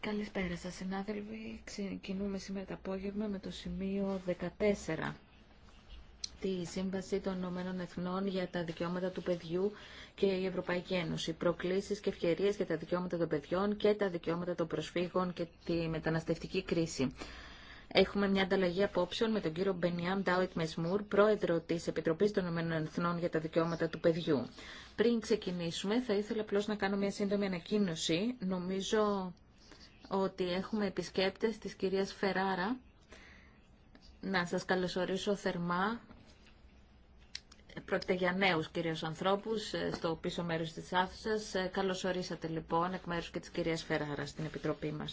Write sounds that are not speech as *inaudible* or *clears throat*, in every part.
Καλησπέρα σας συνάδελφοι. Ξεκινούμε σήμερα το απόγευμα με το σημείο 14 τη Σύμβαση των Ηνωμένων Εθνών για τα Δικαιώματα του Παιδιού και η Ευρωπαϊκή Ένωση. Προκλήσεις και ευκαιρίες για τα δικαιώματα των παιδιών και τα δικαιώματα των προσφύγων και τη μεταναστευτική κρίση. Έχουμε μια ανταλλαγή απόψεων με τον κύριο Μπενιάμ Ντάουιτ Μεσμούρ, πρόεδρο της Επιτροπή των Ηνωμένων για τα Δικαιώματα του Παιδιού. Πριν ξεκινήσουμε, θα ήθελα απλώ να κάνω μια σύντομη ανακοίνωση. Νομίζω ότι έχουμε επισκέπτες της κυρίας Φεράρα. Να σας καλωσορίσω θερμά. Πρόκειται για νέου κυρίω ανθρώπου ε, στο πίσω μέρο τη άθουσα. Ε, καλωσορίσατε λοιπόν εκ μέρου και τη κυρία Φεράρα στην επιτροπή μα.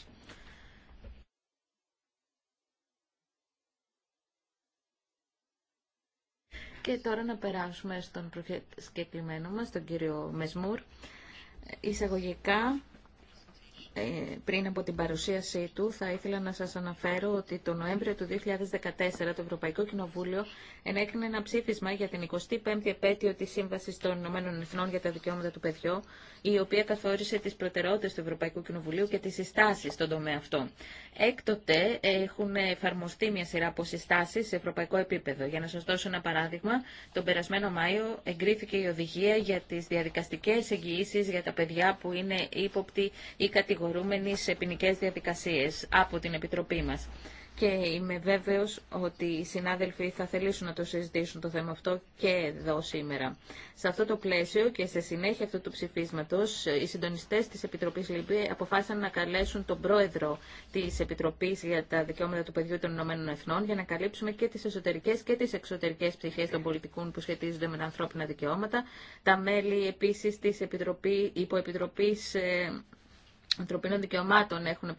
Και τώρα να περάσουμε στον προσκεκλημένο μας, τον κύριο Μεσμούρ. Εισαγωγικά ε, πριν από την παρουσίασή του, θα ήθελα να σας αναφέρω ότι το Νοέμβριο του 2014 το Ευρωπαϊκό Κοινοβούλιο ενέκρινε ένα ψήφισμα για την 25η επέτειο της Σύμβασης των Ηνωμένων Εθνών για τα Δικαιώματα του Παιδιού, η οποία καθόρισε τις προτεραιότητες του Ευρωπαϊκού Κοινοβουλίου και τις συστάσεις στον τομέα αυτό. Έκτοτε έχουν εφαρμοστεί μια σειρά από συστάσεις σε ευρωπαϊκό επίπεδο. Για να σας δώσω ένα παράδειγμα, τον περασμένο Μάιο εγκρίθηκε η οδηγία για τις διαδικαστικές εγγυήσεις για τα παιδιά που είναι ύποπτη ή κατηγορία κατηγορούμενοι σε ποινικέ διαδικασίες από την Επιτροπή μας. Και είμαι βέβαιος ότι οι συνάδελφοι θα θελήσουν να το συζητήσουν το θέμα αυτό και εδώ σήμερα. Σε αυτό το πλαίσιο και στη συνέχεια αυτού του ψηφίσματος, οι συντονιστές της Επιτροπής Λιμπή αποφάσισαν να καλέσουν τον πρόεδρο της Επιτροπής για τα Δικαιώματα του Παιδιού των Ηνωμένων Εθνών για να καλύψουμε και τις εσωτερικέ και τις εξωτερικές ψυχέ των πολιτικών που σχετίζονται με τα ανθρώπινα δικαιώματα. Τα μέλη επίση τη Επιτροπή, ανθρωπίνων δικαιωμάτων έχουν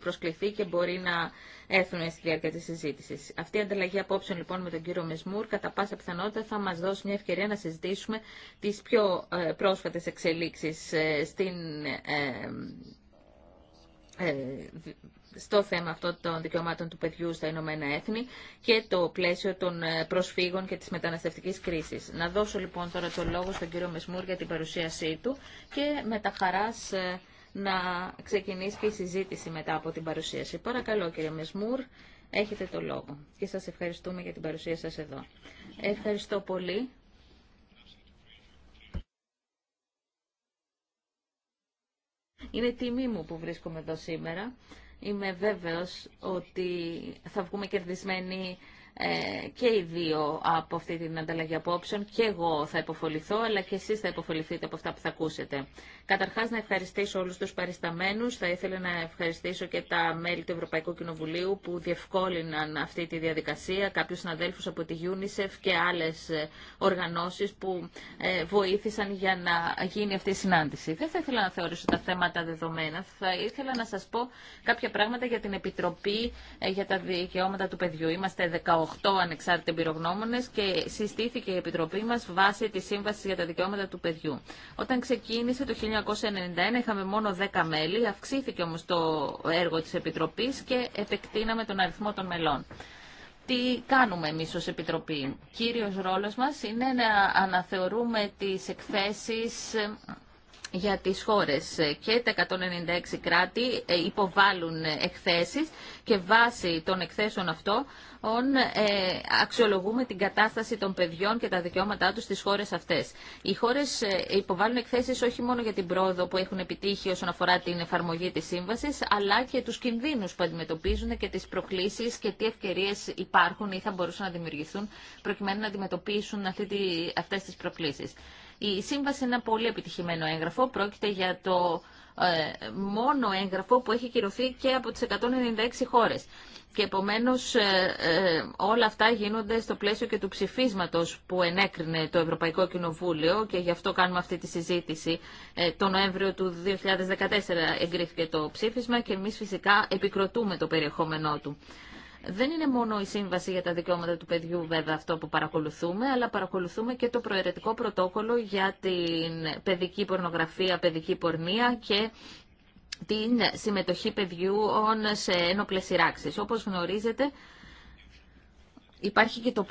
προσκληθεί και μπορεί να έρθουν στη διάρκεια τη συζήτηση. Αυτή η ανταλλαγή απόψεων λοιπόν με τον κύριο Μεσμούρ κατά πάσα πιθανότητα θα μα δώσει μια ευκαιρία να συζητήσουμε τι πιο ε, πρόσφατε εξελίξει ε, ε, ε, στο θέμα αυτό των δικαιωμάτων του παιδιού στα Ηνωμένα Έθνη και το πλαίσιο των ε, προσφύγων και της μεταναστευτικής κρίσης. Να δώσω λοιπόν τώρα το λόγο στον κύριο Μεσμούρ για την παρουσίασή του και με τα χαράς να ξεκινήσει και η συζήτηση μετά από την παρουσίαση. Παρακαλώ κύριε Μεσμούρ, έχετε το λόγο και σας ευχαριστούμε για την παρουσία σας εδώ. Ευχαριστώ πολύ. Είναι τιμή μου που βρίσκομαι εδώ σήμερα. Είμαι βέβαιος ότι θα βγούμε κερδισμένοι ε, και οι δύο από αυτή την ανταλλαγή απόψεων και εγώ θα υποφοληθώ αλλά και εσείς θα υποφοληθείτε από αυτά που θα ακούσετε. Καταρχάς να ευχαριστήσω όλους τους παρισταμένους, θα ήθελα να ευχαριστήσω και τα μέλη του Ευρωπαϊκού Κοινοβουλίου που διευκόλυναν αυτή τη διαδικασία, κάποιους συναδέλφους από τη UNICEF και άλλες ε, οργανώσεις που ε, βοήθησαν για να γίνει αυτή η συνάντηση. Δεν θα ήθελα να θεωρήσω τα θέματα δεδομένα, θα ήθελα να σας πω κάποια πράγματα για την Επιτροπή ε, για τα Δικαιώματα του Παιδιού. Είμαστε 18 8 ανεξάρτητοι εμπειρογνώμονες και συστήθηκε η Επιτροπή μας βάσει τη σύμβαση για τα Δικαιώματα του Παιδιού. Όταν ξεκίνησε το 1991 είχαμε μόνο 10 μέλη, αυξήθηκε όμως το έργο της Επιτροπής και επεκτείναμε τον αριθμό των μελών. Τι κάνουμε εμείς ως Επιτροπή. Κύριος ρόλος μας είναι να αναθεωρούμε τις εκθέσεις για τις χώρες και τα 196 κράτη ε, υποβάλλουν εκθέσεις και βάσει των εκθέσεων αυτό ε, αξιολογούμε την κατάσταση των παιδιών και τα δικαιώματά τους στις χώρες αυτές. Οι χώρες ε, υποβάλλουν εκθέσεις όχι μόνο για την πρόοδο που έχουν επιτύχει όσον αφορά την εφαρμογή της σύμβασης, αλλά και τους κινδύνους που αντιμετωπίζουν και τις προκλήσεις και τι ευκαιρίες υπάρχουν ή θα μπορούσαν να δημιουργηθούν προκειμένου να αντιμετωπίσουν αυτές τις προκλήσεις. Η σύμβαση είναι ένα πολύ επιτυχημένο έγγραφο. Πρόκειται για το ε, μόνο έγγραφο που έχει κυρωθεί και από τις 196 χώρες. Και επομένως ε, ε, όλα αυτά γίνονται στο πλαίσιο και του ψηφίσματος που ενέκρινε το Ευρωπαϊκό Κοινοβούλιο και γι' αυτό κάνουμε αυτή τη συζήτηση. Το Νοέμβριο του 2014 εγκρίθηκε το ψήφισμα και εμείς φυσικά επικροτούμε το περιεχόμενό του. Δεν είναι μόνο η Σύμβαση για τα Δικαιώματα του Παιδιού βέβαια αυτό που παρακολουθούμε, αλλά παρακολουθούμε και το προαιρετικό πρωτόκολλο για την παιδική πορνογραφία, παιδική πορνεία και την συμμετοχή παιδιού σε ένοπλες σειράξεις. Όπως γνωρίζετε, Υπάρχει και το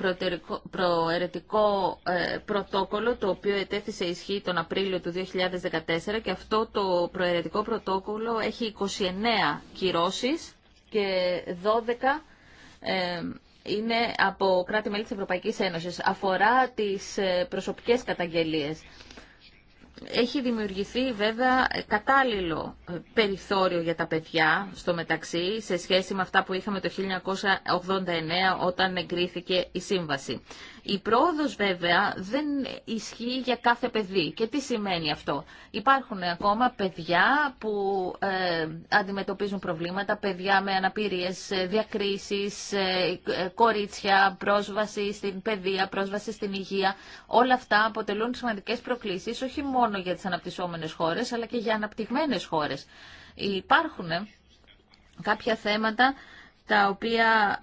προαιρετικό ε, πρωτόκολλο, το οποίο ετέθησε ισχύ τον Απρίλιο του 2014 και αυτό το προαιρετικό πρωτόκολλο έχει 29 κυρώσεις και 12 ε, είναι από κράτη-μέλη της Ευρωπαϊκής Ένωσης. Αφορά τις ε, προσωπικές καταγγελίες. Έχει δημιουργηθεί βέβαια κατάλληλο ε, περιθώριο για τα παιδιά στο μεταξύ σε σχέση με αυτά που είχαμε το 1989 όταν εγκρίθηκε η σύμβαση. Η πρόοδος βέβαια δεν ισχύει για κάθε παιδί. Και τι σημαίνει αυτό. Υπάρχουν ακόμα παιδιά που ε, αντιμετωπίζουν προβλήματα, παιδιά με αναπηρίες, ε, διακρίσεις, ε, κορίτσια, πρόσβαση στην παιδεία, πρόσβαση στην υγεία. Όλα αυτά αποτελούν σημαντικές προκλήσεις όχι μόνο για τις αναπτυσσόμενες χώρες αλλά και για αναπτυγμένες χώρες. Υπάρχουν κάποια θέματα τα οποία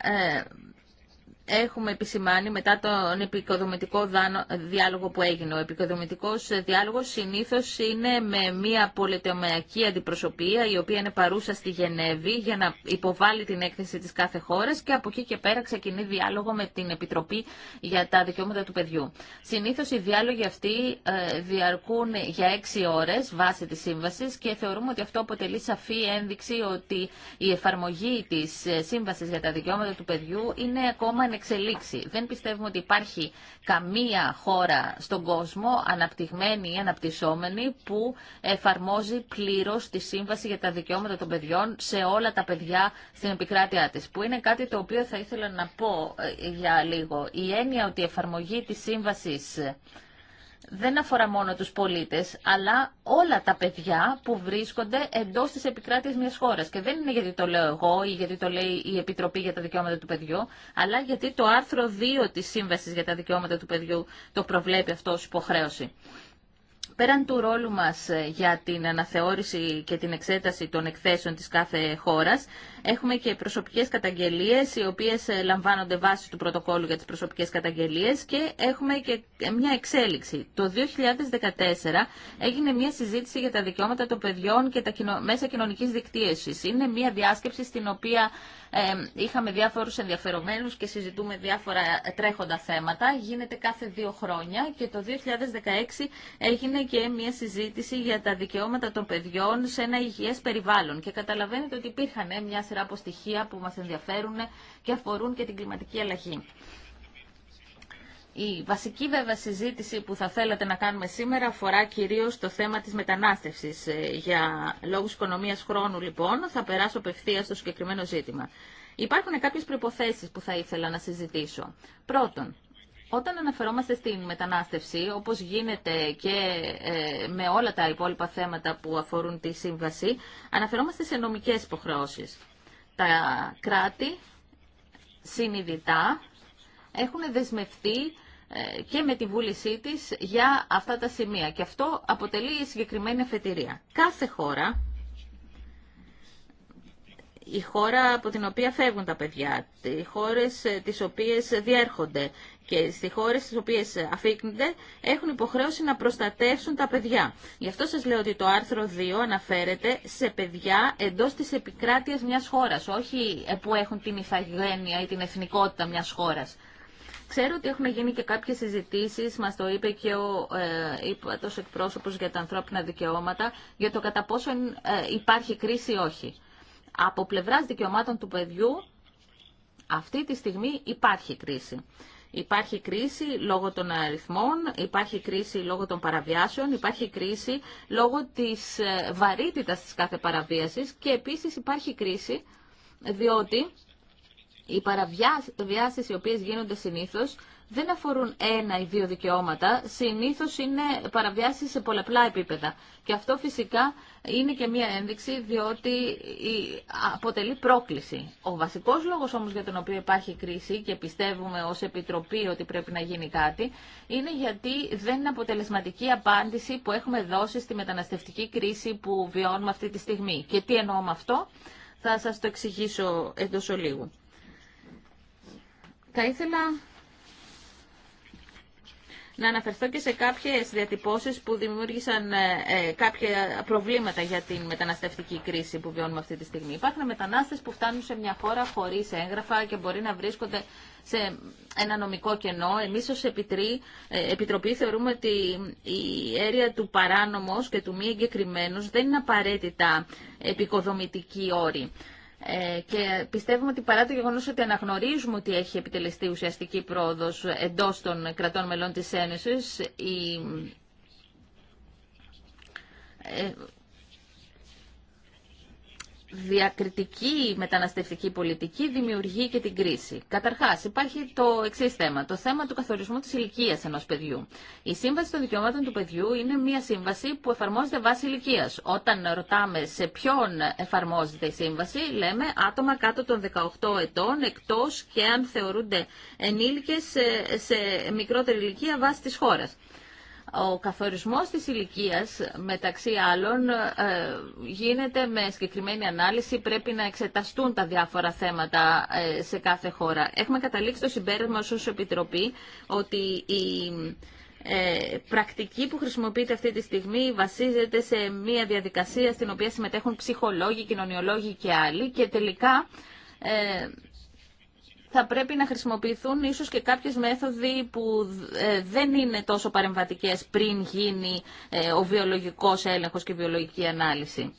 έχουμε επισημάνει μετά τον επικοδομητικό διάλογο που έγινε. Ο επικοδομητικός διάλογος συνήθως είναι με μια πολυτεωμαϊκή αντιπροσωπεία η οποία είναι παρούσα στη Γενέβη για να υποβάλει την έκθεση της κάθε χώρας και από εκεί και πέρα ξεκινεί διάλογο με την Επιτροπή για τα Δικαιώματα του Παιδιού. Συνήθως οι διάλογοι αυτοί ε, διαρκούν για έξι ώρες βάσει της σύμβασης και θεωρούμε ότι αυτό αποτελεί σαφή ένδειξη ότι η εφαρμογή της ε, σύμβασης για τα δικαιώματα του παιδιού είναι ακόμα εξελίξει. Δεν πιστεύουμε ότι υπάρχει καμία χώρα στον κόσμο, αναπτυγμένη ή αναπτυσσόμενη, που εφαρμόζει πλήρω τη Σύμβαση για τα Δικαιώματα των Παιδιών σε όλα τα παιδιά στην επικράτειά τη. Που είναι κάτι το οποίο θα ήθελα να πω ε, για λίγο. Η έννοια ότι η εφαρμογή τη Σύμβαση δεν αφορά μόνο τους πολίτες, αλλά όλα τα παιδιά που βρίσκονται εντός της επικράτειας μιας χώρας. Και δεν είναι γιατί το λέω εγώ ή γιατί το λέει η Επιτροπή για τα Δικαιώματα του Παιδιού, αλλά γιατί το άρθρο 2 της Σύμβασης για τα Δικαιώματα του Παιδιού το προβλέπει αυτό ως υποχρέωση. Πέραν του ρόλου μας ε, για την αναθεώρηση και την εξέταση των εκθέσεων της κάθε χώρας, Έχουμε και προσωπικέ καταγγελίε, οι οποίε ε, λαμβάνονται βάσει του πρωτοκόλλου για τι προσωπικέ καταγγελίε και έχουμε και μια εξέλιξη. Το 2014 έγινε μια συζήτηση για τα δικαιώματα των παιδιών και τα μέσα κοινωνική δικτύωση. Είναι μια διάσκεψη στην οποία είχαμε διάφορου ενδιαφερομένους και συζητούμε διάφορα τρέχοντα θέματα. Γίνεται κάθε δύο χρόνια και το 2016 έγινε και μια συζήτηση για τα δικαιώματα των παιδιών σε ένα υγιέ περιβάλλον. Και καταλαβαίνετε ότι υπήρχαν ε, μια σειρά από στοιχεία που μας ενδιαφέρουν και αφορούν και την κλιματική αλλαγή. Η βασική βέβαια συζήτηση που θα θέλατε να κάνουμε σήμερα αφορά κυρίως το θέμα της μετανάστευσης. Ε, για λόγους οικονομίας χρόνου λοιπόν θα περάσω απευθεία στο συγκεκριμένο ζήτημα. Υπάρχουν κάποιες προϋποθέσεις που θα ήθελα να συζητήσω. Πρώτον, όταν αναφερόμαστε στην μετανάστευση, όπως γίνεται και ε, με όλα τα υπόλοιπα θέματα που αφορούν τη σύμβαση, αναφερόμαστε σε νομικές υποχρεώσεις. Τα κράτη συνειδητά έχουν δεσμευτεί ε, και με τη βούλησή της για αυτά τα σημεία. Και αυτό αποτελεί συγκεκριμένη αφετηρία. Κάθε χώρα, η χώρα από την οποία φεύγουν τα παιδιά, οι χώρες ε, τις οποίες διέρχονται, και στις χώρες στις οποίες αφήκνεται, έχουν υποχρέωση να προστατεύσουν τα παιδιά. Γι' αυτό σας λέω ότι το άρθρο 2 αναφέρεται σε παιδιά εντός της επικράτειας μια χώρας, όχι που έχουν την ηθαγένεια ή την εθνικότητα μια χώρας. Ξέρω ότι έχουν γίνει και κάποιες συζητήσεις, μας το είπε και ο ε, εκπρόσωπος για τα ανθρώπινα δικαιώματα, για το κατά πόσο ε, υπάρχει κρίση ή όχι. Από πλευράς δικαιωμάτων του παιδιού αυτή τη στιγμή υπάρχει κρίση. Υπάρχει κρίση λόγω των αριθμών, υπάρχει κρίση λόγω των παραβιάσεων, υπάρχει κρίση λόγω της ε, βαρύτητας της κάθε παραβίασης και επίσης υπάρχει κρίση διότι οι παραβιάσεις οι οποίες γίνονται συνήθως δεν αφορούν ένα ή δύο δικαιώματα, συνήθως είναι παραβιάσεις σε πολλαπλά επίπεδα. Και αυτό φυσικά είναι και μία ένδειξη διότι αποτελεί πρόκληση. Ο βασικός λόγος όμως για τον οποίο υπάρχει κρίση και πιστεύουμε ως Επιτροπή ότι πρέπει να γίνει κάτι είναι γιατί δεν είναι αποτελεσματική απάντηση που έχουμε δώσει στη μεταναστευτική κρίση που βιώνουμε αυτή τη στιγμή. Και τι εννοώ με αυτό θα σας το εξηγήσω εντός ολίγου. Θα ήθελα να αναφερθώ και σε κάποιες διατυπώσεις που δημιούργησαν ε, ε, κάποια προβλήματα για την μεταναστευτική κρίση που βιώνουμε αυτή τη στιγμή. Υπάρχουν μετανάστες που φτάνουν σε μια χώρα χωρίς έγγραφα και μπορεί να βρίσκονται σε ένα νομικό κενό. Εμείς ως ε, Επιτροπή θεωρούμε ότι η αίρια του παράνομος και του μη εγκεκριμένου δεν είναι απαραίτητα επικοδομητική όρη. Ε, και πιστεύουμε ότι παρά το γεγονό ότι αναγνωρίζουμε ότι έχει επιτελεστεί ουσιαστική πρόοδος εντός των κρατών μελών της Ένωσης, η ε, διακριτική μεταναστευτική πολιτική δημιουργεί και την κρίση. Καταρχάς, υπάρχει το εξή θέμα, το θέμα του καθορισμού της ηλικία ενός παιδιού. Η Σύμβαση των Δικαιωμάτων του Παιδιού είναι μια σύμβαση που εφαρμόζεται βάσει ηλικία. Όταν ρωτάμε σε ποιον εφαρμόζεται η σύμβαση, λέμε άτομα κάτω των 18 ετών, εκτό και αν θεωρούνται ενήλικες σε, μικρότερη ηλικία βάσει τη χώρα. Ο καθορισμός της ηλικία, μεταξύ άλλων, ε, γίνεται με συγκεκριμένη ανάλυση. Πρέπει να εξεταστούν τα διάφορα θέματα ε, σε κάθε χώρα. Έχουμε καταλήξει το συμπέρασμα ως Επιτροπή ότι η ε, πρακτική που χρησιμοποιείται αυτή τη στιγμή βασίζεται σε μια διαδικασία στην οποία συμμετέχουν ψυχολόγοι, κοινωνιολόγοι και άλλοι και τελικά θα πρέπει να χρησιμοποιηθούν ίσως και κάποιες μέθοδοι που ε, δεν είναι τόσο παρεμβατικές πριν γίνει ε, ο βιολογικός έλεγχος και η βιολογική ανάλυση.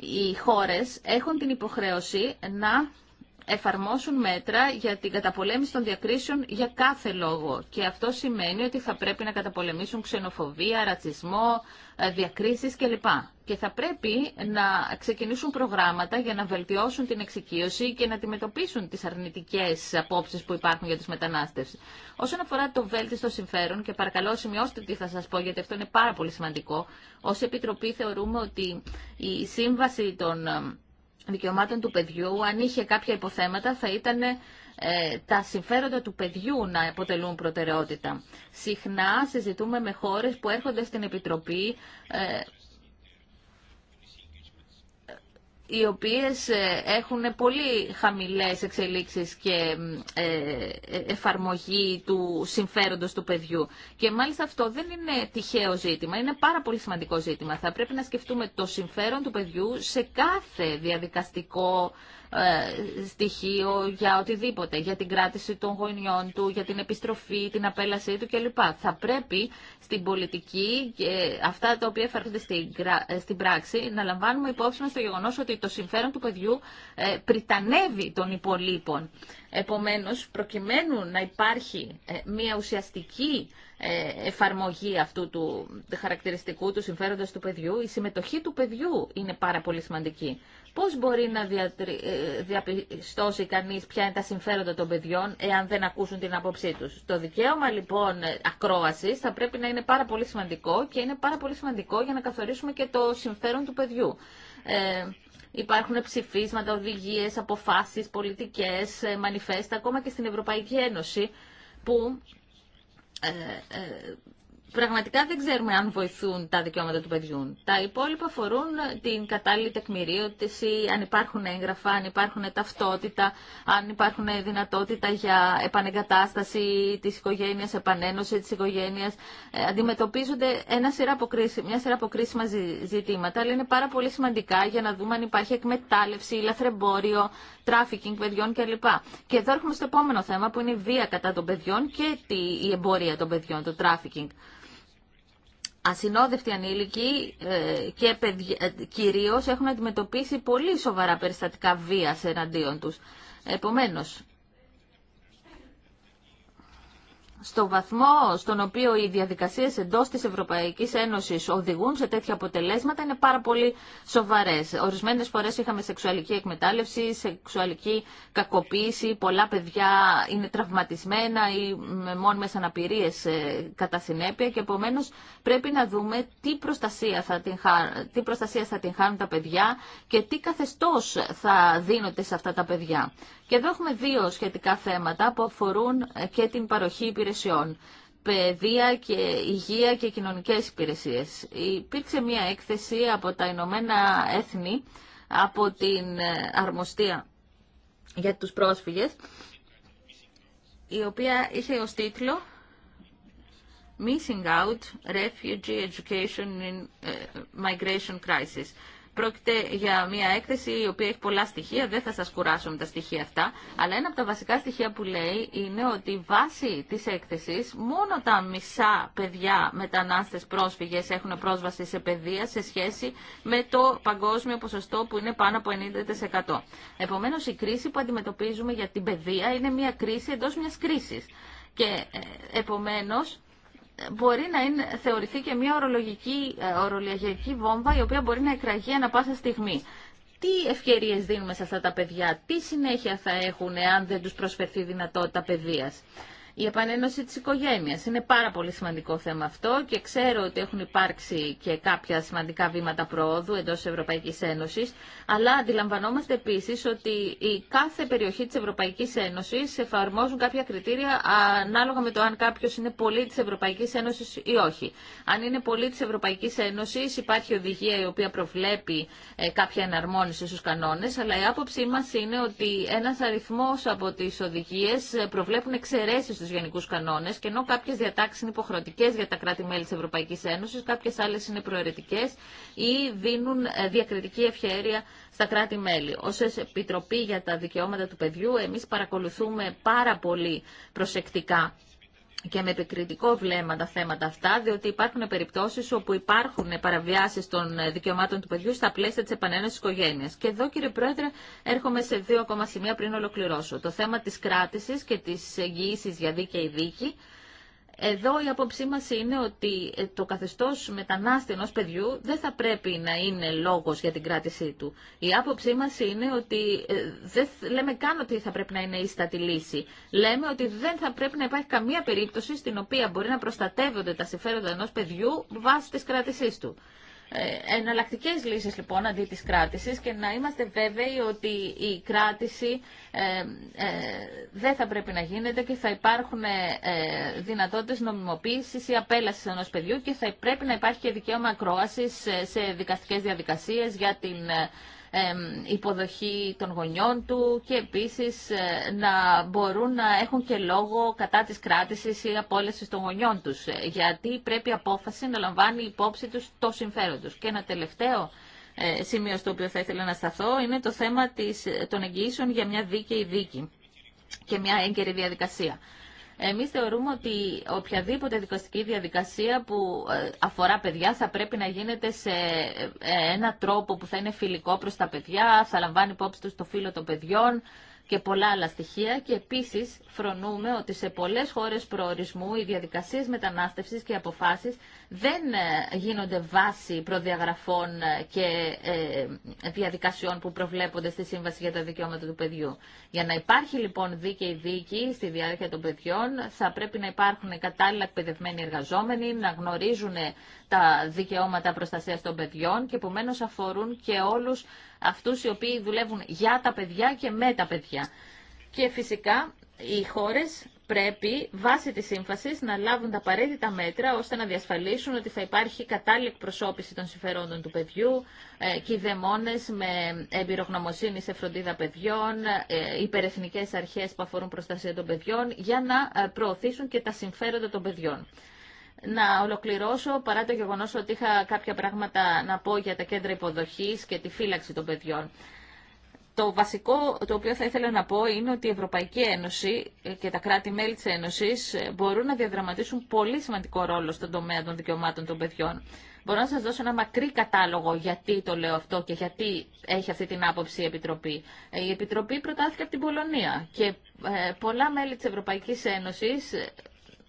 Οι χώρες έχουν την υποχρέωση να εφαρμόσουν μέτρα για την καταπολέμηση των διακρίσεων για κάθε λόγο. Και αυτό σημαίνει ότι θα πρέπει να καταπολεμήσουν ξενοφοβία, ρατσισμό, ε, διακρίσεις κλπ. Και θα πρέπει να ξεκινήσουν προγράμματα για να βελτιώσουν την εξοικείωση και να αντιμετωπίσουν τις αρνητικές απόψεις που υπάρχουν για τους μετανάστες. Όσον αφορά το βέλτιστο συμφέρον, και παρακαλώ σημειώστε τι θα σας πω γιατί αυτό είναι πάρα πολύ σημαντικό, ως Επιτροπή θεωρούμε ότι η σύμβαση των ε, δικαιωμάτων του παιδιού, αν είχε κάποια υποθέματα, θα ήταν ε, τα συμφέροντα του παιδιού να αποτελούν προτεραιότητα. Συχνά συζητούμε με χώρες που έρχονται στην Επιτροπή ε, οι οποίες ε, έχουν πολύ χαμηλές εξελίξεις και ε, ε, εφαρμογή του συμφέροντος του παιδιού. Και μάλιστα αυτό δεν είναι τυχαίο ζήτημα, είναι πάρα πολύ σημαντικό ζήτημα. Θα πρέπει να σκεφτούμε το συμφέρον του παιδιού σε κάθε διαδικαστικό ε, στοιχείο για οτιδήποτε, για την κράτηση των γονιών του, για την επιστροφή, την απέλασή του κλπ. Θα πρέπει στην πολιτική και ε, αυτά τα οποία εφαρμόζονται ε, στην πράξη να λαμβάνουμε υπόψη μας το γεγονός ότι το συμφέρον του παιδιού πριτανεύει των υπολείπων. Επομένως, προκειμένου να υπάρχει μια ουσιαστική εφαρμογή αυτού του χαρακτηριστικού του συμφέροντος του παιδιού, η συμμετοχή του παιδιού είναι πάρα πολύ σημαντική. Πώς μπορεί να ε, διαπιστώσει κανείς ποια είναι τα συμφέροντα των παιδιών εάν δεν ακούσουν την άποψή τους. Το δικαίωμα λοιπόν ε, ακρόασης θα πρέπει να είναι πάρα πολύ σημαντικό και είναι πάρα πολύ σημαντικό για να καθορίσουμε και το συμφέρον του παιδιού. Ε, υπάρχουν ψηφίσματα, οδηγίες, αποφάσεις, πολιτικές, μανιφέστα, ε, ακόμα και στην Ευρωπαϊκή Ένωση που ε, ε, πραγματικά δεν ξέρουμε αν βοηθούν τα δικαιώματα του παιδιού. Τα υπόλοιπα αφορούν την κατάλληλη τεκμηρίωση, αν υπάρχουν έγγραφα, αν υπάρχουν ταυτότητα, αν υπάρχουν δυνατότητα για επανεγκατάσταση τη οικογένεια, επανένωση τη οικογένεια. Ε, αντιμετωπίζονται ένα σειρά μια σειρά από κρίσιμα ζητήματα, αλλά είναι πάρα πολύ σημαντικά για να δούμε αν υπάρχει εκμετάλλευση, λαθρεμπόριο, τράφικινγκ παιδιών κλπ. Και εδώ έρχομαι στο επόμενο θέμα που είναι η βία κατά των παιδιών και η εμπορία των παιδιών, το τράφικινγκ ασυνόδευτοι ανήλικοι ε, και παιδιά, ε, κυρίως έχουν αντιμετωπίσει πολύ σοβαρά περιστατικά βίας εναντίον τους. Επομένως, στο βαθμό στον οποίο οι διαδικασίες εντός της Ευρωπαϊκής Ένωσης οδηγούν σε τέτοια αποτελέσματα είναι πάρα πολύ σοβαρές. Ορισμένες φορές είχαμε σεξουαλική εκμετάλλευση, σεξουαλική κακοποίηση, πολλά παιδιά είναι τραυματισμένα ή με μόνιμες αναπηρίες ε, κατά συνέπεια και επομένως πρέπει να δούμε τι προστασία θα την, τι προστασία θα την χάνουν τα παιδιά και τι καθεστώς θα δίνονται σε αυτά τα παιδιά. Και εδώ έχουμε δύο σχετικά θέματα που αφορούν ε, και την παροχή υπηρεσιών παιδεία και υγεία και κοινωνικές υπηρεσίες. Υπήρξε μια έκθεση από τα Ηνωμένα Έθνη, από την ε, Αρμοστία για τους πρόσφυγες, η οποία είχε ως τίτλο Missing Out Refugee Education in ε, Migration Crisis. Πρόκειται για μια έκθεση η οποία έχει πολλά στοιχεία, δεν θα σας κουράσω με τα στοιχεία αυτά, αλλά ένα από τα βασικά στοιχεία που λέει είναι ότι η βάση της έκθεσης μόνο τα μισά παιδιά μετανάστες πρόσφυγες έχουν πρόσβαση σε παιδεία σε σχέση με το παγκόσμιο ποσοστό που είναι πάνω από 90%. Επομένως η κρίση που αντιμετωπίζουμε για την παιδεία είναι μια κρίση εντός μιας κρίσης. Και ε, επομένως μπορεί να είναι, θεωρηθεί και μια ορολογική, ε, ορολογιακή βόμβα η οποία μπορεί να εκραγεί ανα πάσα στιγμή. Τι ευκαιρίε δίνουμε σε αυτά τα παιδιά, τι συνέχεια θα έχουν αν δεν του προσφερθεί δυνατότητα παιδεία η επανένωση της οικογένειας. Είναι πάρα πολύ σημαντικό θέμα αυτό και ξέρω ότι έχουν υπάρξει και κάποια σημαντικά βήματα προόδου εντός της Ευρωπαϊκής Ένωσης, αλλά αντιλαμβανόμαστε επίσης ότι η κάθε περιοχή της Ευρωπαϊκής Ένωσης εφαρμόζουν κάποια κριτήρια ανάλογα με το αν κάποιο είναι πολίτης της Ευρωπαϊκής Ένωσης ή όχι. Αν είναι πολίτη της Ευρωπαϊκής Ένωσης υπάρχει οδηγία η οποία προβλέπει ε, πολιτης εναρμόνιση στους κανόνες, αλλά η άποψή μας είναι ότι ένας αριθμός από τις οδηγίες ε, προβλέπουν εξαιρέσεις στους γενικούς κανόνες και ενώ κάποιες διατάξεις είναι υποχρεωτικές για τα κράτη-μέλη της Ευρωπαϊκής Ένωσης, κάποιες άλλες είναι προαιρετικές ή δίνουν ε, διακριτική ευχαίρεια στα κράτη-μέλη. Ως Επιτροπή για τα Δικαιώματα του Παιδιού, εμείς παρακολουθούμε πάρα πολύ προσεκτικά και με επικριτικό βλέμμα τα θέματα αυτά, διότι υπάρχουν περιπτώσεις όπου υπάρχουν παραβιάσεις των δικαιωμάτων του παιδιού στα πλαίσια της επανένωσης οικογένεια. Και εδώ, κύριε Πρόεδρε, έρχομαι σε δύο ακόμα σημεία πριν ολοκληρώσω. Το θέμα της κράτηση και της εγγύηση για δίκαιη δίκη εδώ η άποψή μας είναι ότι ε, το καθεστώς μετανάστη ενός παιδιού δεν θα πρέπει να είναι λόγος για την κράτησή του. Η άποψή μας είναι ότι ε, δεν λέμε καν ότι θα πρέπει να είναι ίστατη λύση. Λέμε ότι δεν θα πρέπει να υπάρχει καμία περίπτωση στην οποία μπορεί να προστατεύονται τα συμφέροντα ενός παιδιού βάσει της κράτησής του. Ε, εναλλακτικές λύσεις λοιπόν αντί της κράτησης και να είμαστε βέβαιοι ότι η κράτηση ε, ε, δεν θα πρέπει να γίνεται και θα υπάρχουν δυνατότητες νομιμοποίησης ή απέλασης ενός παιδιού και θα πρέπει να υπάρχει και δικαίωμα ακρόασης σε δικαστικές διαδικασίες για την υποδοχή των γονιών του και επίσης ε, να μπορούν να έχουν και λόγο κατά της κράτησης ή απόλυσης των γονιών τους. Ε, γιατί πρέπει η απόφαση να λαμβάνει υπόψη τους το συμφέρον τους. Και ένα τελευταίο ε, σημείο στο οποίο θα ήθελα να σταθώ είναι το θέμα των εγγυήσεων για μια δίκαιη δίκη και μια έγκαιρη διαδικασία. Εμείς θεωρούμε ότι οποιαδήποτε δικαστική διαδικασία που ε, αφορά παιδιά θα πρέπει να γίνεται σε ε, ένα τρόπο που θα είναι φιλικό προς τα παιδιά, θα λαμβάνει υπόψη τους το φύλλο των παιδιών και πολλά άλλα στοιχεία και επίσης φρονούμε ότι σε πολλές χώρες προορισμού οι διαδικασίες μετανάστευσης και αποφάσεις δεν ε, γίνονται βάση προδιαγραφών ε, και ε, διαδικασιών που προβλέπονται στη Σύμβαση για τα Δικαιώματα του Παιδιού. Για να υπάρχει λοιπόν δίκαιη δίκη στη διάρκεια των παιδιών, θα πρέπει να υπάρχουν κατάλληλα εκπαιδευμένοι εργαζόμενοι, να γνωρίζουν τα δικαιώματα προστασία των παιδιών και επομένω αφορούν και όλου αυτού οι οποίοι δουλεύουν για τα παιδιά και με τα παιδιά. Και φυσικά οι χώρες πρέπει βάσει τη σύμφαση να λάβουν τα απαραίτητα μέτρα ώστε να διασφαλίσουν ότι θα υπάρχει κατάλληλη εκπροσώπηση των συμφερόντων του παιδιού, ε, κυδεμόνε με εμπειρογνωμοσύνη σε φροντίδα παιδιών, ε, υπερεθνικέ αρχές που αφορούν προστασία των παιδιών, για να ε, προωθήσουν και τα συμφέροντα των παιδιών. Να ολοκληρώσω, παρά το γεγονός ότι είχα κάποια πράγματα να πω για τα κέντρα υποδοχής και τη φύλαξη των παιδιών. Το βασικό το οποίο θα ήθελα να πω είναι ότι η Ευρωπαϊκή Ένωση και τα κράτη-μέλη της Ένωσης ε, μπορούν να διαδραματίσουν πολύ σημαντικό ρόλο στον τομέα των δικαιωμάτων των παιδιών. Μπορώ να σας δώσω ένα μακρύ κατάλογο γιατί το λέω αυτό και γιατί έχει αυτή την άποψη η Επιτροπή. Ε, η Επιτροπή προτάθηκε από την Πολωνία και ε, πολλά μέλη της Ευρωπαϊκής Ένωσης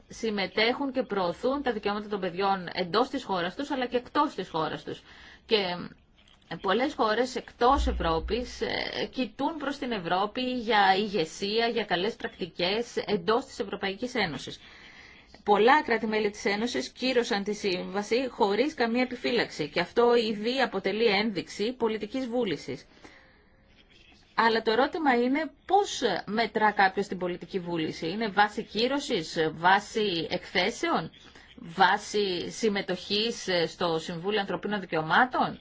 συμμετέχουν και προωθούν τα δικαιώματα των παιδιών εντός της χώρας τους αλλά και εκτός της χώρας τους. Και ε, πολλές χώρες εκτός Ευρώπης ε, κοιτούν προς την Ευρώπη για ηγεσία, για καλές πρακτικές εντός της Ευρωπαϊκής Ένωσης. Πολλά κράτη-μέλη της Ένωσης κύρωσαν τη σύμβαση χωρίς καμία επιφύλαξη και αυτό ήδη αποτελεί ένδειξη πολιτικής βούλησης. Αλλά το ερώτημα είναι πώς μετρά κάποιος την πολιτική βούληση. Είναι βάση κύρωσης, βάση εκθέσεων, βάση συμμετοχής στο Συμβούλιο Ανθρωπίνων Δικαιωμάτων.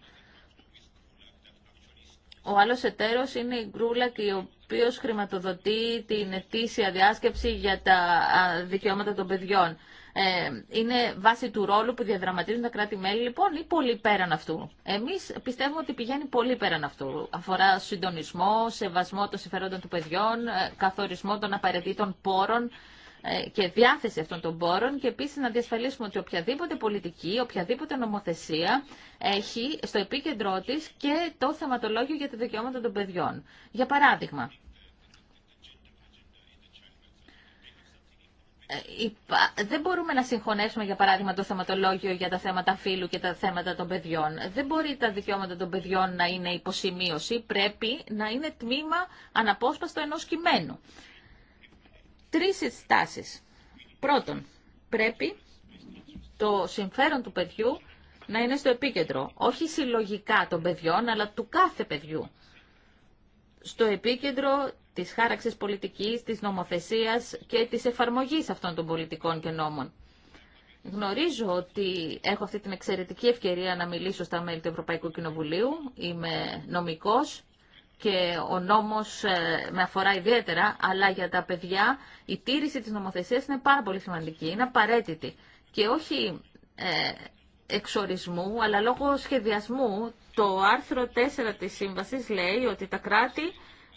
Ο άλλο εταίρο είναι η Γκρούλακ, ο οποία χρηματοδοτεί την ετήσια διάσκεψη για τα δικαιώματα των παιδιών. Ε, είναι βάση του ρόλου που διαδραματίζουν τα κράτη-μέλη, λοιπόν, ή πολύ πέραν αυτού. Εμείς πιστεύουμε ότι πηγαίνει πολύ πέραν αυτού. Αφορά συντονισμό, σεβασμό των συμφερόντων των παιδιών, ε, καθορισμό των απαραίτητων πόρων ε, και διάθεση αυτών των πόρων και επίσης να διασφαλίσουμε ότι οποιαδήποτε πολιτική, οποιαδήποτε νομοθεσία έχει στο επίκεντρό της και το θεματολόγιο για τα δικαιώματα των παιδιών. Για παράδειγμα, ε, δεν μπορούμε να συγχωνεύσουμε, για παράδειγμα, το θεματολόγιο για τα θέματα φύλου και τα θέματα των παιδιών. Δεν μπορεί τα δικαιώματα των παιδιών να είναι υποσημείωση. Πρέπει να είναι τμήμα αναπόσπαστο ενός κειμένου τρεις εστάσεις. Πρώτον, πρέπει το συμφέρον του παιδιού να είναι στο επίκεντρο, όχι συλλογικά των παιδιών, αλλά του κάθε παιδιού. Στο επίκεντρο της χάραξης πολιτικής, της νομοθεσίας και της εφαρμογής αυτών των πολιτικών και νόμων. Γνωρίζω ότι έχω αυτή την εξαιρετική ευκαιρία να μιλήσω στα μέλη του Ευρωπαϊκού Κοινοβουλίου. Είμαι νομικός και ο νόμος ε, με αφορά ιδιαίτερα, αλλά για τα παιδιά η τήρηση της νομοθεσίας είναι πάρα πολύ σημαντική, είναι απαραίτητη. Και όχι ε, εξορισμού, αλλά λόγω σχεδιασμού, το άρθρο 4 της Σύμβασης λέει ότι τα κράτη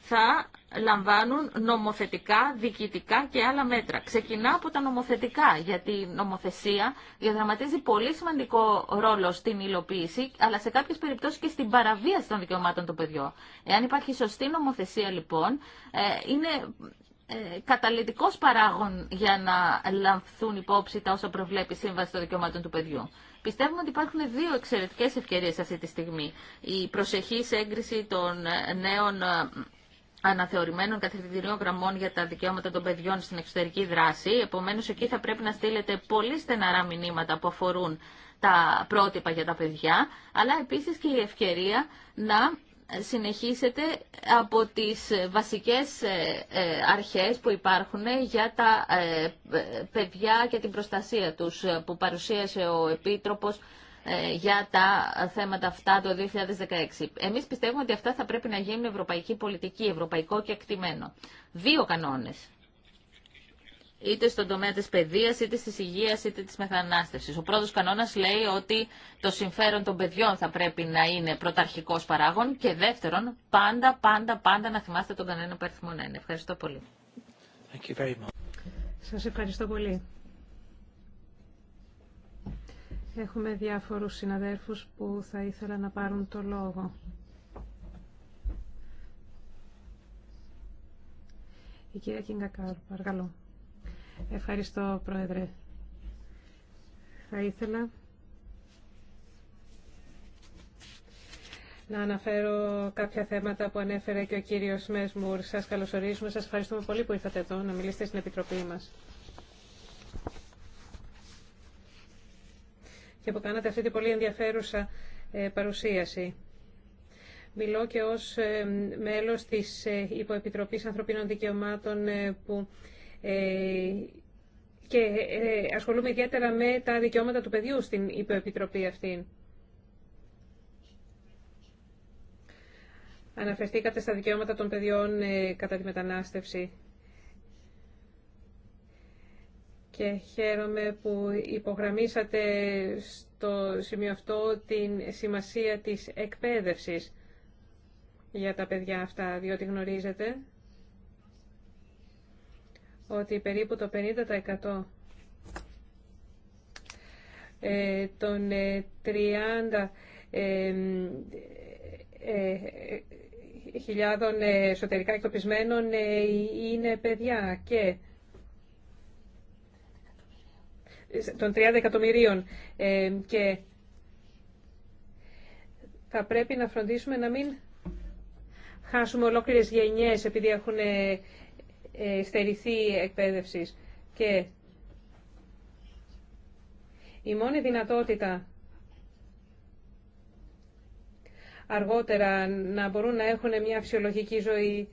θα λαμβάνουν νομοθετικά, διοικητικά και άλλα μέτρα. Ξεκινά από τα νομοθετικά, γιατί η νομοθεσία διαδραματίζει πολύ σημαντικό ρόλο στην υλοποίηση, αλλά σε κάποιες περιπτώσεις και στην παραβίαση των δικαιωμάτων των παιδιών. Εάν υπάρχει σωστή νομοθεσία, λοιπόν, ε, είναι ε, καταλητικός παράγων για να λαμφθούν υπόψη τα όσα προβλέπει η Σύμβαση των Δικαιωμάτων του Παιδιού. Πιστεύουμε ότι υπάρχουν δύο εξαιρετικές ευκαιρίες αυτή τη στιγμή. Η προσεχής έγκριση των ε, νέων αναθεωρημένων καθηγητηρίων γραμμών για τα δικαιώματα των παιδιών στην εξωτερική δράση. Επομένω, εκεί θα πρέπει να στείλετε πολύ στεναρά μηνύματα που αφορούν τα πρότυπα για τα παιδιά, αλλά επίσης και η ευκαιρία να συνεχίσετε από τις βασικές ε, ε, αρχές που υπάρχουν για τα ε, παιδιά και την προστασία τους που παρουσίασε ο Επίτροπος ε, για τα θέματα αυτά το 2016. Εμείς πιστεύουμε ότι αυτά θα πρέπει να γίνουν ευρωπαϊκή πολιτική, ευρωπαϊκό και εκτιμένο. Δύο κανόνες είτε στον τομέα της παιδείας, είτε της υγεία είτε της μεθανάστευσης. Ο πρώτος κανόνας λέει ότι το συμφέρον των παιδιών θα πρέπει να είναι πρωταρχικός παράγον και δεύτερον, πάντα, πάντα, πάντα να θυμάστε τον κανένα παρθυμονέν. Ευχαριστώ πολύ. Thank Σας ευχαριστώ πολύ. Έχουμε διάφορους συναδέρφους που θα ήθελα να πάρουν το λόγο. Η κυρία Κινγκακάρ, παρακαλώ. Ευχαριστώ, Πρόεδρε. Θα ήθελα να αναφέρω κάποια θέματα που ανέφερε και ο κύριος Μέσμουρ. Σας καλωσορίζουμε, σας ευχαριστούμε πολύ που ήρθατε εδώ να μιλήσετε στην Επιτροπή μας. και που κάνατε αυτή την πολύ ενδιαφέρουσα ε, παρουσίαση. Μιλώ και ως ε, μέλος της ε, Υποεπιτροπής Ανθρωπίνων Δικαιωμάτων που και ασχολούμαι ιδιαίτερα με τα δικαιώματα του παιδιού στην Υποεπιτροπή αυτή. Αναφερθήκατε στα δικαιώματα των παιδιών κατά τη μετανάστευση. και χαίρομαι που υπογραμμίσατε στο σημείο αυτό την σημασία της εκπαίδευσης για τα παιδιά αυτά, διότι γνωρίζετε ότι περίπου το 50% ε, των 30 ε, ε, χιλιάδων εσωτερικά εκτοπισμένων είναι παιδιά και των 30 εκατομμυρίων ε, και θα πρέπει να φροντίσουμε να μην χάσουμε ολόκληρες γενιές επειδή έχουν ε, ε, στερηθεί εκπαίδευσης. Και η μόνη δυνατότητα αργότερα να μπορούν να έχουν μια φυσιολογική ζωή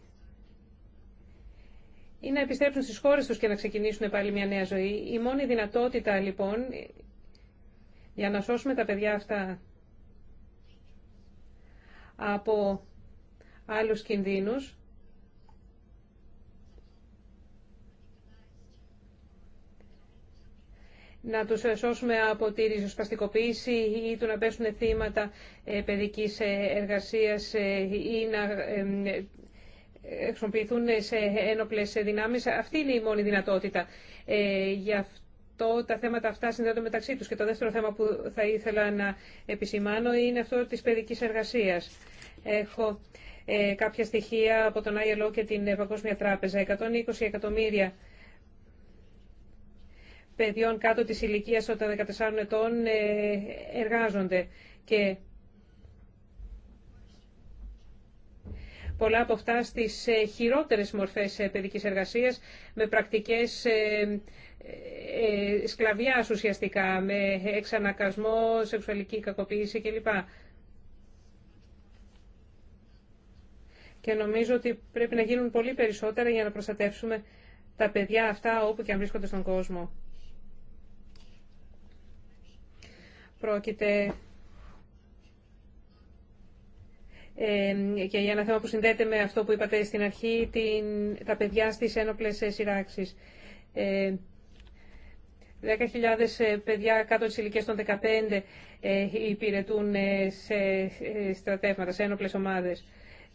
ή να επιστρέψουν στις χώρες τους και να ξεκινήσουν πάλι μια νέα ζωή. Η μόνη δυνατότητα λοιπόν για να σώσουμε τα παιδιά αυτά από άλλους κινδύνους να τους σώσουμε από τη ριζοσπαστικοποίηση ή του να πέσουν θύματα ε, παιδικής ε, εργασίας ε, ή να χρησιμοποιηθούν σε ένοπλε δυνάμει. Αυτή είναι η μόνη δυνατότητα. Ε, γι' αυτό τα θέματα αυτά συνδέονται μεταξύ του Και το δεύτερο θέμα που θα ήθελα να επισημάνω είναι αυτό της παιδική εργασία. Έχω ε, κάποια στοιχεία από τον ILO και την Παγκόσμια Τράπεζα. 120 εκατομμύρια παιδιών κάτω της ηλικίας όταν 14 ετών ε, εργάζονται και πολλά από αυτά στις ε, χειρότερες μορφές ε, παιδικής εργασίας με πρακτικές ε, σκλαβιάς ουσιαστικά, με εξανακασμό, σεξουαλική κακοποίηση κλπ. Και νομίζω ότι πρέπει να γίνουν πολύ περισσότερα για να προστατεύσουμε τα παιδιά αυτά όπου και αν βρίσκονται στον κόσμο. Πρόκειται και για ένα θέμα που συνδέεται με αυτό που είπατε στην αρχή, την, τα παιδιά στις ένοπλες ε, σειράξεις. 10.000 ε, παιδιά κάτω της ηλικίας των 15 ε, υπηρετούν σε στρατεύματα, σε ένοπλες ομάδες.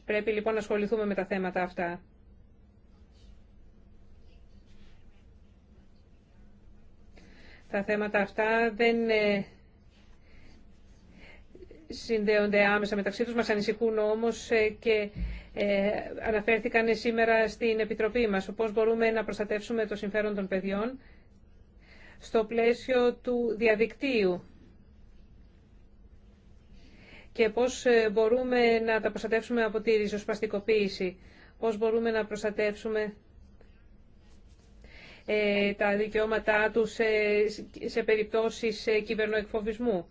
Πρέπει λοιπόν να ασχοληθούμε με τα θέματα αυτά. Τα θέματα αυτά δεν συνδέονται άμεσα μεταξύ τους, μας ανησυχούν όμως ε, και ε, αναφέρθηκαν σήμερα στην Επιτροπή μας. Πώς μπορούμε να προστατεύσουμε το συμφέρον των παιδιών στο πλαίσιο του διαδικτύου και πώς ε, μπορούμε να τα προστατεύσουμε από τη ριζοσπαστικοποίηση, πώς μπορούμε να προστατεύσουμε τα δικαιώματά τους σε, σε περιπτώσεις κυβερνοεκφοβισμού.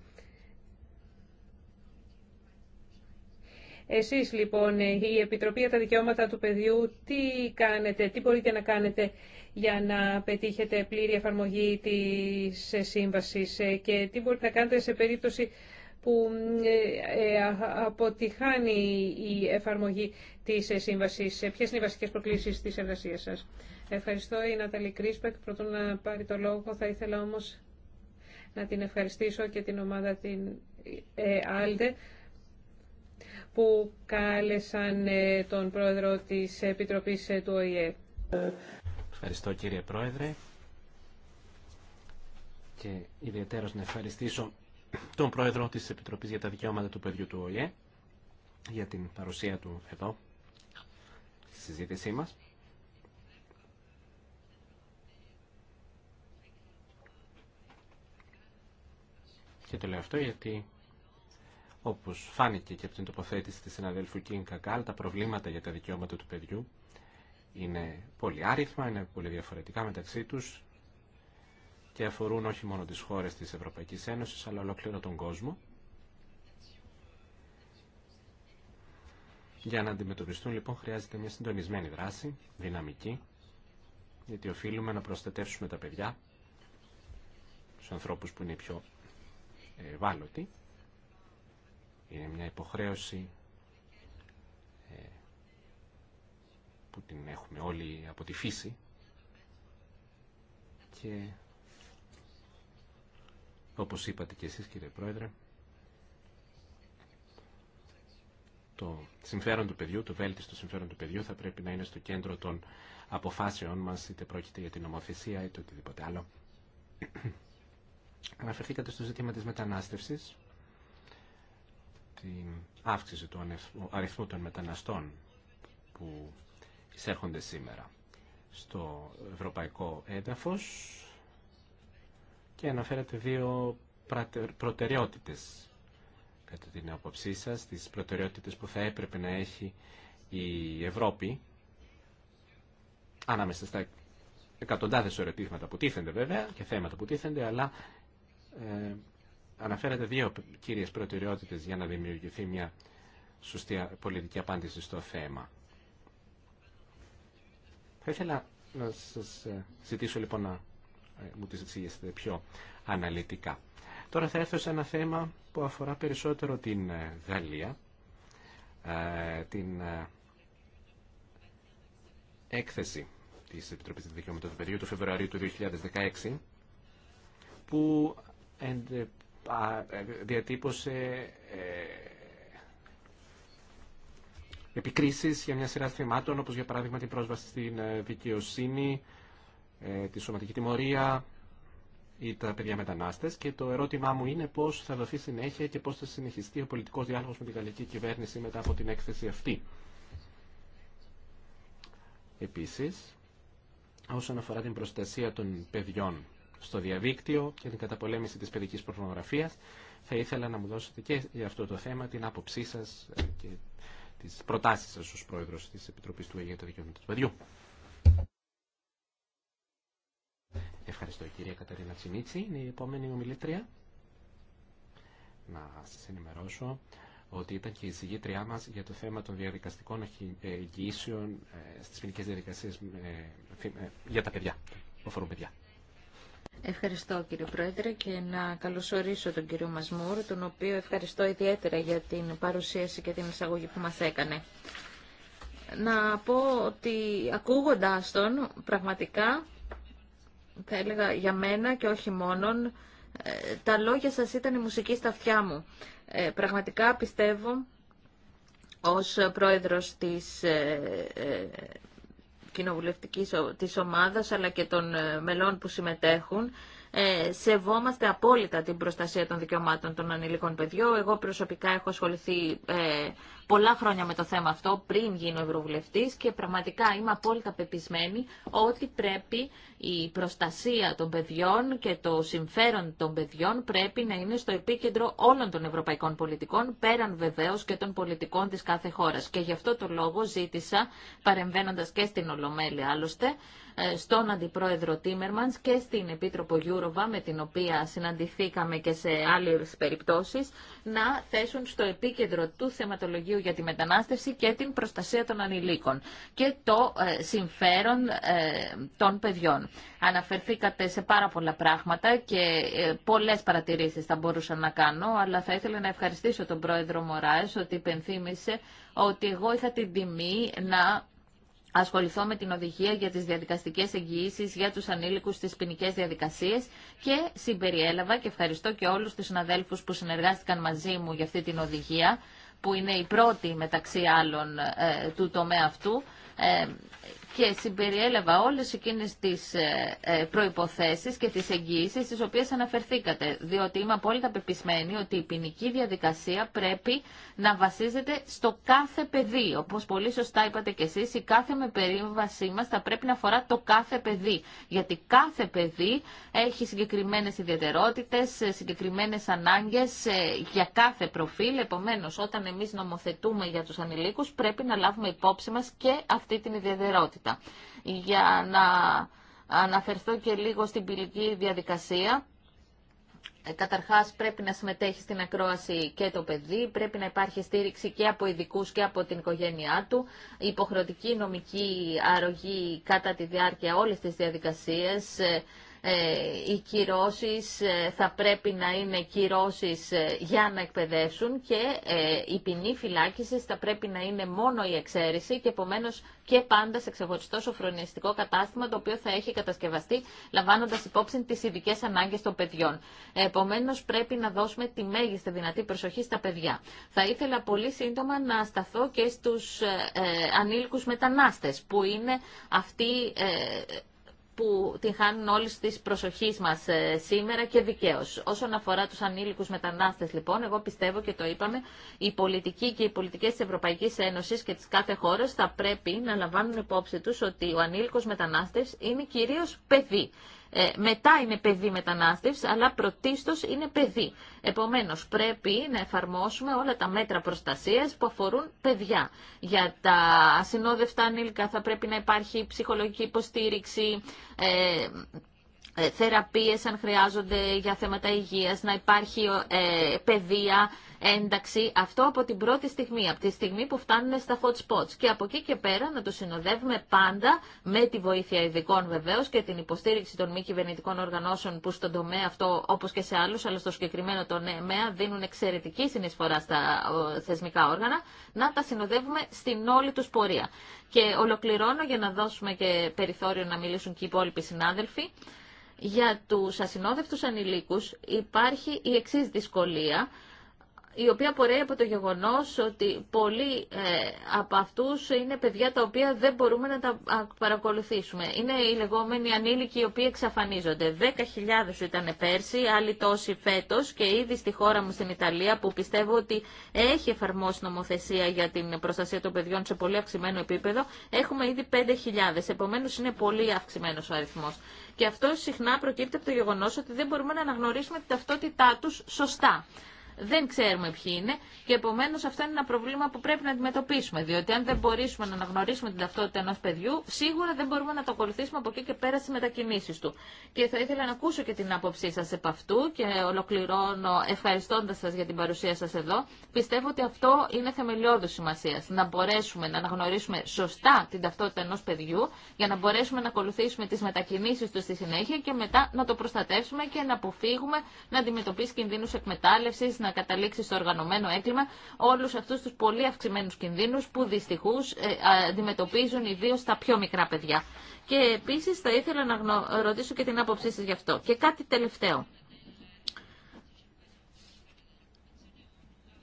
Εσείς λοιπόν, η Επιτροπή για τα Δικαιώματα του Παιδιού, τι κάνετε, τι μπορείτε να κάνετε για να πετύχετε πλήρη εφαρμογή της σύμβασης και τι μπορείτε να κάνετε σε περίπτωση που ε, ε, αποτυχάνει η εφαρμογή της σύμβασης. Ποιες είναι οι βασικές προκλήσεις της εργασίας σας. Ευχαριστώ η Ναταλή Κρίσπεκ. Πρωτού να πάρει το λόγο θα ήθελα όμως να την ευχαριστήσω και την ομάδα την ε, Άλτε που κάλεσαν ε, τον πρόεδρο της Επιτροπής ε, του ΟΗΕ. Ευχαριστώ κύριε πρόεδρε και ιδιαίτερος να ευχαριστήσω τον πρόεδρο της Επιτροπής για τα δικαιώματα του παιδιού του ΟΗΕ για την παρουσία του εδώ στη συζήτησή μας. Και το λέω αυτό γιατί όπως φάνηκε και από την τοποθέτηση τη συναδέλφου Κίν Καγκάλ, τα προβλήματα για τα δικαιώματα του παιδιού είναι πολύ άριθμα, είναι πολύ διαφορετικά μεταξύ τους και αφορούν όχι μόνο τις χώρες της Ευρωπαϊκής Ένωσης, αλλά ολόκληρο τον κόσμο. Για να αντιμετωπιστούν λοιπόν χρειάζεται μια συντονισμένη δράση, δυναμική, γιατί οφείλουμε να προστατεύσουμε τα παιδιά, τους ανθρώπους που είναι πιο ευάλωτοι, είναι μια υποχρέωση ε, που την έχουμε όλοι από τη φύση και όπως είπατε και εσείς κύριε Πρόεδρε το συμφέρον του παιδιού, το βέλτιστο συμφέρον του παιδιού θα πρέπει να είναι στο κέντρο των αποφάσεων μας είτε πρόκειται για την νομοθεσία είτε οτιδήποτε άλλο. *clears throat* Αναφερθήκατε στο ζήτημα της μετανάστευσης την αύξηση του αριθμού των μεταναστών που εισέρχονται σήμερα στο ευρωπαϊκό έδαφος και αναφέρατε δύο προτεραιότητες κατά την άποψή σας, τις προτεραιότητες που θα έπρεπε να έχει η Ευρώπη ανάμεσα στα εκατοντάδες ερωτήματα που τίθενται βέβαια και θέματα που τίθενται, αλλά ε, αναφέρατε δύο κύριες προτεραιότητες για να δημιουργηθεί μια σωστή πολιτική απάντηση στο θέμα. Θα ήθελα να σας ε, ζητήσω λοιπόν να ε, μου τις εξηγήσετε πιο αναλυτικά. Τώρα θα έρθω σε ένα θέμα που αφορά περισσότερο την ε, Γαλλία, την έκθεση της Επιτροπής Δικαιωμάτων του Περιού του Φεβρουαρίου του 2016, που ε, διατύπωσε ε, επικρίσεις για μια σειρά θεμάτων, όπως για παράδειγμα την πρόσβαση στην ε, δικαιοσύνη, τη σωματική τιμωρία ή τα παιδιά μετανάστες. Και το ερώτημά μου είναι πώς θα δοθεί συνέχεια και πώς θα συνεχιστεί ο πολιτικός διάλογος με την γαλλική κυβέρνηση μετά από την έκθεση αυτή. Επίσης, όσον αφορά την προστασία των παιδιών στο διαδίκτυο και την καταπολέμηση της παιδικής πορνογραφίας. Θα ήθελα να μου δώσετε και για αυτό το θέμα την άποψή σας ε, και τις προτάσεις σας ως πρόεδρος της Επιτροπής του τα Δικαιώματα του Παιδιού. Ευχαριστώ κυρία Καταρίνα Τσινίτσι Είναι η επόμενη ομιλήτρια. Να σας ενημερώσω ότι ήταν και η συγγήτριά μας για το θέμα των διαδικαστικών ε, εγγυήσεων ε, στις ποινικέ διαδικασίες για τα παιδιά, που αφορούν παιδιά. Ευχαριστώ κύριε Πρόεδρε και να καλωσορίσω τον κύριο Μασμούρ, τον οποίο ευχαριστώ ιδιαίτερα για την παρουσίαση και την εισαγωγή που μας έκανε. Να πω ότι ακούγοντάς τον πραγματικά, θα έλεγα για μένα και όχι μόνον, ε, τα λόγια σας ήταν η μουσική στα αυτιά μου. Ε, πραγματικά πιστεύω ως πρόεδρος της ε, κοινοβουλευτικής της ομάδας αλλά και των ε, μελών που συμμετέχουν ε, σεβόμαστε απόλυτα την προστασία των δικαιωμάτων των ανηλίκων παιδιών. Εγώ προσωπικά έχω ασχοληθεί ε, πολλά χρόνια με το θέμα αυτό πριν γίνω ευρωβουλευτή, και πραγματικά είμαι απόλυτα πεπισμένη ότι πρέπει η προστασία των παιδιών και το συμφέρον των παιδιών πρέπει να είναι στο επίκεντρο όλων των ευρωπαϊκών πολιτικών, πέραν βεβαίω και των πολιτικών τη κάθε χώρα. Και γι' αυτό το λόγο ζήτησα, παρεμβαίνοντα και στην Ολομέλη άλλωστε, στον Αντιπρόεδρο Τίμερμανς και στην Επίτροπο Γιούροβα, με την οποία συναντηθήκαμε και σε άλλες περιπτώσεις, να θέσουν στο επίκεντρο του θεματολογίου για τη μετανάστευση και την προστασία των ανηλίκων και το ε, συμφέρον ε, των παιδιών. Αναφερθήκατε σε πάρα πολλά πράγματα και ε, πολλές παρατηρήσεις θα μπορούσα να κάνω, αλλά θα ήθελα να ευχαριστήσω τον Πρόεδρο Μωράες ότι υπενθύμησε ότι εγώ είχα την τιμή να ασχοληθώ με την οδηγία για τις διαδικαστικές εγγυήσεις για τους ανήλικους στις ποινικέ διαδικασίες και συμπεριέλαβα και ευχαριστώ και όλους τους συναδέλφους που συνεργάστηκαν μαζί μου για αυτή την οδηγία που είναι η πρώτη μεταξύ άλλων ε, του τομέα αυτού ε, και συμπεριέλαβα όλες εκείνες τις ε, ε, προϋποθέσεις και τις εγγύησεις στις οποίες αναφερθήκατε, διότι είμαι απόλυτα πεπισμένη ότι η ποινική διαδικασία πρέπει να βασίζεται στο κάθε παιδί. Όπως πολύ σωστά είπατε κι εσείς, η κάθε με περίβασή μας θα πρέπει να αφορά το κάθε παιδί, γιατί κάθε παιδί έχει συγκεκριμένες ιδιαιτερότητες, συγκεκριμένες ανάγκες ε, για κάθε προφίλ, επομένως όταν εμείς νομοθετούμε για τους ανηλίκους πρέπει να λάβουμε υπόψη μας και αυτή την ιδιαιτερότητα. Για να αναφερθώ και λίγο στην πυλική διαδικασία, ε, Καταρχάς πρέπει να συμμετέχει στην ακρόαση και το παιδί, πρέπει να υπάρχει στήριξη και από ειδικού και από την οικογένειά του, υποχρεωτική νομική αρρωγή κατά τη διάρκεια όλες τις διαδικασίες, ε, ε, οι κυρώσεις ε, θα πρέπει να είναι κυρώσεις ε, για να εκπαιδεύσουν και η ποινή φυλάκισης θα πρέπει να είναι μόνο η εξαίρεση και επομένω και πάντα σε ξεχωριστό σοφρονιστικό κατάστημα το οποίο θα έχει κατασκευαστεί λαμβάνοντας υπόψη τις ειδικέ ανάγκες των παιδιών. Επομένω πρέπει να δώσουμε τη μέγιστη δυνατή προσοχή στα παιδιά. Θα ήθελα πολύ σύντομα να σταθώ και στους ε, ανήλικους μετανάστες που είναι αυτοί που την χάνουν όλη τη προσοχή μα ε, σήμερα και δικαίω. Όσον αφορά του ανήλικου μετανάστε, λοιπόν, εγώ πιστεύω και το είπαμε, οι πολιτικοί και οι πολιτικέ τη Ευρωπαϊκή Ένωση και τη κάθε χώρα θα πρέπει να λαμβάνουν υπόψη του ότι ο ανήλικο μετανάστε είναι κυρίω παιδί. Ε, μετά είναι παιδί μετανάστευση, αλλά πρωτίστως είναι παιδί. Επομένως, πρέπει να εφαρμόσουμε όλα τα μέτρα προστασίας που αφορούν παιδιά. Για τα ασυνόδευτα ανήλικα θα πρέπει να υπάρχει ψυχολογική υποστήριξη, ε, ε, θεραπείες αν χρειάζονται για θέματα υγείας, να υπάρχει ε, παιδεία, ένταξη. Αυτό από την πρώτη στιγμή, από τη στιγμή που φτάνουν στα hot spots. Και από εκεί και πέρα να το συνοδεύουμε πάντα με τη βοήθεια ειδικών βεβαίω και την υποστήριξη των μη κυβερνητικών οργανώσεων που στον τομέα αυτό, όπως και σε άλλους, αλλά στο συγκεκριμένο τομέα δίνουν εξαιρετική συνεισφορά στα θεσμικά όργανα, να τα συνοδεύουμε στην όλη τους πορεία. Και ολοκληρώνω για να δώσουμε και περιθώριο να μιλήσουν και οι υπόλοιποι συνάδελφοι. Για τους ασυνόδευτους ανηλίκους υπάρχει η εξής δυσκολία η οποία πορεύει από το γεγονός ότι πολλοί ε, από αυτούς είναι παιδιά τα οποία δεν μπορούμε να τα παρακολουθήσουμε. Είναι οι λεγόμενοι ανήλικοι οι οποίοι εξαφανίζονται. 10.000 ήταν πέρσι, άλλοι τόσοι φέτος και ήδη στη χώρα μου στην Ιταλία που πιστεύω ότι έχει εφαρμόσει νομοθεσία για την προστασία των παιδιών σε πολύ αυξημένο επίπεδο, έχουμε ήδη 5.000. Επομένως είναι πολύ αυξημένος ο αριθμός. Και αυτό συχνά προκύπτει από το γεγονός ότι δεν μπορούμε να αναγνωρίσουμε την ταυτότητά τους σωστά δεν ξέρουμε ποιοι είναι και επομένως αυτό είναι ένα πρόβλημα που πρέπει να αντιμετωπίσουμε. Διότι αν δεν μπορέσουμε να αναγνωρίσουμε την ταυτότητα ενός παιδιού, σίγουρα δεν μπορούμε να το ακολουθήσουμε από εκεί και πέρα στις μετακινήσεις του. Και θα ήθελα να ακούσω και την άποψή σας επ' αυτού και ολοκληρώνω ευχαριστώντας σας για την παρουσία σας εδώ. Πιστεύω ότι αυτό είναι θεμελιώδου σημασία. Να μπορέσουμε να αναγνωρίσουμε σωστά την ταυτότητα ενό παιδιού για να μπορέσουμε να ακολουθήσουμε τι μετακινήσει του στη συνέχεια και μετά να το προστατεύσουμε και να αποφύγουμε να αντιμετωπίσει κινδύνου εκμετάλλευση να καταλήξει στο οργανωμένο έγκλημα όλους αυτούς τους πολύ αυξημένους κινδύνους που δυστυχώς ε, αντιμετωπίζουν ιδίως τα πιο μικρά παιδιά. Και επίσης θα ήθελα να ρωτήσω και την άποψή σας γι' αυτό. Και κάτι τελευταίο.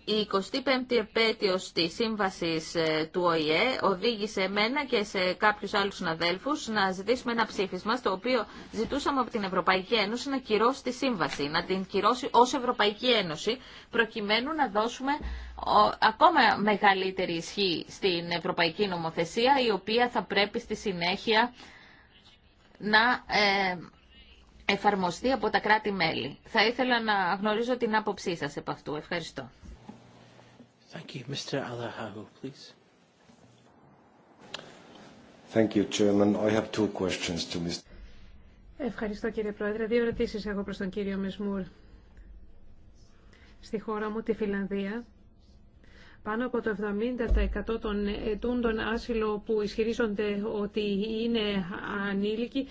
Η 25η επέτειος της σύμβασης ε, του ΟΗΕ οδήγησε εμένα και σε κάποιους άλλους συναδέλφους να ζητήσουμε ένα ψήφισμα στο οποίο ζητούσαμε από την Ευρωπαϊκή Ένωση να κυρώσει τη σύμβαση, να την κυρώσει ως Ευρωπαϊκή Ένωση, προκειμένου να δώσουμε ακόμα μεγαλύτερη ισχύ στην Ευρωπαϊκή Νομοθεσία, η οποία θα πρέπει στη συνέχεια να ε, εφαρμοστεί από τα κράτη-μέλη. Θα ήθελα να γνωρίζω την άποψή σας επ' αυτού. Ευχαριστώ. Thank you. Mr. Alahago, please. Thank you, Chairman. I have two questions to Mr. Ευχαριστώ κύριε Πρόεδρε. Δύο ερωτήσει έχω προς τον κύριο Μεσμούρ. Στη χώρα μου, τη Φιλανδία, πάνω από το 70% των ετούντων άσυλο που ισχυρίζονται ότι είναι ανήλικοι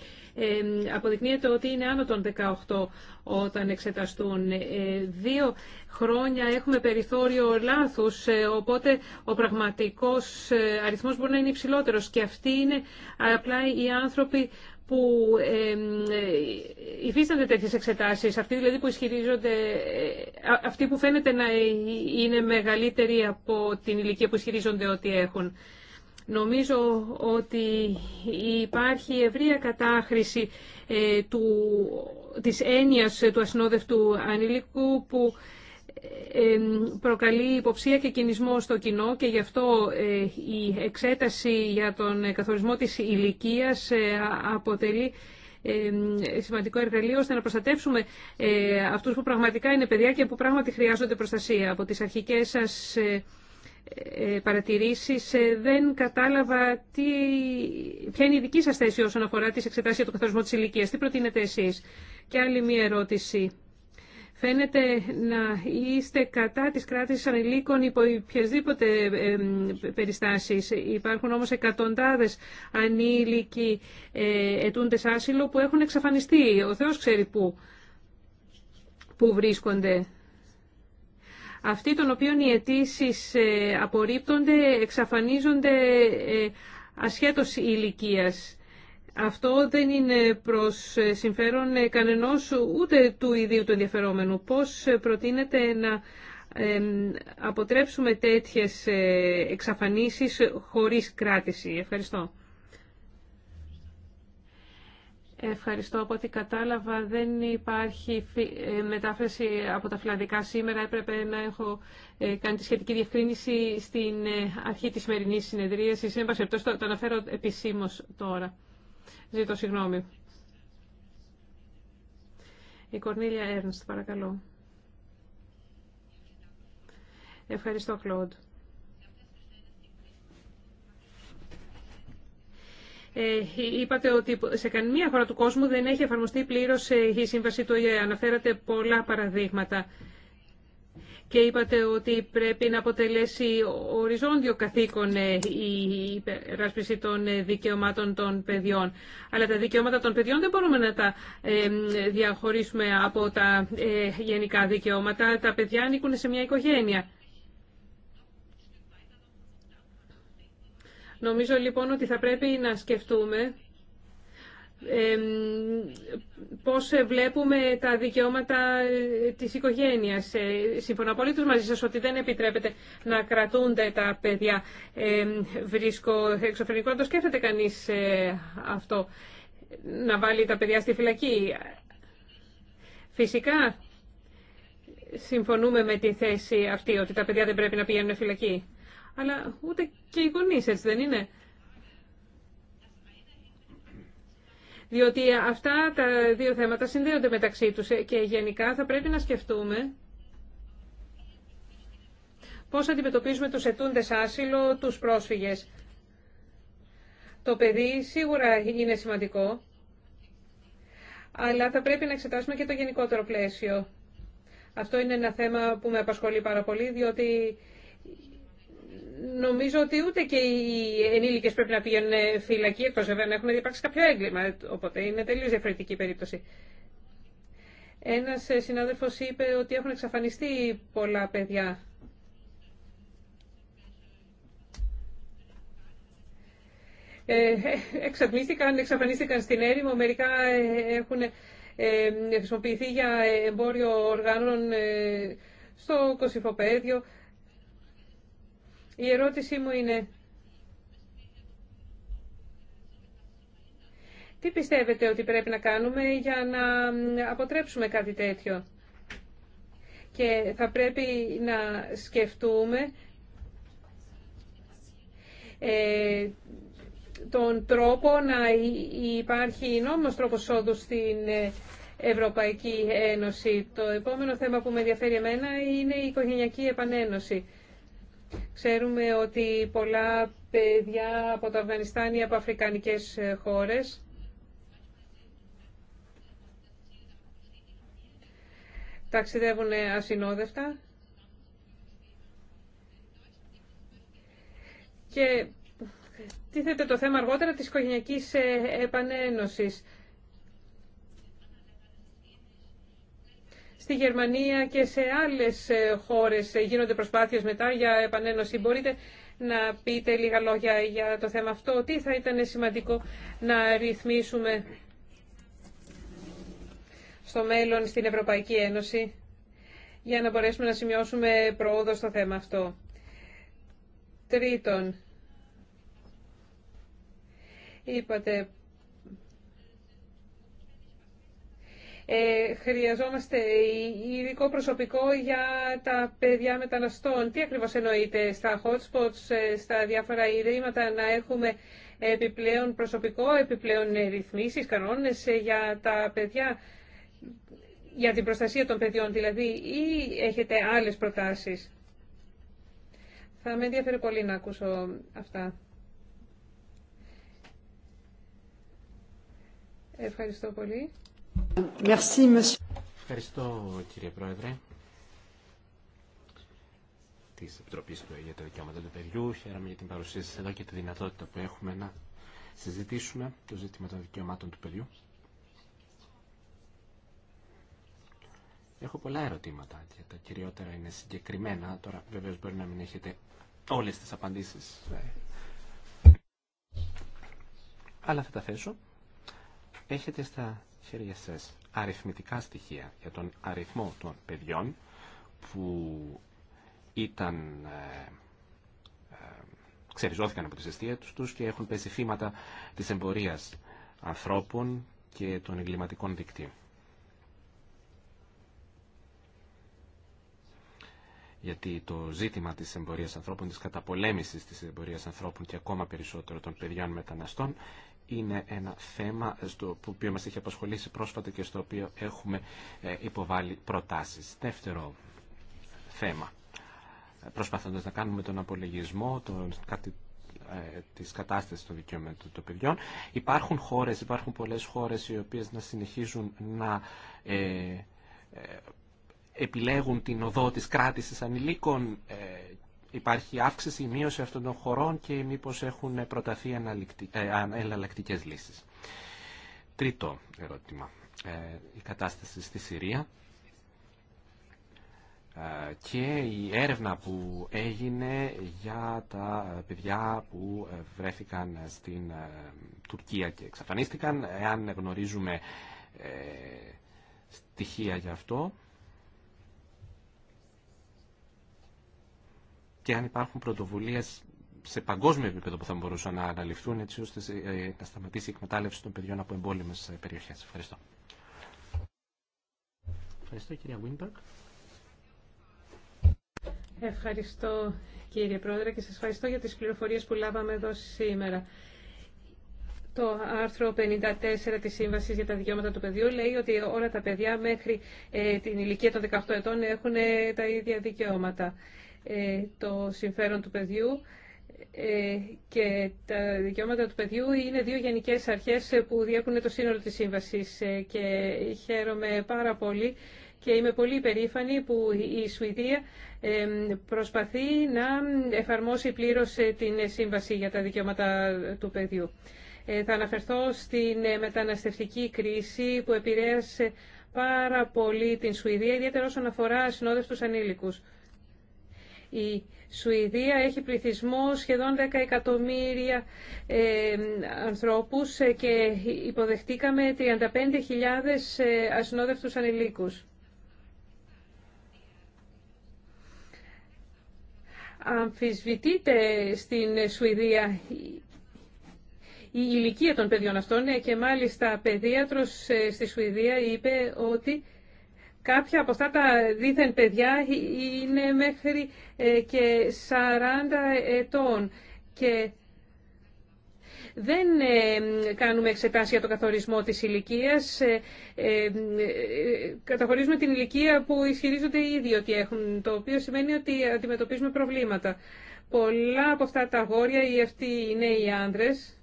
αποδεικνύεται ότι είναι άνω των 18 όταν εξεταστούν. Ε, δύο χρόνια έχουμε περιθώριο λάθους, ε, οπότε ο πραγματικός ε, αριθμός μπορεί να είναι υψηλότερος και αυτοί είναι απλά οι άνθρωποι που ε, υφίστανται τέτοιες εξετάσεις, αυτοί δηλαδή που ισχυρίζονται, ε, αυτοί που φαίνεται να ε, είναι μεγαλύτεροι από την ηλικία που ισχυρίζονται ότι έχουν. Νομίζω ότι υπάρχει ευρεία κατάχρηση του, της έννοιας του ασυνόδευτου ανηλίκου που προκαλεί υποψία και κινησμό στο κοινό και γι' αυτό ε, η εξέταση για τον καθορισμό της ηλικίας ε, αποτελεί σημαντικό εργαλείο ώστε να προστατεύσουμε ε, αυτούς που πραγματικά είναι παιδιά και που πράγματι χρειάζονται προστασία. Από τις αρχικές σας παρατηρήσεις δεν κατάλαβα τι, ποια είναι η δική σας θέση όσον αφορά τις εξετάσεις για τον καθορισμό της ηλικίας. Τι προτείνετε εσείς. Και άλλη μία ερώτηση. Φαίνεται να είστε κατά της κράτησης ανηλίκων υπό οποιασδήποτε περιστάσεις. Υπάρχουν όμως εκατοντάδες ανήλικοι ε, ετούντες άσυλο που έχουν εξαφανιστεί. Ο Θεός ξέρει πού, πού βρίσκονται. Αυτοί των οποίων οι αιτήσει ε, απορρίπτονται, εξαφανίζονται ε, ασχέτως ηλικίας. Αυτό δεν είναι προς ε, συμφέρον ε, κανενός ούτε του ιδίου του ενδιαφερόμενου. Πώς ε, προτείνεται να αποτρέψουμε τέτοιες εξαφανίσεις χωρίς κράτηση. Ευχαριστώ. Ευχαριστώ. Από ό,τι κατάλαβα δεν υπάρχει μετάφραση από τα φιλανδικά σήμερα. Έπρεπε να έχω κάνει τη σχετική διευκρίνηση στην αρχή της σημερινής συνεδρίασης. Εν πάση το αναφέρω επισήμως τώρα. Ζήτω συγγνώμη. Η Κορνίλια Έρνστ, παρακαλώ. Ευχαριστώ, Κλόντ. Ε, είπατε ότι σε καμία χώρα του κόσμου δεν έχει εφαρμοστεί πλήρως ε, η σύμβαση του ΙΕ. Αναφέρατε πολλά παραδείγματα και είπατε ότι πρέπει να αποτελέσει οριζόντιο καθήκον ε, η υπεράσπιση των ε, δικαιωμάτων των παιδιών. Αλλά τα δικαιώματα των παιδιών δεν μπορούμε να τα ε, διαχωρίσουμε από τα γενικά δικαιώματα. Τα παιδιά ανήκουν σε μια οικογένεια. Νομίζω λοιπόν ότι θα πρέπει να σκεφτούμε πώς βλέπουμε τα δικαιώματα της οικογένειας. Ε, συμφωνώ τους μαζί σας ότι δεν επιτρέπεται να κρατούνται τα παιδιά. Βρίσκω εξωφρενικό να το σκέφτεται κανείς ε, αυτό, να βάλει τα παιδιά στη φυλακή. Φυσικά, συμφωνούμε με τη θέση αυτή ότι τα παιδιά δεν πρέπει να πηγαίνουν φυλακή. Αλλά ούτε και οι γονείς έτσι δεν είναι. διότι αυτά τα δύο θέματα συνδέονται μεταξύ τους ε, και γενικά θα πρέπει να σκεφτούμε πώς αντιμετωπίζουμε τους ετούντες άσυλο, τους πρόσφυγες. Το παιδί σίγουρα είναι σημαντικό, αλλά θα πρέπει να εξετάσουμε και το γενικότερο πλαίσιο. Αυτό είναι ένα θέμα που με απασχολεί πάρα πολύ, διότι νομίζω ότι ούτε και οι ενήλικες πρέπει να πηγαίνουν φυλακή, εκτός βέβαια να έχουν διαπράξει κάποιο έγκλημα, οπότε είναι τελείω διαφορετική περίπτωση. Ένας ε, συνάδελφος είπε ότι έχουν εξαφανιστεί πολλά παιδιά. Ε, εξαφανίστηκαν στην έρημο, μερικά ε, έχουν ε, χρησιμοποιηθεί για εμπόριο οργάνων ε, στο κοσυφοπαίδιο. Η ερώτησή μου είναι τι πιστεύετε ότι πρέπει να κάνουμε για να αποτρέψουμε κάτι τέτοιο. Και θα πρέπει να σκεφτούμε ε, τον τρόπο να υπάρχει νόμος τρόπος σόδου στην ε, Ευρωπαϊκή Ένωση. Το επόμενο θέμα που με ενδιαφέρει εμένα είναι η οικογενειακή επανένωση. Ξέρουμε ότι πολλά παιδιά από το Αφγανιστάν ή από αφρικανικές χώρες ταξιδεύουν ασυνόδευτα και τίθεται το θέμα αργότερα της οικογενειακής επανένωσης. Στη Γερμανία και σε άλλες ε, χώρες γίνονται προσπάθειες μετά για επανένωση. Μπορείτε να πείτε λίγα λόγια για το θέμα αυτό. Τι θα ήταν σημαντικό να ρυθμίσουμε στο μέλλον στην Ευρωπαϊκή Ένωση για να μπορέσουμε να σημειώσουμε πρόοδο στο θέμα αυτό. Τρίτον, είπατε Ε, χρειαζόμαστε ειδικό προσωπικό για τα παιδιά μεταναστών. Τι ακριβώς εννοείτε στα hot spots, ε, στα διάφορα ιδρύματα να έχουμε επιπλέον προσωπικό, επιπλέον ρυθμίσεις, κανόνες ε, για τα παιδιά, για την προστασία των παιδιών δηλαδή ή έχετε άλλες προτάσεις. Θα με ενδιαφέρει πολύ να ακούσω αυτά. Ευχαριστώ πολύ. Ευχαριστώ κύριε Πρόεδρε τη Επιτροπή ΕΕ για τα Δικαιώματα του Παιδιού. Χαίρομαι για την παρουσία σα εδώ και τη δυνατότητα που έχουμε να συζητήσουμε το ζήτημα των δικαιωμάτων του παιδιού. Έχω πολλά ερωτήματα και τα κυριότερα είναι συγκεκριμένα. Τώρα βεβαίω μπορεί να μην έχετε όλες τις απαντήσει. Ε. Αλλά θα τα θέσω. Έχετε στα χέρια αριθμητικά στοιχεία για τον αριθμό των παιδιών που ήταν ε, ε, ξεριζώθηκαν από τις αιστείες τους και έχουν πέσει θύματα της εμπορίας ανθρώπων και των εγκληματικών δικτύων. Γιατί το ζήτημα της εμπορίας ανθρώπων, της καταπολέμησης της εμπορίας ανθρώπων και ακόμα περισσότερο των παιδιών μεταναστών είναι ένα θέμα στο οποίο μας έχει απασχολήσει πρόσφατα και στο οποίο έχουμε ε, υποβάλει προτάσεις. Δεύτερο θέμα, προσπαθώντας να κάνουμε τον απολογισμό τον, κάτι, ε, της κατάστασης των δικαιωμένων των παιδιών. Υπάρχουν χώρες, υπάρχουν πολλές χώρες οι οποίες να συνεχίζουν να ε, επιλέγουν την οδό της κράτησης ανηλίκων υπάρχει αύξηση ή μείωση αυτών των χωρών και μήπως έχουν προταθεί ε, εναλλακτικέ λύσεις. Τρίτο ερώτημα. Ε, η κατάσταση στη Συρία ε, και η έρευνα που έγινε για τα παιδιά που βρέθηκαν στην Τουρκία και εξαφανίστηκαν. Εάν γνωρίζουμε στοιχεία για αυτό, και αν υπάρχουν πρωτοβουλίε σε παγκόσμιο επίπεδο που θα μπορούσαν να αναλυφθούν έτσι ώστε ε, να σταματήσει η εκμετάλλευση των παιδιών από εμπόλεμε περιοχέ. Ευχαριστώ. Ευχαριστώ κυρία Βίνπερκ. Ευχαριστώ κύριε Πρόεδρε και σα ευχαριστώ για τι πληροφορίε που λάβαμε εδώ σήμερα. Το άρθρο 54 της Σύμβασης για τα Δικαιώματα του Παιδιού λέει ότι όλα τα παιδιά μέχρι ε, την ηλικία των 18 ετών έχουν ε, τα ίδια δικαιώματα. Ε, το συμφέρον του παιδιού ε, και τα δικαιώματα του παιδιού είναι δύο γενικές αρχές που διέκουν το σύνολο της σύμβασης ε, και χαίρομαι πάρα πολύ και είμαι πολύ περήφανη που η Σουηδία προσπαθεί να εφαρμόσει πλήρως την σύμβαση για τα δικαιώματα του παιδιού. Θα αναφερθώ στην μεταναστευτική κρίση που επηρέασε πάρα πολύ την Σουηδία, ιδιαίτερα όσον αφορά συνόδευτους ανήλικους. Η Σουηδία έχει πληθυσμό σχεδόν 10 εκατομμύρια ε, ανθρώπους ε, και υποδεχτήκαμε 35.000 ε, ασυνόδευτους ανηλίκους. Αμφισβητείται στην Σουηδία η ηλικία των παιδιών αυτών και μάλιστα παιδίατρος στη Σουηδία είπε ότι Κάποια από αυτά τα δίθεν παιδιά είναι μέχρι ε, και 40 ετών και δεν ε, κάνουμε εξετάσεις για το καθορισμό της ηλικίας. Ε, καταχωρίζουμε την ηλικία που ισχυρίζονται οι ίδιοι ότι έχουν, το οποίο σημαίνει ότι αντιμετωπίζουμε προβλήματα. Πολλά από αυτά τα αγόρια ή αυτοί οι νέοι άνδρες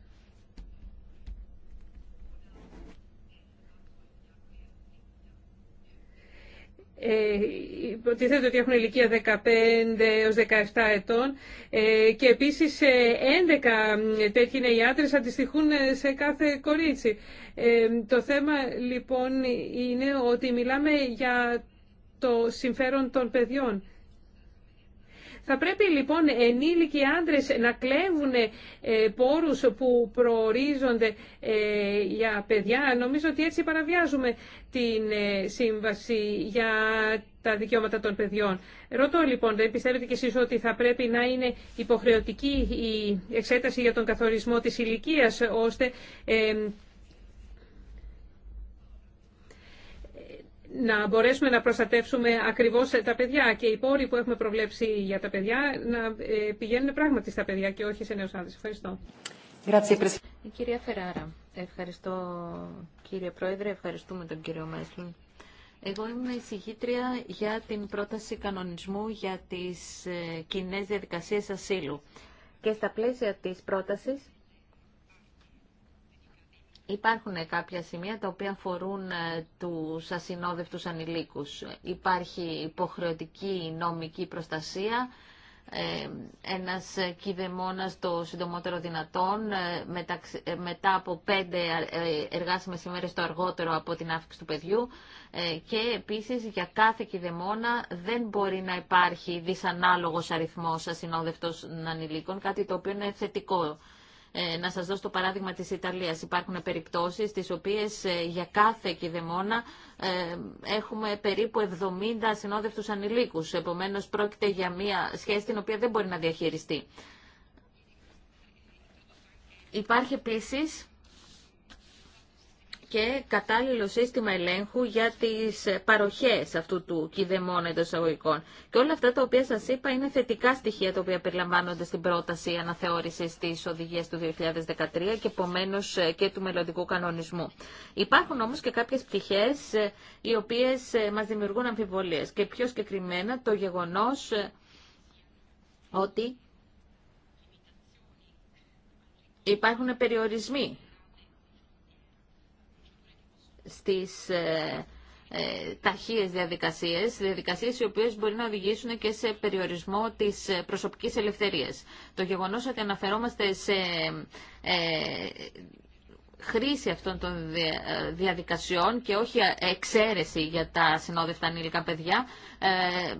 Ε, υποτίθεται ότι έχουν ηλικία 15 έως 17 ετών ε, και επίσης 11 ε, τέτοιοι είναι οι άντρες, αντιστοιχούν σε κάθε κορίτσι. το θέμα λοιπόν είναι ότι μιλάμε για το συμφέρον των παιδιών. Θα πρέπει λοιπόν ενήλικοι άντρες να κλέβουν ε, πόρους που προορίζονται ε, για παιδιά. Νομίζω ότι έτσι παραβιάζουμε την ε, σύμβαση για τα δικαιώματα των παιδιών. Ρωτώ λοιπόν, δεν πιστεύετε και εσείς ότι θα πρέπει να είναι υποχρεωτική η εξέταση για τον καθορισμό της ηλικίας, ώστε να μπορέσουμε να προστατεύσουμε ακριβώς τα παιδιά και οι πόροι που έχουμε προβλέψει για τα παιδιά να ε, πηγαίνουν πράγματι στα παιδιά και όχι σε νέους άντρες. Ευχαριστώ. κυρία Φεράρα, ευχαριστώ κύριε Πρόεδρε, ευχαριστούμε τον κύριο Μέσλουν. Εγώ είμαι εισηγήτρια για την πρόταση κανονισμού για τις ε, κοινέ διαδικασίες ασύλου. Και στα πλαίσια της πρότασης Υπάρχουν κάποια σημεία τα οποία αφορούν ε, τους ασυνόδευτους ανηλίκους. Υπάρχει υποχρεωτική νομική προστασία, ε, ένας κηδεμόνας το συντομότερο δυνατόν ε, μετά από πέντε εργάσιμες ημέρες το αργότερο από την άφηξη του παιδιού και επίσης για κάθε κηδεμόνα δεν μπορεί να υπάρχει δυσανάλογος αριθμός ασυνόδευτων ανηλίκων, κάτι το οποίο είναι θετικό ε, να σας δώσω το παράδειγμα της Ιταλίας. Υπάρχουν περιπτώσεις τις οποίες ε, για κάθε κυδεμόνα ε, έχουμε περίπου 70 συνόδευτους ανηλίκους. Επομένως πρόκειται για μια σχέση την οποία δεν μπορεί να διαχειριστεί. Υπάρχει επίσης και κατάλληλο σύστημα ελέγχου για τις παροχές αυτού του κηδεμόνα εντό εισαγωγικών. Και όλα αυτά τα οποία σας είπα είναι θετικά στοιχεία τα οποία περιλαμβάνονται στην πρόταση αναθεώρησης της οδηγίας του 2013 και επομένω ε, και του μελλοντικού κανονισμού. Υπάρχουν όμως και κάποιες πτυχές ε, οι οποίες ε, μας δημιουργούν αμφιβολίες και πιο συγκεκριμένα το γεγονός ότι υπάρχουν περιορισμοί στις ε, ε, ταχείες διαδικασίες, διαδικασίες οι οποίες μπορεί να οδηγήσουν και σε περιορισμό της ε, προσωπικής ελευθερίας. Το γεγονός ότι αναφερόμαστε σε ε, χρήση αυτών των ε, διαδικασιών και όχι εξαίρεση για τα συνόδευτα ανήλικα παιδιά ε,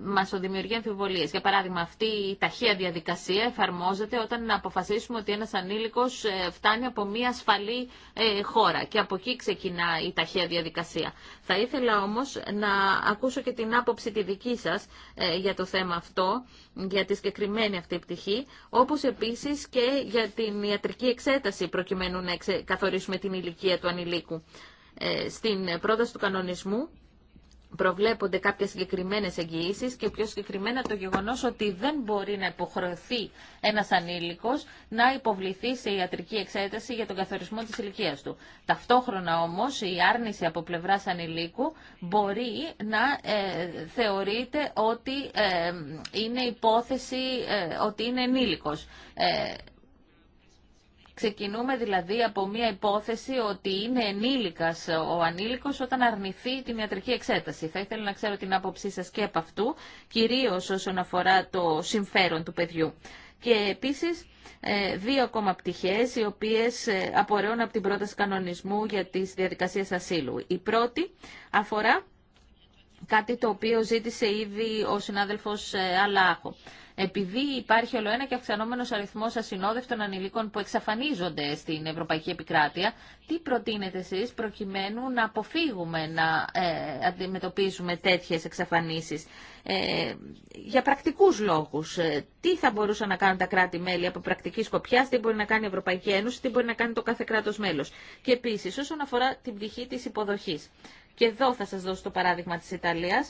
μας δημιουργεί αμφιβολίες. Για παράδειγμα, αυτή η ταχεία διαδικασία εφαρμόζεται όταν αποφασίσουμε ότι ένα ανήλικος ε, φτάνει από μια ασφαλή ε, χώρα και από εκεί ξεκινά η ταχεία διαδικασία. Θα ήθελα όμως να ακούσω και την άποψη τη δική σα ε, για το θέμα αυτό, για τη συγκεκριμένη αυτή πτυχή, όπω επίση και για την ιατρική εξέταση προκειμένου να καθορίσουμε την ηλικία του ανηλίκου. στην πρόταση του κανονισμού προβλέπονται κάποιες συγκεκριμένες εγγυήσεις και πιο συγκεκριμένα το γεγονός ότι δεν μπορεί να υποχρεωθεί ένας ανήλικος να υποβληθεί σε ιατρική εξέταση για τον καθορισμό της ηλικία του. Ταυτόχρονα όμως η άρνηση από πλευράς ανηλίκου μπορεί να ε, θεωρείται ότι ε, είναι υπόθεση ε, ότι είναι ενήλικος. Ε, Ξεκινούμε δηλαδή από μια υπόθεση ότι είναι ενήλικας ο ανήλικος όταν αρνηθεί την ιατρική εξέταση. Θα ήθελα να ξέρω την άποψή σας και από αυτού, κυρίως όσον αφορά το συμφέρον του παιδιού. Και επίσης ε, δύο ακόμα πτυχές οι οποίες ε, απορρέουν από την πρόταση κανονισμού για τις διαδικασίες ασύλου. Η πρώτη αφορά κάτι το οποίο ζήτησε ήδη ο συνάδελφος ε, Αλάχο επειδή υπάρχει όλο ένα και αυξανόμενο αριθμό ασυνόδευτων ανηλίκων που εξαφανίζονται στην Ευρωπαϊκή Επικράτεια, τι προτείνετε εσεί προκειμένου να αποφύγουμε να αντιμετωπίσουμε αντιμετωπίζουμε τέτοιε εξαφανίσει. Ε, για πρακτικού λόγου, ε, τι θα μπορούσαν να κάνουν τα κράτη-μέλη από πρακτική σκοπιά, τι μπορεί να κάνει η Ευρωπαϊκή Ένωση, τι μπορεί να κάνει το κάθε κράτο μέλο. Και επίση, όσον αφορά την πτυχή τη υποδοχή. Και εδώ θα σα δώσω το παράδειγμα τη Ιταλία.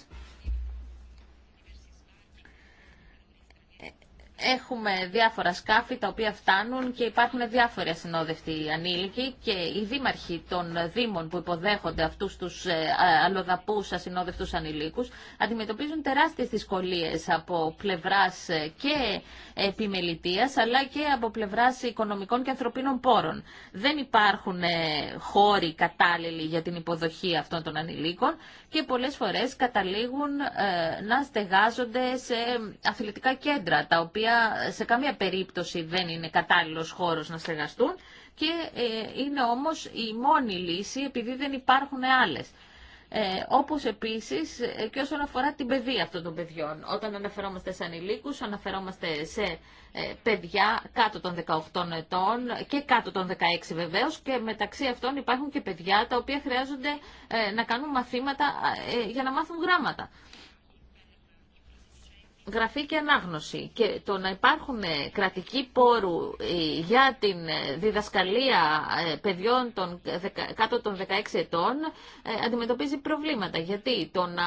Έχουμε διάφορα σκάφη τα οποία φτάνουν και υπάρχουν διάφορες ασυνόδευτοι ανήλικοι και οι δήμαρχοι των δήμων που υποδέχονται αυτούς τους ε, αλλοδαπούς ασυνόδευτους ανηλίκους αντιμετωπίζουν τεράστιες δυσκολίες από πλευράς ε, και επιμελητίας αλλά και από πλευράς οικονομικών και ανθρωπίνων πόρων. Δεν υπάρχουν ε, χώροι κατάλληλοι για την υποδοχή αυτών των ανηλίκων και πολλές φορές καταλήγουν να στεγάζονται σε αθλητικά κέντρα τα οποία σε καμία περίπτωση δεν είναι κατάλληλος χώρος να στεγαστούν και ε, είναι όμως η μόνη λύση επειδή δεν υπάρχουν άλλες. Ε, όπως επίσης ε, και όσον αφορά την παιδεία αυτών των παιδιών. Όταν αναφερόμαστε σε ανηλίκους, αναφερόμαστε σε ε, παιδιά κάτω των 18 ετών και κάτω των 16 βεβαίως και μεταξύ αυτών υπάρχουν και παιδιά τα οποία χρειάζονται να κάνουν μαθήματα για να μάθουν γράμματα γραφή και ανάγνωση και το να υπάρχουν ε, κρατικοί πόρου ε, για την ε, διδασκαλία παιδιών των, κάτω των 16 ετών αντιμετωπίζει προβλήματα. Γιατί το να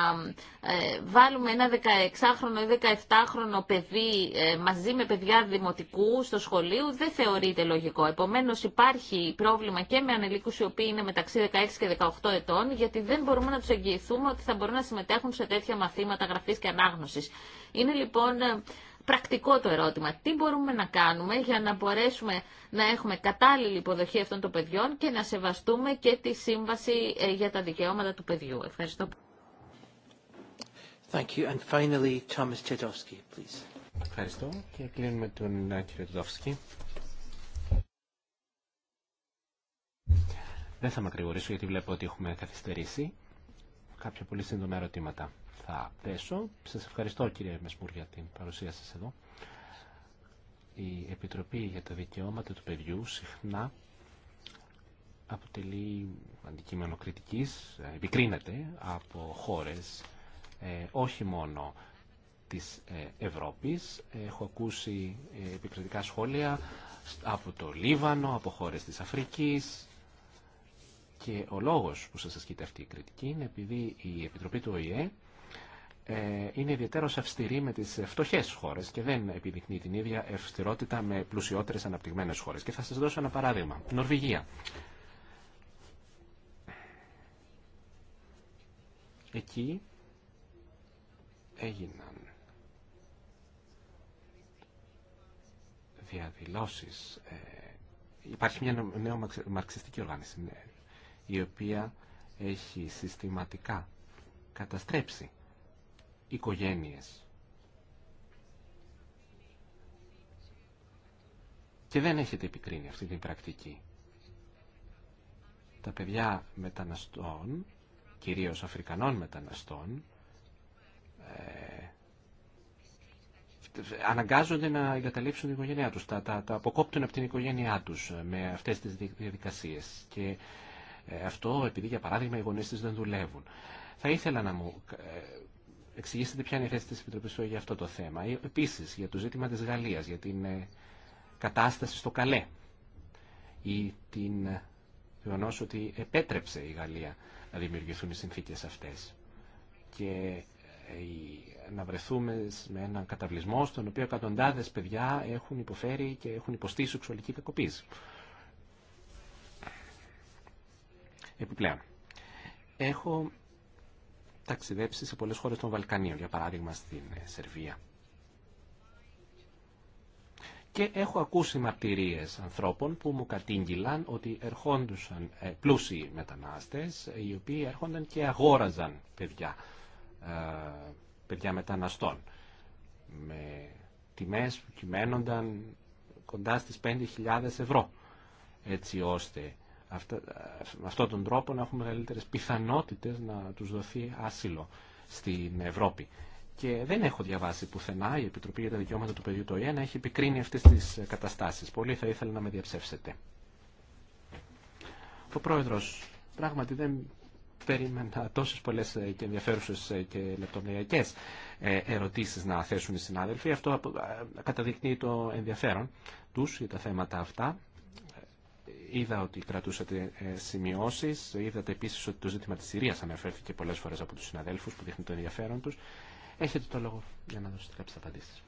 βάλουμε ένα 16χρονο ή 17χρονο παιδί μαζί με παιδιά δημοτικού στο σχολείο δεν θεωρείται λογικό. Επομένως υπάρχει πρόβλημα και με ανελίκους οι οποίοι είναι μεταξύ 16 και 18 ετών γιατί δεν μπορούμε να τους εγγυηθούμε ότι θα μπορούν να συμμετέχουν σε τέτοια μαθήματα γραφής και ανάγνωσης είναι λοιπόν πρακτικό το ερώτημα. Τι μπορούμε να κάνουμε για να μπορέσουμε να έχουμε κατάλληλη υποδοχή αυτών των παιδιών και να σεβαστούμε και τη σύμβαση ε, για τα δικαιώματα του παιδιού. Ευχαριστώ. Thank you. And finally, Thomas please. Ευχαριστώ και κλείνουμε τον κύριο Δεν θα με γιατί βλέπω ότι έχουμε καθυστερήσει. Κάποια πολύ σύντομα ερωτήματα θα πέσω. Σας ευχαριστώ κύριε Μεσπούρ για την παρουσία σας εδώ. Η Επιτροπή για τα Δικαιώματα του Παιδιού συχνά αποτελεί αντικείμενο κριτικής, ε, επικρίνεται από χώρες ε, όχι μόνο της ε, Ευρώπης. Έχω ακούσει επικριτικά σχόλια από το Λίβανο, από χώρες της Αφρικής και ο λόγος που σας ασκείται αυτή η κριτική είναι επειδή η Επιτροπή του ΟΗΕ ε, είναι ιδιαίτερο αυστηρή με τις φτωχέ χώρες και δεν επιδεικνύει την ίδια ευστηρότητα με πλουσιότερες αναπτυγμένες χώρες. Και θα σας δώσω ένα παράδειγμα. Νορβηγία. Εκεί έγιναν διαδηλώσεις. Ε, υπάρχει μια νέο μαρξιστική οργάνωση ναι, η οποία έχει συστηματικά καταστρέψει οικογένειες. Και δεν έχετε επικρίνει αυτή την πρακτική. Τα παιδιά μεταναστών, κυρίως Αφρικανών μεταναστών, ε, αναγκάζονται να εγκαταλείψουν την οικογένειά τους, τα, τα, τα αποκόπτουν από την οικογένειά τους ε, με αυτές τις διαδικασίες. Και ε, αυτό επειδή, για παράδειγμα, οι γονείς τους δεν δουλεύουν. Θα ήθελα να μου ε, εξηγήσετε ποια είναι η θέση της Επιτροπής για αυτό το θέμα. Ε, επίσης, για το ζήτημα της Γαλλίας, για την ε, κατάσταση στο Καλέ ή την ε, γεγονό ότι επέτρεψε η Γαλλία να δημιουργηθούν οι συνθήκες αυτές και να βρεθούμε με έναν καταβλισμό στον οποίο εκατοντάδες παιδιά έχουν υποφέρει και έχουν υποστεί σεξουαλική κακοποίηση. Επιπλέον, έχω ταξιδέψει σε πολλές χώρες των Βαλκανίων, για παράδειγμα στην ε, Σερβία. Και έχω ακούσει μαρτυρίες ανθρώπων που μου κατήγγυλαν ότι ερχόντουσαν ε, πλούσιοι μετανάστες, οι οποίοι έρχονταν και αγόραζαν παιδιά, ε, παιδιά μεταναστών, με τιμές που κυμαίνονταν κοντά στις 5.000 ευρώ, έτσι ώστε με αυτόν τον τρόπο να έχουμε μεγαλύτερε πιθανότητες να του δοθεί άσυλο στην Ευρώπη. Και δεν έχω διαβάσει πουθενά η Επιτροπή για τα Δικαιώματα του Παιδιού το έχει επικρίνει αυτές τις ε, καταστάσεις. Πολύ θα ήθελα να με διαψεύσετε. Ο πρόεδρο, πράγματι δεν περίμενα τόσες πολλές ε, και ενδιαφέρουσες ε, και λεπτομεριακέ ερωτήσει να θέσουν οι συνάδελφοι. Αυτό καταδεικνύει το ενδιαφέρον τους για τα θέματα αυτά είδα ότι κρατούσατε ε, σημειώσεις, είδατε επίσης ότι το ζήτημα της Συρίας αναφέρθηκε πολλές φορές από τους συναδέλφους που δείχνουν το ενδιαφέρον τους. Έχετε το λόγο για να δώσετε κάποιες απαντήσεις.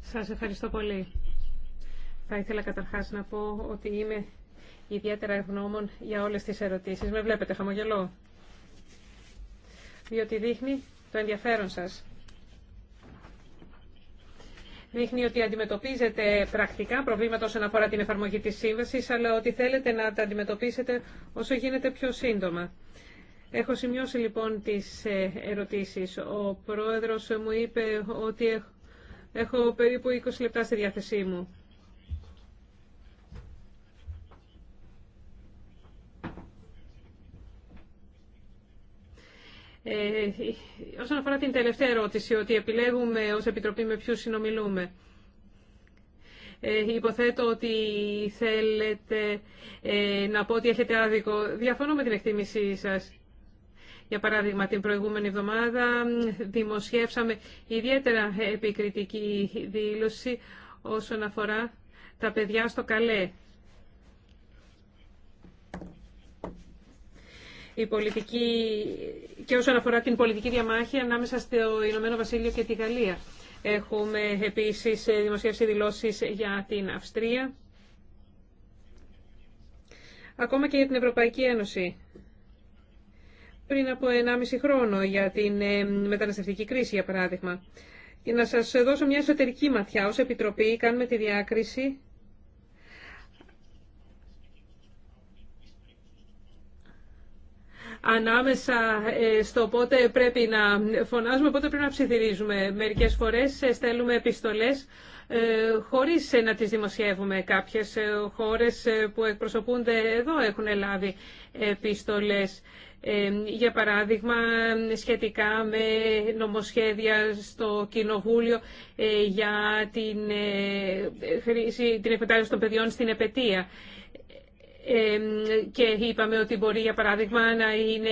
Σας ευχαριστώ πολύ. Θα ήθελα καταρχάς να πω ότι είμαι ιδιαίτερα ευγνώμων για όλες τις ερωτήσεις. Με βλέπετε, χαμογελώ. Διότι δείχνει το ενδιαφέρον σας δείχνει ότι αντιμετωπίζετε πρακτικά προβλήματα όσον αφορά την εφαρμογή της σύμβασης, αλλά ότι θέλετε να τα αντιμετωπίσετε όσο γίνεται πιο σύντομα. Έχω σημειώσει λοιπόν τις ε, ερωτήσεις. Ο πρόεδρος μου είπε ότι έχω περίπου 20 λεπτά στη διάθεσή μου. Ε, όσον αφορά την τελευταία ερώτηση, ότι επιλέγουμε ως Επιτροπή με ποιους συνομιλούμε. Ε, υποθέτω ότι θέλετε ε, να πω ότι έχετε άδικο. Διαφωνώ με την εκτίμησή σας. Για παράδειγμα, την προηγούμενη εβδομάδα δημοσιεύσαμε ιδιαίτερα επικριτική δήλωση όσον αφορά τα παιδιά στο καλέ. η πολιτική και όσον αφορά την πολιτική διαμάχη ανάμεσα στο Ηνωμένο Βασίλειο και τη Γαλλία. Έχουμε επίσης ε, δημοσίευσει δηλώσεις για την Αυστρία, ακόμα και για την Ευρωπαϊκή Ένωση πριν από 1,5 χρόνο για την ε, μεταναστευτική κρίση, για παράδειγμα. Για να σας δώσω μια εσωτερική ματιά, ως Επιτροπή κάνουμε τη διάκριση ανάμεσα ε, στο πότε πρέπει να φωνάζουμε, πότε πρέπει να ψιθυρίζουμε. Μερικές φορές ε, στέλνουμε επιστολές ε, χωρίς να τις δημοσιεύουμε. Κάποιες χώρες που εκπροσωπούνται εδώ έχουν λάβει επιστολές. Για παράδειγμα, σχετικά με νομοσχέδια στο Κοινοβούλιο για την, χρήση, την εκμετάλλευση των παιδιών στην επαιτία και είπαμε ότι μπορεί, για παράδειγμα, να, είναι,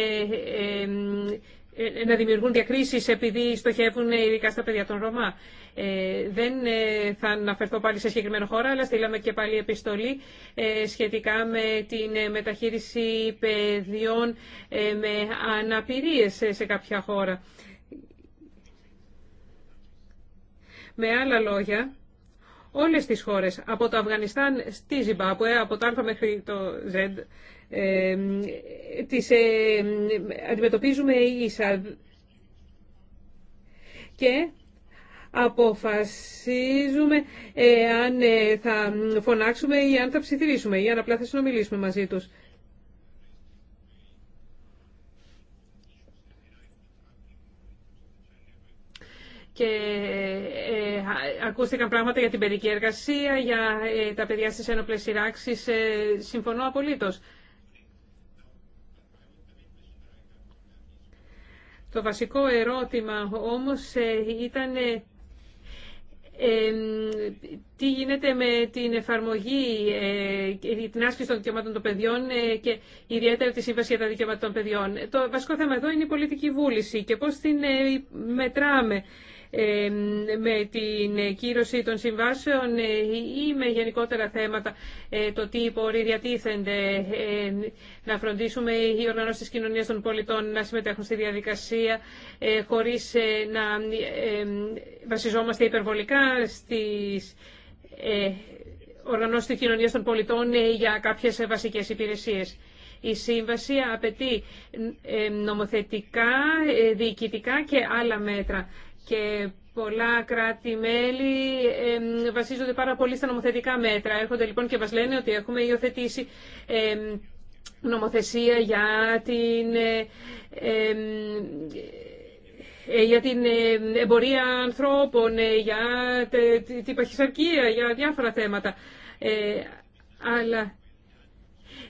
ε, να δημιουργούν διακρίσεις επειδή στοχεύουν ειδικά στα παιδιά των Ρωμά. Ε, δεν ε, θα αναφερθώ πάλι σε συγκεκριμένο χώρο, αλλά στείλαμε και πάλι επιστολή σχετικά με την μεταχείριση παιδιών με αναπηρίες σε κάποια χώρα. Με άλλα λόγια, όλες τις χώρες, από το Αφγανιστάν στη Ζιμπάπουε, από το Α μέχρι το Ζ, ε, τις ε, αντιμετωπίζουμε ίσα. Και αποφασίζουμε ε, αν θα φωνάξουμε ή αν θα ψιθυρίσουμε ή αν απλά θα συνομιλήσουμε μαζί τους. και ε, ακούστηκαν πράγματα για την παιδική εργασία, για ε, τα παιδιά στις ένοπλες σειράξεις. Ε, συμφωνώ απολύτως. Το βασικό ερώτημα όμως ήταν τι γίνεται με την εφαρμογή, την άσκηση των δικαιωμάτων των παιδιών και ιδιαίτερα τη Σύμβαση για τα Δικαιώματα των Παιδιών. Το βασικό θέμα εδώ είναι η πολιτική βούληση και πώς την μετράμε με την κύρωση των συμβάσεων ε, ή με γενικότερα θέματα, ε, το τι μπορεί διατίθενται, να φροντίσουμε οι οργανώσει της κοινωνίας των πολιτών να συμμετέχουν στη διαδικασία ε, χωρίς να βασιζόμαστε υπερβολικά στις οργανώσεις της κοινωνίας των πολιτών για κάποιες βασικές υπηρεσίες. Η σύμβαση απαιτεί νομοθετικά, διοικητικά και άλλα μέτρα και πολλά κράτη-μέλη βασίζονται πάρα πολύ στα νομοθετικά μέτρα. Έρχονται λοιπόν και μας λένε ότι έχουμε υιοθετήσει νομοθεσία για την, ε, για την εμπορία ανθρώπων, ε, για την παχυσαρκία, για διάφορα θέματα. Ε, αλλά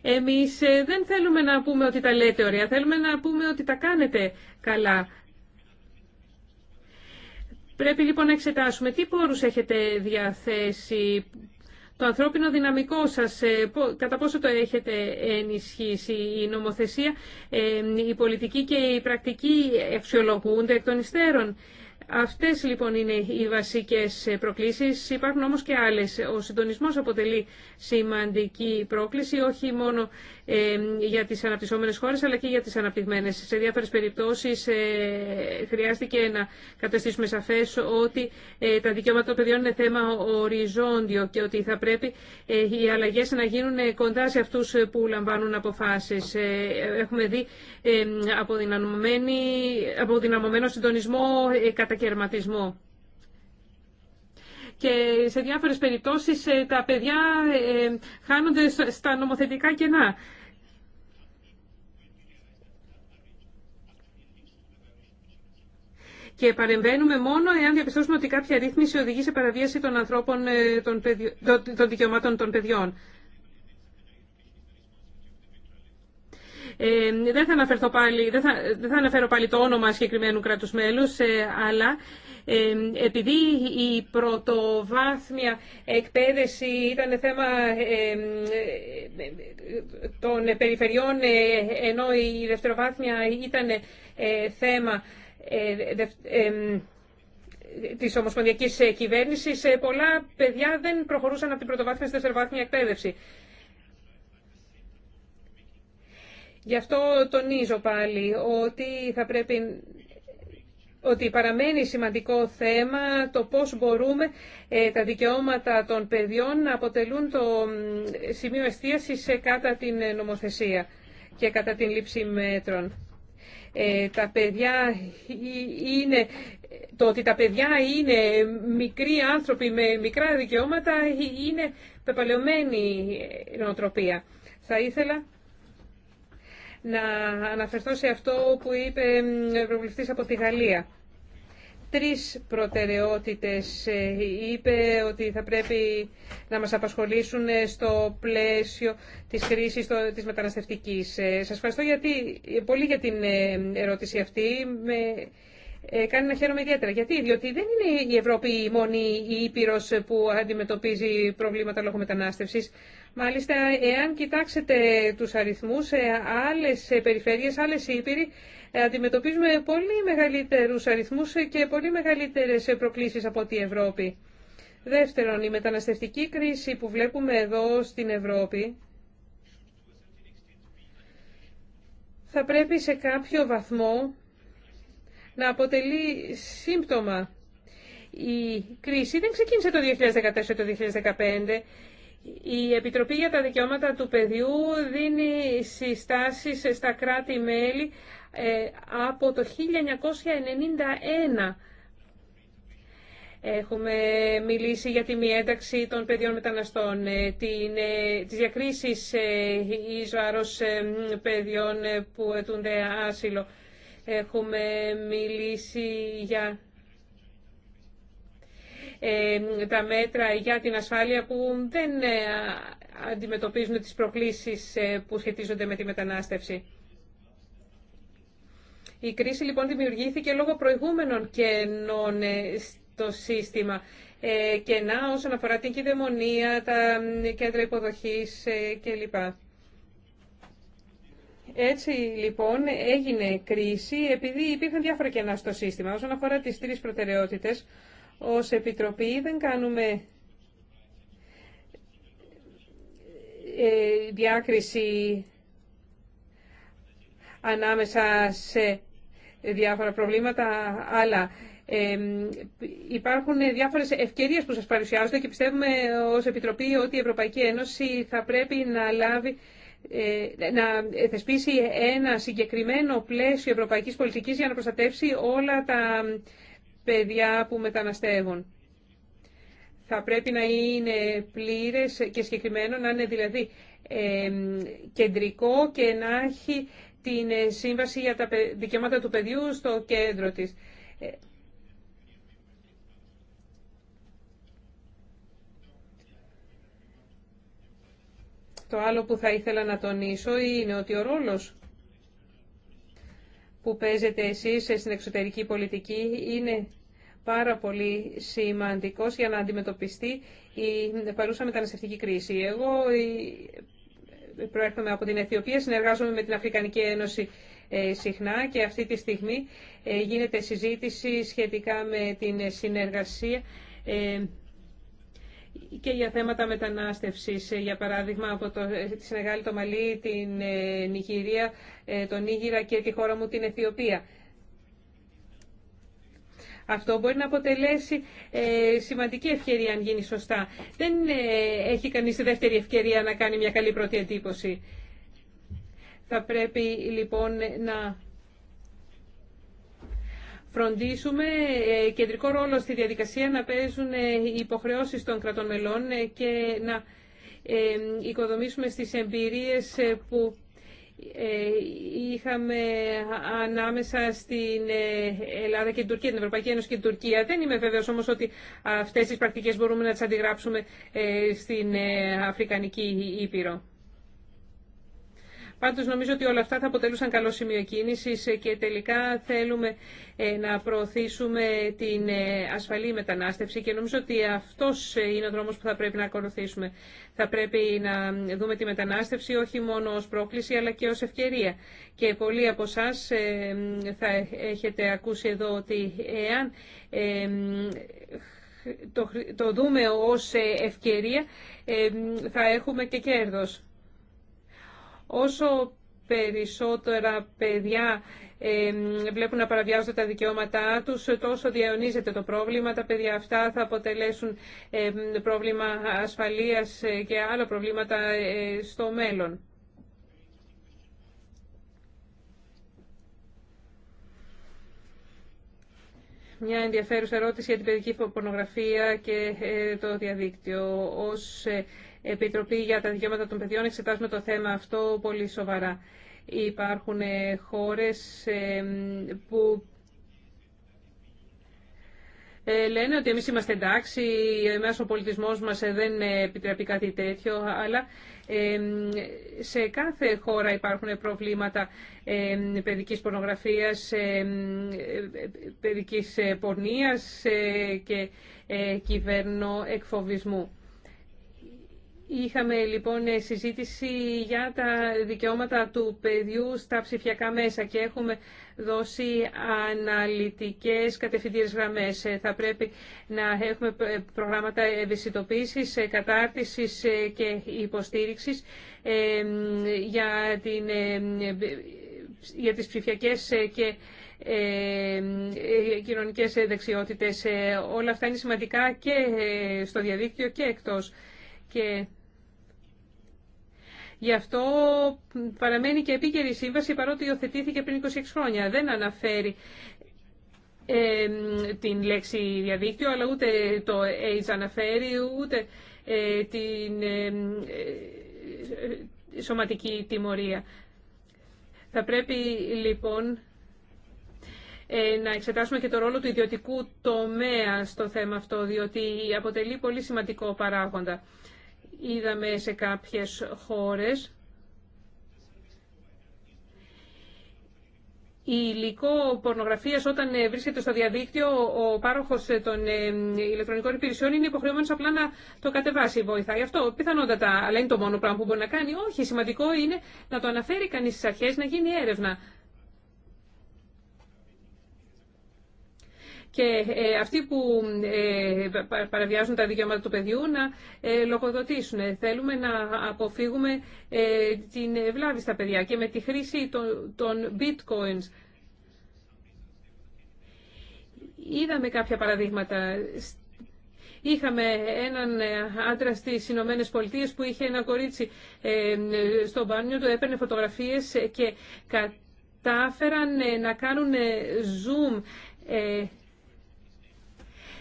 εμείς δεν θέλουμε να πούμε ότι τα λέτε ωραία, θέλουμε να πούμε ότι τα κάνετε καλά. Πρέπει λοιπόν να εξετάσουμε τι πόρους έχετε διαθέσει, το ανθρώπινο δυναμικό σας, ε, κατά πόσο το έχετε ενισχύσει η νομοθεσία, ε, η πολιτική και η πρακτική αξιολογούνται εκ των υστέρων. Αυτές λοιπόν είναι οι βασικές προκλήσεις. Υπάρχουν όμως και άλλες. Ο συντονισμός αποτελεί σημαντική πρόκληση, όχι μόνο για τις αναπτυσσόμενες χώρες αλλά και για τις αναπτυγμένες. Σε διάφορες περιπτώσεις ε, χρειάστηκε να καταστήσουμε σαφές ότι ε, τα δικαιώματα των παιδιών είναι θέμα οριζόντιο και ότι θα πρέπει ε, οι αλλαγές να γίνουν κοντά σε αυτούς που λαμβάνουν αποφάσεις. Έχουμε δει αποδυναμωμένο συντονισμό, κατακαιρματισμό. Και σε διάφορες περιπτώσεις τα παιδιά χάνονται στα νομοθετικά κενά. και παρεμβαίνουμε μόνο εάν διαπιστώσουμε ότι κάποια ρύθμιση οδηγεί σε παραβίαση των, ανθρώπων, ε, των, των δικαιωμάτων των παιδιών. Ε, δεν, θα αναφερθώ πάλι, δεν, θα, δεν θα αναφέρω πάλι το όνομα συγκεκριμένου κράτους μέλους, ε, αλλά ε, επειδή η πρωτοβάθμια εκπαίδευση ήταν θέμα ε, των περιφερειών, ενώ η δευτεροβάθμια ήταν θέμα ε, ε, της Ομοσπονδιακής ε, Κυβέρνησης, πολλά παιδιά δεν προχωρούσαν από την πρωτοβάθμια στη δευτεροβάθμια εκπαίδευση. Γι' αυτό τονίζω πάλι ότι θα πρέπει ότι παραμένει σημαντικό θέμα το πώς μπορούμε τα δικαιώματα των παιδιών να αποτελούν το σημείο εστίασης κατά την νομοθεσία και κατά την λήψη μέτρων. Ε, τα παιδιά είναι, το ότι τα παιδιά είναι μικροί άνθρωποι με μικρά δικαιώματα είναι πεπαλαιωμένη νοοτροπία. Θα ήθελα να αναφερθώ σε αυτό που είπε ο Ευρωβουλευτής από τη Γαλλία τρεις προτεραιότητες. Ε, είπε ότι θα πρέπει να μας απασχολήσουν ε, στο πλαίσιο της κρίσης της μεταναστευτικής. Ε, σας ευχαριστώ γιατί, πολύ για την ερώτηση αυτή. Με κάνει να χαίρομαι ιδιαίτερα. Γιατί, διότι δεν είναι η Ευρώπη η μόνη η Ήπειρος που αντιμετωπίζει προβλήματα λόγω μετανάστευσης. Μάλιστα, εάν κοιτάξετε τους αριθμούς, άλλες περιφέρειες, άλλες Ήπειροι ε, αντιμετωπίζουμε πολύ μεγαλύτερους αριθμούς και πολύ μεγαλύτερες προκλήσεις από τη Ευρώπη. Δεύτερον, η μεταναστευτική κρίση που βλέπουμε εδώ στην Ευρώπη θα πρέπει σε κάποιο βαθμό να αποτελεί σύμπτωμα. Η κρίση δεν ξεκίνησε το 2014 το 2015. Η Επιτροπή για τα Δικαιώματα του Παιδιού δίνει συστάσεις στα κράτη-μέλη ε, από το 1991 Έχουμε μιλήσει για τη μη ένταξη των παιδιών μεταναστών, ε, την, ε, τις διακρίσεις εις βάρος παιδιών που αιτούνται άσυλο. Έχουμε μιλήσει για τα μέτρα για την ασφάλεια που δεν αντιμετωπίζουν τις προκλήσεις που σχετίζονται με τη μετανάστευση. Η κρίση λοιπόν δημιουργήθηκε λόγω προηγούμενων κενών ε, στο σύστημα. Ε, κενά όσον αφορά την κυδαιμονία, τα κέντρα υποδοχής ε, κλπ. Έτσι λοιπόν έγινε κρίση επειδή υπήρχαν διάφορα κενά στο σύστημα. Όσον αφορά τις τρεις προτεραιότητες, ως Επιτροπή δεν κάνουμε διάκριση ανάμεσα σε διάφορα προβλήματα, αλλά ε, υπάρχουν διάφορες ευκαιρίες που σας παρουσιάζονται και πιστεύουμε ως Επιτροπή ότι η Ευρωπαϊκή Ένωση θα πρέπει να λάβει ε, να θεσπίσει ένα συγκεκριμένο πλαίσιο ευρωπαϊκής πολιτικής για να προστατεύσει όλα τα παιδιά που μεταναστεύουν. Θα πρέπει να είναι πλήρες και συγκεκριμένο, να είναι δηλαδή κεντρικό και να έχει την ε, Σύμβαση για τα Δικαιώματα του Παιδιού στο κέντρο της. Ε, το άλλο που θα ήθελα να τονίσω είναι ότι ο ρόλος που παίζετε εσείς στην εξωτερική πολιτική είναι πάρα πολύ σημαντικός για να αντιμετωπιστεί η παρούσα μεταναστευτική κρίση. Εγώ ε, προέρχομαι από την Αιθιοπία, συνεργάζομαι με την Αφρικανική Ένωση ε, συχνά και αυτή τη στιγμή ε, γίνεται συζήτηση σχετικά με την συνεργασία ε, και για θέματα μετανάστευσης, για παράδειγμα από το, τη Σενεγάλη, το Μαλή, την Νιγηρία, τον Νίγηρα και τη χώρα μου την Αιθιοπία. Αυτό μπορεί να αποτελέσει ε, σημαντική ευκαιρία αν γίνει σωστά. Δεν ε, έχει κανείς δεύτερη ευκαιρία να κάνει μια καλή πρώτη εντύπωση. Θα πρέπει λοιπόν να φροντίσουμε ε, κεντρικό ρόλο στη διαδικασία να παίζουν οι υποχρεώσεις των κρατών μελών και να οικοδομήσουμε στις εμπειρίες που ε, είχαμε ανάμεσα στην ε, Ελλάδα και την Τουρκία, την Ευρωπαϊκή Ένωση και την Τουρκία. Δεν είμαι βέβαιος όμως ότι αυτές τις πρακτικές μπορούμε να τις αντιγράψουμε ε, στην Αφρικανική Ήπειρο. Πάντως νομίζω ότι όλα αυτά θα αποτελούσαν καλό σημείο κίνησης και τελικά θέλουμε ε, να προωθήσουμε την ε, ασφαλή μετανάστευση και νομίζω ότι αυτός ε, είναι ο δρόμος που θα πρέπει να ακολουθήσουμε. Θα πρέπει να δούμε τη μετανάστευση όχι μόνο ως πρόκληση αλλά και ως ευκαιρία. Και πολλοί από εσά θα έχετε ακούσει εδώ ότι εάν το δούμε ως ευκαιρία θα έχουμε και κέρδος. Όσο περισσότερα παιδιά βλέπουν να παραβιάζονται τα δικαιώματά τους, τόσο διαιωνίζεται το πρόβλημα. Τα παιδιά αυτά θα αποτελέσουν πρόβλημα ασφαλείας ε, και άλλα προβλήματα ε, στο μέλλον. Μια ενδιαφέρουσα ερώτηση για την παιδική πορνογραφία και ε, το διαδίκτυο. Ως Επιτροπή για τα Δικαιώματα των Παιδιών εξετάζουμε το θέμα αυτό πολύ σοβαρά. Υπάρχουν ε, χώρες που ε, λένε ότι εμείς είμαστε εντάξει, εμάς ο πολιτισμός μας ε, δεν επιτρέπει κάτι τέτοιο, αλλά σε κάθε χώρα υπάρχουν προβλήματα παιδικής πορνογραφίας, παιδικής πορνείας και κυβέρνο εκφοβισμού. Είχαμε λοιπόν συζήτηση για τα δικαιώματα του παιδιού στα ψηφιακά μέσα και έχουμε δώσει αναλυτικές κατευθυντήρες γραμμές. Ε, θα πρέπει να έχουμε ε, προγράμματα ευαισθητοποίησης, ε, κατάρτισης και υποστήριξης για, την, για τις ψηφιακές και κοινωνικές δεξιότητες. Όλα αυτά είναι σημαντικά και στο διαδίκτυο και εκτός. Και Γι' αυτό παραμένει και επίκαιρη σύμβαση παρότι υιοθετήθηκε πριν 26 χρόνια. Δεν αναφέρει την λέξη διαδίκτυο, αλλά ούτε το AIDS αναφέρει, ούτε τη ε, την ε, σωματική τιμωρία. Θα πρέπει λοιπόν ε, να εξετάσουμε και το ρόλο του ιδιωτικού τομέα στο θέμα αυτό, διότι αποτελεί πολύ σημαντικό παράγοντα είδαμε σε κάποιες χώρες. Η υλικό πορνογραφίας όταν ε, βρίσκεται στο διαδίκτυο, ο πάροχος ε, των ε, ηλεκτρονικών υπηρεσιών είναι υποχρεωμένος απλά να το κατεβάσει. Βοηθάει αυτό πιθανότατα, αλλά είναι το μόνο πράγμα που μπορεί να κάνει. Όχι, σημαντικό είναι να το αναφέρει κανείς στις αρχές, να γίνει έρευνα. και ε, αυτοί που ε, παραβιάζουν τα δικαιώματα του παιδιού να ε, λογοδοτήσουν. Θέλουμε να αποφύγουμε την βλάβη στα παιδιά και με τη χρήση των bitcoins. Είδαμε κάποια παραδείγματα. Είχαμε έναν άντρα στι Ηνωμένε Πολιτείε που είχε ένα κορίτσι στο μπάνιο του, έπαιρνε φωτογραφίε και κατάφεραν να κάνουν zoom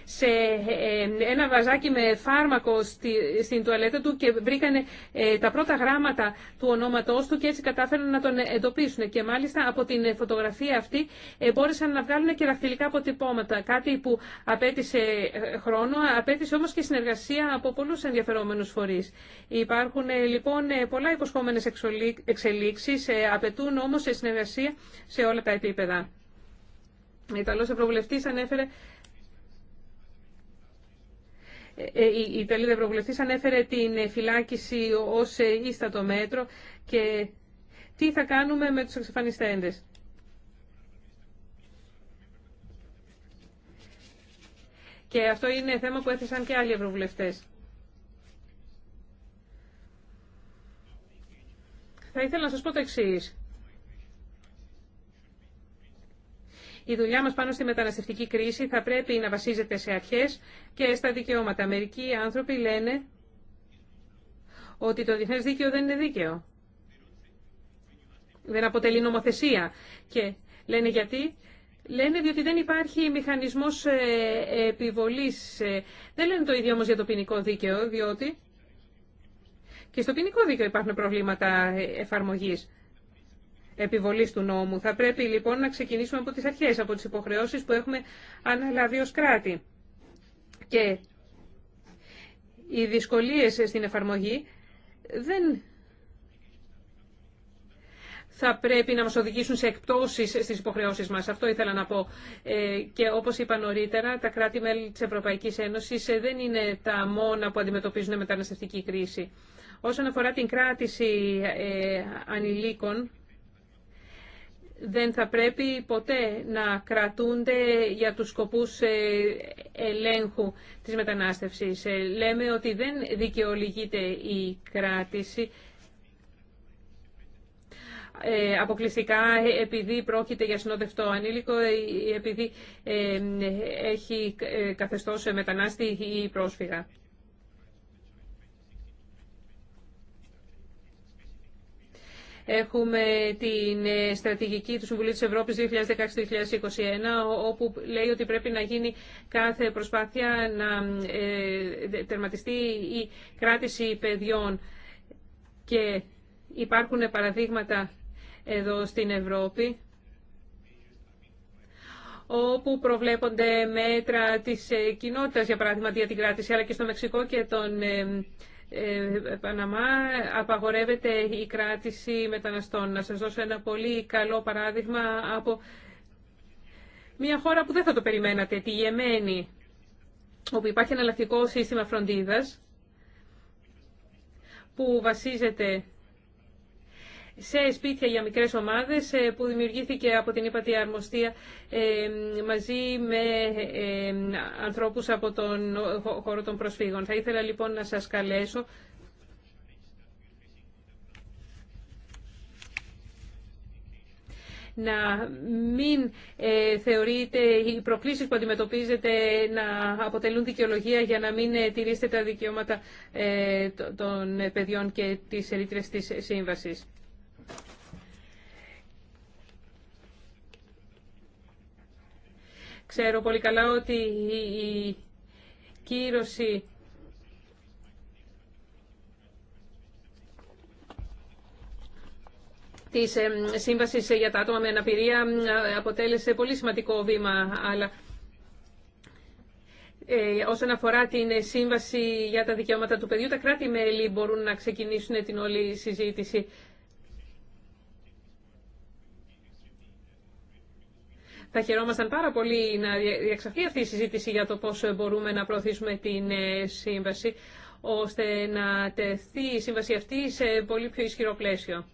σε ε, ένα βαζάκι με φάρμακο στην τουαλέτα του και βρήκανε ε, τα πρώτα γράμματα του ονόματός του και έτσι κατάφεραν να τον εντοπίσουν. Και μάλιστα από την φωτογραφία αυτή ε, μπόρεσαν να βγάλουν και δαχτυλικά αποτυπώματα. Κάτι που απέτησε χρόνο, απέτησε όμως και συνεργασία από πολλούς ενδιαφερόμενους φορείς. Υπάρχουν λοιπόν πολλά υποσχόμενες εξελίξεις, απαιτούν όμως συνεργασία σε όλα τα επίπεδα. Ο Ιταλός ανέφερε ε, ε, η Ιταλίδα Ευρωβουλευτή ανέφερε την φυλάκιση ως ε, ίστατο μέτρο και τι θα κάνουμε με τους εξαφανιστέντες. Και αυτό είναι θέμα που έθεσαν και άλλοι ευρωβουλευτές. Θα ήθελα να σας πω το εξής. Η δουλειά μα πάνω στη μεταναστευτική κρίση θα πρέπει να βασίζεται σε αρχές και στα δικαιώματα. Μερικοί άνθρωποι λένε ότι το διεθνέ δίκαιο δεν είναι δίκαιο. Δεν αποτελεί νομοθεσία. Και λένε γιατί. Λένε διότι δεν υπάρχει μηχανισμός ε, επιβολής. Ε, δεν λένε το ίδιο όμως για το ποινικό δίκαιο, διότι και στο ποινικό δίκαιο υπάρχουν προβλήματα ε, εφαρμογής. Επιβολή του νόμου. Θα πρέπει λοιπόν να ξεκινήσουμε από τις αρχές, από τις υποχρεώσεις που έχουμε αναλάβει ως κράτη. Και οι δυσκολίες στην εφαρμογή δεν θα πρέπει να μας οδηγήσουν σε εκπτώσεις στις υποχρεώσεις μας. Αυτό ήθελα να πω. Ε, και όπως είπα νωρίτερα, τα κράτη-μέλη της Ευρωπαϊκής Ένωσης ε, δεν είναι τα μόνα που αντιμετωπίζουν μεταναστευτική κρίση. Όσον αφορά την κράτηση ε, ανηλίκων, δεν θα πρέπει ποτέ να κρατούνται για τους σκοπούς ε, ελέγχου της μετανάστευσης. Ε, λέμε ότι δεν δικαιολογείται η κράτηση ε, αποκλειστικά επειδή πρόκειται για συνόδευτό ανήλικο, επειδή έχει καθεστώς μετανάστη ή πρόσφυγα. Έχουμε την ε, στρατηγική του Συμβουλίου της Ευρώπης 2016-2021, όπου λέει ότι πρέπει να γίνει κάθε προσπάθεια να ε, τερματιστεί η κράτηση παιδιών. Και υπάρχουν παραδείγματα εδώ στην Ευρώπη όπου προβλέπονται μέτρα της ε, κοινότητας, για παράδειγμα, για την κράτηση, αλλά και στο Μεξικό και τον ε, Παναμά απαγορεύεται η κράτηση μεταναστών. Να σας δώσω ένα πολύ καλό παράδειγμα από μια χώρα που δεν θα το περιμένατε, τη Γεμένη, όπου υπάρχει ένα λακτικό σύστημα φροντίδας που βασίζεται σε σπίτια για μικρές ομάδες ε, που δημιουργήθηκε από την ύπατη αρμοστία ε, μαζί με ε, ανθρώπους από τον χώρο των προσφύγων. Θα ήθελα λοιπόν να σας καλέσω να μην θεωρείτε οι προκλήσεις που αντιμετωπίζετε να αποτελούν δικαιολογία για να μην ε, τηρήσετε τα δικαιώματα των παιδιών και της ερήτρες της σύμβασης. Ξέρω πολύ καλά ότι η κύρωση της σύμβασης για τα άτομα με αναπηρία αποτέλεσε πολύ σημαντικό βήμα, αλλά ε, όσον αφορά την σύμβαση για τα δικαιώματα του παιδιού, τα κράτη-μέλη μπορούν να ξεκινήσουν την όλη συζήτηση. Θα χαιρόμασταν πάρα πολύ να διεξαχθεί αυτή η συζήτηση για το πώς μπορούμε να προωθήσουμε την ε, σύμβαση, ώστε να τεθεί η σύμβαση αυτή σε πολύ πιο ισχυρό πλαίσιο.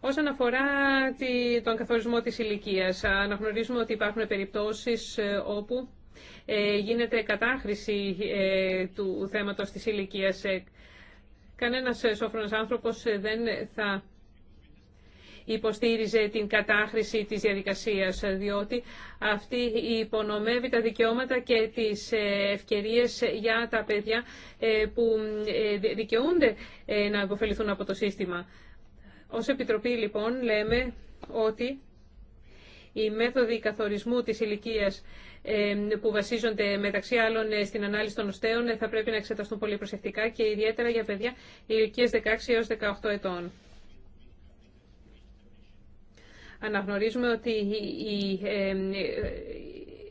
Όσον αφορά τον καθορισμό της ηλικία, αναγνωρίζουμε ότι υπάρχουν περιπτώσεις ε, όπου ε, γίνεται κατάχρηση του θέματος της ηλικία. Κανένας σόφρονος άνθρωπος δεν θα υποστήριζε την κατάχρηση της διαδικασίας, διότι αυτή υπονομεύει τα δικαιώματα και τις ε, ευκαιρίες για τα παιδιά ε, που ε, δικαιούνται να υποφεληθούν από το σύστημα. Ως Επιτροπή, λοιπόν, λέμε ότι οι μέθοδοι καθορισμού της ηλικίας που βασίζονται μεταξύ άλλων στην ανάλυση των οστέων θα πρέπει να εξεταστούν πολύ προσεκτικά και ιδιαίτερα για παιδιά ηλικίας 16 έως 18 ετών αναγνωρίζουμε ότι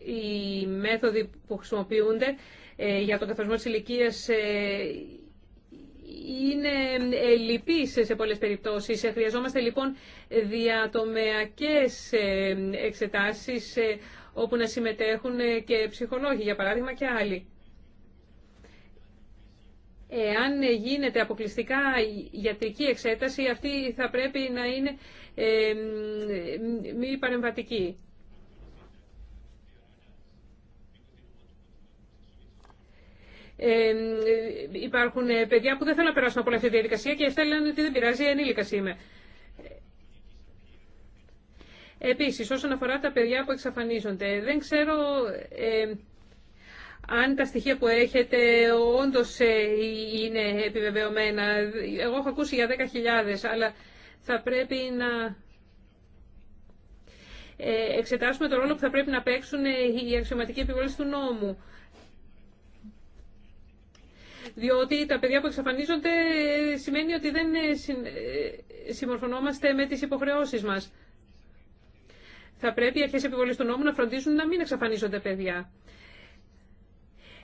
οι, μέθοδοι που χρησιμοποιούνται ε, για τον καθορισμό της ηλικία ε, είναι ε, λυπής σε πολλές περιπτώσεις. Χρειαζόμαστε λοιπόν διατομεακές εξετάσεις όπου να συμμετέχουν και ψυχολόγοι, για παράδειγμα, και άλλοι. Εάν γίνεται αποκλειστικά γιατρική εξέταση, αυτή θα πρέπει να είναι ε, μη παρεμβατική. Ε, υπάρχουν παιδιά που δεν θέλουν να περάσουν από αυτή τη διαδικασία και θέλουν ότι δεν πειράζει, ενήλικας είμαι. Επίσης, όσον αφορά τα παιδιά που εξαφανίζονται, δεν ξέρω... Ε, αν τα στοιχεία που έχετε όντως ε, είναι επιβεβαιωμένα. Εγώ έχω ακούσει για 10.000, αλλά θα πρέπει να ε, εξετάσουμε το ρόλο που θα πρέπει να παίξουν ε, οι αξιωματικοί επιβολές του νόμου. Διότι τα παιδιά που εξαφανίζονται σημαίνει ότι δεν συμμορφωνόμαστε με τις υποχρεώσεις μας. Θα πρέπει οι αρχές επιβολής του νόμου να φροντίζουν να μην εξαφανίζονται παιδιά.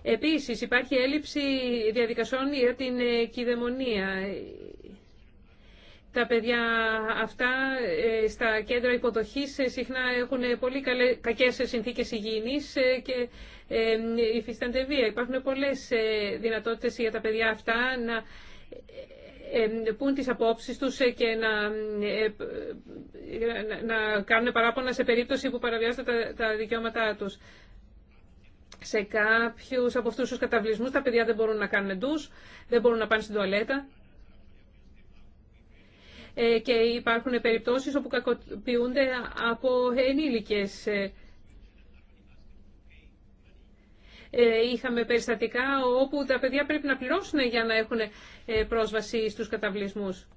Επίσης υπάρχει έλλειψη διαδικασιών για την ε, κυδαιμονία. Τα παιδιά αυτά ε, στα κέντρα υποδοχής ε, συχνά έχουν πολύ κακές συνθήκες υγιεινής και υφίστανται βία. Υπάρχουν πολλές δυνατότητες για τα παιδιά αυτά να πούν τις απόψεις τους και να, να κάνουν παράπονα σε περίπτωση που παραβιάζονται τα δικαιώματά τους. Σε κάποιους από αυτούς τους καταβλισμούς τα παιδιά δεν μπορούν να κάνουν ντους, δεν μπορούν να πάνε στην τουαλέτα ε, και υπάρχουν περιπτώσεις όπου κακοποιούνται από ενήλικες. Ε, ε, είχαμε περιστατικά όπου τα παιδιά πρέπει να πληρώσουν για να έχουν πρόσβαση στους καταβλισμούς.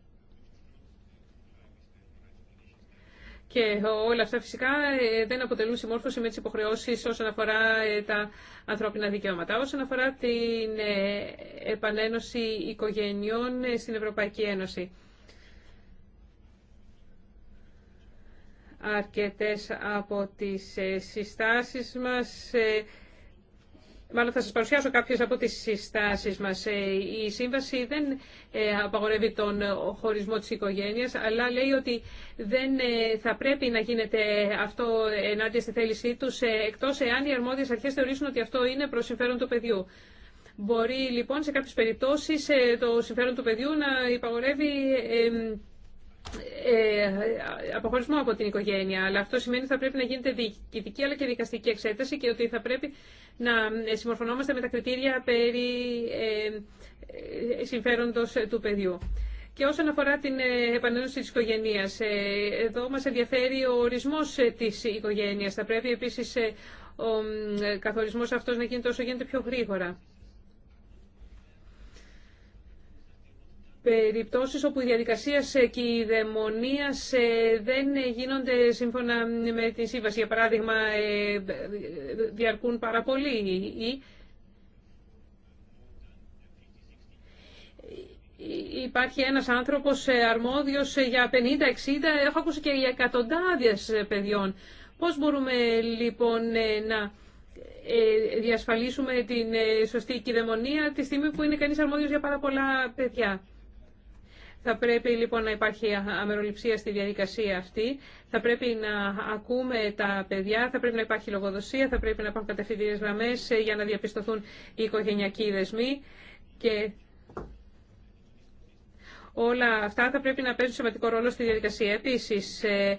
Και όλα αυτά φυσικά ε, δεν αποτελούν συμμόρφωση με τις υποχρεώσεις όσον αφορά ε, τα ανθρώπινα δικαιώματα. Όσον αφορά την ε, επανένωση οικογενειών στην Ευρωπαϊκή Ένωση. Αρκετές από τις συστάσεις μας Μάλλον θα σας παρουσιάσω κάποιες από τις συστάσεις μας. Ε, η σύμβαση δεν ε, απαγορεύει τον χωρισμό της οικογένειας, αλλά λέει ότι δεν ε, θα πρέπει να γίνεται αυτό ενάντια στη θέλησή τους, εκτός εάν οι αρμόδιες αρχές θεωρήσουν ότι αυτό είναι προς συμφέρον του παιδιού. Μπορεί λοιπόν σε κάποιες περιπτώσεις το συμφέρον του παιδιού να υπαγορεύει ε, αποχωρισμό από την οικογένεια. Αλλά αυτό σημαίνει ότι θα πρέπει να γίνεται διοικητική αλλά και δικαστική εξέταση και ότι θα πρέπει να ε, συμμορφωνόμαστε με τα κριτήρια περί ε, συμφέροντος του παιδιού. Και όσον αφορά την επανένωση της οικογένειας, εδώ μας ενδιαφέρει ο ορισμός της οικογένειας. Θα πρέπει επίσης ο καθορισμός αυτός να γίνεται όσο γίνεται πιο γρήγορα. περιπτώσεις όπου η διαδικασία και η σε δεν γίνονται σύμφωνα με τη σύμβαση. Για παράδειγμα, ε, διαρκούν πάρα πολύ ή υπάρχει ένας άνθρωπος ε, αρμόδιος ε, για 50-60, έχω ακούσει και για εκατοντάδες παιδιών. Πώς μπορούμε λοιπόν να διασφαλίσουμε την σωστή κυδαιμονία τη στιγμή που είναι κανείς αρμόδιος για πάρα πολλά παιδιά. Θα πρέπει λοιπόν να υπάρχει αμεροληψία στη διαδικασία αυτή. Θα πρέπει να ακούμε τα παιδιά, θα πρέπει να υπάρχει λογοδοσία, θα πρέπει να υπάρχουν κατευθυντήριες γραμμέ ε, για να διαπιστωθούν οι οικογενειακοί δεσμοί. Και όλα αυτά θα πρέπει να παίζουν σημαντικό ρόλο στη διαδικασία. Επίσης, ε,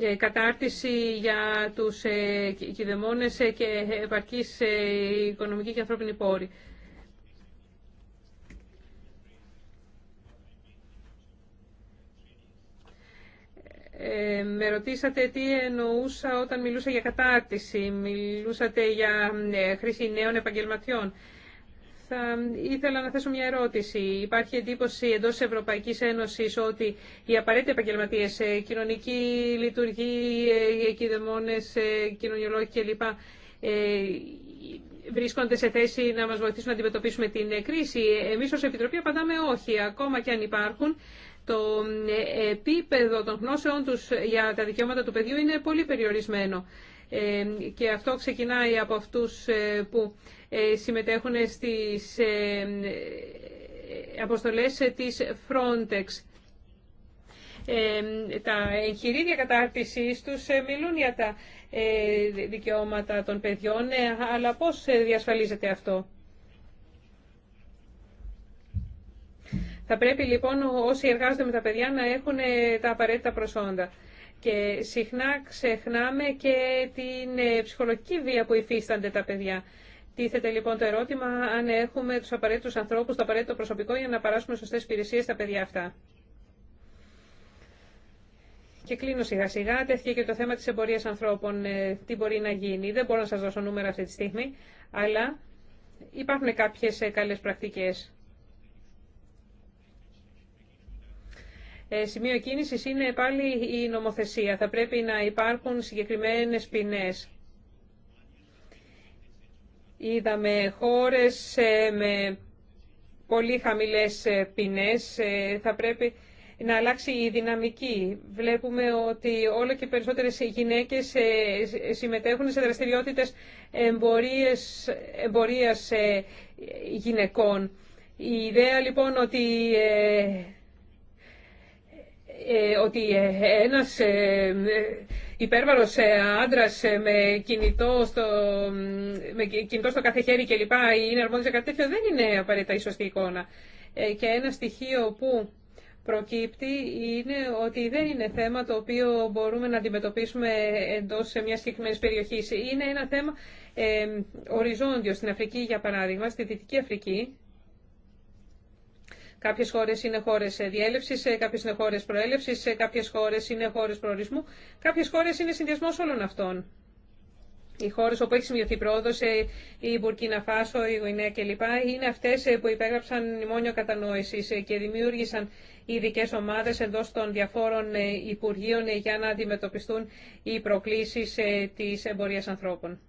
ε, κατάρτιση για τους κυδεμόνε και επαρκής οικονομική και ανθρώπινη πόρη. Ε, με ρωτήσατε τι εννοούσα όταν μιλούσα για κατάρτιση, μιλούσατε για ε, χρήση νέων επαγγελματιών. Θα ήθελα να θέσω μια ερώτηση. Υπάρχει εντύπωση εντό Ευρωπαϊκή Ένωση ότι οι απαραίτητοι επαγγελματίε, ε, κοινωνική λειτουργοί, ε, κυδεμόνε, κοινωνιολόγοι κλπ. βρίσκονται σε θέση να μας βοηθήσουν να αντιμετωπίσουμε την κρίση. Εμείς ως Επιτροπή απαντάμε όχι, ακόμα και αν υπάρχουν το επίπεδο των γνώσεών τους για τα δικαιώματα του παιδιού είναι πολύ περιορισμένο. Ε, και αυτό ξεκινάει από αυτούς ε, που ε, συμμετέχουν στις αποστολές της Frontex. Τα εγχειρίδια κατάρτισής τους μιλούν για τα δικαιώματα των παιδιών, αλλά πώς διασφαλίζεται αυτό. Θα πρέπει λοιπόν όσοι εργάζονται με τα παιδιά να έχουν ε, τα απαραίτητα προσόντα. Και συχνά ξεχνάμε και την ε, ψυχολογική βία που υφίστανται τα παιδιά. Τίθεται λοιπόν το ερώτημα αν έχουμε τους απαραίτητους ανθρώπους, το απαραίτητο προσωπικό για να παράσουμε σωστές υπηρεσίες στα παιδιά αυτά. Και κλείνω σιγά σιγά. Τέθηκε και το θέμα της εμπορίας ανθρώπων, ε, τι μπορεί να γίνει. Δεν μπορώ να σας δώσω νούμερα αυτή τη στιγμή, αλλά υπάρχουν κάποιες καλές πρακτικές. Ε, σημείο κίνησης είναι πάλι η νομοθεσία. Θα πρέπει να υπάρχουν συγκεκριμένες ποινές. Είδαμε χώρες ε, με πολύ χαμηλές ε, ποινές. Θα πρέπει να αλλάξει η δυναμική. Βλέπουμε ότι όλο και περισσότερες γυναίκες συμμετέχουν σε δραστηριότητες εμπορίες, εμπορίας γυναικών. Η ιδέα λοιπόν ότι ε, ότι ε, ένας ε, υπέρβαρος άντρας με κινητό στο, με κινητό στο κάθε χέρι κλπ. είναι αρμόδιος για κάτι τέτοιο δεν είναι απαραίτητα η σωστή εικόνα. Και ένα στοιχείο που προκύπτει είναι ότι δεν είναι θέμα το οποίο μπορούμε να αντιμετωπίσουμε εντός σε μια συγκεκριμένη περιοχή. Είναι ένα θέμα οριζόντιο στην Αφρική, για παράδειγμα, στη Δυτική Αφρική. Κάποιες χώρες είναι χώρες ε, διέλευσης, ε, κάποιες είναι χώρες προέλευσης, ε, κάποιες χώρες είναι χώρες προορισμού, κάποιες χώρες είναι συνδυασμό όλων αυτών. Οι χώρε όπου έχει σημειωθεί πρόοδο, η Μπουρκίνα Φάσο, η Γουινέα κλπ. είναι αυτέ που υπέγραψαν μνημόνιο κατανόηση και δημιούργησαν ειδικέ ομάδε εντό των διαφόρων υπουργείων για να αντιμετωπιστούν οι προκλήσει τη εμπορία ανθρώπων.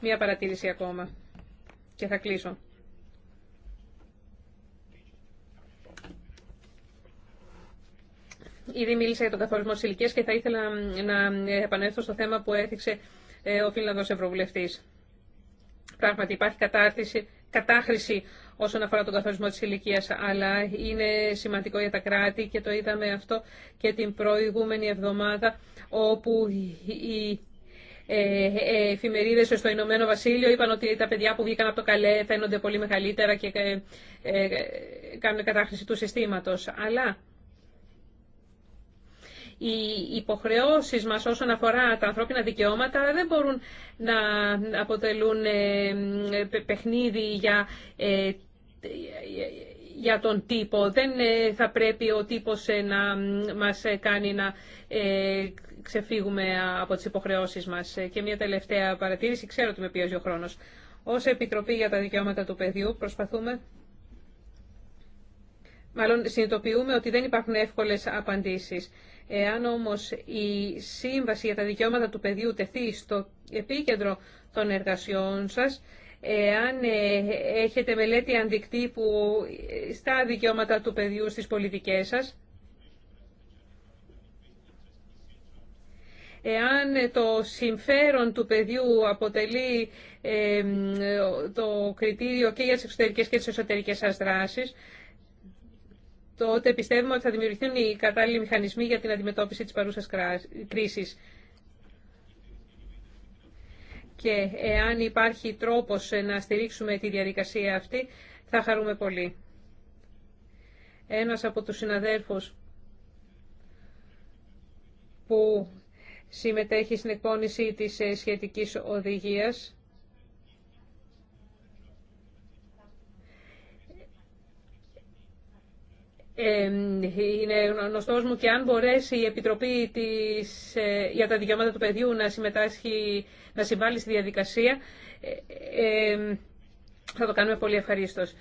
Μία παρατήρηση ακόμα και θα κλείσω. Ήδη μίλησα για τον καθορισμό της ηλικίας και θα ήθελα να επανέλθω στο θέμα που έθιξε ε, ο φίλανδος Ευρωβουλευτής. Πράγματι υπάρχει κατάρτιση, κατάχρηση όσον αφορά τον καθορισμό της ηλικία, αλλά είναι σημαντικό για τα κράτη και το είδαμε αυτό και την προηγούμενη εβδομάδα όπου η ε, ε, εφημερίδε στο Ηνωμένο Βασίλειο είπαν ότι τα παιδιά που βγήκαν από το καλέ φαίνονται πολύ μεγαλύτερα και ε, κάνουν κατάχρηση του συστήματο. Αλλά οι υποχρεώσεις μας όσον αφορά τα ανθρώπινα δικαιώματα δεν μπορούν να αποτελούν παιχνίδι για, για τον τύπο. Δεν θα πρέπει ο τύπος να μας κάνει να ξεφύγουμε από τις υποχρεώσεις μας. Ε, και μια τελευταία παρατήρηση, ξέρω ότι με πιέζει ο χρόνος. Ως Επιτροπή για τα Δικαιώματα του Παιδιού προσπαθούμε, μάλλον συνειδητοποιούμε ότι δεν υπάρχουν εύκολες απαντήσεις. Εάν όμως η Σύμβαση για τα Δικαιώματα του Παιδιού τεθεί στο επίκεντρο των εργασιών σας, εάν ε, έχετε μελέτη αντικτύπου στα δικαιώματα του παιδιού στις πολιτικές σας, εάν το συμφέρον του παιδιού αποτελεί το κριτήριο και για τις εξωτερικές και τις εσωτερικές σας δράσεις, τότε πιστεύουμε ότι θα δημιουργηθούν οι κατάλληλοι μηχανισμοί για την αντιμετώπιση της παρούσας κρίσης. Και εάν υπάρχει τρόπος να στηρίξουμε τη διαδικασία αυτή, θα χαρούμε πολύ. Ένας από τους συναδέλφους που συμμετέχει στην εκπόνηση της ε, σχετικής οδηγίας. είναι γνωστό μου και αν μπορέσει η Επιτροπή της, ε, για τα Δικαιώματα του Παιδιού να συμμετάσχει, να συμβάλλει στη διαδικασία, ε, θα το κάνουμε πολύ ευχαρίστως.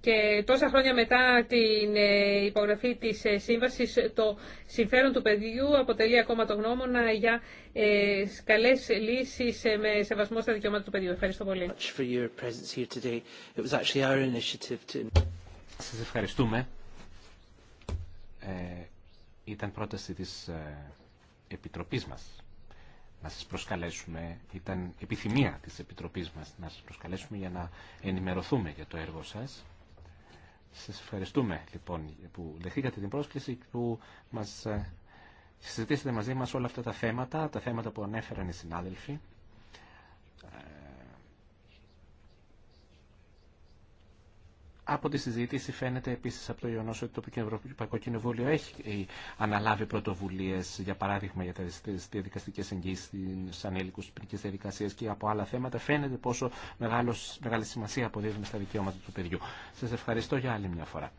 Και τόσα χρόνια μετά την ε, υπογραφή της ε, σύμβασης, ε, το συμφέρον του παιδιού αποτελεί ακόμα το γνώμονα για καλές λύσεις με σεβασμό στα δικαιώματα του παιδιού. Ευχαριστώ πολύ. Σας ευχαριστούμε. Ε, ήταν πρόταση της Επιτροπής μας να σας προσκαλέσουμε, ήταν επιθυμία της Επιτροπής μας να σας προσκαλέσουμε για να ενημερωθούμε για το έργο σας. Σας ευχαριστούμε λοιπόν που δεχτήκατε την πρόσκληση που μας ε, συζητήσατε μαζί μας όλα αυτά τα θέματα, τα θέματα που ανέφεραν οι συνάδελφοι. Ε, Από τη συζήτηση φαίνεται επίσης από το γεγονό ότι το Ευρωπαϊκό Κοινοβούλιο έχει αναλάβει πρωτοβουλίες, για παράδειγμα για τις διαδικαστικές εγγύσεις στις ανήλικους ποινικές διαδικασίες και από άλλα θέματα, φαίνεται πόσο μεγάλος, μεγάλη σημασία αποδίδουμε στα δικαιώματα του παιδιού. Σας ευχαριστώ για άλλη μια φορά.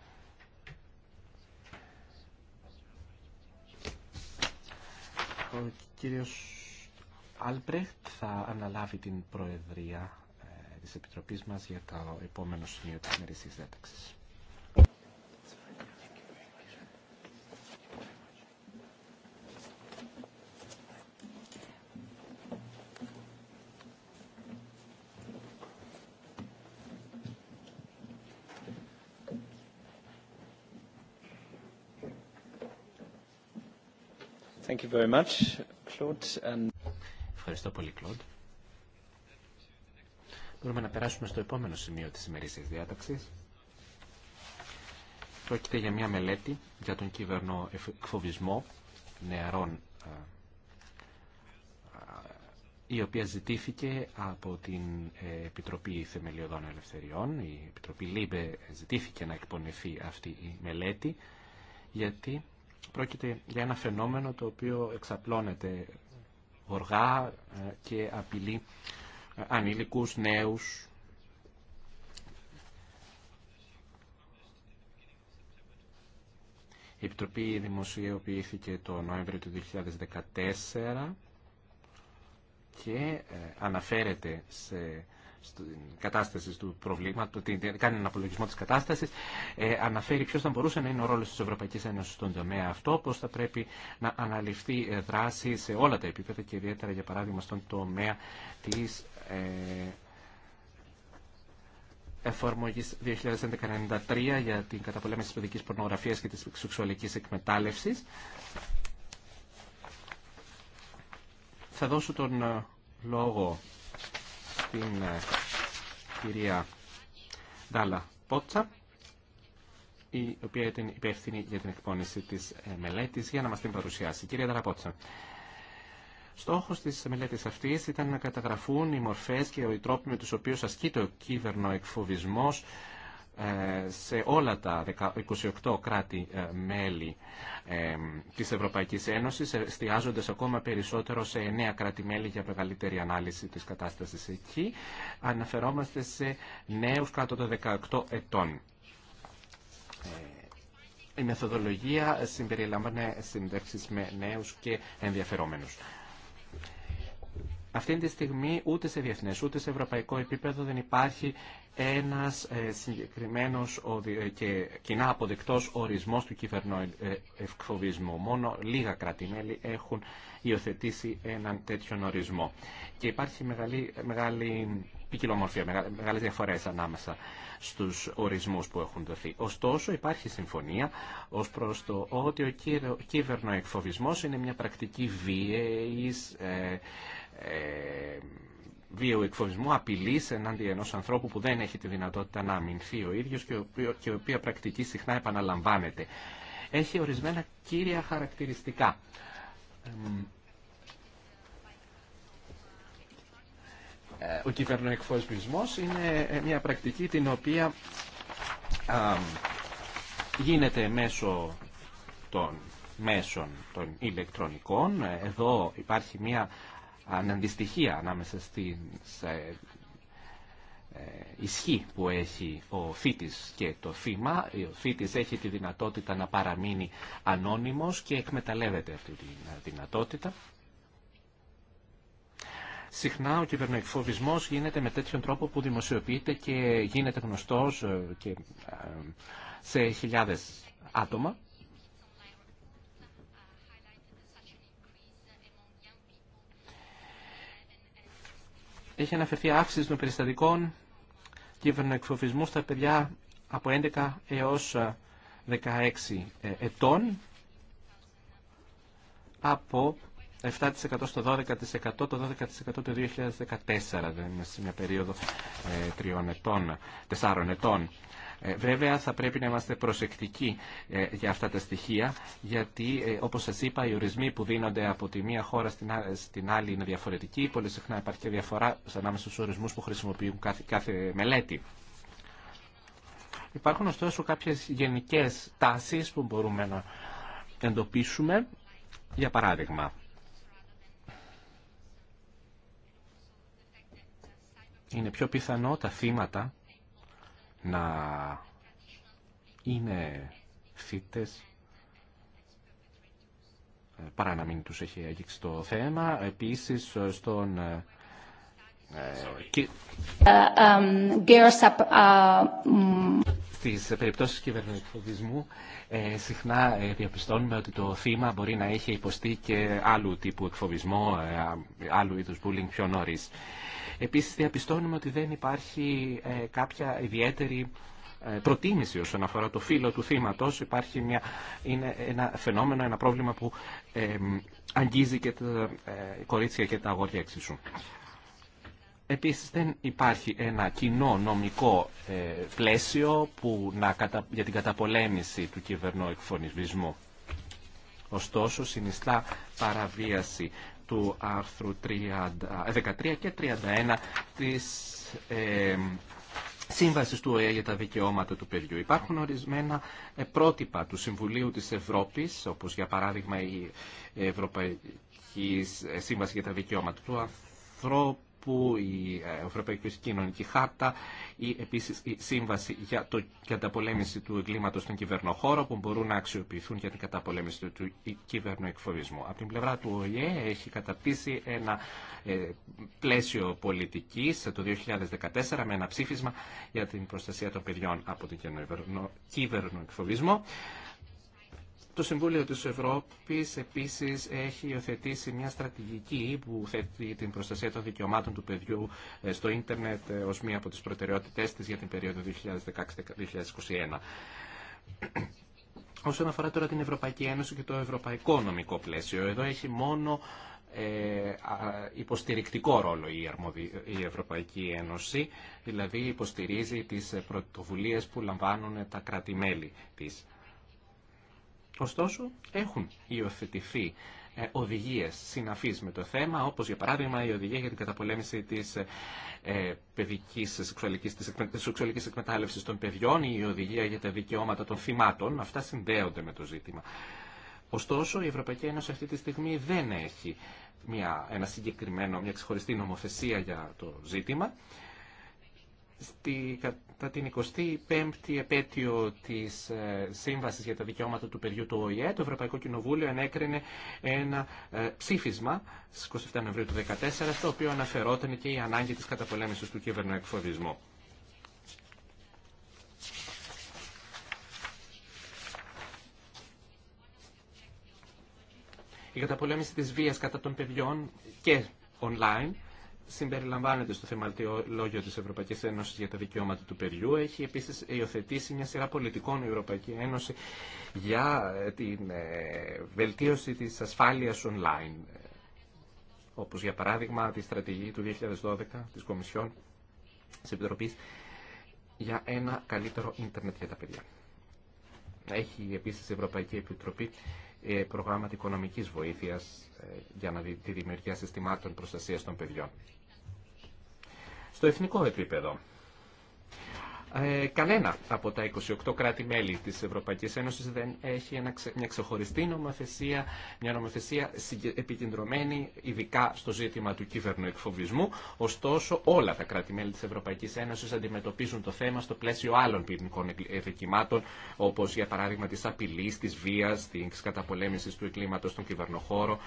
Ο θα αναλάβει την Προεδρία τη Επιτροπή μα για το επόμενο σημείο της ημερήσια διάταξη. Thank you very much, Claude. Ευχαριστώ πολύ, Claude. Μπορούμε να περάσουμε στο επόμενο σημείο της σημερινής διάταξης. Πρόκειται για μια μελέτη για τον κυβερνό εκφοβισμό νεαρών ε, ε, η οποία ζητήθηκε από την ε, Επιτροπή Θεμελιωδών Ελευθεριών. Η Επιτροπή ΛΥΜΠΕ ζητήθηκε να εκπονηθεί αυτή η μελέτη γιατί πρόκειται για ένα φαινόμενο το οποίο εξαπλώνεται οργά και απειλεί ανήλικους, νέους. Η Επιτροπή δημοσιοποιήθηκε το Νοέμβριο του 2014 και ε, αναφέρεται σε στην κατάσταση του προβλήματος, κάνει έναν απολογισμό της κατάστασης, ε, αναφέρει ποιος θα μπορούσε να είναι ο ρόλος της Ευρωπαϊκής Ένωσης στον τομέα αυτό, πώς θα πρέπει να αναλυφθεί ε, δράση σε όλα τα επίπεδα και ιδιαίτερα για παράδειγμα στον τομέα της ε, εφαρμογής 2011-93 για την καταπολέμηση της παιδικής πορνογραφίας και της σεξουαλικής εκμετάλλευσης. Θα δώσω τον ε, λόγο στην ε, κυρία Ντάλα Πότσα, η οποία ήταν υπεύθυνη για την εκπόνηση της μελέτης, για να μας την παρουσιάσει. Κυρία Ντάλα Πότσα. Στόχος της μελέτης αυτής ήταν να καταγραφούν οι μορφές και οι τρόποι με τους οποίους ασκείται ο κύβερνο εκφοβισμός ε, σε όλα τα 28 κράτη-μέλη ε, ε, της Ευρωπαϊκής Ένωσης, εστιάζοντας ακόμα περισσότερο σε 9 κράτη-μέλη για μεγαλύτερη ανάλυση της κατάστασης εκεί. Αναφερόμαστε σε νέους κάτω των 18 ετών. Η μεθοδολογία συμπεριλαμβάνει συνδέξεις με νέους και ενδιαφερόμενους. Αυτή τη στιγμή ούτε σε διεθνές ούτε σε ευρωπαϊκό επίπεδο δεν υπάρχει ένας ε, συγκεκριμένος ε, και κοινά αποδεκτός ορισμός του κυβερνοευκφοβισμού. Ε, Μόνο λίγα κρατημέλη έχουν υιοθετήσει έναν τέτοιον ορισμό. Και υπάρχει μεγάλη, μεγάλη ποικιλομορφία, μεγάλες διαφορές ανάμεσα στους ορισμούς που έχουν δοθεί. Ωστόσο υπάρχει συμφωνία ως προς το ότι ο κύβερνοεκφοβισμός είναι μια πρακτική βίαιης, ε, βίαιου εκφοβισμού, απειλή ενάντια ενό ανθρώπου που δεν έχει τη δυνατότητα να αμυνθεί ο ίδιο και η οποία πρακτική συχνά επαναλαμβάνεται. Έχει ορισμένα κύρια χαρακτηριστικά. Ε, ο κυβερνοεκφοβισμός είναι ε, μια πρακτική την οποία γίνεται μέσω των μέσων των ηλεκτρονικών. Εδώ υπάρχει μια αναντιστοιχεία ανάμεσα στην ε, ισχύ που έχει ο φίτης και το θύμα. Ο φίτης έχει τη δυνατότητα να παραμείνει ανώνυμος και εκμεταλλεύεται αυτή τη δυνατότητα. Συχνά ο κυβερνοεκφοβισμός γίνεται με τέτοιον τρόπο που δημοσιοποιείται και γίνεται γνωστός ε, και ε, σε χιλιάδες άτομα έχει αναφερθεί αύξηση των περιστατικών κυβερνοεκφοβισμού στα παιδιά από 11 έως 16 ε, ετών από 7% στο 12%, το 12% το 2014, δηλαδή σε μια περίοδο ε, τριών ετών, τεσσάρων ετών. Ε, βέβαια θα πρέπει να είμαστε προσεκτικοί ε, για αυτά τα στοιχεία γιατί ε, όπως σα είπα οι ορισμοί που δίνονται από τη μία χώρα στην άλλη είναι διαφορετικοί. Πολύ συχνά υπάρχει και διαφορά ανάμεσα στου ορισμούς που χρησιμοποιούν κάθε, κάθε μελέτη. Υπάρχουν ωστόσο κάποιες γενικές τάσεις που μπορούμε να εντοπίσουμε. Για παράδειγμα, είναι πιο πιθανό τα θύματα να είναι θύτες ε, παρά να μην τους έχει αγγίξει το θέμα. Επίσης, στον στις περιπτώσεις κυβερνοεκφοβισμού ε, συχνά ε, διαπιστώνουμε ότι το θύμα μπορεί να έχει υποστεί και άλλου τύπου εκφοβισμό, ε, άλλου είδους bullying πιο νωρίς. Επίσης διαπιστώνουμε ότι δεν υπάρχει κάποια ιδιαίτερη προτίμηση όσον αφορά το φύλλο του θύματος. Υπάρχει μια, είναι ένα φαινόμενο, ένα πρόβλημα που αγγίζει και τα κορίτσια και τα αγόρια εξίσου. Επίσης δεν υπάρχει ένα κοινό νομικό ε, πλαίσιο που να, για την καταπολέμηση του εκφωνισμού. Ωστόσο, συνιστά παραβίαση του άρθρου 13 ε, και 31 της ε, Σύμβασης του ΟΕΕ για τα δικαιώματα του παιδιού. Υπάρχουν ορισμένα ε, πρότυπα του Συμβουλίου της Ευρώπης, όπως για παράδειγμα η Ευρωπαϊκή Σύμβαση για τα Δικαιώματα του Ανθρώπου, που η ε, Ευρωπαϊκή Κοινωνική Χάρτα ή επίσης η Σύμβαση για, το, την Καταπολέμηση του εγκλήματος στον κυβερνοχώρο που μπορούν να αξιοποιηθούν για την καταπολέμηση του, του κυβερνοεκφοβισμού. Από την πλευρά του ΟΗΕ έχει καταρτήσει ένα ε, πλαίσιο πολιτικής το 2014 με ένα ψήφισμα για την προστασία των παιδιών από τον κυβερνοεκφοβισμό. Το Συμβούλιο της Ευρώπης επίσης έχει υιοθετήσει μια στρατηγική που θέτει την προστασία των δικαιωμάτων του παιδιού ε, στο ίντερνετ ε, ως μία από τις προτεραιότητές της για την περίοδο 2016-2021. *clears throat* Όσον αφορά τώρα την Ευρωπαϊκή Ένωση και το ευρωπαϊκό νομικό πλαίσιο, εδώ έχει μόνο ε, υποστηρικτικό ρόλο η Ευρωπαϊκή Ένωση, δηλαδή υποστηρίζει τις πρωτοβουλίες που λαμβάνουν τα κράτη-μέλη της. Ωστόσο, έχουν υιοθετηθεί ε, οδηγίε συναφή με το θέμα, όπω για παράδειγμα η οδηγία για την καταπολέμηση τη ε, ε παιδική σεξουαλική εκμετάλλευση των παιδιών ή η οδηγία για τα δικαιώματα των θυμάτων. Αυτά συνδέονται με το ζήτημα. Ωστόσο, η Ευρωπαϊκή Ένωση αυτή τη στιγμή δεν έχει μια, ένα συγκεκριμένο, μια ξεχωριστή νομοθεσία για το ζήτημα. Στη, κατά την 25η επέτειο της ε, Σύμβασης για τα Δικαιώματα του Παιδιού του ΟΗΕ, το Ευρωπαϊκό Κοινοβούλιο ενέκρινε ένα ε, ψήφισμα στις 27 Νοεμβρίου του 2014, στο οποίο αναφερόταν και η ανάγκη της καταπολέμησης του κυβερνοεκφοβισμού. Η καταπολέμηση της βίας κατά των παιδιών και online συμπεριλαμβάνεται στο λόγιο της Ευρωπαϊκής Ένωσης για τα δικαιώματα του παιδιού. Έχει επίσης υιοθετήσει μια σειρά πολιτικών η Ευρωπαϊκή Ένωση για ε, την ε, βελτίωση της ασφάλειας online. Όπως για παράδειγμα τη στρατηγική του 2012 της Κομισιόν τη Επιτροπής για ένα καλύτερο ίντερνετ για τα παιδιά. Έχει επίσης η Ευρωπαϊκή Επιτροπή ε, προγράμματα οικονομικής βοήθειας για τη δημιουργία συστημάτων προστασίας των παιδιών στο εθνικό επίπεδο. Ε, κανένα από τα 28 κράτη-μέλη της Ευρωπαϊκής Ένωσης δεν έχει ένα, μια ξεχωριστή νομοθεσία, μια νομοθεσία επικεντρωμένη ειδικά στο ζήτημα του κύβερνου εκφοβισμού. Ωστόσο, όλα τα κράτη-μέλη της Ευρωπαϊκής Ένωσης αντιμετωπίζουν το θέμα στο πλαίσιο άλλων ποινικών δικημάτων, όπως για παράδειγμα της απειλής, της βίας, της καταπολέμησης του εγκλήματος στον κυβερνοχώρο,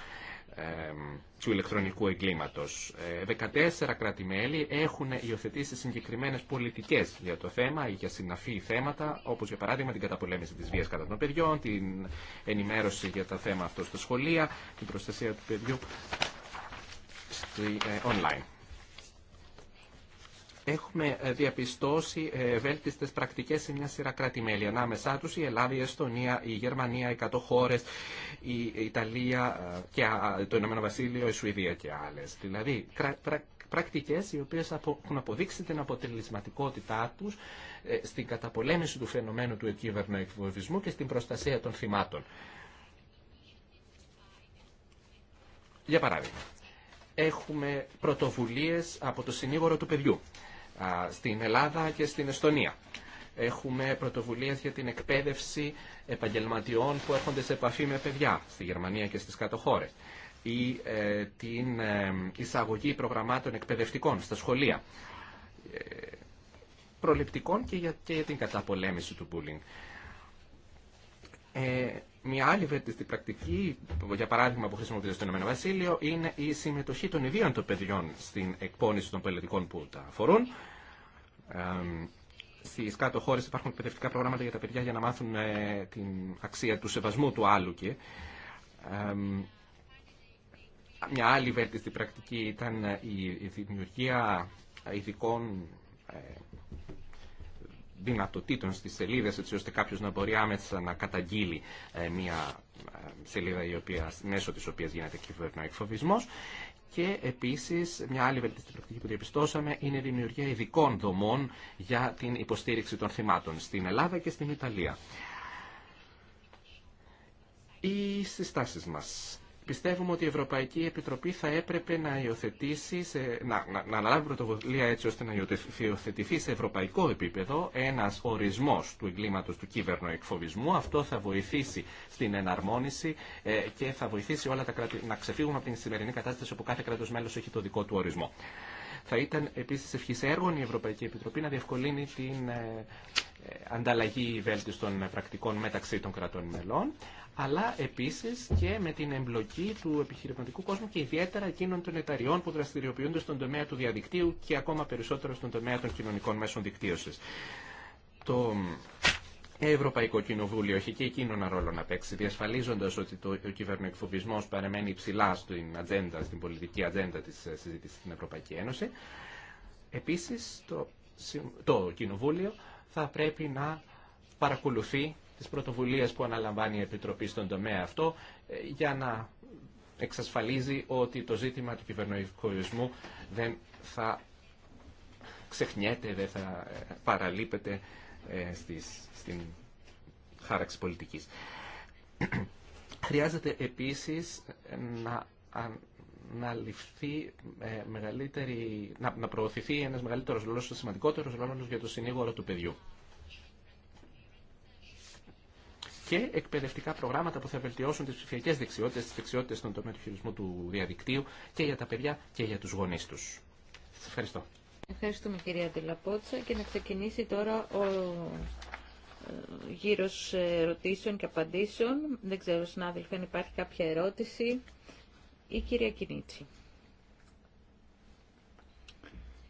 του ηλεκτρονικού εγκλήματος. 14 ε, κράτη-μέλη έχουν υιοθετήσει συγκεκριμένες πολιτικές για το θέμα ή για συναφή θέματα, όπως για παράδειγμα την καταπολέμηση της βίας κατά των παιδιών, την ενημέρωση για τα θέματα αυτό στα σχολεία, την προστασία του παιδιού στη, ε, online έχουμε ε, διαπιστώσει ε, βέλτιστες πρακτικές σε μια σειρά Ανάμεσά τους η Ελλάδα, η Εστονία, η Γερμανία, 100 χώρες, η Ιταλία ε, και το Ηνωμένο Βασίλειο, η Σουηδία και άλλες. Δηλαδή, πρακτικές οι οποίες έχουν αποδείξει την αποτελεσματικότητά τους στην καταπολέμηση του φαινομένου του εκείβερνου εκβοβισμού και στην προστασία των θυμάτων. Για παράδειγμα, έχουμε πρωτοβουλίες από το συνήγορο του παιδιού στην Ελλάδα και στην Εστονία. Έχουμε πρωτοβουλίες για την εκπαίδευση επαγγελματιών που έρχονται σε επαφή με παιδιά στη Γερμανία και στις κάτω χώρες ή ε, την ε, εισαγωγή προγραμμάτων εκπαιδευτικών στα σχολεία ε, προληπτικών και για, και για την καταπολέμηση του bullying. Μια άλλη βέλτιστη πρακτική, για παράδειγμα, που χρησιμοποιείται στο Ηνωμένο Βασίλειο, είναι η συμμετοχή των ιδίων των παιδιών στην εκπόνηση των πολιτικών που τα αφορούν. Στι κάτω χώρε υπάρχουν εκπαιδευτικά προγράμματα για τα παιδιά για να μάθουν ε, την αξία του σεβασμού του άλλου και. Μια άλλη βέλτιστη πρακτική ήταν ε, η δημιουργία ειδικών ε, δυνατοτήτων στις σελίδες έτσι ώστε κάποιο να μπορεί άμεσα να καταγγείλει ε, μια ε, σελίδα η οποία, μέσω της οποίας γίνεται εκφοβισμό. και επίσης μια άλλη βελτιστή πρακτική που διαπιστώσαμε είναι η δημιουργία ειδικών δομών για την υποστήριξη των θυμάτων στην Ελλάδα και στην Ιταλία. Οι συστάσεις μας Πιστεύουμε ότι η Ευρωπαϊκή Επιτροπή θα έπρεπε να, υιοθετήσει σε, να, να, αναλάβει πρωτοβουλία έτσι ώστε να υιοθετηθεί σε ευρωπαϊκό επίπεδο ένας ορισμός του εγκλήματος του κύβερνο-εκφοβισμού. Αυτό θα βοηθήσει στην εναρμόνιση ε, και θα βοηθήσει όλα τα κράτη να ξεφύγουμε από την σημερινή κατάσταση όπου κάθε κράτος μέλος έχει το δικό του ορισμό. Θα ήταν επίσης ευχής έργων η Ευρωπαϊκή Επιτροπή να διευκολύνει την ε, ε, ανταλλαγή βέλτιστων πρακτικών μεταξύ των κρατών μελών αλλά επίσης και με την εμπλοκή του επιχειρηματικού κόσμου και ιδιαίτερα εκείνων των εταιριών που δραστηριοποιούνται στον τομέα του διαδικτύου και ακόμα περισσότερο στον τομέα των κοινωνικών μέσων δικτύωσης. Το Ευρωπαϊκό Κοινοβούλιο έχει και εκείνο ένα ρόλο να παίξει, διασφαλίζοντα ότι το, ο κυβερνοεκφοβισμό παραμένει υψηλά στην ατζέντα, στην πολιτική ατζέντα τη ε, συζήτηση στην Ευρωπαϊκή Ένωση. Επίση, το, το Κοινοβούλιο θα πρέπει να παρακολουθεί τις που αναλαμβάνει η Επιτροπή στον τομέα αυτό ε, για να εξασφαλίζει ότι το ζήτημα του κυβερνοϊκορισμού δεν θα ξεχνιέται, δεν θα ε, παραλείπεται ε, στην χάραξη πολιτικής. *clears throat* Χρειάζεται επίσης να να ε, μεγαλύτερη, να, να προωθηθεί ένας μεγαλύτερος ρόλος, σημαντικότερος για το συνήγορο του παιδιού. και εκπαιδευτικά προγράμματα που θα βελτιώσουν τις ψηφιακές δεξιότητες, τις δεξιότητες στον τομέα του χειρισμού του διαδικτύου και για τα παιδιά και για τους γονείς τους. Σα ευχαριστώ. Ευχαριστούμε κυρία Τελαπότσα και να ξεκινήσει τώρα ο ε, γύρος ερωτήσεων και απαντήσεων. Δεν ξέρω, συνάδελφοι, αν υπάρχει κάποια ερώτηση. Η κυρία Κινίτσι.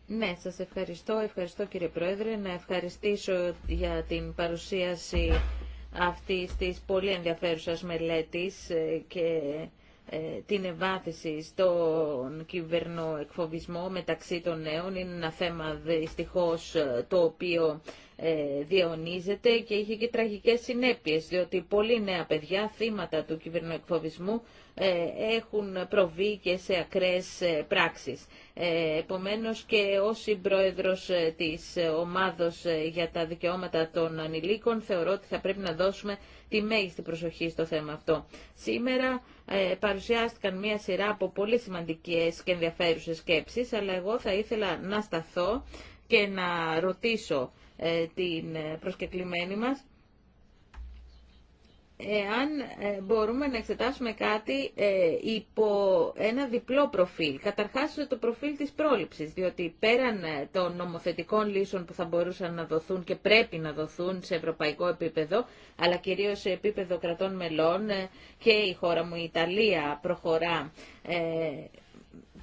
Ναι, σας ευχαριστώ. Ευχαριστώ κύριε Πρόεδρε. Να ευχαριστήσω για την παρουσίαση αυτή της πολύ ενδιαφέρουσα μελέτη ε, και ε, την ευάθυνση στον εκφοβισμό μεταξύ των νέων. Είναι ένα θέμα δυστυχώ ε, το οποίο ε, διαιωνίζεται και είχε και τραγικές συνέπειες, διότι πολλοί νέα παιδιά, θύματα του κυβερνοεκφοβισμού, ε, έχουν προβεί και σε ακραίες ε, πράξεις. Επομένως και ως συμπρόεδρος της ομάδος για τα δικαιώματα των ανηλίκων θεωρώ ότι θα πρέπει να δώσουμε τη μέγιστη προσοχή στο θέμα αυτό. Σήμερα παρουσιάστηκαν μία σειρά από πολύ σημαντικές και ενδιαφέρουσες σκέψεις, αλλά εγώ θα ήθελα να σταθώ και να ρωτήσω ε, την ε, προσκεκλημένη μας εάν ε, μπορούμε να εξετάσουμε κάτι υπό ένα διπλό προφίλ. Καταρχάς το προφίλ της πρόληψης, διότι πέραν των νομοθετικών λύσεων που θα μπορούσαν να δοθούν και πρέπει να δοθούν σε ευρωπαϊκό επίπεδο, αλλά κυρίως σε επίπεδο κρατών μελών και η χώρα μου η Ιταλία προχωρά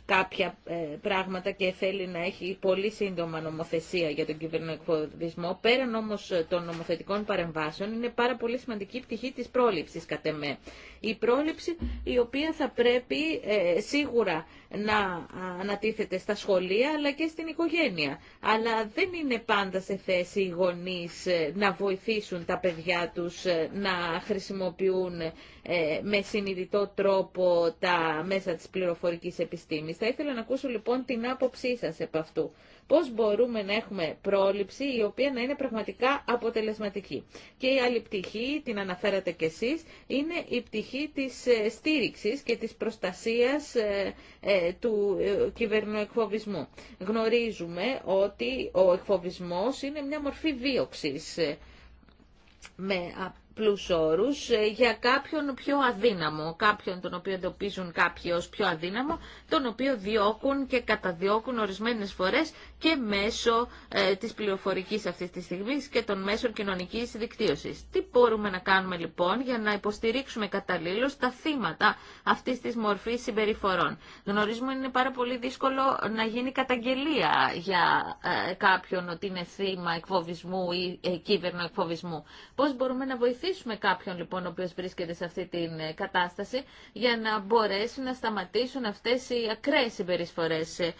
κάποια ε, πράγματα και θέλει να έχει πολύ σύντομα νομοθεσία για τον κυβερνοεκφοβισμό. Πέραν όμως ε, των νομοθετικών παρεμβάσεων είναι πάρα πολύ σημαντική η πτυχή της πρόληψης κατ' εμέ. Η πρόληψη η οποία θα πρέπει ε, σίγουρα να ανατίθεται στα σχολεία αλλά και στην οικογένεια. Αλλά δεν είναι πάντα σε θέση οι γονείς ε, να βοηθήσουν τα παιδιά τους ε, να χρησιμοποιούν ε, με συνειδητό τρόπο τα μέσα της πληροφορικής επιστήμης. Θα ήθελα να ακούσω λοιπόν την άποψή σας επ' αυτού πώς μπορούμε να έχουμε πρόληψη η οποία να είναι πραγματικά αποτελεσματική. Και η άλλη πτυχή, την αναφέρατε κι εσείς, είναι η πτυχή της ε, στήριξης και της προστασίας ε, ε, του κυβερνοεκφοβισμού. Γνωρίζουμε ότι ο εκφοβισμός είναι μια μορφή δίωξης με απλούς όρους για κάποιον πιο αδύναμο, κάποιον τον οποίο εντοπίζουν κάποιοι ως πιο αδύναμο, τον οποίο διώκουν και καταδιώκουν ορισμένες φορές και μέσω ε, της πληροφορικής αυτή τη στιγμή και των μέσων κοινωνικής δικτύωσης. Τι μπορούμε να κάνουμε λοιπόν για να υποστηρίξουμε καταλήλως τα θύματα αυτής της μορφής συμπεριφορών. Γνωρίζουμε ότι είναι πάρα πολύ δύσκολο να γίνει καταγγελία για ε, κάποιον ότι είναι θύμα εκφοβισμού ή ε, κύβερνο εκφοβισμού. Πώς μπορούμε να βοηθήσουμε κάποιον λοιπόν ο οποίος βρίσκεται σε αυτή την ε, κατάσταση για να μπορέσει να σταματήσουν αυτές οι ακραίες συμπεριφορές. Ε,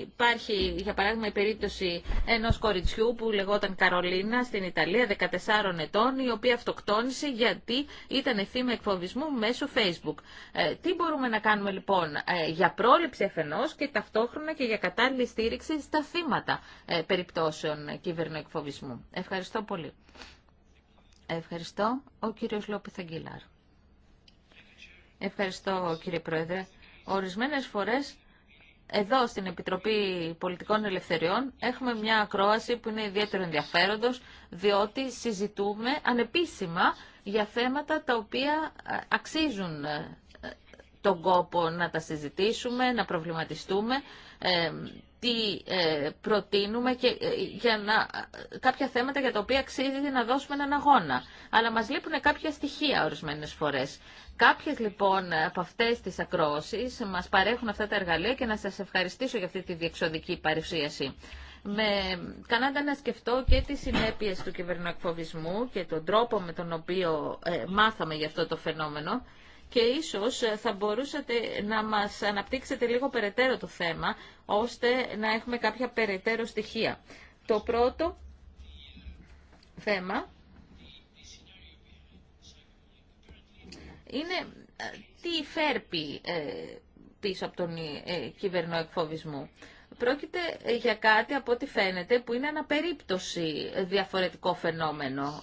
υπάρχει για παράδειγμα παράδειγμα η περίπτωση ενός κοριτσιού που λεγόταν Καρολίνα στην Ιταλία 14 ετών η οποία αυτοκτόνησε γιατί ήταν θύμα εκφοβισμού μέσω Facebook. Ε, τι μπορούμε να κάνουμε λοιπόν ε, για πρόληψη εφενός και ταυτόχρονα και για κατάλληλη στήριξη στα θύματα ε, περιπτώσεων εκφοβισμού. Ευχαριστώ πολύ. Ευχαριστώ. Ο κύριος Λόπιθ Ευχαριστώ κύριε Πρόεδρε. Ορισμένες φορές εδώ στην Επιτροπή Πολιτικών Ελευθεριών έχουμε μια ακρόαση που είναι ιδιαίτερο ενδιαφέροντος, διότι συζητούμε ανεπίσημα για θέματα τα οποία ε, αξίζουν ε, τον κόπο να τα συζητήσουμε, να προβληματιστούμε. Ε, τι ε, προτείνουμε και ε, για να, κάποια θέματα για τα οποία αξίζει να δώσουμε έναν αγώνα. Αλλά μας λείπουν κάποια στοιχεία ορισμένες φορές. Κάποιες λοιπόν από αυτές τις ακρόσεις μας παρέχουν αυτά τα εργαλεία και να σας ευχαριστήσω για αυτή τη διεξοδική παρουσίαση. Με κανάντα να σκεφτώ και τις συνέπειες του κυβερνοεκφοβισμού και τον τρόπο με τον οποίο ε, μάθαμε για αυτό το φαινόμενο και ίσως ε, θα μπορούσατε να μας αναπτύξετε λίγο περαιτέρω το θέμα, ώστε να έχουμε κάποια περαιτέρω στοιχεία. Το πρώτο θέμα είναι ε, τι φέρπει ε, πίσω από τον κυβερνό εκφοβισμό. Πρόκειται για κάτι από ό,τι φαίνεται που είναι ένα περίπτωση διαφορετικό φαινόμενο.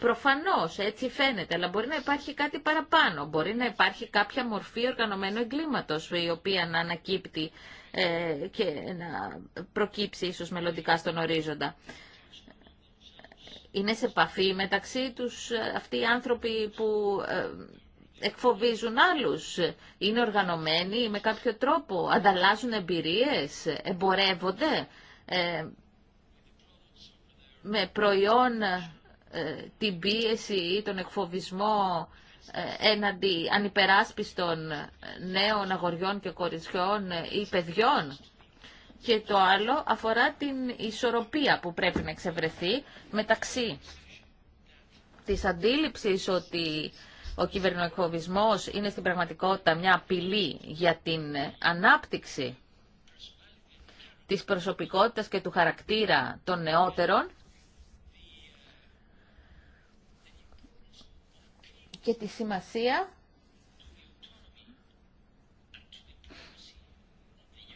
Προφανώς, έτσι φαίνεται, αλλά μπορεί να υπάρχει κάτι παραπάνω. Μπορεί να υπάρχει κάποια μορφή οργανωμένου εγκλήματος, η οποία να ανακύπτει ε, και να προκύψει ίσως μελλοντικά στον ορίζοντα. Είναι σε επαφή μεταξύ τους ε, αυτοί οι άνθρωποι που ε, εκφοβίζουν άλλους, είναι οργανωμένοι με κάποιο τρόπο, ανταλλάζουν εμπειρίες, εμπορεύονται με προϊόν ε, την πίεση ή τον εκφοβισμό ε, έναντι ανυπεράσπιστων ε, νέων αγοριών και κοριτσιών ή παιδιών. Και το άλλο αφορά την ισορροπία που πρέπει να εξευρεθεί μεταξύ της αντίληψης ότι ο κυβερνοεκφοβισμός είναι στην πραγματικότητα μια απειλή για την ανάπτυξη της προσωπικότητας και του χαρακτήρα των νεότερων και τη σημασία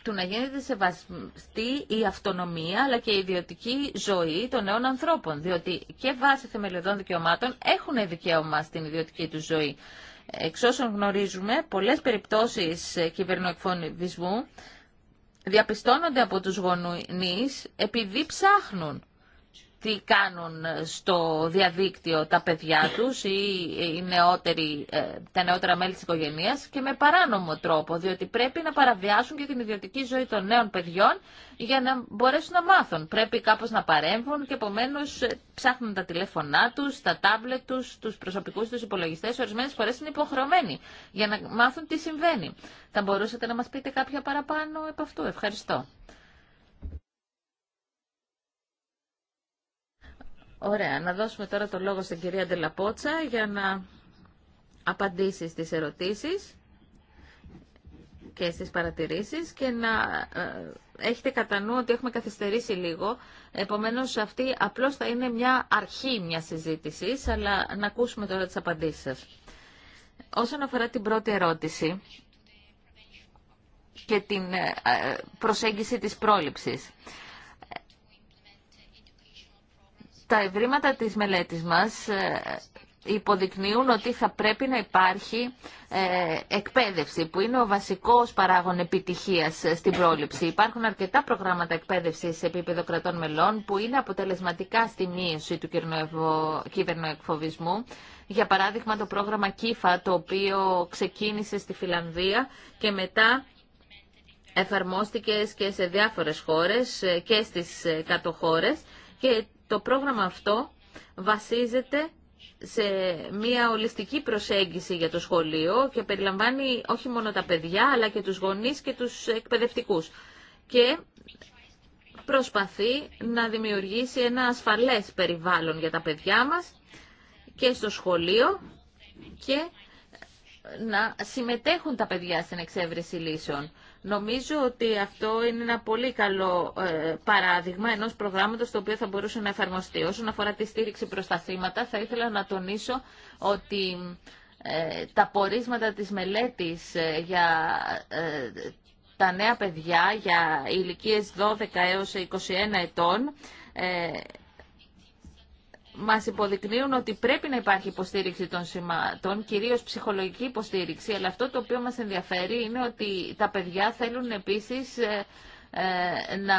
του να γίνεται σεβαστή η αυτονομία αλλά και η ιδιωτική ζωή των νέων ανθρώπων. Διότι και βάσει θεμελιωδών δικαιωμάτων έχουν δικαίωμα στην ιδιωτική του ζωή. Εξ όσων γνωρίζουμε, πολλές περιπτώσεις κυβερνοεκφωνισμού διαπιστώνονται από τους γονείς επειδή ψάχνουν τι κάνουν στο διαδίκτυο τα παιδιά τους ή οι νεότεροι, ε, τα νεότερα μέλη της οικογένειας και με παράνομο τρόπο, διότι πρέπει να παραβιάσουν και την ιδιωτική ζωή των νέων παιδιών για να μπορέσουν να μάθουν. Πρέπει κάπως να παρέμβουν και επομένω ε, ψάχνουν τα τηλέφωνά τους, τα τάμπλετ τους, τους προσωπικούς τους υπολογιστές, ορισμένες φορές είναι υποχρεωμένοι για να μάθουν τι συμβαίνει. Θα μπορούσατε να μας πείτε κάποια παραπάνω από αυτού. Ευχαριστώ. Ωραία, να δώσουμε τώρα το λόγο στην κυρία Ντελαπότσα για να απαντήσει στις ερωτήσεις και στις παρατηρήσεις και να ε, έχετε κατά νου ότι έχουμε καθυστερήσει λίγο. Επομένως αυτή απλώς θα είναι μια αρχή μια συζήτησης, αλλά να ακούσουμε τώρα τις απαντήσεις σας. Όσον αφορά την πρώτη ερώτηση και την ε, ε, προσέγγιση της πρόληψης τα ευρήματα της μελέτης μας ε, υποδεικνύουν ότι θα πρέπει να υπάρχει ε, εκπαίδευση που είναι ο βασικός παράγων επιτυχίας ε, στην πρόληψη. Υπάρχουν αρκετά προγράμματα εκπαίδευσης σε επίπεδο κρατών μελών που είναι αποτελεσματικά στη μείωση του κυβερνοεκφοβισμού. Για παράδειγμα το πρόγραμμα ΚΙΦΑ το οποίο ξεκίνησε στη Φιλανδία και μετά εφαρμόστηκε και σε διάφορες χώρες και στις κατοχώρες και το πρόγραμμα αυτό βασίζεται σε μια ολιστική προσέγγιση για το σχολείο και περιλαμβάνει όχι μόνο τα παιδιά αλλά και τους γονείς και τους εκπαιδευτικούς και προσπαθεί να δημιουργήσει ένα ασφαλές περιβάλλον για τα παιδιά μας και στο σχολείο και να συμμετέχουν τα παιδιά στην εξέβρεση λύσεων. Νομίζω ότι αυτό είναι ένα πολύ καλό ε, παράδειγμα ενός προγράμματος το οποίο θα μπορούσε να εφαρμοστεί. Όσον αφορά τη στήριξη προ τα θύματα, θα ήθελα να τονίσω ότι ε, τα πορίσματα της μελέτης ε, για ε, τα νέα παιδιά για ηλικίες 12 έως 21 ετών ε, μας υποδεικνύουν ότι πρέπει να υπάρχει υποστήριξη των σημάτων, κυρίως ψυχολογική υποστήριξη, αλλά αυτό το οποίο μας ενδιαφέρει είναι ότι τα παιδιά θέλουν επίσης ε, ε, να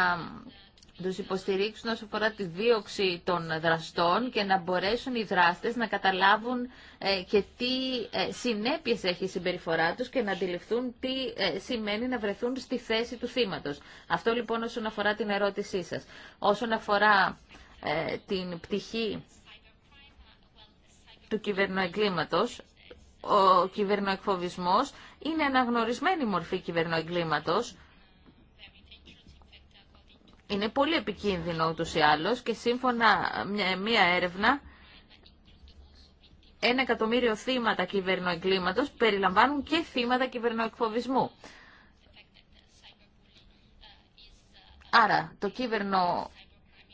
τους υποστηρίξουν όσο αφορά τη δίωξη των δραστών και να μπορέσουν οι δράστες να καταλάβουν ε, και τι συνέπειες έχει η συμπεριφορά τους και να αντιληφθούν τι σημαίνει να βρεθούν στη θέση του θύματος. Αυτό λοιπόν όσον αφορά την ερώτησή σας. Όσον αφορά ε, την πτυχή του κυβερνοεγκλήματος, ο κυβερνοεκφοβισμός είναι αναγνωρισμένη μορφή κυβερνοεγκλήματος. Είναι πολύ επικίνδυνο ούτως ή άλλως και σύμφωνα με μία έρευνα ένα εκατομμύριο θύματα κυβερνοεγκλήματος περιλαμβάνουν και θύματα κυβερνοεκφοβισμού. Άρα το κύβερνο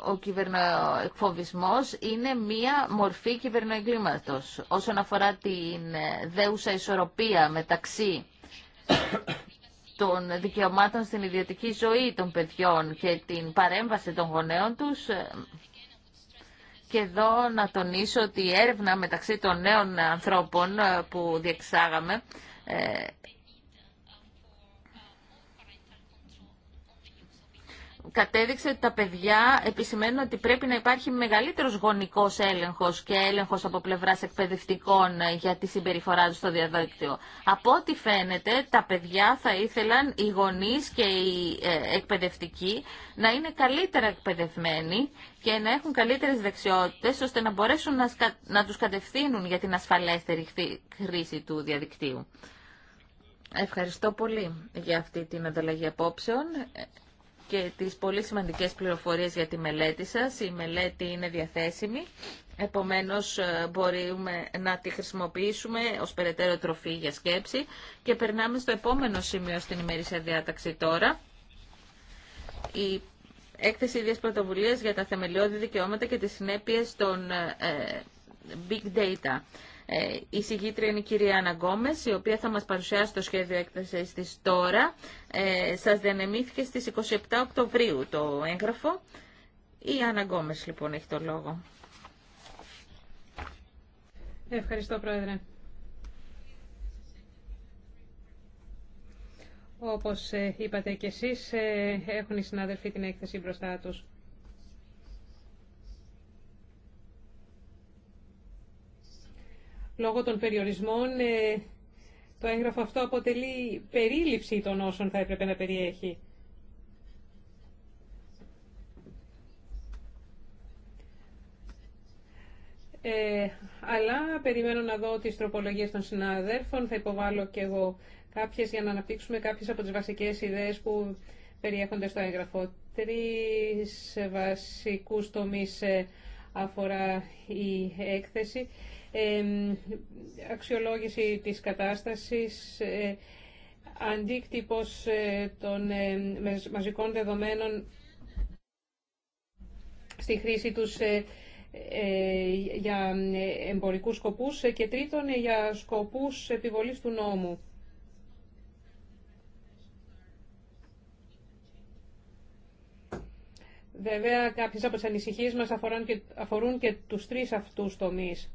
ο κυβερνοεκφοβισμός είναι μία μορφή κυβερνοεγκλήματος. Όσον αφορά την ε, δέουσα ισορροπία μεταξύ των δικαιωμάτων στην ιδιωτική ζωή των παιδιών και την παρέμβαση των γονέων τους, ε, και εδώ να τονίσω ότι η έρευνα μεταξύ των νέων ανθρώπων ε, που διεξάγαμε κατέδειξε ότι τα παιδιά επισημαίνουν ότι πρέπει να υπάρχει μεγαλύτερος γονικός έλεγχος και έλεγχος από πλευράς εκπαιδευτικών ε, για τη συμπεριφορά του στο διαδίκτυο. Από ό,τι φαίνεται, τα παιδιά θα ήθελαν οι γονείς και οι ε, εκπαιδευτικοί να είναι καλύτερα εκπαιδευμένοι και να έχουν καλύτερες δεξιότητες ώστε να μπορέσουν να, σκα... τους κατευθύνουν για την ασφαλέστερη χρήση του διαδικτύου. Ευχαριστώ πολύ για αυτή την ανταλλαγή απόψεων και τις πολύ σημαντικές πληροφορίες για τη μελέτη σας. Η μελέτη είναι διαθέσιμη, επομένως ε, μπορούμε να τη χρησιμοποιήσουμε ως περαιτέρω τροφή για σκέψη. Και περνάμε στο επόμενο σημείο στην ημερήσια διάταξη τώρα. Η έκθεση ίδιας πρωτοβουλίας για τα θεμελιώδη δικαιώματα και τις συνέπειες των ε, ε, big data. Ε, η συγγήτρια είναι η κυρία Αναγκόμε, η οποία θα μας παρουσιάσει το σχέδιο έκθεση της τώρα. Ε, σας διανεμήθηκε στις 27 Οκτωβρίου το έγγραφο. Η Αναγκόμε λοιπόν έχει το λόγο. Ευχαριστώ Πρόεδρε. Όπως ε, είπατε και εσείς, ε, έχουν οι συνάδελφοι την έκθεση μπροστά τους. λόγω των περιορισμών ε, το έγγραφο αυτό αποτελεί περίληψη των όσων θα έπρεπε να περιέχει. Ε, αλλά περιμένω να δω τις τροπολογίες των συναδέρφων, θα υποβάλω και εγώ κάποιες για να αναπτύξουμε κάποιες από τις βασικές ιδέες που περιέχονται στο έγγραφο. Τρεις βασικούς τομείς ε, αφορά η έκθεση αξιολόγηση της κατάστασης, ε, αντίκτυπος ε, των ε, μαζικών δεδομένων στη χρήση τους για εμπορικούς σκοπούς και τρίτον για σκοπούς επιβολής του νόμου. Βέβαια, κάποιες από τις ανησυχίες μας αφορούν και, αφορούν και τους τρεις αυτούς τομείς.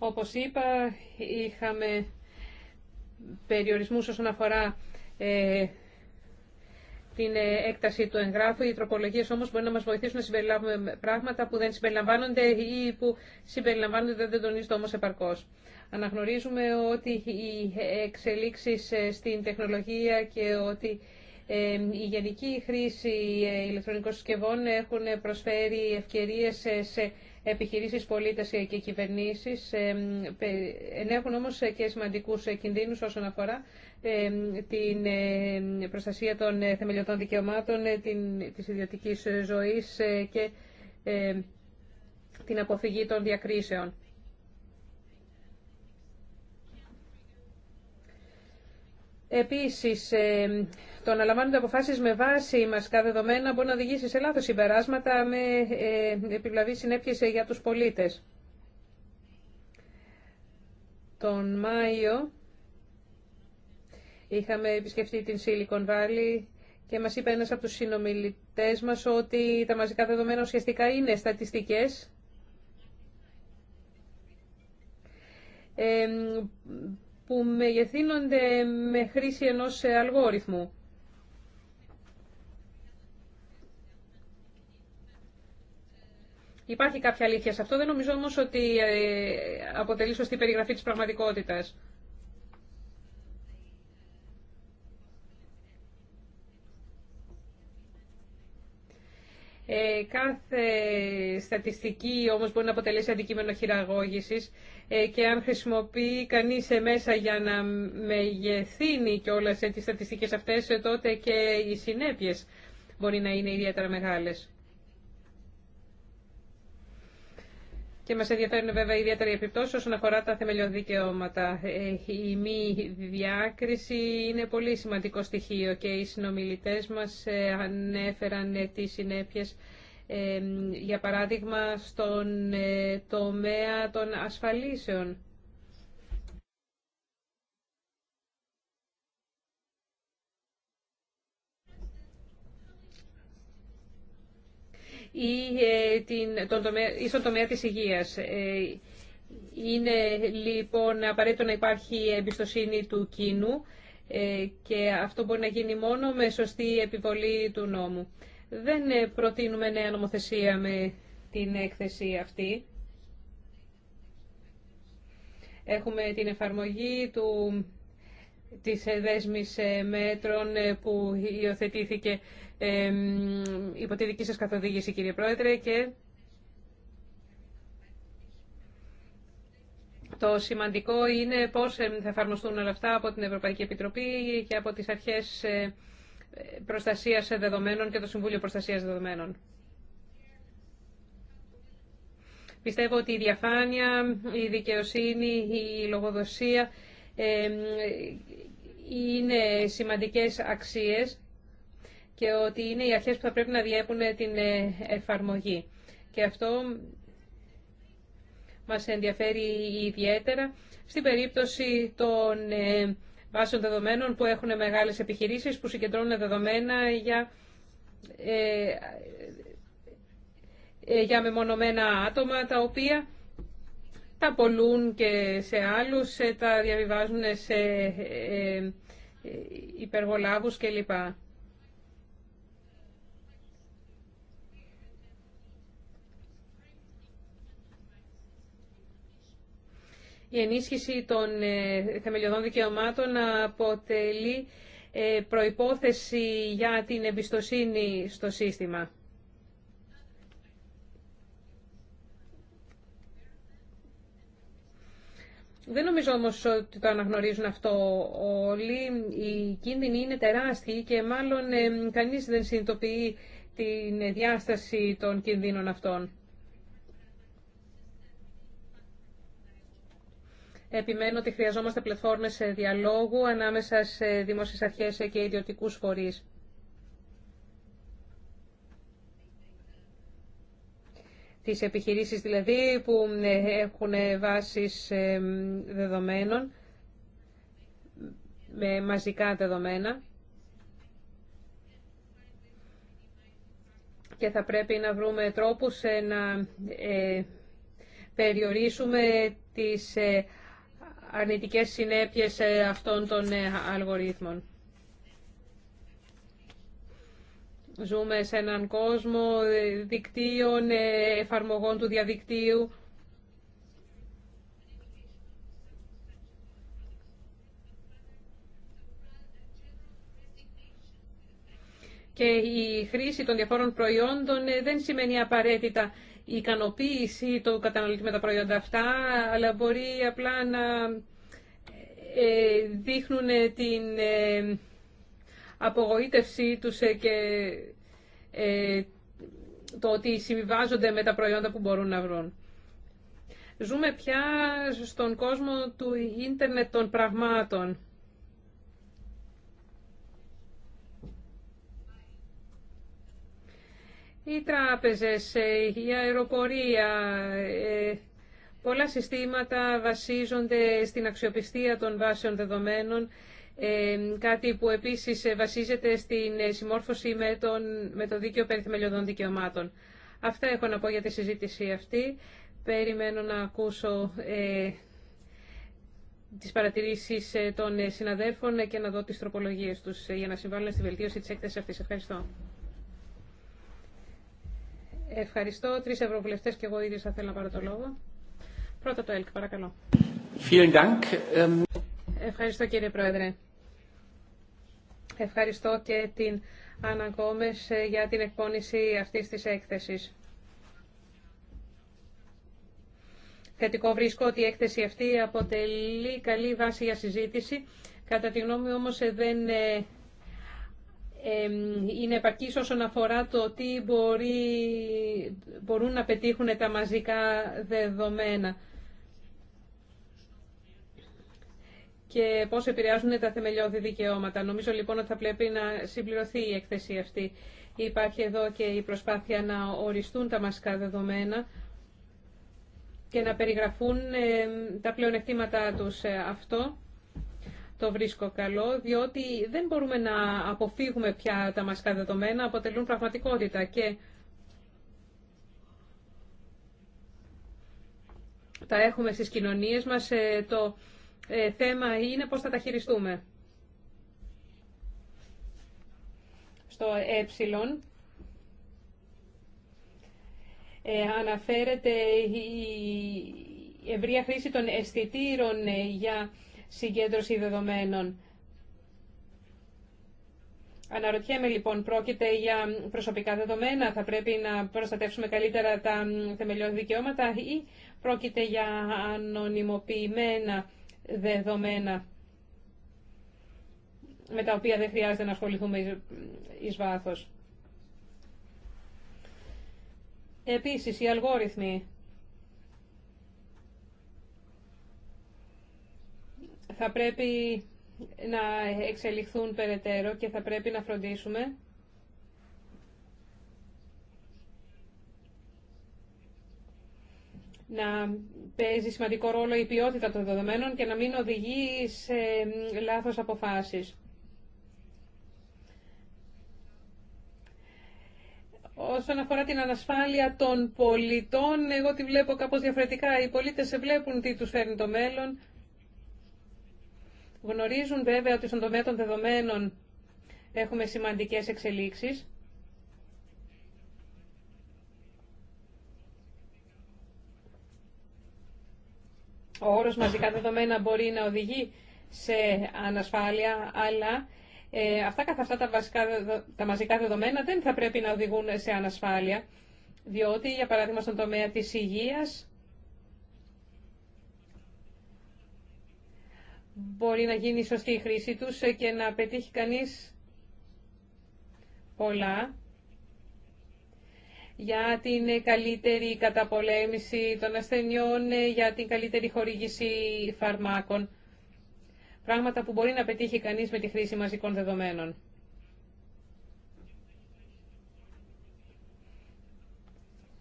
Όπως είπα, είχαμε περιορισμούς όσον αφορά ε, την έκταση του εγγράφου. Οι τροπολογίε όμω μπορεί να μα βοηθήσουν να συμπεριλάβουμε πράγματα που δεν συμπεριλαμβάνονται ή που συμπεριλαμβάνονται δεν τονίζονται όμω επαρκώ. Αναγνωρίζουμε ότι οι εξελίξει ε, στην τεχνολογία και ότι ε, η γενική χρήση ε, ηλεκτρονικών συσκευών έχουν προσφέρει ευκαιρίες σε επιχειρήσεις, πολίτες και κυβερνήσεις ενέχουν όμως και σημαντικούς κινδύνους όσον αφορά την προστασία των θεμελιωτών δικαιωμάτων, ε, της ιδιωτικής ζωής ε, και την αποφυγή των διακρίσεων. Επίσης, ε, το να λαμβάνονται αποφάσεις με βάση μασικά δεδομένα μπορεί να οδηγήσει σε λάθος συμπεράσματα με ε, επιβλαβή συνέπειες για τους πολίτες. Τον Μάιο είχαμε επισκεφτεί την Silicon Valley και μας είπε ένας από τους συνομιλητές μας ότι τα μαζικά δεδομένα ουσιαστικά είναι στατιστικές ε, που μεγεθύνονται με χρήση ενός αλγόριθμου. Υπάρχει κάποια αλήθεια σε αυτό, δεν νομίζω όμως ότι ε, αποτελεί σωστή περιγραφή της πραγματικότητας. Ε, κάθε στατιστική όμως μπορεί να αποτελέσει αντικείμενο χειραγώγησης ε, και αν χρησιμοποιεί κανείς μέσα για να μεγεθύνει και όλες τις στατιστικές αυτές, ε, τότε και οι συνέπειες μπορεί να είναι ιδιαίτερα μεγάλες. και μας ενδιαφέρουν βέβαια ιδιαίτερα οι επιπτώσεις όσον αφορά τα θεμελιώδη δικαιώματα. Ε, η μη διάκριση είναι πολύ σημαντικό στοιχείο και οι συνομιλητές μας ε, ανέφεραν ε, τις συνέπειες για παράδειγμα στον τομέα των ασφαλίσεων. ή, ε, την, τον τομέα, ή στον τομέα της υγείας. Ε, είναι λοιπόν απαραίτητο να υπάρχει εμπιστοσύνη του κοινού ε, και αυτό μπορεί να γίνει μόνο με σωστή επιβολή του νόμου. Δεν προτείνουμε νέα νομοθεσία με την έκθεση αυτή. Έχουμε την εφαρμογή του, της δέσμης μέτρων που υιοθετήθηκε ε, υπό τη δική σας καθοδήγηση κύριε Πρόεδρε και το σημαντικό είναι πώς θα εφαρμοστούν όλα αυτά από την Ευρωπαϊκή Επιτροπή και από τις αρχές ε, προστασίας δεδομένων και το Συμβούλιο Προστασίας Δεδομένων. Πιστεύω ότι η διαφάνεια, η δικαιοσύνη, η λογοδοσία είναι σημαντικές αξίες και ότι είναι οι αρχές που θα πρέπει να διέπουν ε, την ε, εφαρμογή. Και αυτό μας ενδιαφέρει ιδιαίτερα στην περίπτωση των ε, βάσεων δεδομένων που έχουν μεγάλες επιχειρήσεις που συγκεντρώνουν δεδομένα για, για μεμονωμένα άτομα τα οποία τα πολλούν και σε άλλους, τα διαβιβάζουν σε υπεργολάβους κλπ. η ενίσχυση των ε, θεμελιωδών δικαιωμάτων αποτελεί ε, προϋπόθεση για την εμπιστοσύνη στο σύστημα. Δεν νομίζω όμως ότι το αναγνωρίζουν αυτό όλοι. Οι κίνδυνοι είναι τεράστιοι και μάλλον ε, κανείς δεν συνειδητοποιεί την διάσταση των κινδύνων αυτών. Επιμένω ότι χρειαζόμαστε πλατφόρμες ε, διαλόγου ανάμεσα σε δημόσιες αρχές ε, και ιδιωτικούς φορείς. Τις επιχειρήσεις δηλαδή που ε, έχουν βάσεις δεδομένων, με μαζικά δεδομένα και θα πρέπει να βρούμε τρόπους να περιορίσουμε τις αρνητικές συνέπειες αυτών των ε, αλγορίθμων. Ζούμε σε έναν κόσμο ε, δικτύων, ε, εφαρμογών του διαδικτύου. Και η χρήση των διαφόρων προϊόντων δεν σημαίνει απαραίτητα η ικανοποίηση του καταναλωτή με τα προϊόντα αυτά, αλλά μπορεί απλά να ε, δείχνουν την ε, απογοήτευσή τους ε, και το ότι συμβιβάζονται με τα προϊόντα που μπορούν να βρουν. Ζούμε πια στον κόσμο του ίντερνετ των πραγμάτων. οι τράπεζες, ε, η αεροπορία, ε, πολλά συστήματα βασίζονται στην αξιοπιστία των βάσεων δεδομένων, ε, κάτι που επίσης βασίζεται στην συμμόρφωση με, τον, το δίκαιο περί δικαιωμάτων. Αυτά έχω να πω για τη συζήτηση αυτή. Περιμένω να ακούσω ε, τις παρατηρήσεις των συναδέλφων και να δω τις τροπολογίες τους για να συμβάλλουν στη βελτίωση της έκθεσης αυτής. Ευχαριστώ. Ευχαριστώ. Τρει ευρωβουλευτέ και εγώ ίδιο θα θέλω να πάρω το λόγο. Πρώτα το ΕΛΚ, παρακαλώ. Ευχαριστώ κύριε Πρόεδρε. Ευχαριστώ και την Άννα ε, για την εκπόνηση αυτής της έκθεσης. Θετικό βρίσκω ότι η έκθεση αυτή αποτελεί καλή βάση για συζήτηση. Κατά τη γνώμη όμως ε, δεν ε, είναι επαρκής όσον αφορά το τι μπορεί, μπορούν να πετύχουν τα μαζικά δεδομένα και πώς επηρεάζουν τα θεμελιώδη δικαιώματα. Νομίζω λοιπόν ότι θα πρέπει να συμπληρωθεί η έκθεση αυτή. Υπάρχει εδώ και η προσπάθεια να οριστούν τα μαζικά δεδομένα και να περιγραφούν τα πλεονεκτήματά τους ε, αυτό το βρίσκω καλό, διότι δεν μπορούμε να αποφύγουμε πια τα μας δεδομένα, αποτελούν πραγματικότητα και τα έχουμε στις κοινωνίες μας. Ε, το ε, θέμα είναι πώς θα τα χειριστούμε. Στο ε, ε αναφέρεται η ευρεία χρήση των αισθητήρων για συγκέντρωση δεδομένων. Αναρωτιέμαι λοιπόν, πρόκειται για προσωπικά δεδομένα, θα πρέπει να προστατεύσουμε καλύτερα τα θεμελιώδη δικαιώματα ή πρόκειται για ανωνυμοποιημένα δεδομένα με τα οποία δεν χρειάζεται να ασχοληθούμε εις βάθος. Επίσης, οι αλγόριθμοι θα πρέπει να εξελιχθούν περαιτέρω και θα πρέπει να φροντίσουμε να παίζει σημαντικό ρόλο η ποιότητα των δεδομένων και να μην οδηγεί σε λάθος αποφάσεις. Όσον αφορά την ανασφάλεια των πολιτών, εγώ τη βλέπω κάπως διαφορετικά. Οι πολίτες σε βλέπουν τι τους φέρνει το μέλλον Γνωρίζουν βέβαια ότι στον τομέα των δεδομένων έχουμε σημαντικές εξελίξεις. Ο όρος μαζικά δεδομένα μπορεί να οδηγεί σε ανασφάλεια, αλλά ε, αυτά καθ' αυτά τα, βασικά, τα μαζικά δεδομένα δεν θα πρέπει να οδηγούν σε ανασφάλεια, διότι, για παράδειγμα, στον τομέα της υγείας μπορεί να γίνει σωστή η χρήση τους ε, και να πετύχει κανείς πολλά για την ε, καλύτερη καταπολέμηση των ασθενειών, ε, για την καλύτερη χορήγηση φαρμάκων. Πράγματα που μπορεί να πετύχει κανείς με τη χρήση μαζικών δεδομένων.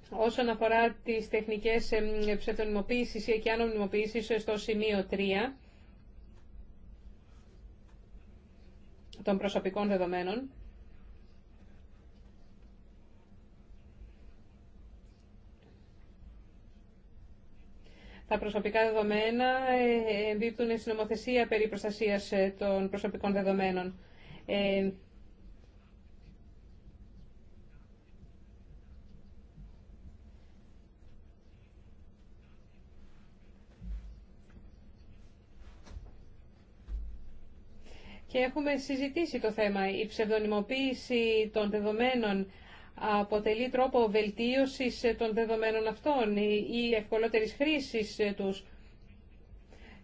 Όσον αφορά τις τεχνικές ψευδονυμοποίησης ή εκειάνομνημοποίησης στο σημείο 3, των προσωπικών δεδομένων Τα προσωπικά δεδομένα ε, εμπίπτουν στην νομοθεσία περί προστασίας ε, των προσωπικών δεδομένων. Ε, και έχουμε συζητήσει το θέμα. Η ψευδονιμοποίηση των δεδομένων αποτελεί τρόπο βελτίωσης των δεδομένων αυτών ή ευκολότερης χρήσης τους.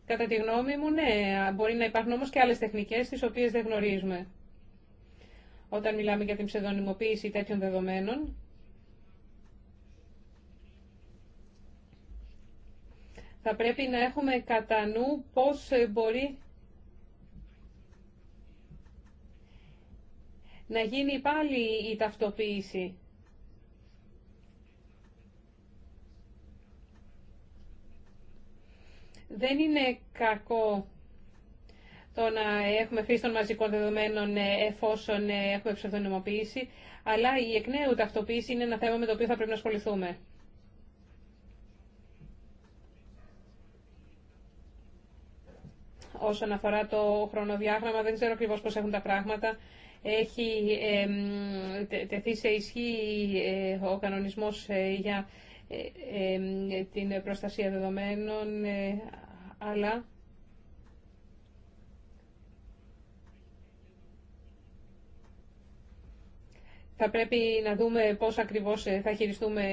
Κατά τη γνώμη μου, ναι, μπορεί να υπάρχουν όμως και άλλες τεχνικές τις οποίες δεν γνωρίζουμε. Όταν μιλάμε για την ψευδονιμοποίηση τέτοιων δεδομένων, θα πρέπει να έχουμε κατά νου πώς μπορεί να γίνει πάλι η ταυτοποίηση. Δεν είναι κακό το να έχουμε χρήση των μαζικών δεδομένων ε, εφόσον ε, έχουμε ψευδονομοποίηση, αλλά η εκ νέου ταυτοποίηση είναι ένα θέμα με το οποίο θα πρέπει να ασχοληθούμε. Όσον αφορά το χρονοδιάγραμμα, δεν ξέρω ακριβώς πώς έχουν τα πράγματα έχει τεθεί σε ισχύ ε, ο κανονισμός ε, για ε, την προστασία δεδομένων, αλλά θα πρέπει να δούμε πώς ακριβώς θα χειριστούμε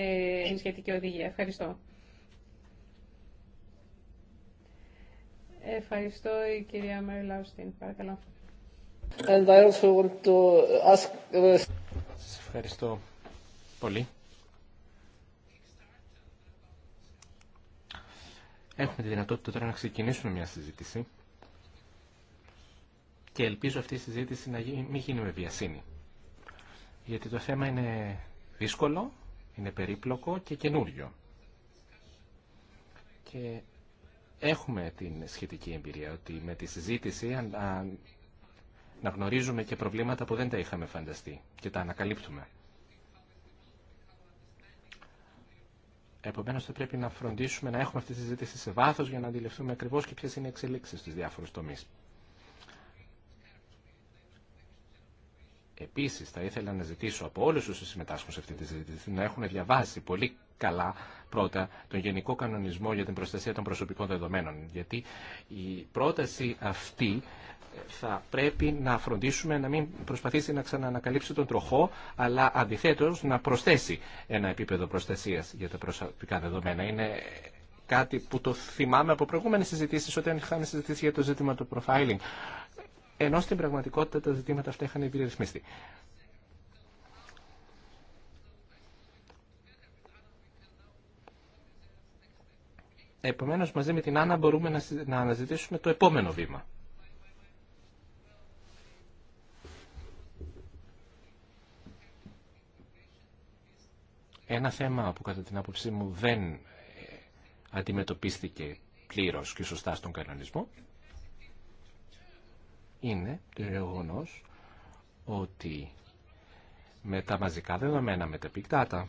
την σχετική οδηγία. Ευχαριστώ. Ευχαριστώ η κυρία Μαριλάουστιν. Παρακαλώ. And I also uh, ευχαριστώ πολύ. Έχουμε τη δυνατότητα τώρα να ξεκινήσουμε μια συζήτηση και ελπίζω αυτή η συζήτηση να μην γίνει με βιασύνη. Γιατί το θέμα είναι δύσκολο, είναι περίπλοκο και καινούριο. Και έχουμε την σχετική εμπειρία ότι με τη συζήτηση να γνωρίζουμε και προβλήματα που δεν τα είχαμε φανταστεί και τα ανακαλύπτουμε. Επομένως θα πρέπει να φροντίσουμε να έχουμε αυτή τη συζήτηση σε βάθος για να αντιληφθούμε ακριβώς και ποιες είναι οι εξελίξεις στις διάφορους τομείς. Επίσης θα ήθελα να ζητήσω από όλους όσους συμμετάσχουν σε αυτή τη συζήτηση να έχουν διαβάσει πολύ καλά πρώτα τον Γενικό Κανονισμό για την Προστασία των Προσωπικών Δεδομένων. Γιατί η πρόταση αυτή θα πρέπει να φροντίσουμε να μην προσπαθήσει να ξαναανακαλύψει τον τροχό, αλλά αντιθέτως να προσθέσει ένα επίπεδο προστασίας για τα προσωπικά δεδομένα. Είναι κάτι που το θυμάμαι από προηγούμενες συζητήσεις, όταν είχαμε συζητήσει για το ζήτημα του profiling, ενώ στην πραγματικότητα τα ζητήματα αυτά είχαν υπηρεσμιστεί. Επομένως, μαζί με την Άννα μπορούμε να αναζητήσουμε το επόμενο βήμα. Ένα θέμα που κατά την άποψή μου δεν ε, αντιμετωπίστηκε πλήρως και σωστά στον κανονισμό είναι το γεγονό ότι με τα μαζικά δεδομένα, με τα πικτάτα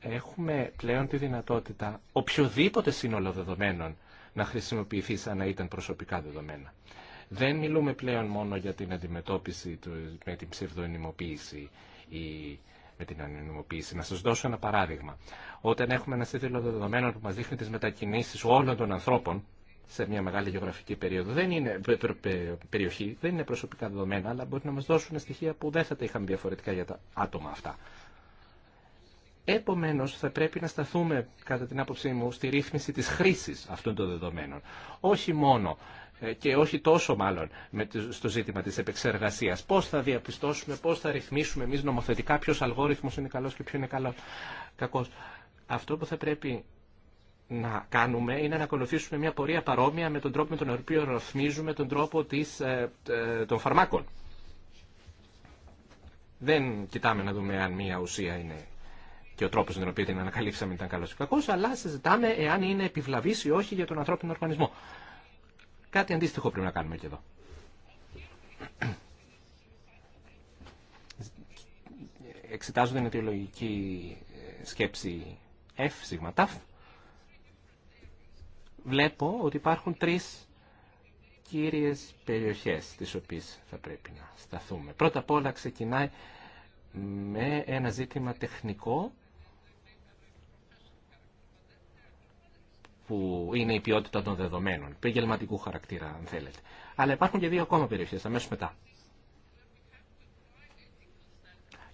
έχουμε πλέον τη δυνατότητα οποιοδήποτε σύνολο δεδομένων να χρησιμοποιηθεί σαν να ήταν προσωπικά δεδομένα. Δεν μιλούμε πλέον μόνο για την αντιμετώπιση του, με την ψευδονιμοποίηση ή με την ανενοποίηση. Να σας δώσω ένα παράδειγμα. Όταν έχουμε ένα σύνθελο δεδομένων που μα δείχνει τις μετακινήσεις όλων των ανθρώπων σε μια μεγάλη γεωγραφική περίοδο. Δεν είναι, περιοχή, δεν είναι προσωπικά δεδομένα, αλλά μπορεί να μα δώσουν στοιχεία που δεν θα τα είχαμε διαφορετικά για τα άτομα αυτά. Επομένως, θα πρέπει να σταθούμε, κατά την άποψή μου, στη ρύθμιση τη χρήση αυτών των δεδομένων. Όχι μόνο ε, και όχι τόσο μάλλον στο ζήτημα της επεξεργασίας. Πώς θα διαπιστώσουμε, πώς θα ρυθμίσουμε εμείς νομοθετικά ποιος αλγόριθμος είναι καλός και ποιο είναι καλό, κακός. Αυτό που θα πρέπει να κάνουμε είναι να ακολουθήσουμε μια πορεία παρόμοια με τον τρόπο με τον οποίο ρυθμίζουμε τον τρόπο της, ε, ε, των φαρμάκων. Δεν κοιτάμε να δούμε αν μια ουσία είναι και ο τρόπο με τον οποίο την ανακαλύψαμε ήταν καλό ή κακό, αλλά συζητάμε εάν είναι επιβλαβή ή όχι για τον ανθρώπινο οργανισμό. Κάτι αντίστοιχο πρέπει να κάνουμε και εδώ. Εξετάζω την αιτιολογική ε, σκέψη F, σίγμα Βλέπω ότι υπάρχουν τρεις κύριες περιοχές τις οποίες θα πρέπει να σταθούμε. Πρώτα απ' όλα ξεκινάει με ένα ζήτημα τεχνικό που είναι η ποιότητα των δεδομένων, επαγγελματικού χαρακτήρα αν θέλετε. Αλλά υπάρχουν και δύο ακόμα περιοχέ. Αμέσω μετά.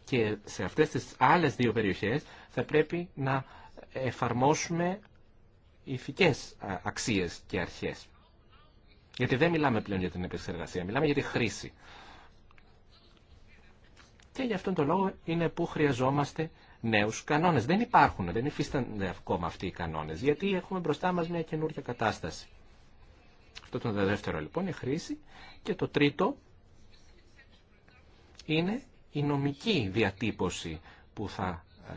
Και σε αυτές τις άλλες δύο περιοχέ θα πρέπει να εφαρμόσουμε ηθικές αξίες και αρχές. Γιατί δεν μιλάμε πλέον για την επεξεργασία, μιλάμε για τη χρήση. Και γι' αυτόν τον λόγο είναι που χρειαζόμαστε νέου κανόνε. Δεν υπάρχουν, δεν υφίστανται ακόμα αυτοί οι κανόνε, γιατί έχουμε μπροστά μα μια καινούργια κατάσταση. Αυτό το δεύτερο λοιπόν η χρήση. Και το τρίτο είναι η νομική διατύπωση που θα ε,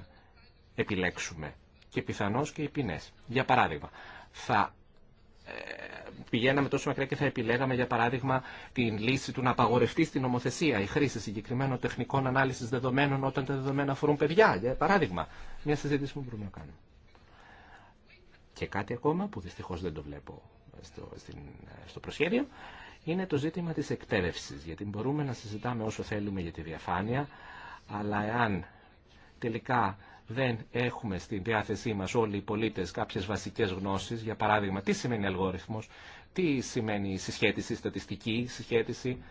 επιλέξουμε και πιθανώς και οι ποινές. Για παράδειγμα, θα ε, πηγαίναμε τόσο μακριά και θα επιλέγαμε, για παράδειγμα, την λύση του να απαγορευτεί στην νομοθεσία η χρήση συγκεκριμένων τεχνικών ανάλυση δεδομένων όταν τα δεδομένα αφορούν παιδιά, για παράδειγμα. Μια συζήτηση που μπορούμε να κάνουμε. Και κάτι ακόμα που δυστυχώ δεν το βλέπω στο, στην, στο προσχέδιο είναι το ζήτημα τη εκπαίδευση. γιατί μπορούμε να συζητάμε όσο θέλουμε για τη διαφάνεια, αλλά εάν τελικά δεν έχουμε στην διάθεσή μας όλοι οι πολίτες κάποιες βασικές γνώσεις, για παράδειγμα τι σημαίνει αλγόριθμος, τι σημαίνει συσχέτιση, στατιστική συσχέτιση.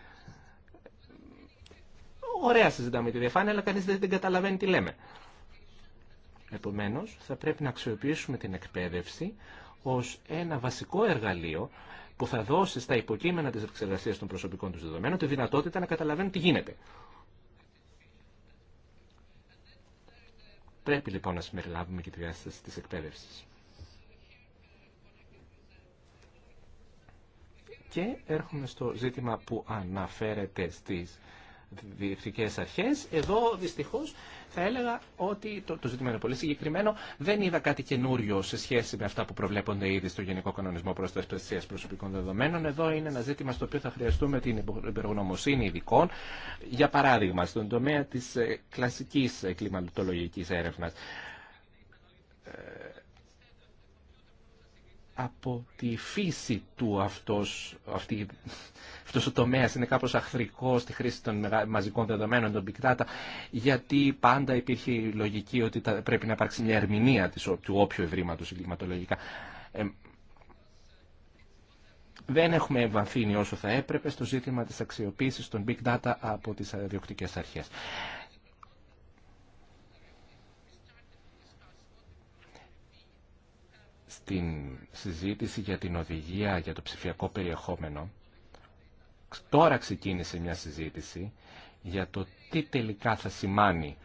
Ωραία συζητάμε τη διαφάνεια, αλλά κανείς δεν καταλαβαίνει τι λέμε. Επομένως, θα πρέπει να αξιοποιήσουμε την εκπαίδευση ως ένα βασικό εργαλείο που θα δώσει στα υποκείμενα της εξεργασίας των προσωπικών του δεδομένων τη δυνατότητα να καταλαβαίνουν τι γίνεται. πρέπει λοιπόν να συμπεριλάβουμε και τη διάσταση της εκπαίδευσης. Και έρχομαι στο ζήτημα που αναφέρεται στις διεκτικές αρχές. Εδώ δυστυχώς θα έλεγα ότι το, το ζήτημα είναι πολύ συγκεκριμένο. Δεν είδα κάτι καινούριο σε σχέση με αυτά που προβλέπονται ήδη στο Γενικό Κανονισμό Προστασία Προσωπικών Δεδομένων. Εδώ είναι ένα ζήτημα στο οποίο θα χρειαστούμε την υπερογνωμοσύνη ειδικών. Για παράδειγμα, στον τομέα τη ε, κλασική ε, κλιματολογική έρευνα ε, από τη φύση του αυτός, αυτή, αυτός ο τομέα, είναι κάπως αχθρικό στη χρήση των μαζικών δεδομένων, των big data, γιατί πάντα υπήρχε η λογική ότι πρέπει να υπάρξει μια ερμηνεία της, του όποιου ευρήματος εγκληματολογικά. Ε, δεν έχουμε εμβαθύνει όσο θα έπρεπε στο ζήτημα της αξιοποίησης των big data από τις αδιοκτικές αρχές. στην συζήτηση για την οδηγία για το ψηφιακό περιεχόμενο, τώρα ξεκίνησε μια συζήτηση για το τι τελικά θα σημάνει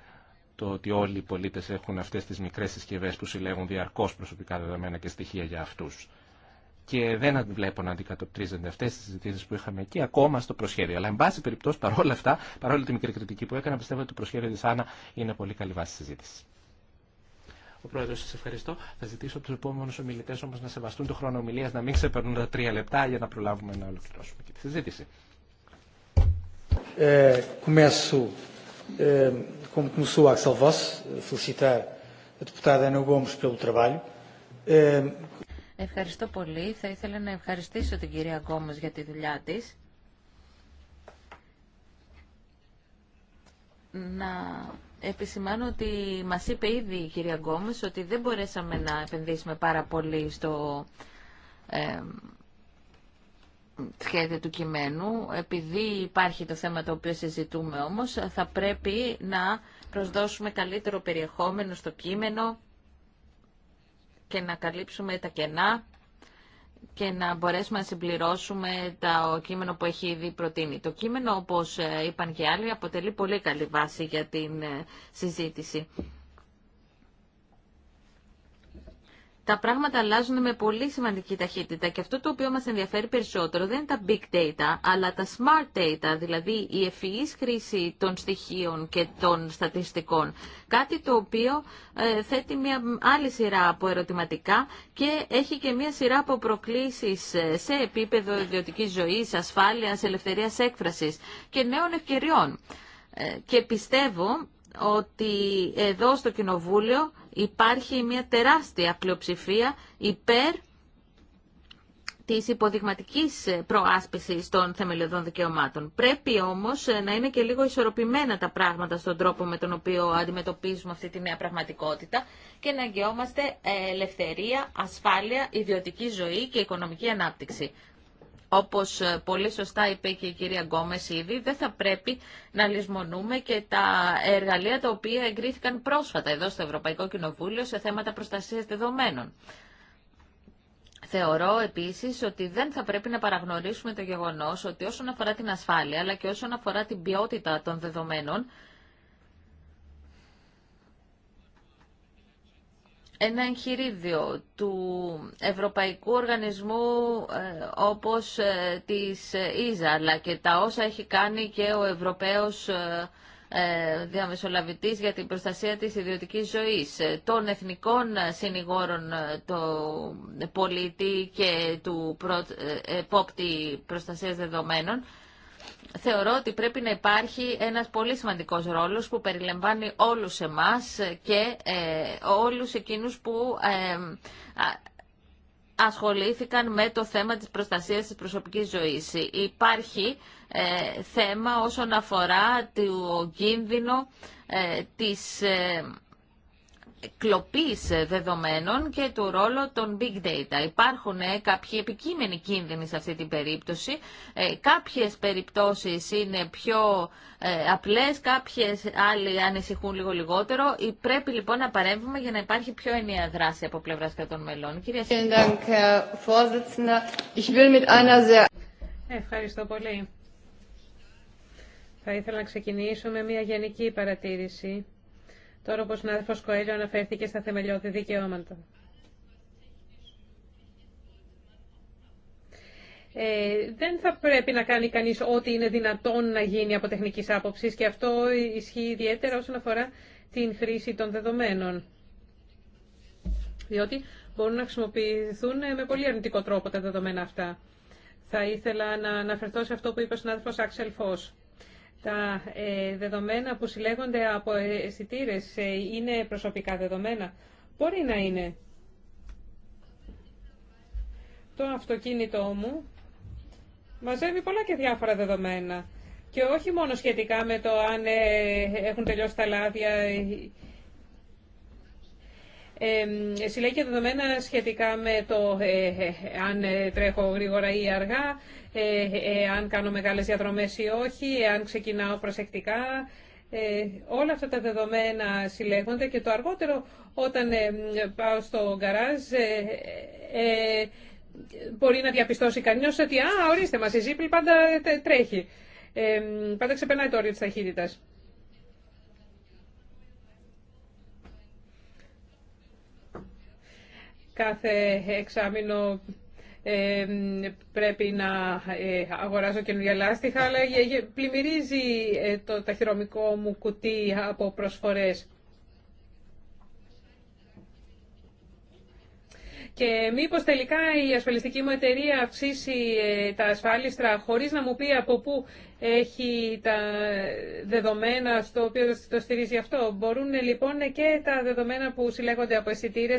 το ότι όλοι οι πολίτες έχουν αυτές τις μικρές συσκευέ που συλλέγουν διαρκώς προσωπικά δεδομένα και στοιχεία για αυτούς. Και δεν βλέπω να αντικατοπτρίζονται αυτές τις συζητήσεις που είχαμε εκεί ακόμα στο προσχέδιο. Αλλά, εν πάση περιπτώσει, παρόλα αυτά, παρόλη τη μικρή κριτική που έκανα, πιστεύω ότι το προσχέδιο της Άννα είναι πολύ καλή βάση συζήτηση. Ο πρόεδρο, σα ευχαριστώ. Θα ζητήσω από του επόμενου ομιλητέ όμω να σεβαστούν το χρόνο ομιλία, να μην ξεπερνούν τα τρία λεπτά για να προλάβουμε να ολοκληρώσουμε και τη συζήτηση. Ε, ε, ε, ευχαριστώ πολύ. Θα ήθελα να ευχαριστήσω την κυρία Γκόμες για τη δουλειά της. Να επισημάνω ότι μας είπε ήδη η κυρία Γκόμες ότι δεν μπορέσαμε να επενδύσουμε πάρα πολύ στο ε, σχέδιο του κειμένου. Επειδή υπάρχει το θέμα το οποίο συζητούμε όμως, θα πρέπει να προσδώσουμε καλύτερο περιεχόμενο στο κείμενο και να καλύψουμε τα κενά και να μπορέσουμε να συμπληρώσουμε το κείμενο που έχει ήδη προτείνει. Το κείμενο, όπως ε, είπαν και άλλοι, αποτελεί πολύ καλή βάση για την ε, συζήτηση. τα πράγματα αλλάζουν με πολύ σημαντική ταχύτητα και αυτό το οποίο μας ενδιαφέρει περισσότερο δεν είναι τα big data, αλλά τα smart data, δηλαδή η ευφυής χρήση των στοιχείων και των στατιστικών. Κάτι το οποίο ε, θέτει μια άλλη σειρά από ερωτηματικά και έχει και μια σειρά από προκλήσεις ε, σε επίπεδο ιδιωτικής ζωής, ασφάλειας, ελευθερίας έκφρασης και νέων ευκαιριών. Ε, και πιστεύω ότι εδώ στο Κοινοβούλιο υπάρχει μια τεράστια πλειοψηφία υπέρ της υποδειγματικής προάσπισης των θεμελιωδών δικαιωμάτων. Πρέπει όμως να είναι και λίγο ισορροπημένα τα πράγματα στον τρόπο με τον οποίο αντιμετωπίζουμε αυτή τη νέα πραγματικότητα και να αγκαιόμαστε ελευθερία, ασφάλεια, ιδιωτική ζωή και οικονομική ανάπτυξη. Όπως ε, πολύ σωστά είπε και η κυρία Γκόμες ήδη, δεν θα πρέπει να λησμονούμε και τα εργαλεία τα οποία εγκρίθηκαν πρόσφατα εδώ στο Ευρωπαϊκό Κοινοβούλιο σε θέματα προστασίας δεδομένων. Θεωρώ επίσης ότι δεν θα πρέπει να παραγνωρίσουμε το γεγονός ότι όσον αφορά την ασφάλεια αλλά και όσον αφορά την ποιότητα των δεδομένων, ένα εγχειρίδιο του Ευρωπαϊκού Οργανισμού ε, όπως ε, της ε, ΙΖΑ αλλά και τα όσα έχει κάνει και ο Ευρωπαίος ε, Διαμεσολαβητής για την προστασία της ιδιωτικής ζωής, των εθνικών συνηγόρων του πολίτη και του προ, επόπτη προστασίας δεδομένων θεωρώ ότι πρέπει να υπάρχει ένας πολύ σημαντικός ρόλος που περιλαμβάνει όλους εμάς και ε, όλους εκείνους που ε, ασχολήθηκαν με το θέμα της προστασίας της προσωπικής ζωής. Υπάρχει ε, θέμα όσον αφορά το κίνδυνο της κλοπής δεδομένων και του ρόλου των big data. Υπάρχουν ε, κάποιοι επικείμενοι κίνδυνοι σε αυτή την περίπτωση. Ε, κάποιες περιπτώσεις είναι πιο ε, απλές, κάποιες άλλοι ανησυχούν λίγο λιγότερο. Πρέπει λοιπόν να παρέμβουμε για να υπάρχει πιο ενιαία δράση από πλευράς των μελών. Ευχαριστώ πολύ. Θα ήθελα να ξεκινήσω με μια γενική παρατήρηση. Τώρα όπως ο συνάδελφος Κοέλιο αναφέρθηκε στα θεμελιώδη δικαιώματα. Ε, δεν θα πρέπει να κάνει κανείς ό,τι είναι δυνατόν να γίνει από τεχνικής άποψης και αυτό ισχύει ιδιαίτερα όσον αφορά την χρήση των δεδομένων. Διότι μπορούν να χρησιμοποιηθούν με πολύ αρνητικό τρόπο τα δεδομένα αυτά. Θα ήθελα να αναφερθώ σε αυτό που είπε ο συνάδελφος Άξελ Φως. Τα ε, δεδομένα που συλλέγονται από αισθητήρε ε, είναι προσωπικά δεδομένα. Μπορεί να είναι. Το αυτοκίνητό μου μαζεύει πολλά και διάφορα δεδομένα. Και όχι μόνο σχετικά με το αν ε, έχουν τελειώσει τα λάδια συλλέγει και δεδομένα σχετικά με το ε, ε, αν ε, τρέχω γρήγορα ή αργά, αν κάνω μεγάλες διαδρομές ή όχι, αν ξεκινάω προσεκτικά. Όλα αυτά τα δεδομένα συλλέγονται και το αργότερο όταν πάω στο γκαράζ μπορεί να διαπιστώσει κανείς ότι «Α, ορίστε μας, η ζύπλη πάντα τρέχει, πάντα ξεπερνάει το όριο της ταχύτητας». κάθε εξάμεινο ε, πρέπει να ε, αγοράζω καινούργια λάστιχα, αλλά πλημμυρίζει ε, το ταχυρομικό μου κουτί από προσφορές. Και μήπως τελικά η ασφαλιστική μου εταιρεία αυξήσει ε, τα ασφάλιστρα χωρίς να μου πει από πού έχει τα δεδομένα στο οποίο το στηρίζει αυτό. Μπορούν ε, λοιπόν ε, και τα δεδομένα που συλλέγονται από αισθητήρε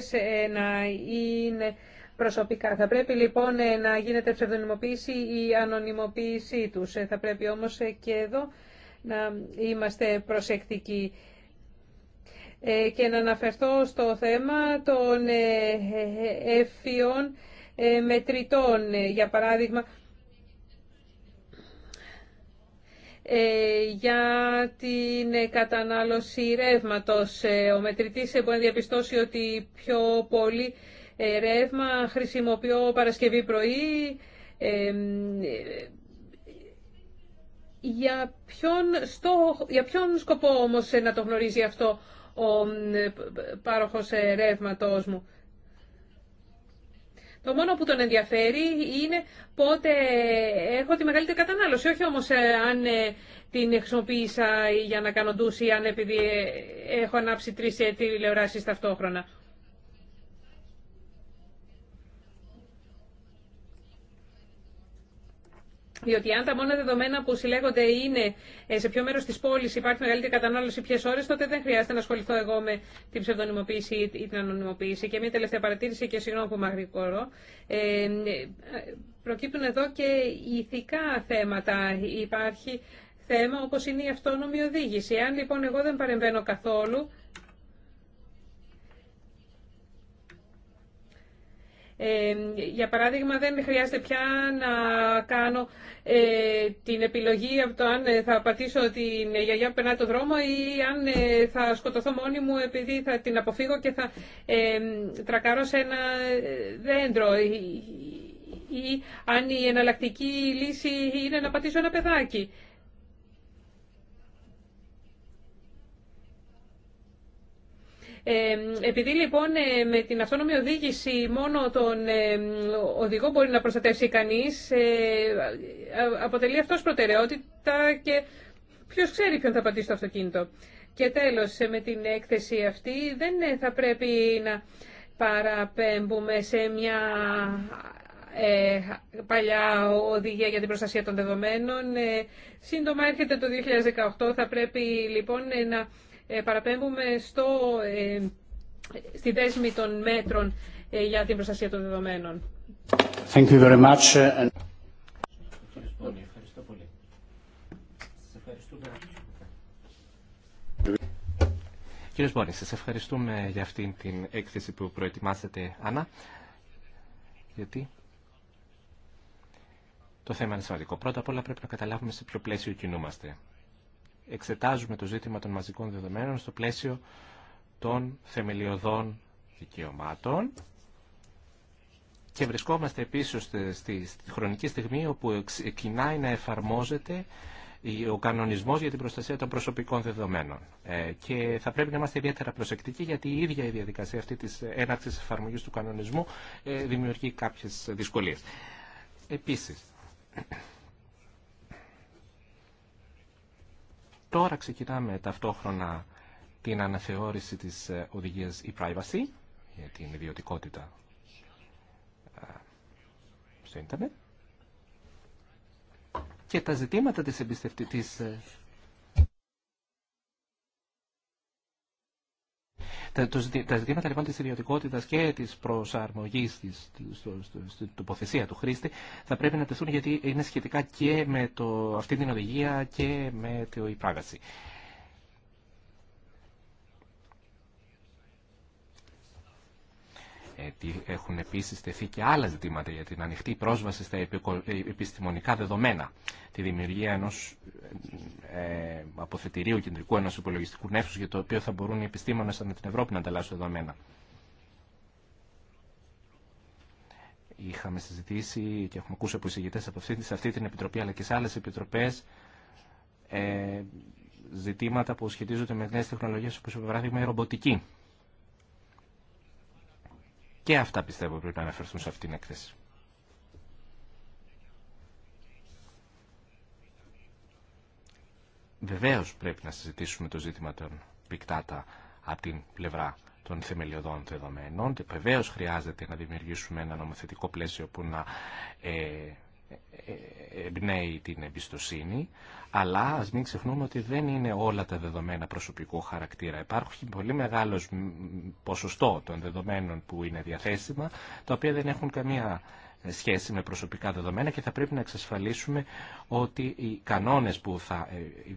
να είναι προσωπικά. Θα πρέπει λοιπόν να γίνεται ψευδονιμοποίηση ή ανωνυμοποίησή τους. Θα πρέπει όμως και εδώ να είμαστε προσεκτικοί. Ε, και να αναφερθώ στο θέμα των ευφυών ε, ε, μετρητών, για παράδειγμα, για την κατανάλωση ρεύματος. Ο μετρητής μπορεί να διαπιστώσει ότι πιο πολύ ρεύμα χρησιμοποιώ Παρασκευή πρωί. Για ποιον, για ποιον σκοπό όμως να το γνωρίζει αυτό ο πάροχος ρεύματός μου. Το μόνο που τον ενδιαφέρει είναι πότε έχω τη μεγαλύτερη κατανάλωση, όχι όμως ε, αν ε, την χρησιμοποίησα για να κάνω ντους ή αν επειδή ε, έχω ανάψει τρεις τηλεοράσεις ταυτόχρονα. Διότι αν τα μόνα δεδομένα που συλλέγονται είναι ε, σε ποιο μέρο τη πόλη υπάρχει μεγαλύτερη κατανάλωση, ποιε ώρε, τότε δεν χρειάζεται να ασχοληθώ εγώ με την ψευδονιμοποίηση ή την ανωνυμοποίηση. Και μια τελευταία παρατήρηση και συγγνώμη που μαγρικόρω. Ε, προκύπτουν εδώ και ηθικά θέματα. Υπάρχει θέμα όπως είναι η αυτόνομη οδήγηση. Αν λοιπόν εγώ δεν παρεμβαίνω καθόλου, Ε, για παράδειγμα, δεν χρειάζεται πια να κάνω ε, την επιλογή από το αν ε, θα πατήσω την γιαγιά που περνάει το δρόμο ή αν θα σκοτωθώ μόνη μου επειδή θα την αποφύγω και θα τρακάρω σε ένα δέντρο ή αν η εναλλακτική λύση είναι να πατήσω ένα παιδάκι. Επειδή λοιπόν ε, με την αυτόνομη οδήγηση μόνο τον ε, οδηγό μπορεί να προστατεύσει κανείς, ε, αποτελεί αυτός προτεραιότητα και ποιος ξέρει ποιον θα πατήσει το αυτοκίνητο. Και τέλος, με την έκθεση αυτή δεν θα πρέπει να παραπέμπουμε σε μια παλιά οδηγία για την προστασία των δεδομένων. σύντομα έρχεται το 2018, θα πρέπει λοιπόν να ε, παραπέμπουμε στο, ε, στη δέσμη των μέτρων ε, για την προστασία των δεδομένων. Thank you very much. Κύριε Μπόρη, σας ευχαριστούμε για αυτήν την έκθεση που προετοιμάσατε, Άννα, γιατί το θέμα είναι σημαντικό. Πρώτα απ' όλα πρέπει να καταλάβουμε σε ποιο πλαίσιο κινούμαστε εξετάζουμε το ζήτημα των μαζικών δεδομένων στο πλαίσιο των θεμελιωδών δικαιωμάτων και βρισκόμαστε επίσης στη, χρονική στιγμή όπου ξεκινάει να εφαρμόζεται ο κανονισμός για την προστασία των προσωπικών δεδομένων. Ε, και θα πρέπει να είμαστε ιδιαίτερα προσεκτικοί γιατί η ίδια η διαδικασία αυτή της έναρξης εφαρμογής του κανονισμού ε, δημιουργεί κάποιες δυσκολίες. Επίσης, Τώρα ξεκινάμε ταυτόχρονα την αναθεώρηση της ε, οδηγίας e-privacy για την ιδιωτικότητα ε, στο ίντερνετ και τα ζητήματα της, εμπιστευτη... Ε, Τα ζητήματα λοιπόν τη ιδιωτικότητα και τη προσαρμογή στην τοποθεσία του χρήστη θα πρέπει να τεθούν γιατί είναι σχετικά και με το, αυτή την οδηγία και με την υπράγαση. Ε, έχουν επίσης τεθεί και άλλα ζητήματα για την ανοιχτή πρόσβαση στα ε, επιστημονικά δεδομένα, τη δημιουργία ενός ε, ε αποθετηρίου κεντρικού, ενός υπολογιστικού νεύσου, για το οποίο θα μπορούν οι επιστήμονες από την Ευρώπη να ανταλλάσσουν δεδομένα. Είχαμε συζητήσει και έχουμε ακούσει από εισηγητές από αυτή, την επιτροπή αλλά και σε άλλες επιτροπές ε, ζητήματα που σχετίζονται με νέες τεχνολογίες όπως για παράδειγμα η ρομποτική και αυτά πιστεύω πρέπει να αναφερθούν σε αυτήν την έκθεση. Βεβαίω πρέπει να συζητήσουμε το ζήτημα των πικτάτα από την πλευρά των θεμελιωδών δεδομένων βεβαίω χρειάζεται να δημιουργήσουμε ένα νομοθετικό πλαίσιο που να ε, εμπνέει την εμπιστοσύνη, αλλά ας μην ξεχνούμε ότι δεν είναι όλα τα δεδομένα προσωπικού χαρακτήρα. Υπάρχει πολύ μεγάλος ποσοστό των δεδομένων που είναι διαθέσιμα, τα οποία δεν έχουν καμία σχέση με προσωπικά δεδομένα και θα πρέπει να εξασφαλίσουμε ότι οι κανόνες που θα, ε,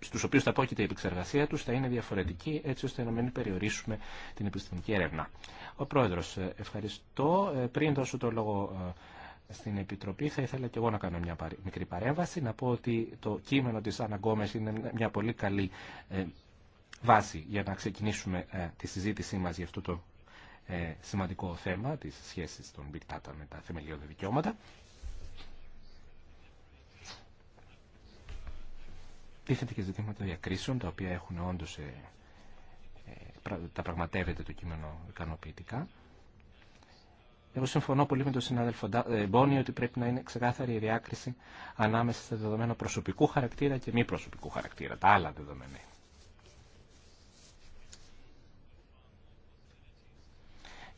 στους οποίους θα απόκειται η επεξεργασία τους θα είναι διαφορετικοί έτσι ώστε να μην περιορίσουμε την επιστημονική έρευνα. Ο Πρόεδρος, ε, ευχαριστώ. Ε, πριν δώσω το λόγο στην Επιτροπή. Θα ήθελα και εγώ να κάνω μια μικρή παρέμβαση, να πω ότι το κείμενο της Άννα είναι μια πολύ καλή ε, βάση για να ξεκινήσουμε ε, τη συζήτησή μας για αυτό το ε, σημαντικό θέμα της σχέσης των Big Data με τα θεμελιώδη δικαιώματα. Τίθεται και ζητήματα διακρίσεων, τα οποία έχουν όντως τα πραγματεύεται το κείμενο ικανοποιητικά. Εγώ συμφωνώ πολύ με τον συνάδελφο ε, Μπόνι ότι πρέπει να είναι ξεκάθαρη η διάκριση ανάμεσα στα δεδομένα προσωπικού χαρακτήρα και μη προσωπικού χαρακτήρα, τα άλλα δεδομένα.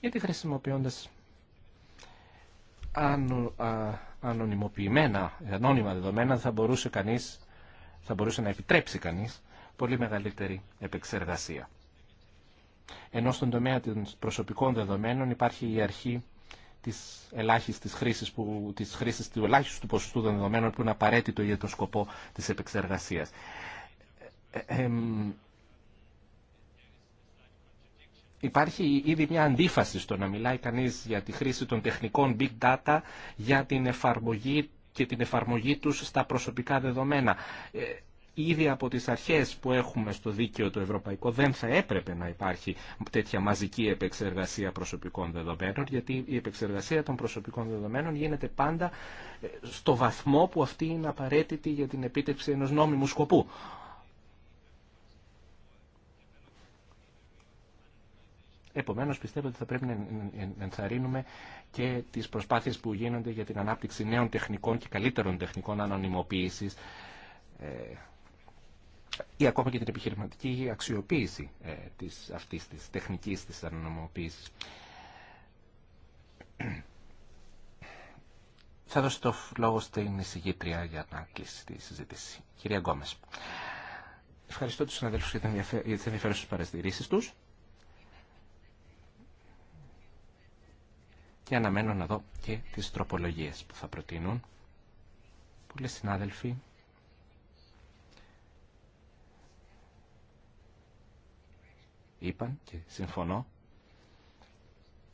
Γιατί χρησιμοποιώντας ανωνυμοποιημένα, ανώνυμα δεδομένα θα μπορούσε, κανείς, θα μπορούσε να επιτρέψει κανείς πολύ μεγαλύτερη επεξεργασία. Ενώ στον τομέα των προσωπικών δεδομένων υπάρχει η αρχή της ελάχιστης χρήσης, που, της χρήσης του ελάχιστου ποσοστού των δεδομένων που είναι απαραίτητο για τον σκοπό της επεξεργασίας. Ε, ε, υπάρχει ήδη μια αντίφαση στο να μιλάει κανείς για τη χρήση των τεχνικών big data για την εφαρμογή και την εφαρμογή τους στα προσωπικά δεδομένα. Ε, ήδη από τις αρχές που έχουμε στο δίκαιο το ευρωπαϊκό δεν θα έπρεπε να υπάρχει τέτοια μαζική επεξεργασία προσωπικών δεδομένων, γιατί η επεξεργασία των προσωπικών δεδομένων γίνεται πάντα ε, στο βαθμό που αυτή είναι απαραίτητη για την επίτευξη ενός νόμιμου σκοπού. Επομένως, πιστεύω ότι θα πρέπει να ενθαρρύνουμε και τις προσπάθειες που γίνονται για την ανάπτυξη νέων τεχνικών και καλύτερων τεχνικών ανωνυμοποίηση. Ε, ή ακόμα και την επιχειρηματική αξιοποίηση ε, της, αυτής της τεχνικής της ανανομοποίησης. Θα δώσω το λόγο στην εισηγήτρια για να κλείσει τη συζήτηση. Κυρία Γκόμες. Ευχαριστώ τους συναδέλφους για τις ενδιαφέρουσες παρατηρήσεις τους. Και αναμένω να δω και τις τροπολογίες που θα προτείνουν. Πολλοί συνάδελφοι είπαν και συμφωνώ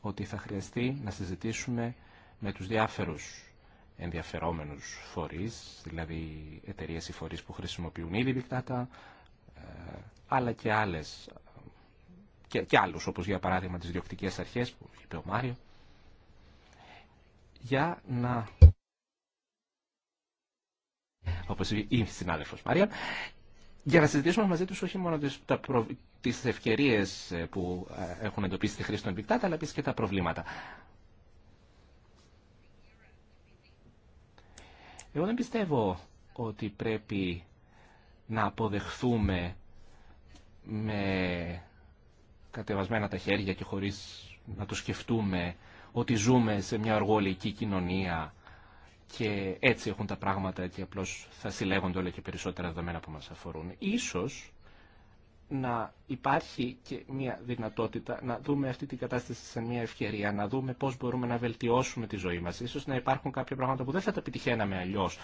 ότι θα χρειαστεί να συζητήσουμε με τους διάφερους ενδιαφερόμενους φορείς, δηλαδή εταιρείε ή φορείς που χρησιμοποιούν ήδη big ε, αλλά και άλλες και, και άλλους, όπως για παράδειγμα τις διοκτικές αρχές που είπε ο Μάριο, για να όπως η συνάδελφος Μαρία, για να συζητήσουμε μαζί του όχι μόνο τις, ευκαιρίε ε, που ε, έχουν εντοπίσει τη χρήση των Big αλλά επίσης και τα προβλήματα. Εγώ δεν πιστεύω ότι πρέπει να αποδεχθούμε με κατεβασμένα τα χέρια και χωρίς να το σκεφτούμε ότι ζούμε σε μια οργολική κοινωνία και έτσι έχουν τα πράγματα και απλώς θα συλλέγονται όλα και περισσότερα δεδομένα που μας αφορούν. Ίσως να υπάρχει και μια δυνατότητα να δούμε αυτή την κατάσταση σαν μια ευκαιρία, να δούμε πώς μπορούμε να βελτιώσουμε τη ζωή μας. Ίσως να υπάρχουν κάποια πράγματα που δεν θα τα επιτυχαίναμε αλλιώς,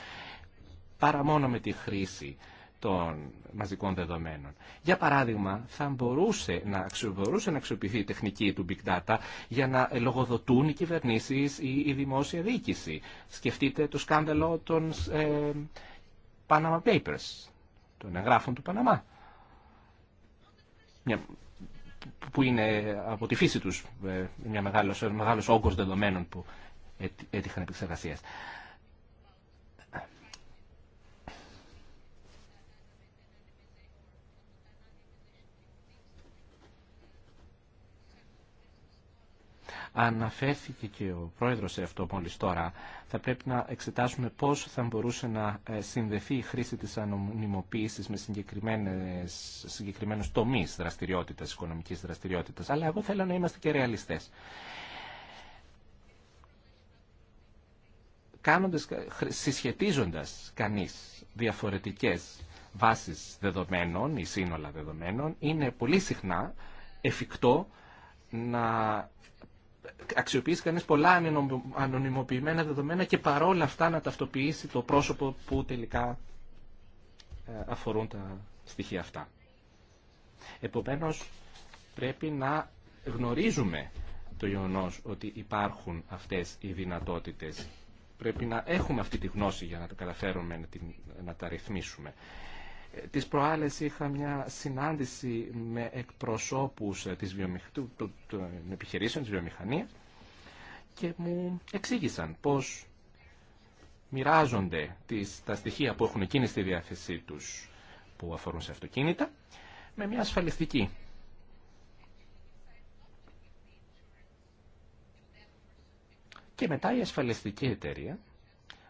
παρά μόνο με τη χρήση των μαζικών δεδομένων. Για παράδειγμα, θα μπορούσε να, μπορούσε να αξιοποιηθεί η τεχνική του Big Data για να λογοδοτούν οι κυβερνήσεις ή η δημόσια διοίκηση. Σκεφτείτε το σκάνδαλο των ε, Panama Papers, των εγγράφων του Παναμά, που είναι από τη φύση τους ε, μια μεγάλος, μεγάλος όγκος δεδομένων που ε, έτυχαν επεξεργασίας. Αναφέρθηκε και ο πρόεδρος σε αυτό μόλις τώρα. Θα πρέπει να εξετάσουμε πώς θα μπορούσε να ε, συνδεθεί η χρήση της ανωνυμοποίησης με συγκεκριμένους τομείς δραστηριότητας, οικονομικής δραστηριότητας. Αλλά εγώ θέλω να είμαστε και ρεαλιστές. Κάνοντας, συσχετίζοντας κανείς διαφορετικές βάσεις δεδομένων ή σύνολα δεδομένων, είναι πολύ συχνά εφικτό να αξιοποιήσει κανείς πολλά ανωνυμοποιημένα δεδομένα και παρόλα αυτά να ταυτοποιήσει το πρόσωπο που τελικά ε, αφορούν τα στοιχεία αυτά. Επομένως, πρέπει να γνωρίζουμε το γεγονό ότι υπάρχουν αυτές οι δυνατότητες. Πρέπει να έχουμε αυτή τη γνώση για να τα καταφέρουμε να τα ρυθμίσουμε. Τις προάλλες είχα μια συνάντηση με εκπροσώπους ε, της των επιχειρήσεων της βιομηχανίας και μου εξήγησαν πώς μοιράζονται τις, τα στοιχεία που έχουν εκείνη στη διάθεσή τους που αφορούν σε αυτοκίνητα με μια ασφαλιστική. Και μετά η ασφαλιστική εταιρεία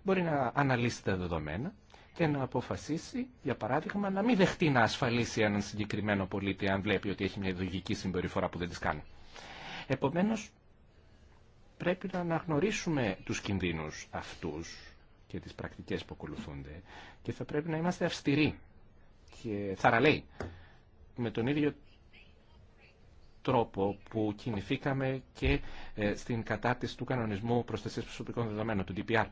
μπορεί να αναλύσει τα δεδομένα και να αποφασίσει, για παράδειγμα, να μην δεχτεί να ασφαλίσει έναν συγκεκριμένο πολίτη αν βλέπει ότι έχει μια ιδιωτική συμπεριφορά που δεν τη κάνει. Επομένως, πρέπει να αναγνωρίσουμε τους κινδύνους αυτούς και τις πρακτικές που ακολουθούνται και θα πρέπει να είμαστε αυστηροί και θαραλέοι με τον ίδιο τρόπο που κινηθήκαμε και ε, στην κατάρτιση του κανονισμού προστασίας προσωπικών δεδομένων, του DPR.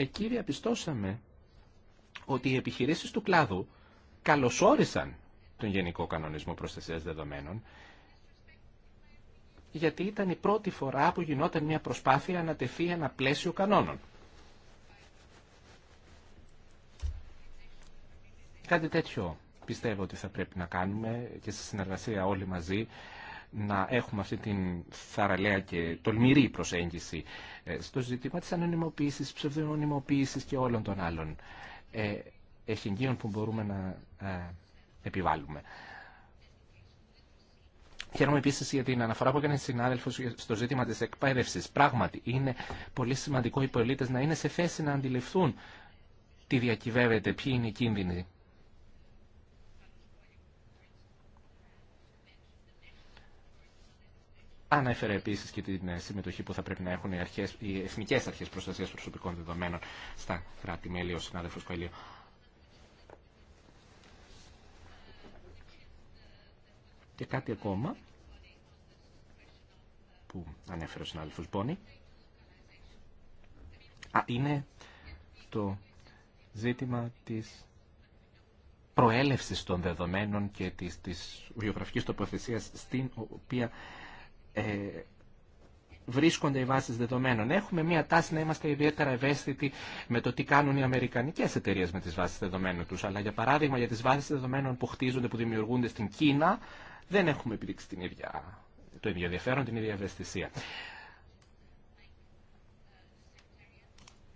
εκεί διαπιστώσαμε ότι οι επιχειρήσει του κλάδου καλωσόρισαν τον Γενικό Κανονισμό προστασία Δεδομένων γιατί ήταν η πρώτη φορά που γινόταν μια προσπάθεια να τεθεί ένα πλαίσιο κανόνων. Κάτι τέτοιο πιστεύω ότι θα πρέπει να κάνουμε και σε συνεργασία όλοι μαζί να έχουμε αυτή την θαραλέα και τολμηρή προσέγγιση ε, στο ζήτημα της ανωνυμοποίησης, ψευδονυμοποίησης και όλων των άλλων ε, εχεγγύων που μπορούμε να ε, επιβάλλουμε. Χαίρομαι επίση για την αναφορά που έκανε συνάδελφο στο ζήτημα τη εκπαίδευση. Πράγματι, είναι πολύ σημαντικό οι πολίτε να είναι σε θέση να αντιληφθούν τι διακυβεύεται, ποιοι είναι οι κίνδυνοι Ανέφερε επίση και την ε, συμμετοχή που θα πρέπει να έχουν οι, αρχές, οι εθνικέ αρχέ προστασία προσωπικών δεδομένων στα κράτη-μέλη, ο συνάδελφος Κοελίου. Και κάτι ακόμα που ανέφερε ο συνάδελφος Μπόνι. είναι το ζήτημα της προέλευσης των δεδομένων και της, της βιογραφικής τοποθεσίας στην οποία ε, βρίσκονται οι βάσεις δεδομένων. Έχουμε μία τάση να είμαστε ιδιαίτερα ευαίσθητοι με το τι κάνουν οι αμερικανικές εταιρείε με τις βάσεις δεδομένων τους. Αλλά για παράδειγμα για τις βάσεις δεδομένων που χτίζονται, που δημιουργούνται στην Κίνα, δεν έχουμε επιδείξει την ίδια, το ίδιο ενδιαφέρον, την ίδια ευαισθησία.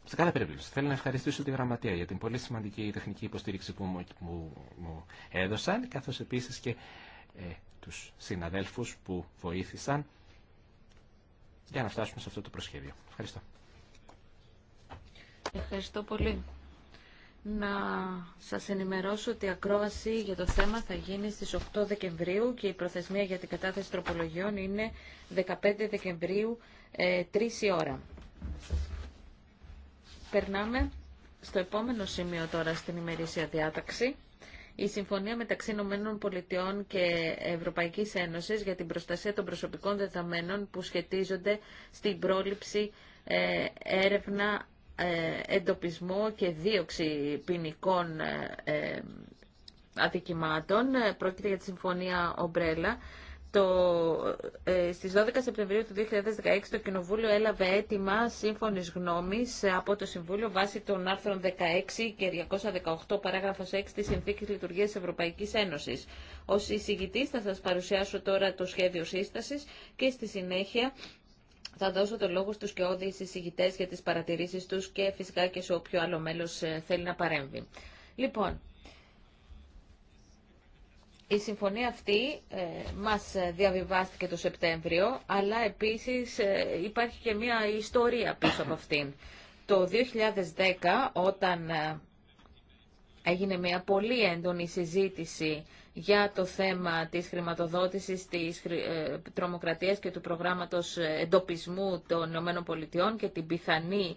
Σε κάθε περίπτωση, θέλω να ευχαριστήσω τη Γραμματεία για την πολύ σημαντική τεχνική υποστήριξη που μου, έδωσαν, καθώς επίσης και ε, τους συναδέλφους που βοήθησαν για να φτάσουμε σε αυτό το προσχέδιο. Ευχαριστώ. Ευχαριστώ πολύ. Να σας ενημερώσω ότι η ακρόαση για το θέμα θα γίνει στις 8 Δεκεμβρίου και η προθεσμία για την κατάθεση τροπολογιών είναι 15 Δεκεμβρίου, 3 ε, η ώρα. Περνάμε στο επόμενο σημείο τώρα στην ημερήσια διάταξη η Συμφωνία μεταξύ Ηνωμένων Πολιτειών και Ευρωπαϊκής Ένωσης για την προστασία των προσωπικών δεδομένων που σχετίζονται στην πρόληψη, ε, έρευνα, ε, εντοπισμό και δίωξη ποινικών ε, αδικημάτων. Πρόκειται για τη Συμφωνία Ομπρέλα το ε, στις 12 Σεπτεμβρίου του 2016 το Κοινοβούλιο έλαβε έτοιμα σύμφωνης γνώμης από το Συμβούλιο βάσει των άρθρων 16 και 218 παράγραφος 6 της Συνθήκης Λειτουργίας Ευρωπαϊκής Ένωσης. Ω εισηγητής θα σας παρουσιάσω τώρα το σχέδιο σύστασης και στη συνέχεια θα δώσω το λόγο στους και οι εισηγητές για τις παρατηρήσεις τους και φυσικά και σε όποιο άλλο μέλος ε, θέλει να παρέμβει. Λοιπόν, η συμφωνία αυτή ε, μας διαβιβάστηκε το Σεπτέμβριο, αλλά επίσης ε, υπάρχει και μια ιστορία πίσω από αυτήν. Το 2010, όταν ε, έγινε μια πολύ έντονη συζήτηση για το θέμα της χρηματοδότησης της τρομοκρατίας και του προγράμματος εντοπισμού των ΗΠΑ και την πιθανή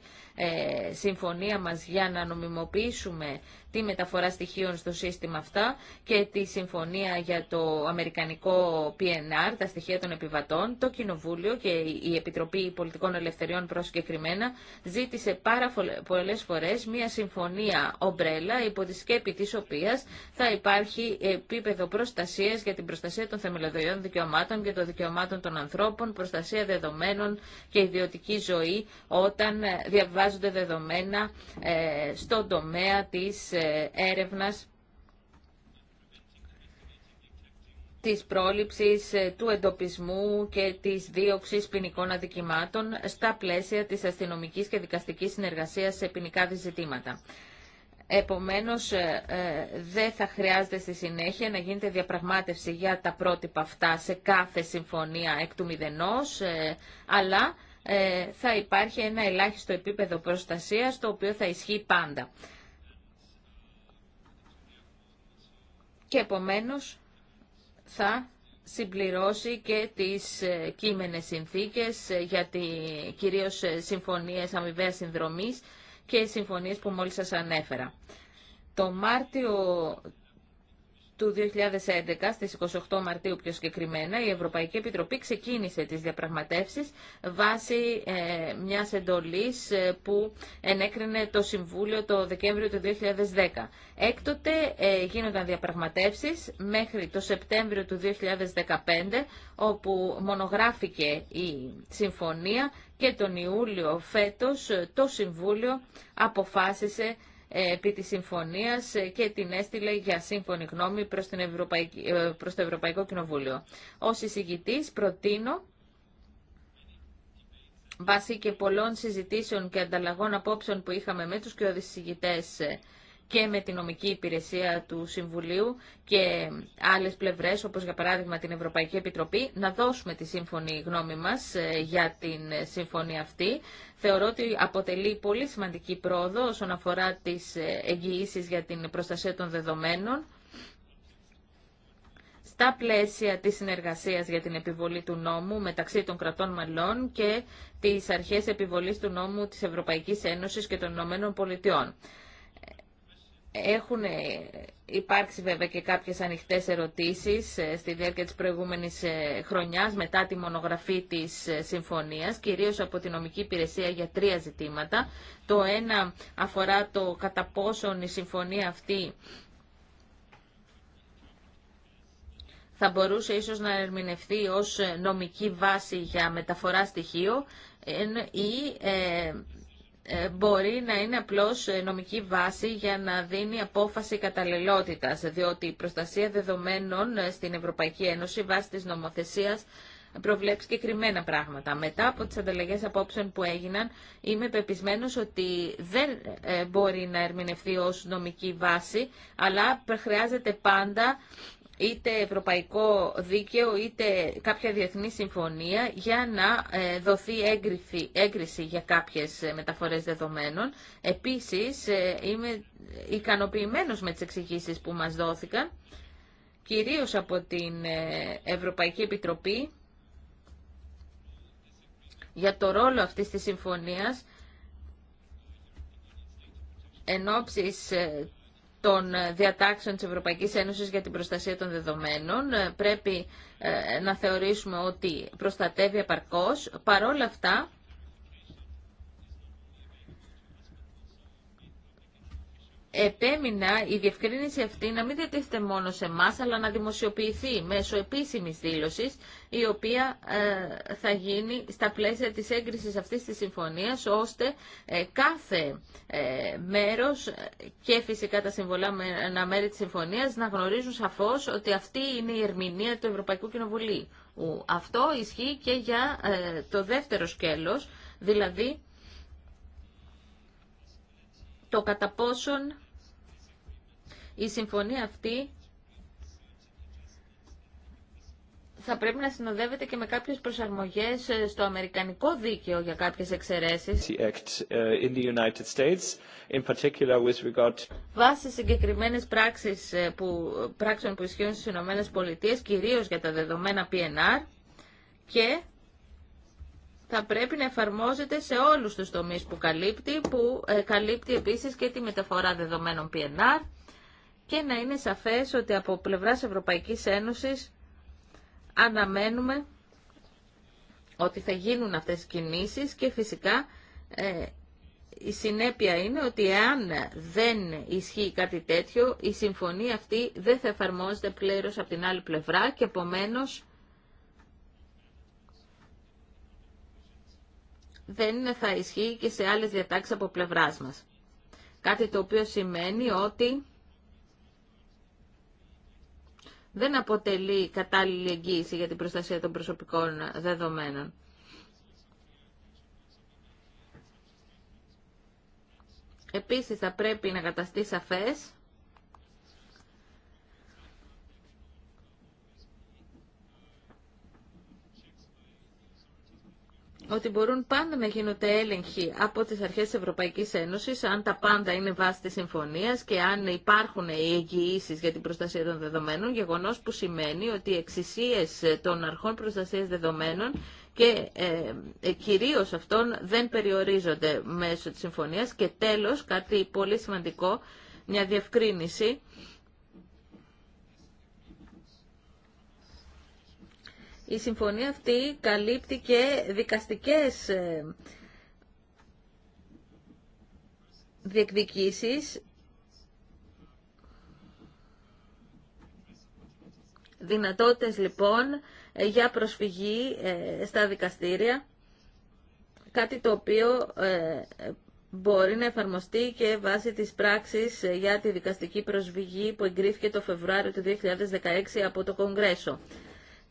συμφωνία μας για να νομιμοποιήσουμε τη μεταφορά στοιχείων στο σύστημα αυτά και τη συμφωνία για το αμερικανικό PNR, τα στοιχεία των επιβατών, το Κοινοβούλιο και η Επιτροπή Πολιτικών Ελευθεριών προς συγκεκριμένα ζήτησε πάρα πολλές φορές μια συμφωνία ομπρέλα υπό τη σκέπη της οποίας θα υπάρχει επίπεδο προστασίας για την προστασία των θεμελιωδών δικαιωμάτων και των δικαιωμάτων των ανθρώπων, προστασία δεδομένων και ιδιωτική ζωή όταν διαβάζονται δεδομένα ε, στον τομέα της έρευνας, της πρόληψης, ε, του εντοπισμού και της δίωξης ποινικών αδικημάτων στα πλαίσια της αστυνομικής και δικαστικής συνεργασίας σε ποινικά διζητήματα. Επομένως, ε, ε, δεν θα χρειάζεται στη συνέχεια να γίνεται διαπραγμάτευση για τα πρότυπα αυτά σε κάθε συμφωνία εκ του μηδενός, αλλά θα υπάρχει ένα ελάχιστο επίπεδο προστασίας, το οποίο θα ισχύει πάντα. και επομένως θα συμπληρώσει και τις ε, κείμενες συνθήκες ε, για τη, κυρίως ε, συμφωνίες αμοιβαίας συνδρομής και συμφωνίες που μόλις σας ανέφερα. Το Μάρτιο του 2011, στις 28 Μαρτίου πιο συγκεκριμένα, η Ευρωπαϊκή Επιτροπή ξεκίνησε τις διαπραγματεύσεις βάσει ε, μιας εντολής ε, που ενέκρινε το Συμβούλιο το Δεκέμβριο του 2010. Έκτοτε ε, γίνονταν διαπραγματεύσεις μέχρι το Σεπτέμβριο του 2015, όπου μονογράφηκε η συμφωνία και τον Ιούλιο φέτος το Συμβούλιο αποφάσισε ε, επί της συμφωνίας ε, και την έστειλε για σύμφωνη γνώμη προς, την ε, το Ευρωπαϊκό Κοινοβούλιο. Ως εισηγητής προτείνω βάσει και πολλών συζητήσεων και ανταλλαγών απόψεων που είχαμε με τους και οδησηγητές και με την νομική υπηρεσία του Συμβουλίου και άλλες πλευρές, όπως για παράδειγμα την Ευρωπαϊκή Επιτροπή, να δώσουμε τη σύμφωνη γνώμη μας ε, για την συμφωνία αυτή. Θεωρώ ότι αποτελεί πολύ σημαντική πρόοδο όσον αφορά τις ε, εγγυήσει για την προστασία των δεδομένων στα πλαίσια της συνεργασίας για την επιβολή του νόμου μεταξύ των κρατών μαλλών και τις αρχές επιβολής του νόμου της Ευρωπαϊκής Ένωσης και των Ηνωμένων Πολιτειών. Έχουν ε, υπάρξει βέβαια και κάποιες ανοιχτές ερωτήσεις ε, στη διάρκεια της προηγούμενης ε, χρονιάς μετά τη μονογραφή της συμφωνίας, κυρίως από την νομική υπηρεσία για τρία ζητήματα. Το ένα αφορά το κατά πόσον η συμφωνία αυτή θα μπορούσε ίσως να ερμηνευτεί ως νομική βάση για μεταφορά στοιχείο ή ε, μπορεί να είναι απλώς ε, νομική βάση για να δίνει απόφαση καταλληλότητας, διότι η προστασία δεδομένων ε, στην Ευρωπαϊκή Ένωση βάσει της νομοθεσίας προβλέπει συγκεκριμένα πράγματα. Μετά από τις ανταλλαγές απόψεων που έγιναν, είμαι πεπισμένος ότι δεν μπορεί να ερμηνευθεί ως νομική βάση, αλλά χρειάζεται πάντα είτε ευρωπαϊκό δίκαιο είτε κάποια διεθνή συμφωνία για να ε, δοθεί έγκριση, έγκριση για κάποιες ε, μεταφορές δεδομένων. Επίσης, ε, είμαι ικανοποιημένος με τις εξηγήσει που μας δόθηκαν, κυρίως από την Ευρωπαϊκή Επιτροπή, για το ρόλο αυτής της συμφωνίας εν των διατάξεων της Ευρωπαϊκής Ένωσης για την προστασία των δεδομένων. Πρέπει ε, να θεωρήσουμε ότι προστατεύει επαρκώς. Παρόλα αυτά, επέμεινα η διευκρίνηση αυτή να μην διατίθεται μόνο σε εμά, αλλά να δημοσιοποιηθεί μέσω επίσημης δήλωσης, η οποία ε, θα γίνει στα πλαίσια της έγκρισης αυτής της συμφωνία, ώστε ε, κάθε ε, μέρος ε, και φυσικά τα συμβολά με ένα μέρη της συμφωνία να γνωρίζουν σαφώς ότι αυτή είναι η ερμηνεία του Ευρωπαϊκού Κοινοβουλίου. Αυτό ισχύει και για το δεύτερο σκέλος, δηλαδή το κατά πόσον η συμφωνία αυτή θα πρέπει να συνοδεύεται και με κάποιες προσαρμογές ε, στο αμερικανικό δίκαιο για κάποιες εξαιρέσεις. Βάσει συγκεκριμένες πράξεις ε, που, πράξεων που ισχύουν στις Ηνωμένες Πολιτείες, κυρίως για τα δεδομένα PNR και θα πρέπει να εφαρμόζεται σε όλους τους τομείς που καλύπτει, που ε, καλύπτει επίσης και τη μεταφορά δεδομένων PNR και να είναι σαφές ότι από πλευράς Ευρωπαϊκής Ένωσης αναμένουμε ότι θα γίνουν αυτές οι κινήσεις και φυσικά ε, η συνέπεια είναι ότι εάν δεν ισχύει κάτι τέτοιο, η συμφωνία αυτή δεν θα εφαρμόζεται πλήρως από την άλλη πλευρά και επομένως δεν θα ισχύει και σε άλλες διατάξεις από πλευράς μας. Κάτι το οποίο σημαίνει ότι δεν αποτελεί κατάλληλη εγγύηση για την προστασία των προσωπικών δεδομένων. Επίσης θα πρέπει να καταστεί σαφές ότι μπορούν πάντα να γίνονται έλεγχοι από τις αρχές της Ευρωπαϊκής Ένωσης, αν τα πάντα είναι βάση της συμφωνίας και αν υπάρχουν οι εγγυήσει για την προστασία των δεδομένων, γεγονός που σημαίνει ότι οι εξισίες των αρχών προστασίας δεδομένων και ε, ε, κυρίως αυτών δεν περιορίζονται μέσω της συμφωνίας. Και τέλος, κάτι πολύ σημαντικό, μια διευκρίνηση, η συμφωνία αυτή καλύπτει και δικαστικές ε, διεκδικήσεις Δυνατότητες λοιπόν ε, για προσφυγή ε, στα δικαστήρια, κάτι το οποίο μπορεί να εφαρμοστεί και βάσει της πράξης για τη δικαστική προσφυγή που εγκρίθηκε το Φεβρουάριο του 2016 από το Κογκρέσο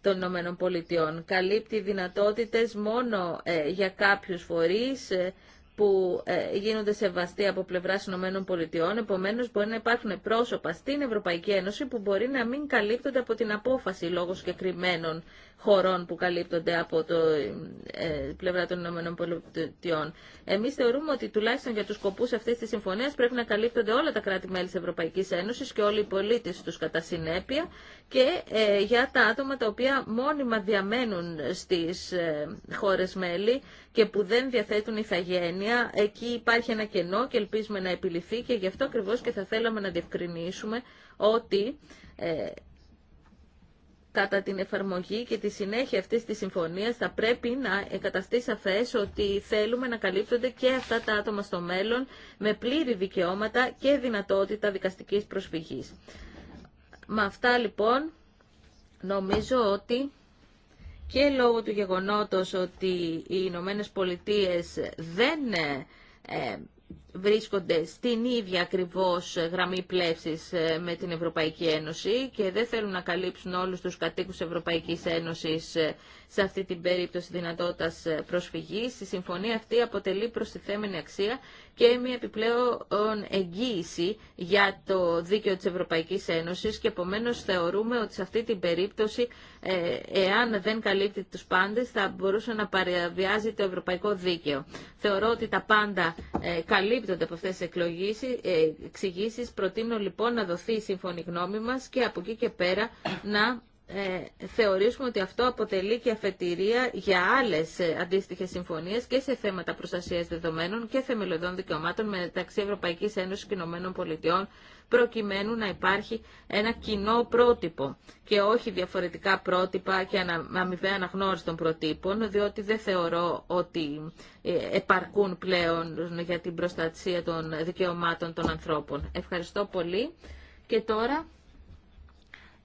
των Ηνωμένων Πολιτειών. Καλύπτει δυνατότητες μόνο ε, για κάποιους φορείς ε, που ε, γίνονται σεβαστοί από πλευράς Ηνωμένων Πολιτειών. Επομένως, μπορεί να υπάρχουν πρόσωπα στην Ευρωπαϊκή Ένωση που μπορεί να μην καλύπτονται από την απόφαση λόγω συγκεκριμένων χωρών που καλύπτονται από το ε, πλευρά των ΗΠΑ. Εμείς θεωρούμε ότι τουλάχιστον για τους σκοπούς αυτής της συμφωνίας πρέπει να καλύπτονται όλα τα κράτη-μέλη της Ευρωπαϊκής Ένωσης και όλοι οι πολίτες τους κατά συνέπεια και ε, για τα άτομα τα οποία μόνιμα διαμένουν στις ε, χώρες μέλη και που δεν διαθέτουν ηθαγένεια. Εκεί υπάρχει ένα κενό και ελπίζουμε να επιληθεί και γι' αυτό ακριβώς και θα θέλαμε να διευκρινίσουμε ότι ε, κατά την εφαρμογή και τη συνέχεια αυτής της συμφωνίας θα πρέπει να εγκαταστεί σαφές ότι θέλουμε να καλύπτονται και αυτά τα άτομα στο μέλλον με πλήρη δικαιώματα και δυνατότητα δικαστικής προσφυγής. Με αυτά λοιπόν νομίζω ότι και λόγω του γεγονότος ότι οι Ηνωμένε Πολιτείες δεν ε, βρίσκονται στην ίδια ακριβώς γραμμή πλεύσης ε, με την Ευρωπαϊκή Ένωση και δεν θέλουν να καλύψουν όλους τους κατοίκους Ευρωπαϊκής Ένωσης ε, σε αυτή την περίπτωση δυνατότητας ε, προσφυγής. Η συμφωνία αυτή αποτελεί προστιθέμενη αξία και μια επιπλέον εγγύηση για το δίκαιο της Ευρωπαϊκής Ένωσης και επομένως θεωρούμε ότι σε αυτή την περίπτωση εάν δεν καλύπτει τους πάντες θα μπορούσε να παραβιάζει το ευρωπαϊκό δίκαιο. Θεωρώ ότι τα πάντα καλύπτουν προκύπτονται από αυτέ τι ε, εξηγήσει, προτείνω λοιπόν να δοθεί η σύμφωνη γνώμη μα και από εκεί και πέρα να ε, θεωρήσουμε ότι αυτό αποτελεί και αφετηρία για άλλες ε, αντίστοιχες συμφωνίες και σε θέματα προστασίας δεδομένων και θεμελιωδών δικαιωμάτων μεταξύ Ευρωπαϊκής Ένωσης και Ηνωμένων Πολιτειών προκειμένου να υπάρχει ένα κοινό πρότυπο και όχι διαφορετικά πρότυπα και αμοιβαία αναγνώριση των προτύπων, διότι δεν θεωρώ ότι ε, επαρκούν πλέον για την προστασία των δικαιωμάτων των ανθρώπων. Ευχαριστώ πολύ. Και τώρα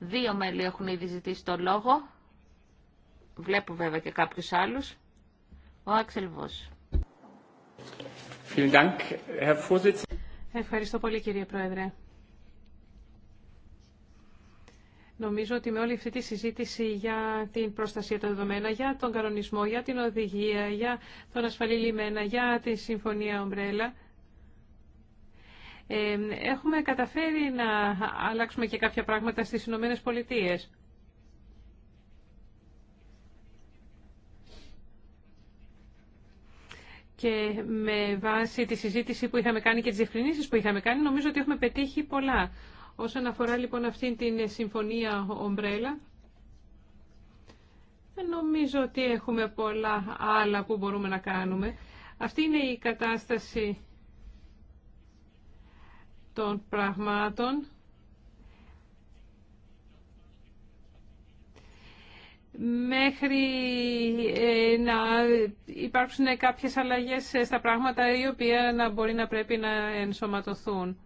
Δύο μέλη έχουν ήδη ζητήσει το λόγο. Βλέπω βέβαια και κάποιους άλλους. Ο Άξελ Βος. Ευχαριστώ πολύ κύριε Πρόεδρε. Νομίζω ότι με όλη αυτή τη συζήτηση για την προστασία των δεδομένων, για τον κανονισμό, για την οδηγία, για τον ασφαλή λιμένα, για τη συμφωνία ομπρέλα, ε, έχουμε καταφέρει να αλλάξουμε και κάποια πράγματα στις Ηνωμένε Πολιτείε. Και με βάση τη συζήτηση που είχαμε κάνει και τις διευκρινήσεις που είχαμε κάνει, νομίζω ότι έχουμε πετύχει πολλά. Όσον αφορά λοιπόν αυτήν την συμφωνία ομπρέλα, νομίζω ότι έχουμε πολλά άλλα που μπορούμε να κάνουμε. Αυτή είναι η κατάσταση των πραγμάτων μέχρι ε, να υπάρξουν κάποιες αλλαγές στα πράγματα οι οποία να μπορεί να πρέπει να ενσωματωθούν.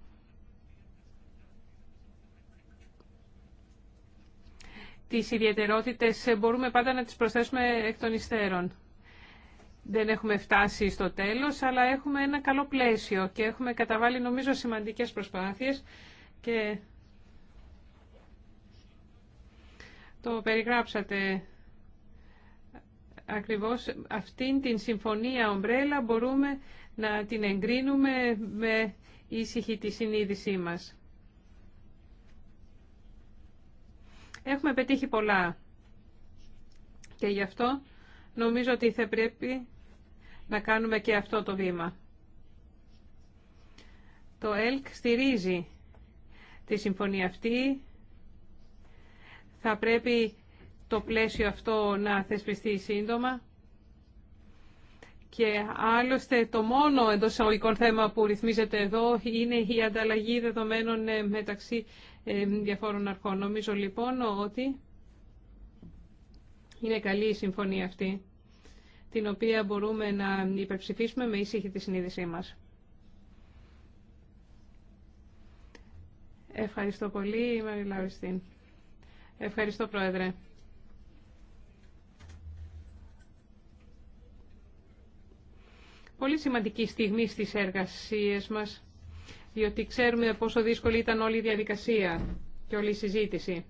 Τις ιδιαιτερότητες μπορούμε πάντα να τις προσθέσουμε εκ των υστέρων δεν έχουμε φτάσει στο τέλος, αλλά έχουμε ένα καλό πλαίσιο και έχουμε καταβάλει νομίζω σημαντικές προσπάθειες και το περιγράψατε ακριβώς αυτήν την συμφωνία ομπρέλα μπορούμε να την εγκρίνουμε με ήσυχη τη συνείδησή μας. Έχουμε πετύχει πολλά και γι' αυτό νομίζω ότι θα πρέπει να κάνουμε και αυτό το βήμα. Το ΕΛΚ στηρίζει τη συμφωνία αυτή. Θα πρέπει το πλαίσιο αυτό να θεσπιστεί σύντομα. Και άλλωστε το μόνο εντό αγωγικών θέμα που ρυθμίζεται εδώ είναι η ανταλλαγή δεδομένων ε, μεταξύ ε, διαφόρων αρχών. Νομίζω λοιπόν ότι είναι καλή η συμφωνία αυτή την οποία μπορούμε να υπερψηφίσουμε με ήσυχη τη συνείδησή μας. Ευχαριστώ πολύ, Μαρή Ευχαριστώ, Πρόεδρε. Πολύ σημαντική στιγμή στις εργασίες μας, διότι ξέρουμε πόσο δύσκολη ήταν όλη η διαδικασία και όλη η συζήτηση.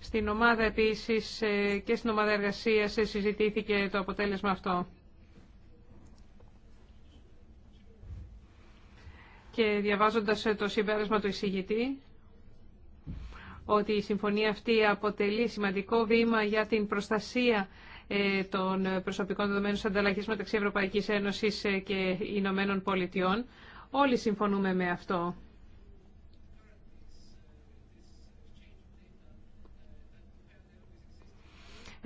Στην ομάδα επίσης ε, και στην ομάδα εργασίας ε, συζητήθηκε το αποτέλεσμα αυτό. Και διαβάζοντας ε, το συμπέρασμα του εισηγητή, ότι η συμφωνία αυτή αποτελεί σημαντικό βήμα για την προστασία των προσωπικών δεδομένων ανταλλαγή μεταξύ Ευρωπαϊκής Ένωσης και Ηνωμένων Πολιτειών. Όλοι συμφωνούμε με αυτό.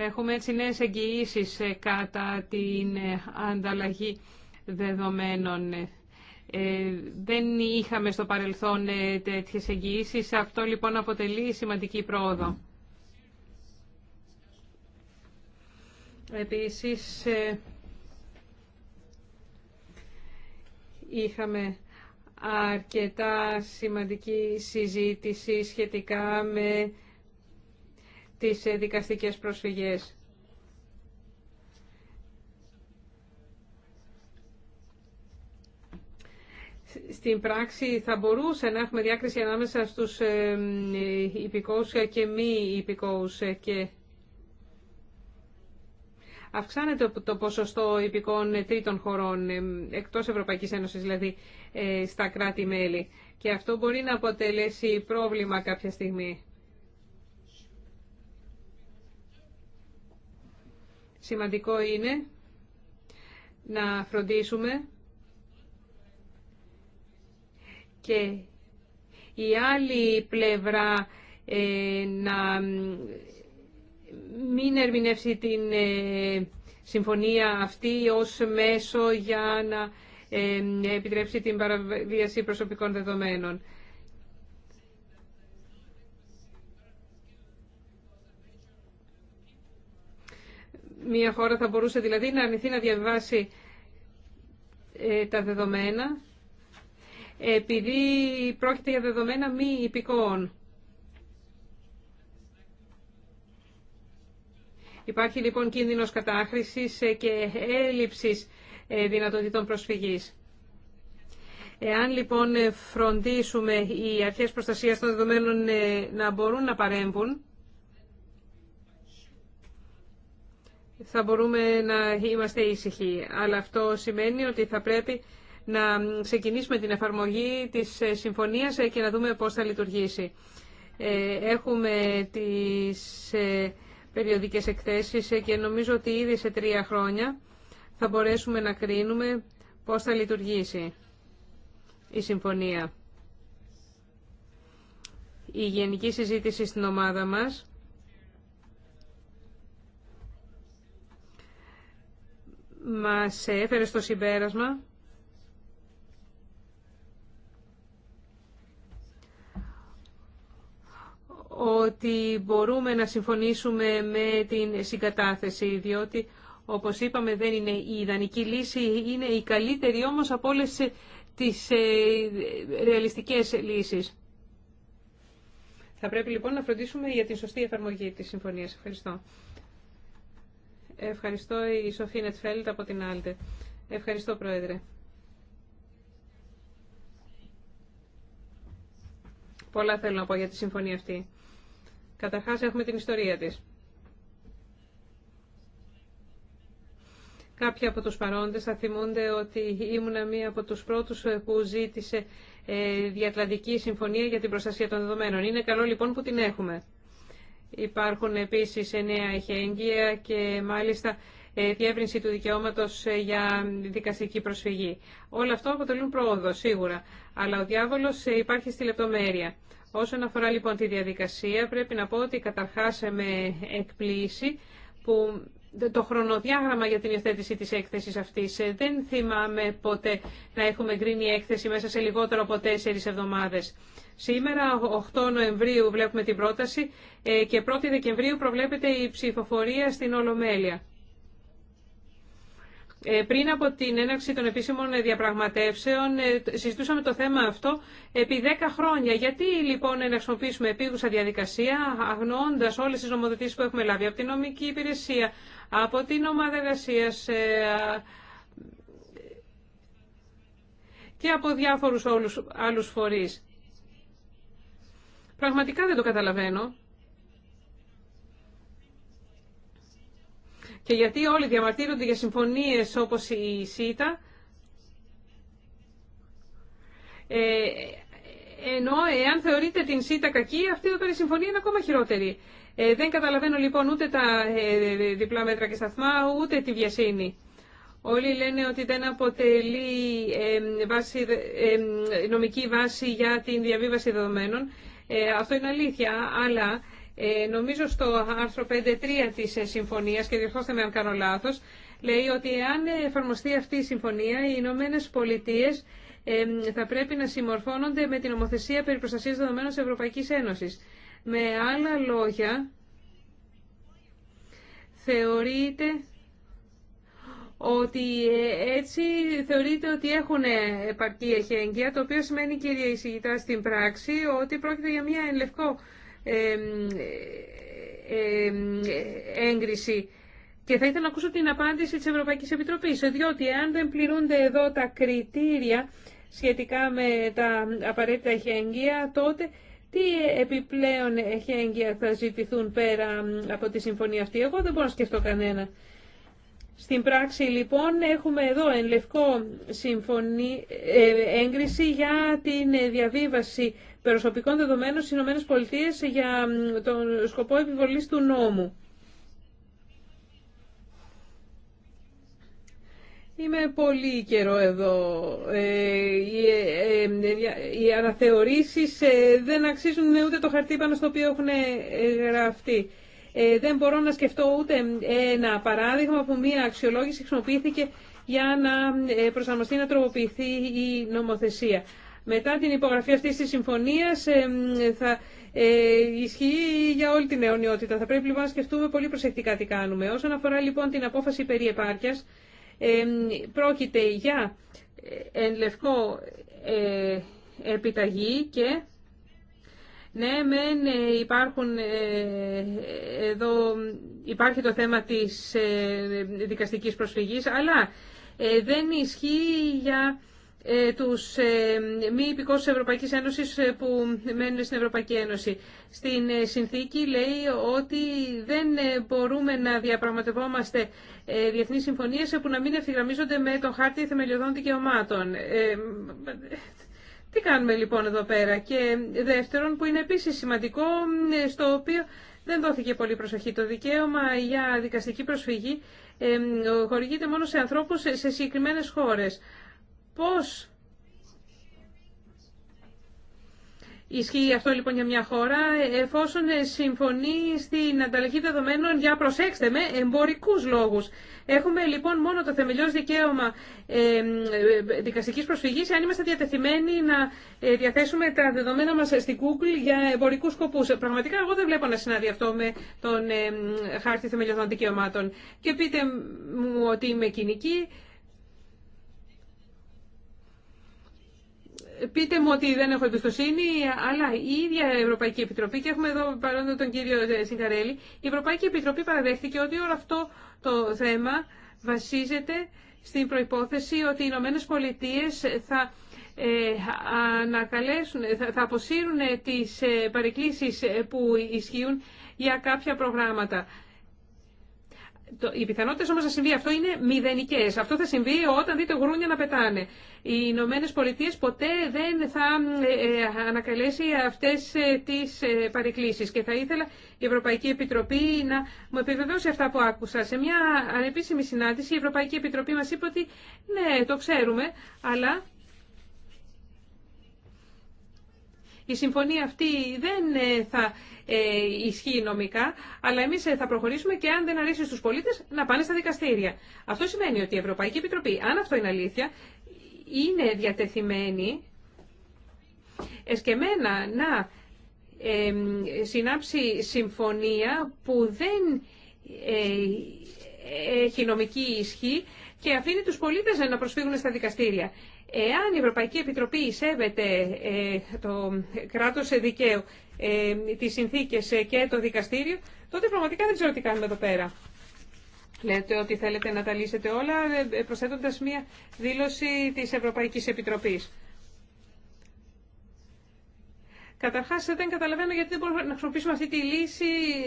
Έχουμε έτσι νέες εγγυήσεις ε, κατά την ε, ανταλλαγή δεδομένων. Ε, δεν είχαμε στο παρελθόν τέτοιες εγγυήσεις. Αυτό λοιπόν αποτελεί σημαντική πρόοδο. Επίσης, είχαμε αρκετά σημαντική συζήτηση σχετικά με τις ε, δικαστικές προσφυγές. Στην πράξη θα μπορούσε να έχουμε διάκριση ανάμεσα στους ε, υπηκόους και μη υπηκόους και αυξάνεται το ποσοστό υπηκών τρίτων χωρών, ε, εκτός Ευρωπαϊκής Ένωσης δηλαδή, στα κράτη-μέλη. Και αυτό μπορεί να αποτελέσει πρόβλημα κάποια στιγμή. Σημαντικό είναι να φροντίσουμε και η άλλη πλευρά ε, να μην ερμηνεύσει την ε, συμφωνία αυτή ως μέσο για να ε, επιτρέψει την παραβίαση προσωπικών δεδομένων. Μία χώρα θα μπορούσε δηλαδή να αρνηθεί να διαβάσει ε, τα δεδομένα επειδή πρόκειται για δεδομένα μη υπηκόων. Υπάρχει λοιπόν κίνδυνος κατάχρησης ε, και έλλειψης ε, δυνατοτήτων προσφυγής. Εάν λοιπόν φροντίσουμε οι αρχές προστασίας των δεδομένων να μπορούν να παρέμβουν, θα μπορούμε να είμαστε ήσυχοι. Αλλά αυτό σημαίνει ότι θα πρέπει να ξεκινήσουμε την εφαρμογή της συμφωνίας και να δούμε πώς θα λειτουργήσει. Ε, έχουμε τις ε, περιοδικές εκθέσεις και νομίζω ότι ήδη σε τρία χρόνια θα μπορέσουμε να κρίνουμε πώς θα λειτουργήσει η συμφωνία. Η γενική συζήτηση στην ομάδα μας μας έφερε στο συμπέρασμα ότι μπορούμε να συμφωνήσουμε με την συγκατάθεση, διότι όπως είπαμε δεν είναι η ιδανική λύση, είναι η καλύτερη όμως από όλες τις ε, ρεαλιστικές λύσεις. Θα πρέπει λοιπόν να φροντίσουμε για την σωστή εφαρμογή της συμφωνίας. Ευχαριστώ. Ευχαριστώ η Σοφή Νετφέλτ από την Άλτε. Ευχαριστώ Πρόεδρε. Πολλά θέλω να πω για τη συμφωνία αυτή. Καταρχάς έχουμε την ιστορία της. Κάποιοι από τους παρόντες θα θυμούνται ότι ήμουν μία από τους πρώτους ε, που ζήτησε ε, διατλαντική συμφωνία για την προστασία των δεδομένων. Είναι καλό λοιπόν που την έχουμε. Υπάρχουν επίσης νέα εχέγγυα και μάλιστα ε, διεύρυνση του δικαιώματος ε, για δικαστική προσφυγή. Όλα αυτό αποτελούν πρόοδο σίγουρα, αλλά ο διάβολος ε, υπάρχει στη λεπτομέρεια. Όσον αφορά λοιπόν τη διαδικασία, πρέπει να πω ότι καταρχάς με εκπλήσει που το χρονοδιάγραμμα για την υιοθέτηση της έκθεσης αυτής. Ε, δεν θυμάμαι ποτέ να έχουμε γκρίνει έκθεση μέσα σε λιγότερο από τέσσερις εβδομάδες. Σήμερα, 8 Νοεμβρίου, βλέπουμε την πρόταση ε, και 1η Δεκεμβρίου προβλέπεται ψηφοφορία στην Ολομέλεια. Ε, πριν από την έναρξη των επίσημων διαπραγματεύσεων ε, συζητούσαμε το θέμα αυτό επί 10 χρόνια. Γιατί λοιπόν να χρησιμοποιήσουμε επίγουσα διαδικασία αγνοώντας όλες τις νομοθετήσει που έχουμε λάβει από την νομική υπηρεσία, από την ομάδα εργασία ε, και από διάφορους άλλου άλλους φορείς. Πραγματικά δεν το καταλαβαίνω. και γιατί όλοι διαμαρτύρονται για συμφωνίες όπως η ΣΥΤΑ, ε, ενώ εάν θεωρείτε την ΣΥΤΑ κακή, αυτή η συμφωνία είναι ακόμα χειρότερη. Ε, δεν καταλαβαίνω λοιπόν ούτε τα ε, διπλά μέτρα και σταθμά, ούτε τη βιασύνη. Όλοι λένε ότι δεν αποτελεί ε, ε νομική βάση για την διαβίβαση δεδομένων. Αυτό είναι αλήθεια, αλλά ε, νομίζω στο άρθρο 5.3 της ε, συμφωνίας, και διορθώστε με αν κάνω λάθος, λέει ότι αν εφαρμοστεί αυτή η συμφωνία, οι Ηνωμένε Πολιτείε θα πρέπει να συμμορφώνονται με την ομοθεσία περί προστασίας δεδομένων της Ευρωπαϊκής Ένωσης. Με άλλα λόγια, θεωρείται ότι ε, έτσι θεωρείται ότι έχουν επαρκή εχέγγυα, το οποίο σημαίνει κύριε εισηγητά στην πράξη ότι πρόκειται για μια ελευκό έγκριση. Και θα ήθελα να ακούσω την απάντηση της Ευρωπαϊκής Επιτροπής, διότι αν δεν πληρούνται εδώ τα κριτήρια σχετικά με τα απαραίτητα εχέγγυα, τότε τι επιπλέον εχέγγυα θα ζητηθούν πέρα από τη συμφωνία αυτή. Εγώ δεν μπορώ να σκεφτώ κανένα. Στην πράξη λοιπόν έχουμε εδώ εν λευκό συμφωνή, ε, έγκριση για την ε, διαβίβαση προσωπικών δεδομένων στις Πολιτείες για τον σκοπό επιβολής του νόμου. Είμαι πολύ καιρό εδώ. Ε, οι, αναθεωρήσεις δεν αξίζουν ούτε το χαρτί πάνω στο οποίο έχουν γραφτεί. Ε, δεν μπορώ να σκεφτώ ούτε ένα παράδειγμα που μία αξιολόγηση χρησιμοποιήθηκε για να ε, προσαρμοστεί να τροποποιηθεί η νομοθεσία. Μετά την υπογραφή αυτής της συμφωνίας ε, θα ισχύει για όλη την αιωνιότητα. Θα πρέπει λοιπόν να σκεφτούμε πολύ προσεκτικά τι κάνουμε. Όσον αφορά λοιπόν την απόφαση περί επάρκειας, πρόκειται για εν λευκό επιταγή και ναι, μεν ε, υπάρχουν, ε, εδώ υπάρχει το θέμα της ε, δικαστικής προσφυγής, αλλά δεν ισχύει για τους μη υπηκόσους της Ευρωπαϊκής Ένωσης που μένουν στην Ευρωπαϊκή Ένωση. Στην συνθήκη λέει ότι δεν μπορούμε να διαπραγματευόμαστε διεθνείς συμφωνίες που να μην ευθυγραμμίζονται με τον χάρτη θεμελιωδών δικαιωμάτων. Τι κάνουμε λοιπόν εδώ πέρα και δεύτερον που είναι επίσης σημαντικό στο οποίο δεν δόθηκε πολύ προσοχή. Το δικαίωμα για δικαστική προσφυγή χορηγείται μόνο σε ανθρώπους σε συγκεκριμένες χώρες. Πώς Ισχύει αυτό λοιπόν για μια χώρα εφόσον ε, συμφωνεί στην ανταλλαγή δεδομένων για, προσέξτε με, εμπορικούς λόγους. Έχουμε λοιπόν μόνο το θεμελιώ δικαίωμα ε, δικαστικής προσφυγής αν είμαστε διατεθειμένοι να ε, διαθέσουμε τα δεδομένα μας στην Google για εμπορικούς σκοπούς. Πραγματικά εγώ δεν βλέπω να συνάδει αυτό με τον χάρτη θεμελιωδών δικαιωμάτων. Και πείτε μου ότι είμαι κοινική. πείτε μου ότι δεν έχω εμπιστοσύνη, αλλά η ίδια Ευρωπαϊκή Επιτροπή, και έχουμε εδώ παρόν τον κύριο ε, Σιγαρέλη, η Ευρωπαϊκή Επιτροπή παραδέχτηκε ότι όλο αυτό το θέμα βασίζεται στην προϋπόθεση ότι οι Ηνωμένε Πολιτείε θα ε, ανακαλέσουν, θα αποσύρουν ε, τις παρεκκλήσεις που ισχύουν για κάποια προγράμματα οι πιθανότητε όμω να συμβεί αυτό είναι μηδενικέ. Αυτό θα συμβεί όταν δείτε γρούνια να πετάνε. Οι Ηνωμένε Πολιτείε ποτέ δεν θα ε, ε, ανακαλέσει αυτέ ε, τι παρεκκλήσει. Και θα ήθελα η Ευρωπαϊκή Επιτροπή να μου επιβεβαιώσει αυτά που άκουσα. Σε μια ανεπίσημη συνάντηση η Ευρωπαϊκή Επιτροπή μα είπε ότι ναι, το ξέρουμε, αλλά Η συμφωνία αυτή δεν ε, θα ε, ισχύει νομικά, αλλά εμείς ε, θα προχωρήσουμε και αν δεν αρέσει στους πολίτες να πάνε στα δικαστήρια. Αυτό σημαίνει ότι η Ευρωπαϊκή Επιτροπή, αν αυτό είναι αλήθεια, είναι διατεθειμένη εσκεμένα να συνάψει συμφωνία που δεν έχει νομική ισχύ και αφήνει τους πολίτες να προσφύγουν στα δικαστήρια. Εάν η Ευρωπαϊκή Επιτροπή σέβεται ε, το κράτος δικαίου, ε, τις συνθήκες ε, και το δικαστήριο, τότε πραγματικά δεν ξέρω τι κάνουμε εδώ πέρα. Λέτε ότι θέλετε να τα λύσετε όλα προσθέτοντας μία δήλωση της Ευρωπαϊκής Επιτροπής. Καταρχάς δεν καταλαβαίνω γιατί δεν μπορούμε να χρησιμοποιήσουμε αυτή τη λύση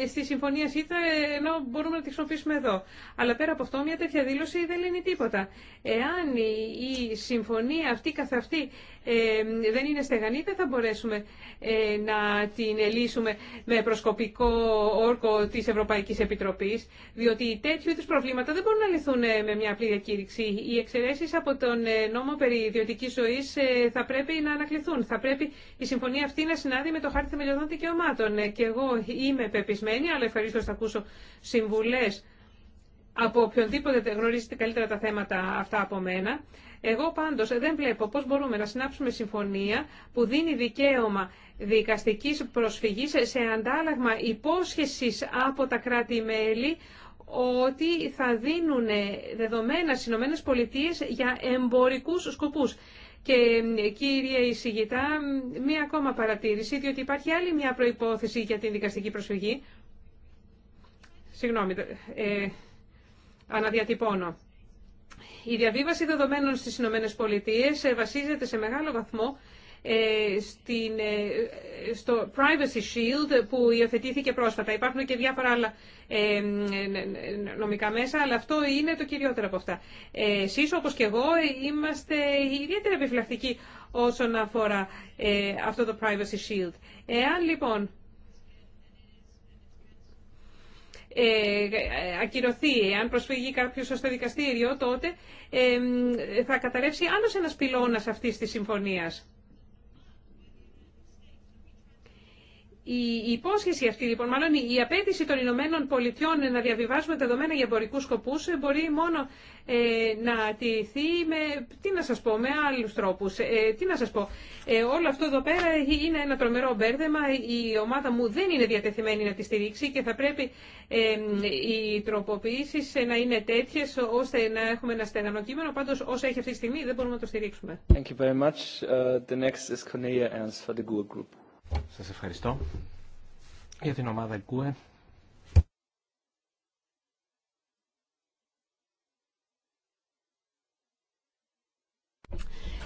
στη συμφωνία ΣΥΤΑ ενώ μπορούμε να τη χρησιμοποιήσουμε εδώ. Αλλά πέρα από αυτό μια τέτοια δήλωση δεν λύνει τίποτα. Εάν η συμφωνία αυτή καθ' αυτή ε, δεν είναι στεγανή, δεν θα μπορέσουμε ε, να την λύσουμε με προσκοπικό όρκο της Ευρωπαϊκής Επιτροπής, διότι τέτοιου είδους προβλήματα δεν μπορούν να λυθούν ε, με μια απλή διακήρυξη. Οι εξαιρέσει από τον νόμο περί ιδιωτική ζωής θα πρέπει να ανακληθούν. Θα πρέπει η συμφωνία αυτή να συνάδει με το χάρτη θεμελιωδών δικαιωμάτων. Και εγώ είμαι πεπισμένη, αλλά ευχαρίστω θα ακούσω συμβουλές από οποιονδήποτε γνωρίζετε καλύτερα τα θέματα αυτά από μένα, εγώ πάντως ε, δεν βλέπω πώς μπορούμε να συνάψουμε συμφωνία που δίνει δικαίωμα δικαστικής προσφυγής σε αντάλλαγμα υπόσχεσης από τα κράτη-μέλη ότι θα δίνουν δεδομένα στι Ηνωμένε για εμπορικούς σκοπούς. Και κύριε Ισηγητά, μία ακόμα παρατήρηση, διότι υπάρχει άλλη μια προϋπόθεση για την δικαστική προσφυγή. Συγγνώμη, ε, αναδιατυπώνω. Η διαβίβαση δεδομένων στις Ηνωμένε Πολιτείες ε, βασίζεται σε μεγάλο βαθμό ε, στην, ε, στο Privacy Shield που υιοθετήθηκε πρόσφατα. Υπάρχουν και διάφορα άλλα νομικά μέσα, αλλά αυτό είναι το κυριότερο από αυτά. Εσείς, όπως και εγώ, είμαστε ιδιαίτερα επιφυλακτικοί όσον αφορά αυτό το Privacy Shield. Εάν λοιπόν Ε, ακυρωθεί, αν προσφύγει κάποιος στο δικαστήριο, τότε θα καταρρεύσει άλλος ένας πυλώνας αυτής της συμφωνίας. Η υπόσχεση αυτή, λοιπόν, μάλλον η απέτηση των Ηνωμένων Πολιτειών να διαβιβάσουμε δεδομένα για εμπορικού σκοπού ε, μπορεί μόνο ε, να τηρηθεί με, τι να σας πω, με άλλους τρόπους. Ε, τι να σας πω, όλο αυτό εδώ πέρα είναι ένα τρομερό μπέρδεμα, η ομάδα μου δεν είναι διατεθειμένη να τη στηρίξει και θα πρέπει οι τροποποιήσεις να είναι τέτοιες ώστε να έχουμε ένα στενανό κείμενο, πάντως όσα έχει αυτή τη στιγμή δεν μπορούμε να το στηρίξουμε. Thank you very much. Uh, the next is Ernst for Group. Σας ευχαριστώ για την ομάδα ΚΟΕ.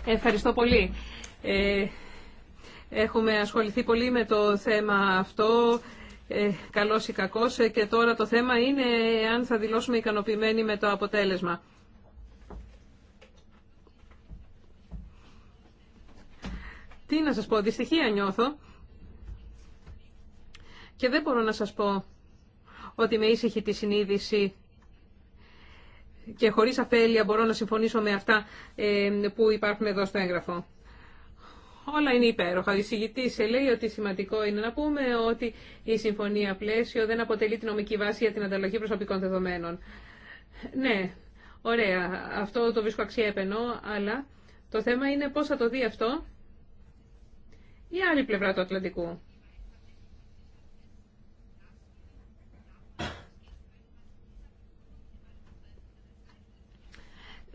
Ευχαριστώ πολύ. Ε, έχουμε ασχοληθεί πολύ με το θέμα αυτό, ε, καλός ή κακός, ε, και τώρα το θέμα είναι αν θα δηλώσουμε ικανοποιημένοι με το αποτέλεσμα. Τι να σας πω, δυστυχία νιώθω και δεν μπορώ να σας πω ότι με ήσυχη τη συνείδηση και χωρίς αφέλεια μπορώ να συμφωνήσω με αυτά ε, που υπάρχουν εδώ στο έγγραφο. Όλα είναι υπέροχα. Η συγητή λέει ότι σημαντικό είναι να πούμε ότι η συμφωνία πλαίσιο δεν αποτελεί την νομική βάση για την ανταλλαγή προσωπικών δεδομένων. Ναι, ωραία, αυτό το βρίσκω αξιέπαινο, αλλά το θέμα είναι πώς θα το δει αυτό η άλλη πλευρά του Ατλαντικού.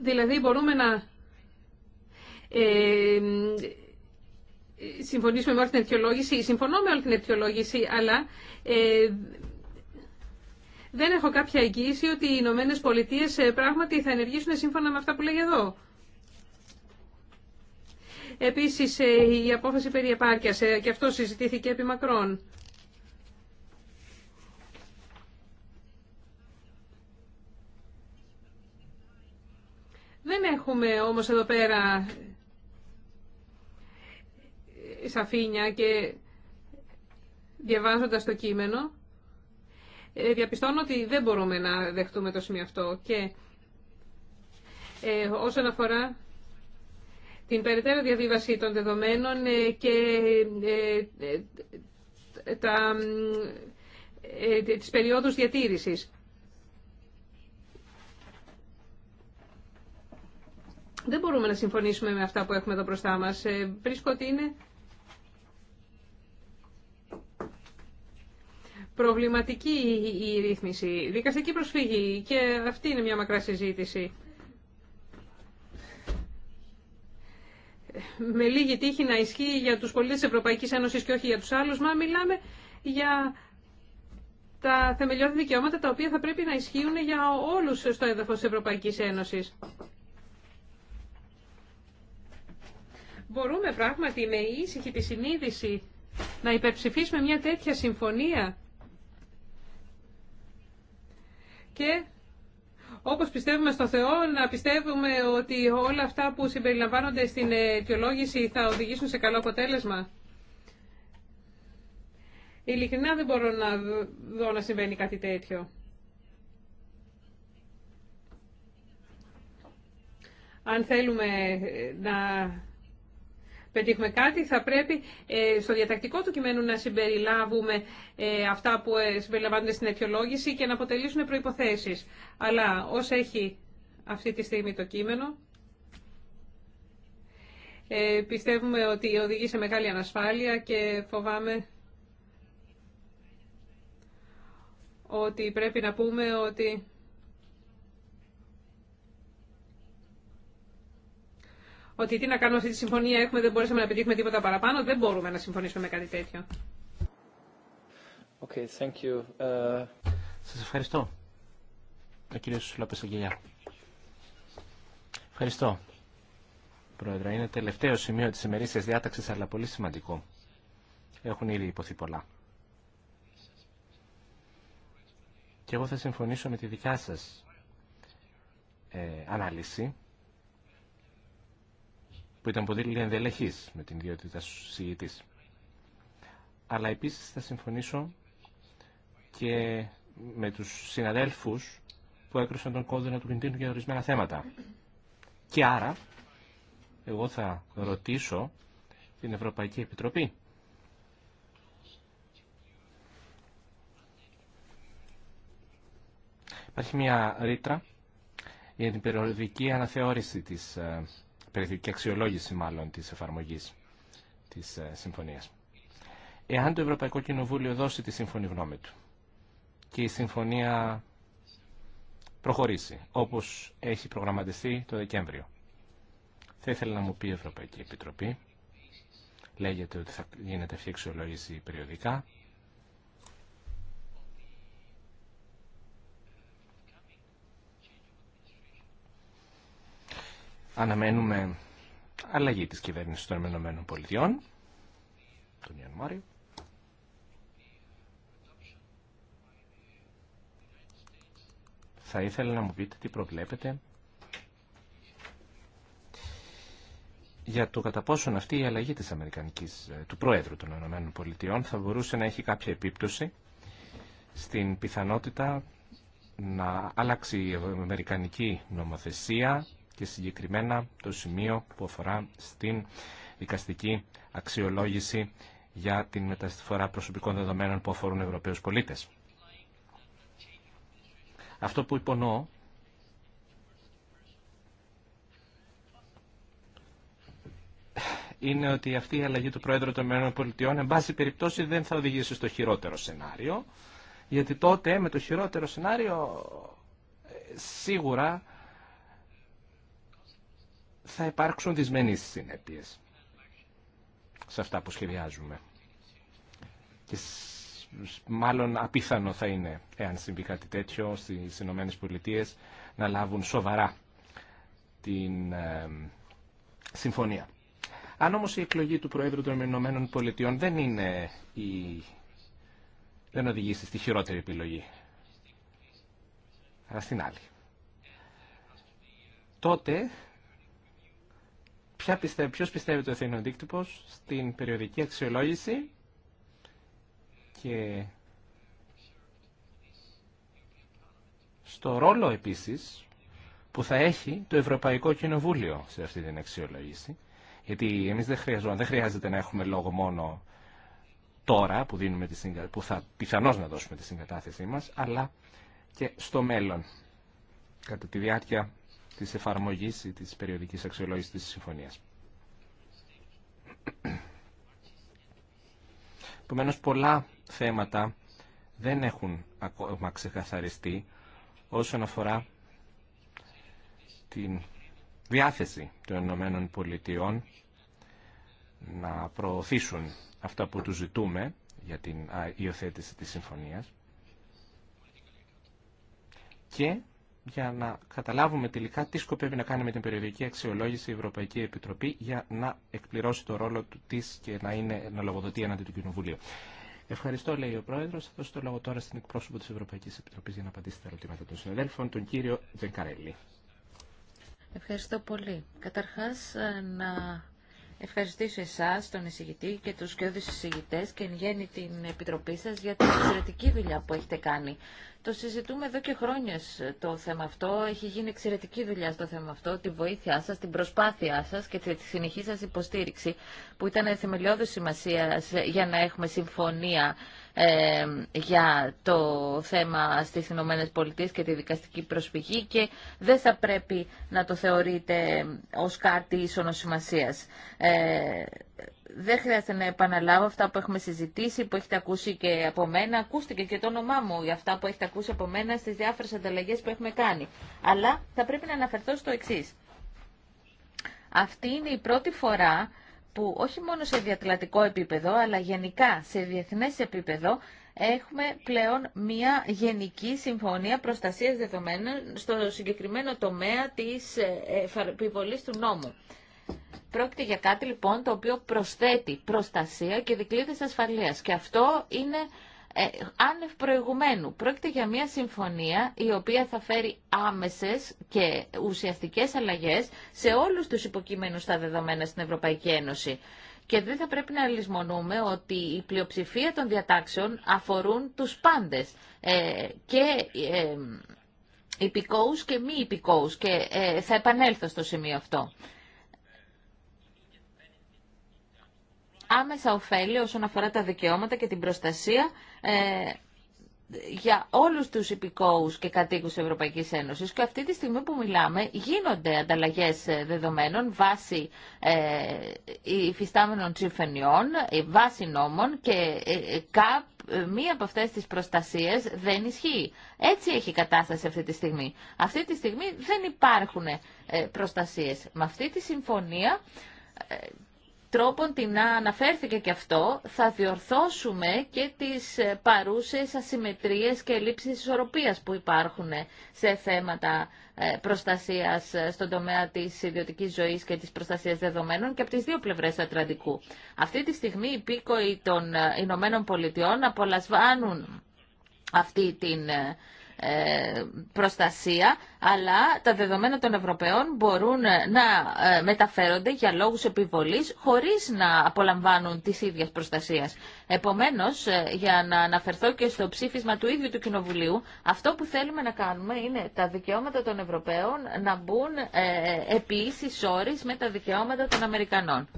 Δηλαδή μπορούμε να ε, συμφωνήσουμε με όλη την αιτιολόγηση. Συμφωνώ με όλη την αιτιολόγηση, αλλά ε, δεν έχω κάποια εγγύηση ότι οι Ηνωμένε Πολιτείε ε, πράγματι θα ενεργήσουν σύμφωνα με αυτά που λέγει εδώ. Επίσης, ε, η απόφαση περί επάρκειας, και αυτό συζητήθηκε επί μακρόν. Δεν έχουμε όμως εδώ πέρα σαφήνια και διαβάζοντας το κείμενο, ε, διαπιστώνω ότι δεν μπορούμε να δεχτούμε το σημείο αυτό. Και ε, όσον αφορά την περαιτέρω διαβίβαση των δεδομένων ε, και ε, τα, τις περιόδους διατήρησης. δεν μπορούμε να συμφωνήσουμε με αυτά που έχουμε εδώ μπροστά μας. Ε, βρίσκω ότι είναι προβληματική η ρύθμιση. Δικαστική προσφύγη και αυτή είναι μια μακρά συζήτηση. Με λίγη τύχη να ισχύει για τους πολίτες της Ευρωπαϊκής Ένωσης και όχι για τους άλλους, μα μιλάμε για τα θεμελιώδη δικαιώματα τα οποία θα πρέπει να ισχύουν για όλους στο έδαφος της Ευρωπαϊκής Ένωσης. Μπορούμε πράγματι με ήσυχη τη συνείδηση να υπερψηφίσουμε μια τέτοια συμφωνία και όπως πιστεύουμε στο Θεό, να πιστεύουμε ότι όλα αυτά που συμπεριλαμβάνονται στην αιτιολόγηση θα οδηγήσουν σε καλό αποτέλεσμα. Ειλικρινά δεν μπορώ να δω να συμβαίνει κάτι τέτοιο. Αν θέλουμε να πετύχουμε κάτι, θα πρέπει ε, στο διατακτικό του κειμένου να συμπεριλάβουμε ε, αυτά που ε, συμπεριλαμβάνονται στην αιτιολόγηση και να αποτελήσουν προϋποθέσεις. Αλλά ως έχει αυτή τη στιγμή το κείμενο, πιστεύουμε ότι οδηγεί σε μεγάλη ανασφάλεια και φοβάμαι ότι πρέπει να πούμε ότι ότι τι να κάνουμε αυτή τη συμφωνία έχουμε, δεν μπορούσαμε να πετύχουμε τίποτα παραπάνω, δεν μπορούμε να συμφωνήσουμε με κάτι τέτοιο. Okay, thank you. Uh, σας ευχαριστώ. Ο κύριος Λόπες Αγγελιά. Ευχαριστώ. Πρόεδρε, είναι τελευταίο σημείο της ημερήσιας διάταξης, αλλά πολύ σημαντικό. Έχουν ήδη υποθεί πολλά. Και εγώ θα συμφωνήσω με τη δικιά σας ε, ανάλυση που ήταν πολύ ενδελεχής με την ιδιότητα συγητής. Αλλά επίσης θα συμφωνήσω και με τους συναδέλφους που έκρουσαν τον κόδωνα του κινδύνου για ορισμένα θέματα. Και άρα, εγώ θα ρωτήσω την Ευρωπαϊκή Επιτροπή. Υπάρχει μια ρήτρα για την περιοδική αναθεώρηση της ε, και αξιολόγηση μάλλον της εφαρμογής της ε, συμφωνίας. Εάν το Ευρωπαϊκό Κοινοβούλιο δώσει τη σύμφωνη γνώμη του και η συμφωνία προχωρήσει όπως έχει προγραμματιστεί το Δεκέμβριο, θα ήθελα να μου πει η Ευρωπαϊκή Επιτροπή, λέγεται ότι θα γίνεται αυτή αξιολόγηση περιοδικά, αναμένουμε αλλαγή της κυβέρνησης των Ηνωμένων Πολιτειών τον Ιανουάριο. Θα ήθελα να μου πείτε τι προβλέπετε για το κατά πόσον αυτή η αλλαγή της Αμερικανικής, ε, του Πρόεδρου των Ηνωμένων Πολιτειών θα μπορούσε να έχει κάποια επίπτωση στην πιθανότητα να άλλαξει η Αμερικανική νομοθεσία και συγκεκριμένα το σημείο που αφορά στην δικαστική αξιολόγηση για την μεταφορά προσωπικών δεδομένων που αφορούν Ευρωπαίους πολίτες. Αυτό που υπονοώ είναι ότι αυτή η αλλαγή του Πρόεδρου των ΗΠΑ, εν πάση περιπτώσει, δεν θα οδηγήσει στο χειρότερο σενάριο, γιατί τότε με το χειρότερο σενάριο ε, σίγουρα θα υπάρξουν δυσμενείς συνέπειες σε αυτά που σχεδιάζουμε. Και μάλλον απίθανο θα είναι, εάν συμβεί κάτι τέτοιο, στις Ηνωμένες Πολιτείες να λάβουν σοβαρά την συμφωνία. Αν όμως η εκλογή του Προέδρου των Ηνωμένων Πολιτειών δεν είναι η... δεν οδηγήσει στη χειρότερη επιλογή, αλλά στην άλλη. Τότε Ποιος πιστεύει, το πιστεύετε ότι στην περιοδική αξιολόγηση και στο ρόλο επίσης που θα έχει το Ευρωπαϊκό Κοινοβούλιο σε αυτή την αξιολόγηση. Γιατί εμείς δεν, χρειάζεται να έχουμε λόγο μόνο τώρα που, δίνουμε τη που θα πιθανώς να δώσουμε τη συγκατάθεσή μας, αλλά και στο μέλλον, κατά τη διάρκεια της εφαρμογής ή της περιοδικής αξιολόγησης της συμφωνίας. Επομένως, πολλά θέματα δεν έχουν ακόμα ξεκαθαριστεί όσον αφορά την διάθεση των Ηνωμένων Πολιτειών να προωθήσουν αυτά που τους ζητούμε για την υιοθέτηση της συμφωνίας και για να καταλάβουμε τελικά τι σκοπεύει να κάνει με την περιοδική αξιολόγηση η Ευρωπαϊκή Επιτροπή για να εκπληρώσει το ρόλο του της και να, είναι, να λογοδοτεί εναντί του Κοινοβουλίου. Ευχαριστώ, λέει ο Πρόεδρο. Θα δώσω το λόγο τώρα στην εκπρόσωπο τη Ευρωπαϊκή Επιτροπή για να απαντήσει στα ερωτήματα των συναδέλφων, τον κύριο Τζενκαρέλη. Ευχαριστώ πολύ. Καταρχά να ευχαριστήσω εσάς, τον εισηγητή και τους κοιόδους εισηγητές και εν γέννη την Επιτροπή σας για την εξαιρετική δουλειά που έχετε κάνει. Το συζητούμε εδώ και χρόνια το θέμα αυτό. Έχει γίνει εξαιρετική δουλειά στο θέμα αυτό, τη βοήθειά σας, την προσπάθειά σας και τη συνεχή σας υποστήριξη που ήταν θεμελιώδη σημασία για να έχουμε συμφωνία ε, για το θέμα στις Ηνωμένες Πολιτείες και τη δικαστική προσφυγή και δεν θα πρέπει να το θεωρείτε ως κάτι ίσονος σημασίας. Ε, δεν χρειάζεται να επαναλάβω αυτά που έχουμε συζητήσει, που έχετε ακούσει και από μένα. Ακούστηκε και το όνομά μου για αυτά που έχετε ακούσει από μένα στις διάφορες ανταλλαγές που έχουμε κάνει. Αλλά θα πρέπει να αναφερθώ στο εξής. Αυτή είναι η πρώτη φορά που όχι μόνο σε διατλατικό επίπεδο, αλλά γενικά σε διεθνές επίπεδο, έχουμε πλέον μια γενική συμφωνία προστασίας δεδομένων στο συγκεκριμένο τομέα της ε, ε, επιβολής του νόμου. Πρόκειται για κάτι λοιπόν το οποίο προσθέτει προστασία και δικλείδες ασφαλείας και αυτό είναι ε, άνευ προηγουμένου. Πρόκειται για μια συμφωνία η οποία θα φέρει άμεσες και ουσιαστικές αλλαγές σε όλους τους υποκείμενους στα δεδομένα στην Ευρωπαϊκή Ένωση. Και δεν θα πρέπει να λησμονούμε ότι η πλειοψηφία των διατάξεων αφορούν τους πάντες ε, και ε, υπηκόους και μη υπηκόους και ε, θα επανέλθω στο σημείο αυτό. άμεσα ωφέλη όσον αφορά τα δικαιώματα και την προστασία ε, για όλους τους υπηκόους και κατοίκους της Ευρωπαϊκής Ένωσης και αυτή τη στιγμή που μιλάμε γίνονται ανταλλαγές ε, δεδομένων βάσει ε, υφιστάμενων συμφωνιών, ε, βάσει νόμων και μία από αυτές τις προστασίες δεν ισχύει. Έτσι έχει κατάσταση αυτή τη στιγμή. Αυτή τη στιγμή δεν υπάρχουν προστασίες. Με αυτή τη συμφωνία τρόπον την αναφέρθηκε και αυτό, θα διορθώσουμε και τις ε, παρούσες ασυμμετρίες και λήψεις ισορροπίας που υπάρχουν ε, σε θέματα ε, προστασίας στον τομέα της ιδιωτικής ζωής και της προστασίας δεδομένων και από τις δύο πλευρές του Αυτή τη στιγμή οι πίκοοι των Ηνωμένων Πολιτειών απολασβάνουν αυτή την ε, προστασία, αλλά τα δεδομένα των Ευρωπαίων μπορούν ε, να ε, μεταφέρονται για λόγους επιβολής χωρίς να απολαμβάνουν της ίδιες προστασίας. Επομένως, για να αναφερθώ και στο ψήφισμα του ίδιου του Κοινοβουλίου, αυτό που θέλουμε να κάνουμε είναι τα δικαιώματα των Ευρωπαίων να μπουν επίσης επί με τα δικαιώματα των Αμερικανών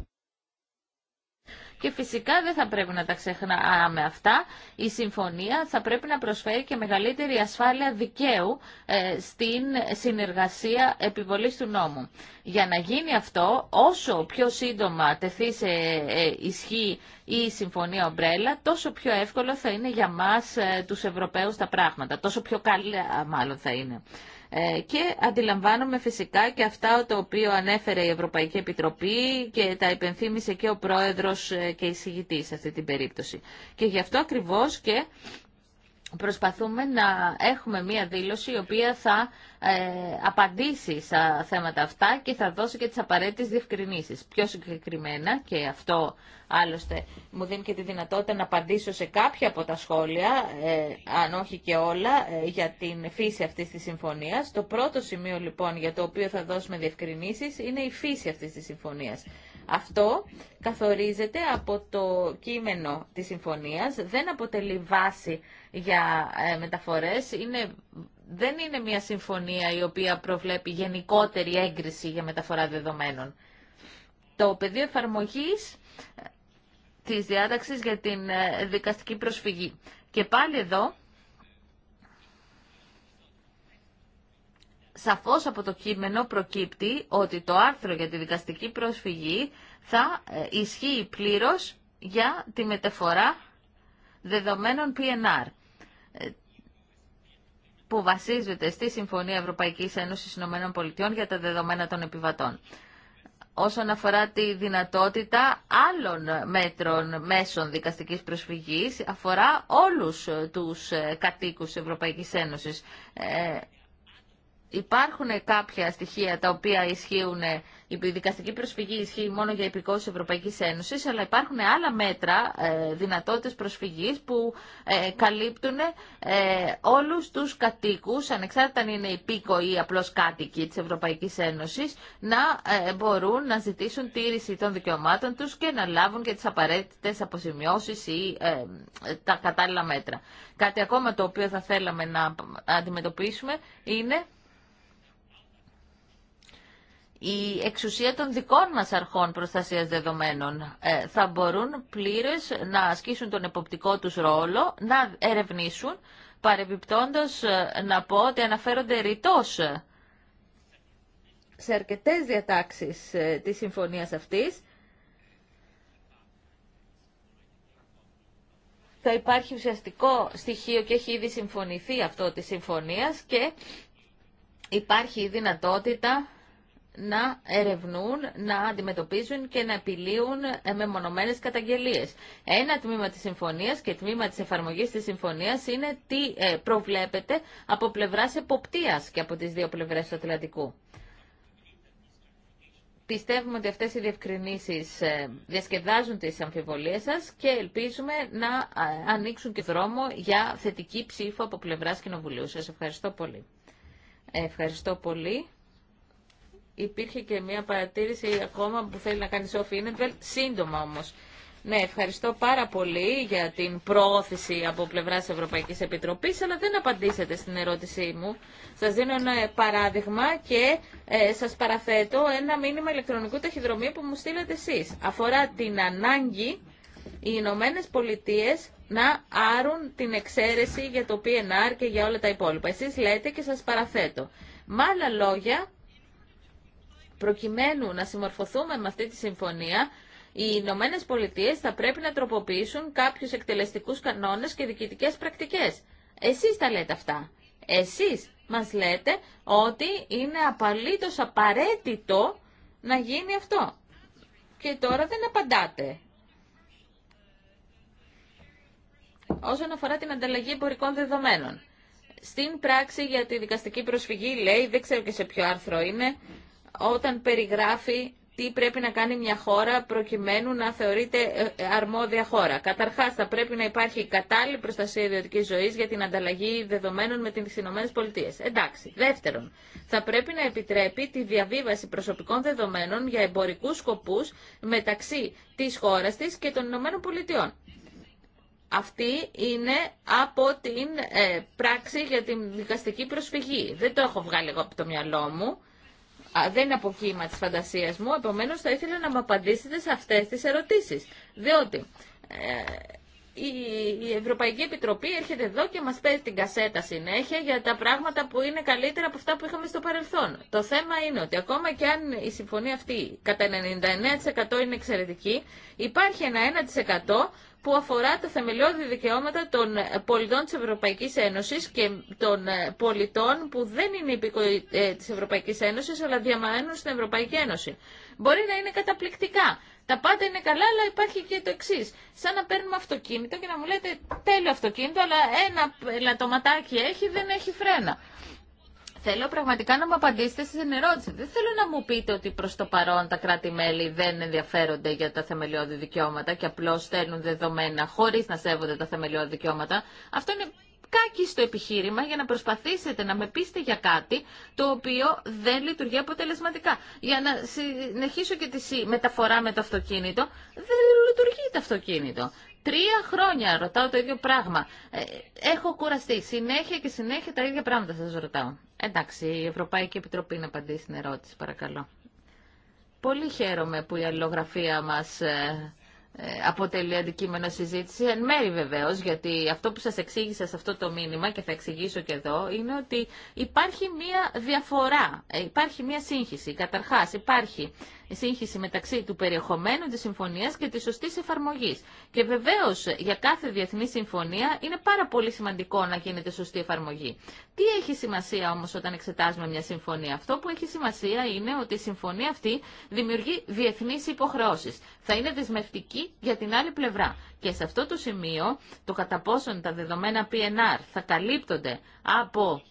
και φυσικά δεν θα πρέπει να τα ξεχνάμε αυτά. Η συμφωνία θα πρέπει να προσφέρει και μεγαλύτερη ασφάλεια δικαίου ε, στην συνεργασία επιβολής του νόμου. Για να γίνει αυτό, όσο πιο σύντομα τεθεί σε ε, ισχύ η συμφωνία ομπρέλα, τόσο πιο εύκολο θα είναι για μας ε, τους Ευρωπαίους τα πράγματα, τόσο πιο καλά μάλλον θα είναι. Ε, και αντιλαμβάνομαι φυσικά και αυτά το οποίο ανέφερε η Ευρωπαϊκή Επιτροπή και τα υπενθύμησε και ο Πρόεδρος ε, και η συγητής σε αυτή την περίπτωση. Και γι' αυτό ακριβώς και Προσπαθούμε να έχουμε μία δήλωση η οποία θα ε, απαντήσει στα θέματα αυτά και θα δώσει και τις απαραίτητες διευκρινήσεις. Πιο συγκεκριμένα, και αυτό άλλωστε μου δίνει και τη δυνατότητα να απαντήσω σε κάποια από τα σχόλια, ε, αν όχι και όλα, ε, για την φύση αυτής της συμφωνίας. Το πρώτο σημείο λοιπόν για το οποίο θα δώσουμε διευκρινήσεις είναι η φύση αυτής της συμφωνίας. Αυτό καθορίζεται από το κείμενο της συμφωνίας, δεν αποτελεί βάση για ε, μεταφορές είναι, δεν είναι μια συμφωνία η οποία προβλέπει γενικότερη έγκριση για μεταφορά δεδομένων. Το πεδίο εφαρμογής ε, της διάταξης για την ε, δικαστική προσφυγή. Και πάλι εδώ, σαφώς από το κείμενο προκύπτει ότι το άρθρο για τη δικαστική προσφυγή θα ισχύει πλήρως για τη μεταφορά δεδομένων PNR που βασίζεται στη Συμφωνία Ευρωπαϊκής Ένωση Ηνωμένων Πολιτειών για τα δεδομένα των επιβατών. Όσον αφορά τη δυνατότητα άλλων μέτρων μέσων δικαστικής προσφυγής, αφορά όλους τους ε, κατοίκους Ευρωπαϊκής Ένωσης. Ε, Υπάρχουν κάποια στοιχεία τα οποία ισχύουν, η δικαστική προσφυγή ισχύει μόνο για τη Ευρωπαϊκή Ένωση, αλλά υπάρχουν άλλα μέτρα, ε, δυνατότητε προσφυγή που ε, καλύπτουν ε, όλους τους κατοίκου, ανεξάρτητα αν είναι υπήκοοι ή απλώ κάτοικοι τη Ευρωπαϊκή Ένωσης, να μπορούν να ζητήσουν τήρηση των δικαιωμάτων τους και να λάβουν και τι απαραίτητε αποζημιώσει ή τα κατάλληλα μέτρα. Κάτι ακόμα το οποίο θα θέλαμε να αντιμετωπίσουμε είναι η εξουσία των δικών μας αρχών προστασίας δεδομένων ε, θα μπορούν πλήρες να ασκήσουν τον εποπτικό τους ρόλο, να ερευνήσουν, παρεμπιπτόντως ε, να πω ότι αναφέρονται ρητός ε, σε αρκετές διατάξεις της συμφωνίας αυτής. Θα υπάρχει ουσιαστικό στοιχείο και έχει ήδη συμφωνηθεί αυτό της συμφωνίας και υπάρχει η δυνατότητα να ερευνούν, να αντιμετωπίζουν και να επιλύουν μεμονωμένες καταγγελίες. Ένα τμήμα της συμφωνίας και τμήμα της εφαρμογής της συμφωνίας είναι τι ε, προβλέπεται από πλευράς εποπτείας και από τις δύο πλευρές του Ατλαντικού. Πιστεύουμε ότι αυτές οι διευκρινήσεις ε, διασκεδάζουν τις αμφιβολίες σας και ελπίζουμε να ε, ανοίξουν και δρόμο για θετική ψήφο από πλευράς Κοινοβουλίου. Σας ευχαριστώ πολύ. Ευχαριστώ πολύ υπήρχε και μια παρατήρηση ακόμα που θέλει να κάνει Σόφη Ίνεμπελ, σύντομα όμως. Ναι, ευχαριστώ πάρα πολύ για την προώθηση από πλευρά τη Ευρωπαϊκή Επιτροπή, αλλά δεν απαντήσετε στην ερώτησή μου. Σα δίνω ένα παράδειγμα και ε, σα παραθέτω ένα μήνυμα ηλεκτρονικού ταχυδρομείου που μου στείλετε εσεί. Αφορά την ανάγκη οι Ηνωμένε Πολιτείε να άρουν την εξαίρεση για το PNR και για όλα τα υπόλοιπα. Εσεί λέτε και σα παραθέτω. Με άλλα λόγια, προκειμένου να συμμορφωθούμε με αυτή τη συμφωνία, οι Ηνωμένε Πολιτείε θα πρέπει να τροποποιήσουν κάποιους εκτελεστικούς κανόνες και διοικητικέ πρακτικές. Εσείς τα λέτε αυτά. Εσείς μας λέτε ότι είναι απαλήτως απαραίτητο να γίνει αυτό. Και τώρα δεν απαντάτε. Όσον αφορά την ανταλλαγή εμπορικών δεδομένων. Στην πράξη για τη δικαστική προσφυγή λέει, δεν ξέρω και σε ποιο άρθρο είναι, όταν περιγράφει τι πρέπει να κάνει μια χώρα προκειμένου να θεωρείται ε, ε, αρμόδια χώρα. Καταρχά, θα πρέπει να υπάρχει κατάλληλη προστασία ιδιωτική ζωή για την ανταλλαγή δεδομένων με τι ΗΠΑ. Εντάξει. Δεύτερον, θα πρέπει να επιτρέπει τη διαβίβαση προσωπικών δεδομένων για εμπορικού σκοπού μεταξύ τη χώρα τη και των ΗΠΑ. Αυτή είναι από την ε, πράξη για την δικαστική προσφυγή. Δεν το έχω βγάλει εγώ από το μυαλό μου δεν είναι από κύμα της φαντασίας μου, επομένως θα ήθελα να μου απαντήσετε σε αυτές τις ερωτήσεις. Διότι ε, η Ευρωπαϊκή Επιτροπή έρχεται εδώ και μας παίζει την κασέτα συνέχεια για τα πράγματα που είναι καλύτερα από αυτά που είχαμε στο παρελθόν. Το θέμα είναι ότι ακόμα και αν η συμφωνία αυτή κατά 99% είναι εξαιρετική, υπάρχει ένα 1% που αφορά τα θεμελιώδη δικαιώματα των πολιτών της Ευρωπαϊκής Ένωσης και των ε, πολιτών που δεν είναι υπηκοί ε, της Ευρωπαϊκής Ένωσης αλλά διαμαίνουν στην Ευρωπαϊκή Ένωση. Μπορεί να είναι καταπληκτικά. Τα πάντα είναι καλά, αλλά υπάρχει και το εξή. Σαν να παίρνουμε αυτοκίνητο και να μου λέτε τέλειο αυτοκίνητο, αλλά ένα λατωματάκι έχει, δεν έχει φρένα. Θέλω πραγματικά να μου απαντήσετε στην ερώτηση. Δεν θέλω να μου πείτε ότι προ το παρόν τα κράτη-μέλη δεν ενδιαφέρονται για τα θεμελιώδη δικαιώματα και απλώ στέλνουν δεδομένα χωρί να σέβονται τα θεμελιώδη δικαιώματα. Αυτό είναι στο επιχείρημα για να προσπαθήσετε να με πείστε για κάτι το οποίο δεν λειτουργεί αποτελεσματικά. Για να συνεχίσω και τη μεταφορά με το αυτοκίνητο, δεν λειτουργεί το αυτοκίνητο. Τρία χρόνια ρωτάω το ίδιο πράγμα. Ε, έχω κουραστεί. Συνέχεια και συνέχεια τα ίδια πράγματα σας ρωτάω. Εντάξει, η Ευρωπαϊκή Επιτροπή να απαντήσει την ερώτηση, παρακαλώ. Πολύ χαίρομαι που η αλληλογραφία μας ε, ε, αποτελεί αντικείμενο συζήτηση, εν μέρη βεβαίω, γιατί αυτό που σας εξήγησα σε αυτό το μήνυμα και θα εξηγήσω και εδώ, είναι ότι υπάρχει μία διαφορά, υπάρχει μία σύγχυση. Καταρχάς υπάρχει σύγχυση μεταξύ του περιεχομένου της συμφωνίας και της σωστής εφαρμογής. Και βεβαίως για κάθε διεθνή συμφωνία είναι πάρα πολύ σημαντικό να γίνεται σωστή εφαρμογή. Τι έχει σημασία όμως όταν εξετάζουμε μια συμφωνία. Αυτό που έχει σημασία είναι ότι η συμφωνία αυτή δημιουργεί διεθνείς υποχρεώσεις. Θα είναι δεσμευτική για την άλλη πλευρά. Και σε αυτό το σημείο το κατά πόσον τα δεδομένα PNR θα καλύπτονται από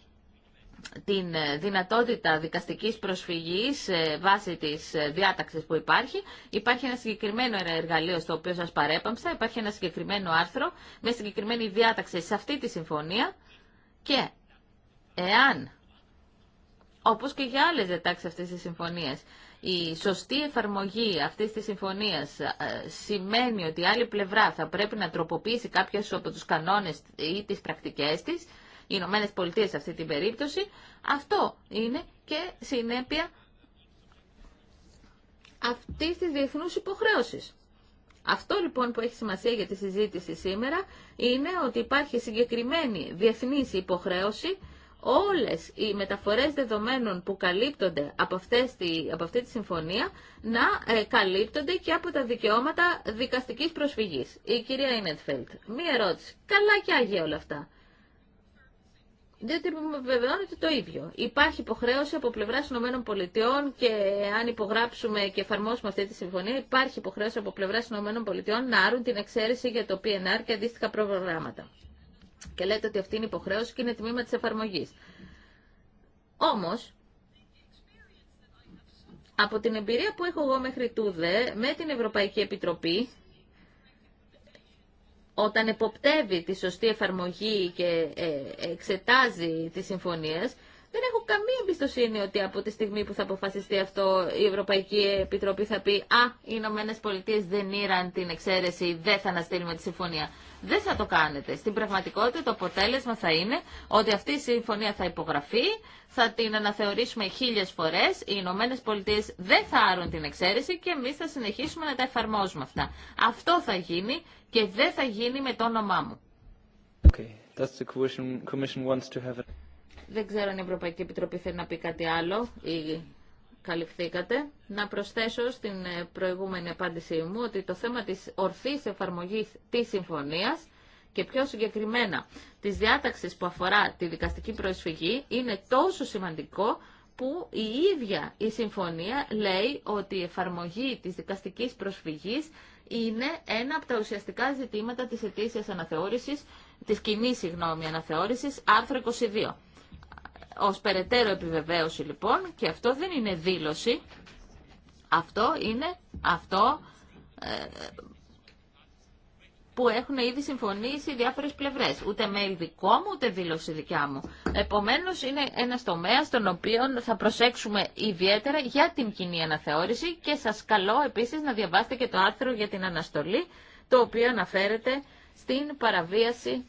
την ε, δυνατότητα δικαστικής προσφυγής ε, βάσει της ε, διάταξης που υπάρχει. Υπάρχει ένα συγκεκριμένο εργαλείο στο οποίο σας παρέπαμψα, υπάρχει ένα συγκεκριμένο άρθρο με συγκεκριμένη διάταξη σε αυτή τη συμφωνία και εάν, όπως και για άλλες διατάξεις αυτής της συμφωνίας, η σωστή εφαρμογή αυτής της συμφωνίας σημαίνει ότι η άλλη πλευρά θα πρέπει να τροποποιήσει κάποιες από τους κανόνες ή τις πρακτικές της, οι Ηνωμένε Πολιτείε σε αυτή την περίπτωση. Αυτό είναι και συνέπεια αυτή τη διεθνού υποχρέωση. Αυτό λοιπόν που έχει σημασία για τη συζήτηση σήμερα είναι ότι υπάρχει συγκεκριμένη διεθνής υποχρέωση όλες οι μεταφορές δεδομένων που καλύπτονται από, αυτές τη, από αυτή τη συμφωνία να ε, καλύπτονται και από τα δικαιώματα δικαστικής προσφυγής. Η κυρία Ινετφέλτ, μία ερώτηση. Καλά και άγια όλα αυτά διότι βεβαιώνεται το ίδιο. Υπάρχει υποχρέωση από πλευρά ΗΠΑ και αν υπογράψουμε και εφαρμόσουμε αυτή τη συμφωνία, υπάρχει υποχρέωση από πλευρά ΗΠΑ να άρουν την εξαίρεση για το PNR και αντίστοιχα προγράμματα. Και λέτε ότι αυτή είναι υποχρέωση και είναι τμήμα τη εφαρμογή. Όμω, από την εμπειρία που έχω εγώ μέχρι τούδε με την Ευρωπαϊκή Επιτροπή, όταν εποπτεύει τη σωστή εφαρμογή και ε, εξετάζει τις συμφωνίες, δεν έχω καμία εμπιστοσύνη ότι από τη στιγμή που θα αποφασιστεί αυτό η Ευρωπαϊκή Επιτροπή θα πει «Α, οι Ηνωμένε Πολιτείε δεν ήραν την εξαίρεση, δεν θα αναστείλουμε τη συμφωνία». Δεν θα το κάνετε. Στην πραγματικότητα το αποτέλεσμα θα είναι ότι αυτή η συμφωνία θα υπογραφεί, θα την αναθεωρήσουμε χίλιες φορές, οι Ηνωμένε Πολιτείε δεν θα άρουν την εξαίρεση και εμείς θα συνεχίσουμε να τα εφαρμόζουμε αυτά. Αυτό θα γίνει και δεν θα γίνει με το όνομά μου. Okay. That's the commission wants to have δεν ξέρω αν η Ευρωπαϊκή Επιτροπή θέλει να πει κάτι άλλο ή καλυφθήκατε. Να προσθέσω στην ε, προηγούμενη απάντησή μου ότι το θέμα της ορθής εφαρμογής της συμφωνίας και πιο συγκεκριμένα της διάταξη που αφορά τη δικαστική προσφυγή είναι τόσο σημαντικό που η ίδια η συμφωνία λέει ότι η εφαρμογή της δικαστικής προσφυγής είναι ένα από τα ουσιαστικά ζητήματα της ετήσιας αναθεώρησης, της κοινή συγγνώμη άρθρο ως περαιτέρω επιβεβαίωση λοιπόν, και αυτό δεν είναι δήλωση, αυτό είναι αυτό ε, που έχουν ήδη συμφωνήσει οι διάφορε πλευρέ. Ούτε mail δικό μου, ούτε δήλωση δικιά μου. Επομένω, είναι ένα τομέα στον οποίο θα προσέξουμε ιδιαίτερα για την κοινή αναθεώρηση και σα καλώ επίση να διαβάσετε και το άρθρο για την αναστολή, το οποίο αναφέρεται στην παραβίαση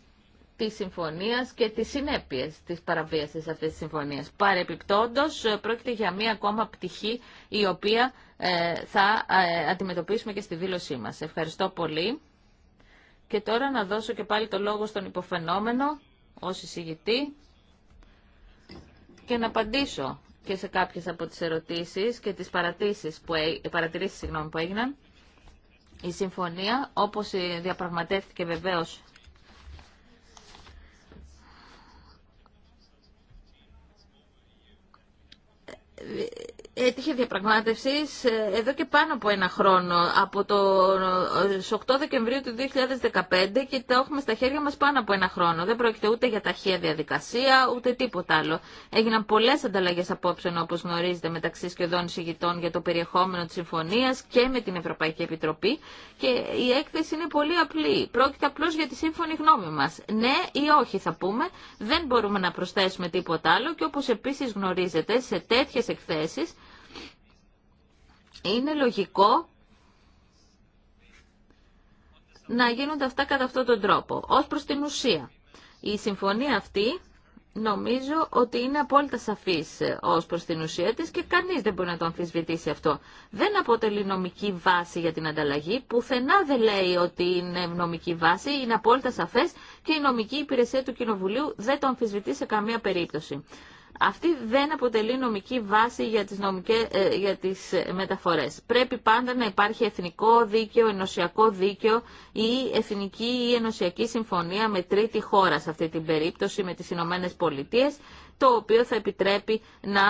Τη συμφωνία και τις συνέπειες τη παραβίαση αυτή τη συμφωνίας. Παρεπιπτόντω, πρόκειται για μία ακόμα πτυχή η οποία ε, θα ε, αντιμετωπίσουμε και στη δήλωσή μας. Ευχαριστώ πολύ. Και τώρα να δώσω και πάλι το λόγο στον υποφαινόμενο ω εισηγητή και να απαντήσω και σε κάποιες από τις ερωτήσεις και τις παρατηρήσει που, παρατηρήσεις που έγιναν. Η συμφωνία, όπως διαπραγματεύτηκε βεβαίως Βι- έτυχε διαπραγμάτευση ε, εδώ και πάνω από ένα χρόνο, από το 8 ε, Δεκεμβρίου του 2015 και τα έχουμε στα χέρια μας πάνω από ένα χρόνο. Δεν πρόκειται ούτε για ταχεία διαδικασία, ούτε τίποτα άλλο. Έγιναν πολλές ανταλλαγές απόψεων, όπως γνωρίζετε, μεταξύ σχεδόν συγητών για το περιεχόμενο της συμφωνίας και με την Ευρωπαϊκή Επιτροπή και η έκθεση είναι πολύ απλή. Πρόκειται απλώς για τη σύμφωνη γνώμη μας. Ναι ή όχι θα πούμε, δεν μπορούμε να προσθέσουμε τίποτα άλλο και όπως επίσης γνωρίζετε, σε τέτοιες εκθέσεις είναι λογικό να γίνονται αυτά κατά αυτόν τον τρόπο. Ως προς την ουσία, η συμφωνία αυτή νομίζω ότι είναι απόλυτα σαφής ε, ως προς την ουσία της και κανείς δεν μπορεί να το αμφισβητήσει αυτό. Δεν αποτελεί νομική βάση για την ανταλλαγή, πουθενά δεν λέει ότι είναι νομική βάση, είναι απόλυτα σαφές και η νομική υπηρεσία του Κοινοβουλίου δεν το αμφισβητεί σε καμία περίπτωση αυτή δεν αποτελεί νομική βάση για τις, νομικές, ε, για τις ε, μεταφορές. Πρέπει πάντα να υπάρχει εθνικό δίκαιο, ενωσιακό δίκαιο ή εθνική ή ενωσιακή συμφωνία με τρίτη χώρα σε αυτή την περίπτωση με τις Ηνωμένε Πολιτείες, το οποίο θα επιτρέπει να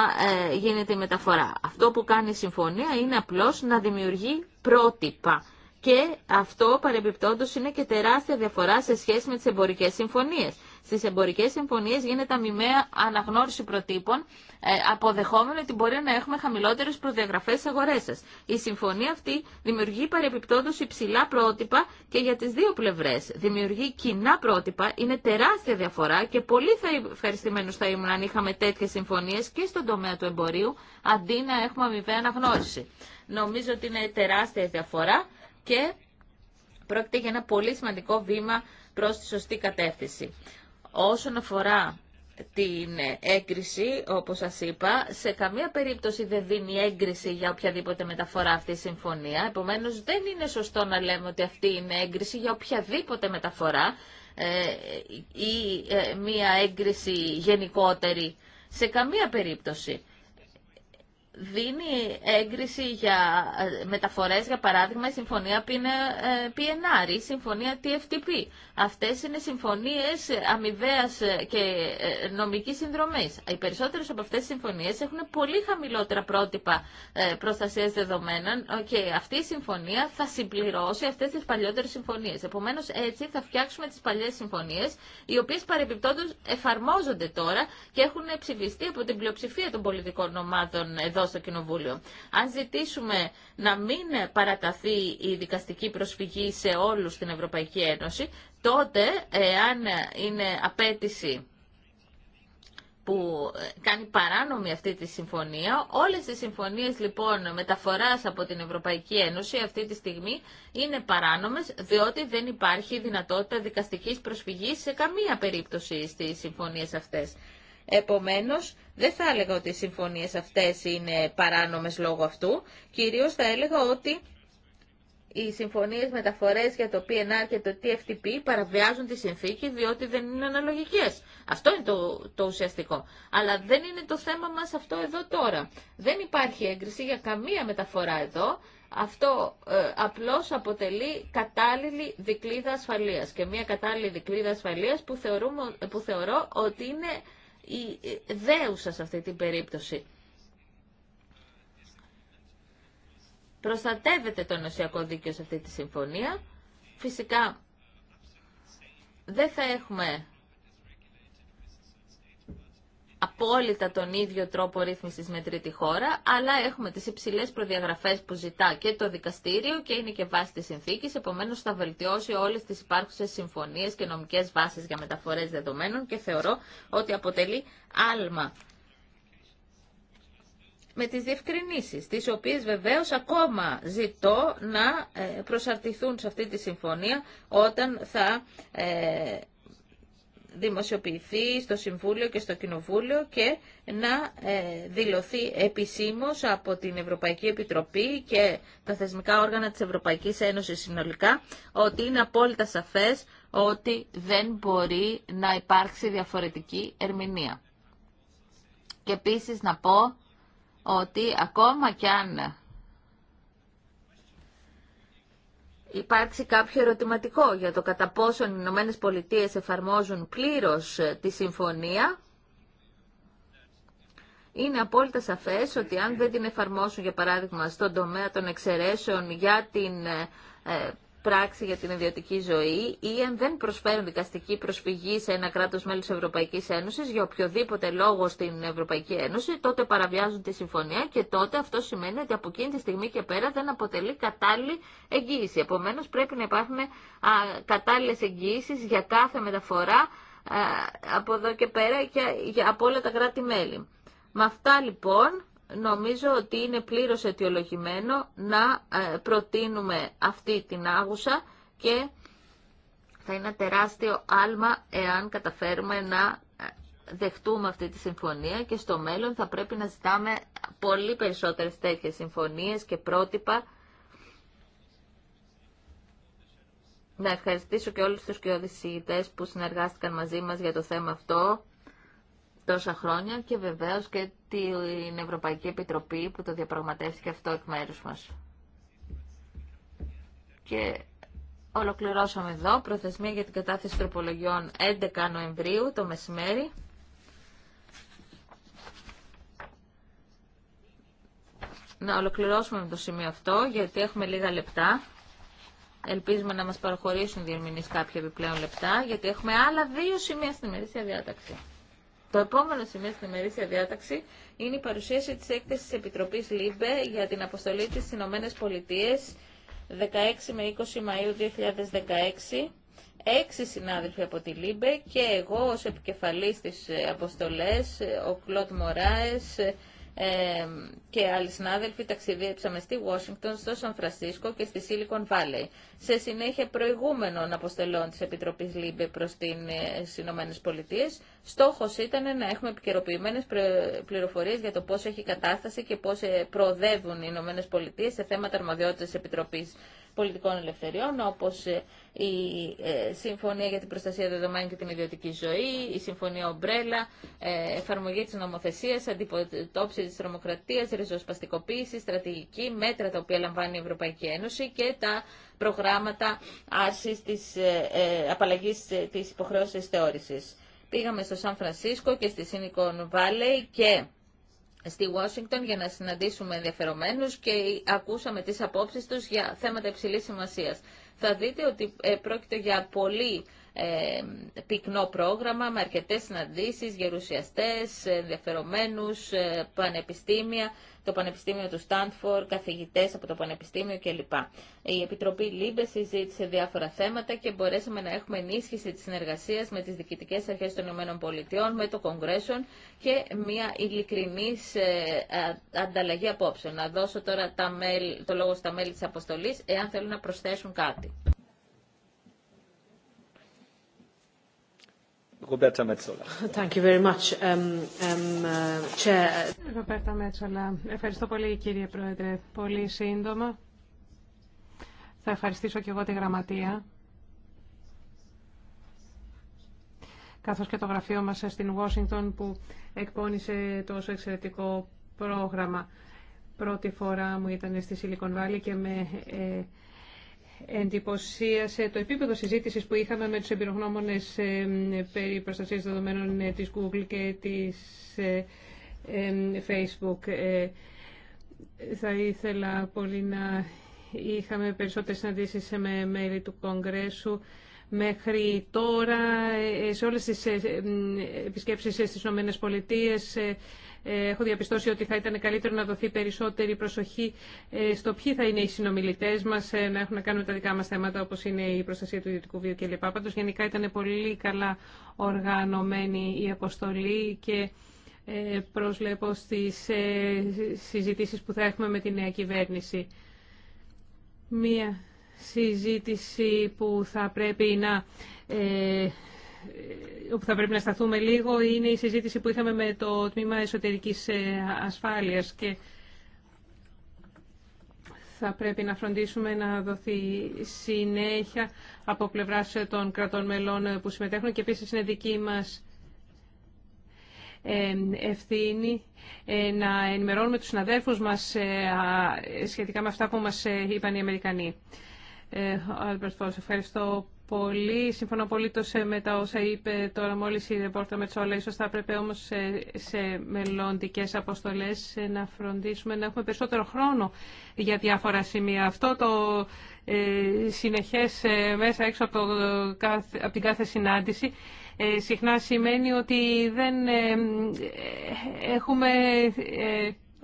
ε, γίνεται η μεταφορά. Αυτό που κάνει η συμφωνία είναι απλώς να δημιουργεί πρότυπα. Και αυτό παρεμπιπτόντως είναι και τεράστια διαφορά σε σχέση με τις εμπορικές συμφωνίες. Στι εμπορικέ συμφωνίε γίνεται αμοιβαία αναγνώριση προτύπων, ε, αποδεχόμενο ότι μπορεί να έχουμε χαμηλότερε προδιαγραφέ στις αγορές Η συμφωνία αυτή δημιουργεί παρεπιπτόντως υψηλά πρότυπα και για τι δύο πλευρέ. Δημιουργεί κοινά πρότυπα, είναι τεράστια διαφορά και πολύ θα ευχαριστημένου θα ήμουν αν είχαμε τέτοιε συμφωνίε και στον τομέα του εμπορίου, αντί να έχουμε αμοιβαία αναγνώριση. Νομίζω ότι είναι τεράστια διαφορά και πρόκειται για ένα πολύ σημαντικό βήμα προς τη σωστή κατεύθυνση. Όσον αφορά την έγκριση, όπως σας είπα, σε καμία περίπτωση δεν δίνει έγκριση για οποιαδήποτε μεταφορά αυτή η συμφωνία. Επομένως, δεν είναι σωστό να λέμε ότι αυτή είναι έγκριση για οποιαδήποτε μεταφορά ε, ή ε, μία έγκριση γενικότερη. Σε καμία περίπτωση δίνει έγκριση για ε, μεταφορές, για παράδειγμα, η συμφωνία PNR ε, ή η συμφωνία TFTP. Αυτές είναι συμφωνίες αμοιβαίας ε, και νομικής συνδρομής. Οι περισσότερες από αυτές τις συμφωνίες έχουν πολύ χαμηλότερα πρότυπα προστασίας δεδομένων και αυτή η συμφωνία θα συμπληρώσει αυτές τις παλιότερες συμφωνίες. Επομένως, έτσι θα φτιάξουμε τις παλιές συμφωνίες, οι οποίες παρεμπιπτόντως εφαρμόζονται τώρα και έχουν ψηφιστεί από την πλειοψηφία των πολιτικών ομάδων εδώ στο Κοινοβούλιο. Αν ζητήσουμε να μην παραταθεί η δικαστική προσφυγή σε όλους στην Ευρωπαϊκή Ένωση, τότε, εάν είναι απέτηση που κάνει παράνομη αυτή τη συμφωνία. Όλες οι συμφωνίες λοιπόν μεταφοράς από την Ευρωπαϊκή Ένωση αυτή τη στιγμή είναι παράνομες διότι δεν υπάρχει δυνατότητα δικαστικής προσφυγής σε καμία περίπτωση στις συμφωνίες αυτές. Επομένως, δεν θα έλεγα ότι οι συμφωνίες αυτές είναι παράνομες λόγω αυτού. Κυρίως θα έλεγα ότι οι συμφωνίες μεταφορές για το PNR και το TFTP παραβιάζουν τη συνθήκη διότι δεν είναι αναλογικές. Αυτό είναι το, το ουσιαστικό. Αλλά δεν είναι το θέμα μας αυτό εδώ τώρα. Δεν υπάρχει έγκριση για καμία μεταφορά εδώ. Αυτό ε, απλώς αποτελεί κατάλληλη δικλίδα ασφαλείας και μια κατάλληλη δικλίδα ασφαλείας που, θεωρούμε, που θεωρώ ότι είναι δέουσα σε αυτή την περίπτωση. Προστατεύεται το νοσιακό δίκαιο σε αυτή τη συμφωνία. Φυσικά δεν θα έχουμε απόλυτα τον ίδιο τρόπο ρύθμισης με τρίτη χώρα, αλλά έχουμε τις υψηλέ προδιαγραφές που ζητά και το δικαστήριο και είναι και βάση τη συνθήκης, επομένως θα βελτιώσει όλε τι υπάρχουσες συμφωνίες και νομικέ βάσεις για μεταφορές δεδομένων και θεωρώ ότι αποτελεί άλμα με τις διευκρινήσεις, τις οποίες βεβαίως ακόμα ζητώ να ε, προσαρτηθούν σε αυτή τη συμφωνία όταν θα ε, δημοσιοποιηθεί στο Συμβούλιο και στο Κοινοβούλιο και να ε, δηλωθεί επισήμως από την Ευρωπαϊκή Επιτροπή και τα θεσμικά όργανα της Ευρωπαϊκής Ένωσης συνολικά ότι είναι απόλυτα σαφές ότι δεν μπορεί να υπάρξει διαφορετική ερμηνεία. Και επίσης να πω ότι ακόμα κι αν υπάρξει κάποιο ερωτηματικό για το κατά πόσον οι Ηνωμένε Πολιτείε εφαρμόζουν πλήρως ε, τη συμφωνία, είναι απόλυτα σαφές ότι αν δεν την εφαρμόσουν, για παράδειγμα, στον τομέα των εξαιρέσεων για την ε, ε, πράξη για την ιδιωτική ζωή ή αν δεν προσφέρουν δικαστική προσφυγή σε ένα κράτο μέλο τη Ευρωπαϊκή Ένωση για οποιοδήποτε λόγο στην Ευρωπαϊκή Ένωση, τότε παραβιάζουν τη συμφωνία και τότε αυτό σημαίνει ότι από εκείνη τη στιγμή και πέρα δεν αποτελεί κατάλληλη εγγύηση. Επομένω, πρέπει να υπάρχουν κατάλληλε εγγύησει για κάθε μεταφορά από εδώ και πέρα και από όλα τα κράτη-μέλη. Με αυτά λοιπόν νομίζω ότι είναι πλήρως αιτιολογημένο να ε, προτείνουμε αυτή την άγουσα και θα είναι τεράστιο άλμα εάν καταφέρουμε να ε, δεχτούμε αυτή τη συμφωνία και στο μέλλον θα πρέπει να ζητάμε πολύ περισσότερες τέτοιες συμφωνίες και πρότυπα. Να ευχαριστήσω και όλους τους κοιόδης που συνεργάστηκαν μαζί μας για το θέμα αυτό τόσα χρόνια και βεβαίω και την Ευρωπαϊκή Επιτροπή που το διαπραγματεύτηκε αυτό εκ μέρου μας. Και ολοκληρώσαμε εδώ. Προθεσμία για την κατάθεση τροπολογιών 11 Νοεμβρίου το μεσημέρι. Να ολοκληρώσουμε με το σημείο αυτό, γιατί έχουμε λίγα λεπτά. Ελπίζουμε να μας παραχωρήσουν διερμηνείς κάποια επιπλέον λεπτά, γιατί έχουμε άλλα δύο σημεία στην ημερήσια διάταξη. Το επόμενο σημείο στην ημερήσια διάταξη είναι η παρουσίαση τη έκθεση τη Επιτροπής ΛΥΜΠΕ για την αποστολή τη Ηνωμένε Πολιτείε 16 με 20 Μαου 2016. Έξι συνάδελφοι από τη ΛΥΜΠΕ και εγώ ω επικεφαλής της αποστολές, ο Κλωτ Μωράε, και άλλοι συνάδελφοι ταξιδέψαμε στη Washington, στο Σαν Φρανσίσκο και στη Silicon Valley. Σε συνέχεια προηγούμενων αποστελών της Επιτροπής ΛΥΜΠΕ προς ε, τις Ηνωμένες Πολιτείες, στόχος ήταν να έχουμε επικαιροποιημένες πληροφορίες για το πώς έχει κατάσταση και πώς ε, προοδεύουν οι Ηνωμένες Πολιτείες σε θέματα αρμοδιότητας της Επιτροπής πολιτικών ελευθεριών, όπως ε, η ε, Συμφωνία για την Προστασία Δεδομένων και την Ιδιωτική Ζωή, η Συμφωνία Ομπρέλα, ε, εφαρμογή της νομοθεσίας, αντιποτόπιση της τρομοκρατίας, ριζοσπαστικοποίηση, στρατηγική, μέτρα τα οποία λαμβάνει η Ευρωπαϊκή Ένωση και τα προγράμματα άρσης της απαλλαγής της υποχρέωσης θεώρησης. Πήγαμε στο Σαν Φρανσίσκο και στη Σινικόν Βάλεϊ και στη Ουάσιγκτον για να συναντήσουμε ενδιαφερομένους και ακούσαμε τις απόψεις τους για θέματα υψηλής σημασίας. Θα δείτε ότι ε, πρόκειται για πολύ ε, πυκνό πρόγραμμα με αρκετές συναντήσεις, γερουσιαστές, ενδιαφερομένους, ε, πανεπιστήμια το Πανεπιστήμιο του Στάντφορ, καθηγητές από το Πανεπιστήμιο κλπ. Η Επιτροπή Λίμπε συζήτησε διάφορα θέματα και μπορέσαμε να έχουμε ενίσχυση τη συνεργασία με τις διοικητικέ αρχές των ΗΠΑ, με το Κογκρέσον και μια ειλικρινή ε, ανταλλαγή απόψεων. Να δώσω τώρα τα το λόγο στα μέλη τη αποστολή, εάν θέλουν να προσθέσουν κάτι. Roberta Thank you very much, um, um, uh, chair. ευχαριστώ πολύ κύριε Πρόεδρε. Πολύ σύντομα. Θα ευχαριστήσω και εγώ τη γραμματεία. Καθώς και το γραφείο μας στην Ουάσιγκτον που εκπώνησε τόσο εξαιρετικό πρόγραμμα. Πρώτη φορά μου ήταν στη Σιλικονβάλη και με ε, εντυπωσίασε το επίπεδο συζήτηση που είχαμε με τους ε, περί προστασίας δεδομένων ε, της Google και της ε, ε, Facebook. Θα ήθελα πολύ να είχαμε περισσότερες συναντήσεις με μέλη του Κογκρέσου Μέχρι τώρα ε, σε όλες τις ε, ε, επισκέψεις στις Ηνωμένες Πολιτείες έχω διαπιστώσει ότι θα ήταν καλύτερο να δοθεί περισσότερη προσοχή στο ποιοι θα είναι οι συνομιλητές μας να έχουν να κάνουν τα δικά μας θέματα όπως είναι η προστασία του ιδιωτικού βίου κλπ. πάντως. γενικά ήταν πολύ καλά οργανωμένη η αποστολή και προσλέπω στις συζητήσεις που θα έχουμε με τη νέα κυβέρνηση. Μία συζήτηση που θα πρέπει να ε, όπου θα πρέπει να σταθούμε λίγο είναι η συζήτηση που είχαμε με το Τμήμα Εσωτερικής ε, Ασφάλειας και θα πρέπει να φροντίσουμε να δοθεί συνέχεια από πλευράς των κρατών μελών που συμμετέχουν και επίσης είναι δική μας ε, ευθύνη ε, να ενημερώνουμε τους συναδέλφους μας σχετικά με αυτά που μας είπαν οι Αμερικανοί. Άλμπερτ ευχαριστώ πολύ. Συμφωνώ πολύ ε, με τα όσα είπε τώρα μόλι η ρεπόρτα Μετσόλα. σω θα έπρεπε όμω ε, σε, σε μελλοντικέ αποστολέ ε, να φροντίσουμε να έχουμε περισσότερο χρόνο για διάφορα σημεία. Αυτό το ε, συνεχέ μέσα έξω από, το, από την κάθε συνάντηση συχνά σημαίνει ότι δεν έχουμε.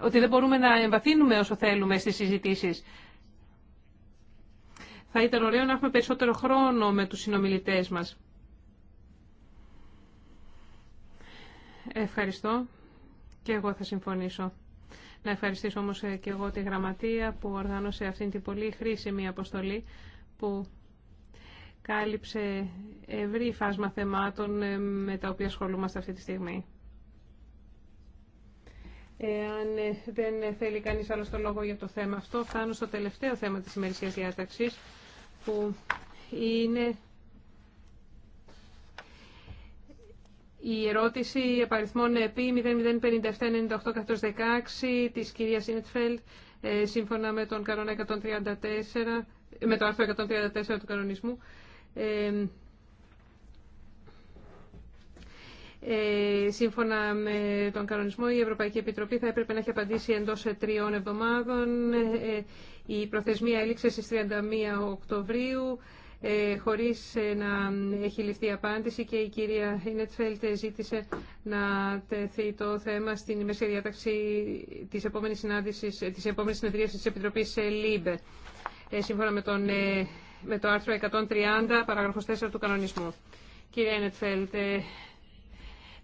ότι δεν μπορούμε να εμβαθύνουμε όσο θέλουμε στις συζητήσεις. Θα ήταν ωραίο να έχουμε περισσότερο χρόνο με τους συνομιλητές μας. Ευχαριστώ και εγώ θα συμφωνήσω. Να ευχαριστήσω όμως ε, και εγώ τη Γραμματεία που οργάνωσε αυτήν την πολύ χρήσιμη αποστολή που κάλυψε ευρύ φάσμα θεμάτων ε, με τα οποία ασχολούμαστε αυτή τη στιγμή. Εάν ε, δεν θέλει κανείς άλλο το λόγο για το θέμα αυτό, φτάνω στο τελευταίο θέμα της σημερινής διάταξης, που είναι η ερώτηση επαριθμών επί 005798-16 της κυρίας Ινετφέλτ ε, σύμφωνα με τον κανόνα 134, με το άρθρο 134 του κανονισμού. Ε, ε, σύμφωνα με τον κανονισμό, η Ευρωπαϊκή Επιτροπή θα έπρεπε να έχει απαντήσει εντός τριών εβδομάδων. Ε, η προθεσμία έληξε στις 31 Οκτωβρίου ε, χωρίς ε, να έχει ληφθεί απάντηση και η κυρία Ινετφέλτ ζήτησε να τεθεί το θέμα στην ημερήσια διάταξη της επόμενης συνάντησης, ε, της επόμενης συνεδρίας της Επιτροπής ΛΥΜΠΕ, σύμφωνα με, τον, με το άρθρο 130, παράγραφος 4 του κανονισμού. Κυρία Ινετφέλτ,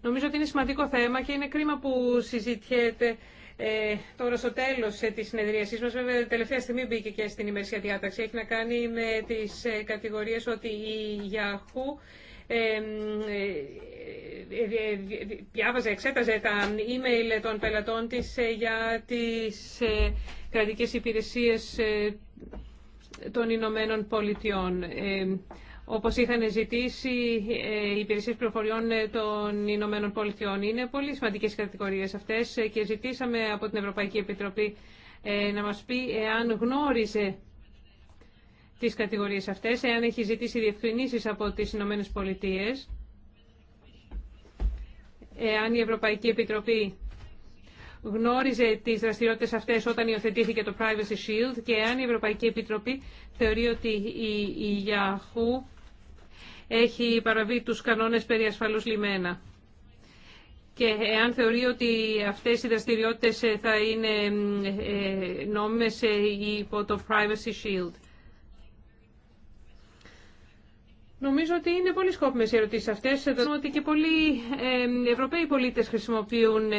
νομίζω ότι είναι σημαντικό θέμα και είναι κρίμα που συζητιέται ε, τώρα στο τέλος ε, τη συνεδρίασής μας, βέβαια τελευταία στιγμή μπήκε και στην ημερήσια διάταξη, έχει να κάνει με τις ε, κατηγορίες ότι η Yahoo ε, διάβαζε, εξέταζε τα email των πελατών της για τις κρατικές υπηρεσίες των Ηνωμένων Πολιτειών όπως είχαν ζητήσει ε, οι υπηρεσίε πληροφοριών ε, των Ηνωμένων Πολιτειών. Είναι πολύ σημαντικές κατηγορίες αυτές ε, και ζητήσαμε από την Ευρωπαϊκή Επιτροπή να μας πει εάν γνώριζε τις κατηγορίες αυτές, εάν έχει ζητήσει διευκρινήσεις από τις Ηνωμένες Πολιτείες, εάν η Ευρωπαϊκή Επιτροπή γνώριζε τις δραστηριότητες αυτές όταν υιοθετήθηκε το Privacy Shield και αν η Ευρωπαϊκή Επιτροπή θεωρεί ότι η Yahoo έχει παραβεί τους κανόνες περί ασφαλούς λιμένα. Και εάν θεωρεί ότι αυτές οι δραστηριότητες ε, θα είναι ε, ε, νόμιμες υπό το Privacy Shield. Νομίζω ότι είναι πολύ σκόπιμες οι ερωτήσεις αυτές. Εδώ ότι και πολλοί Ευρωπαίοι πολίτες χρησιμοποιούν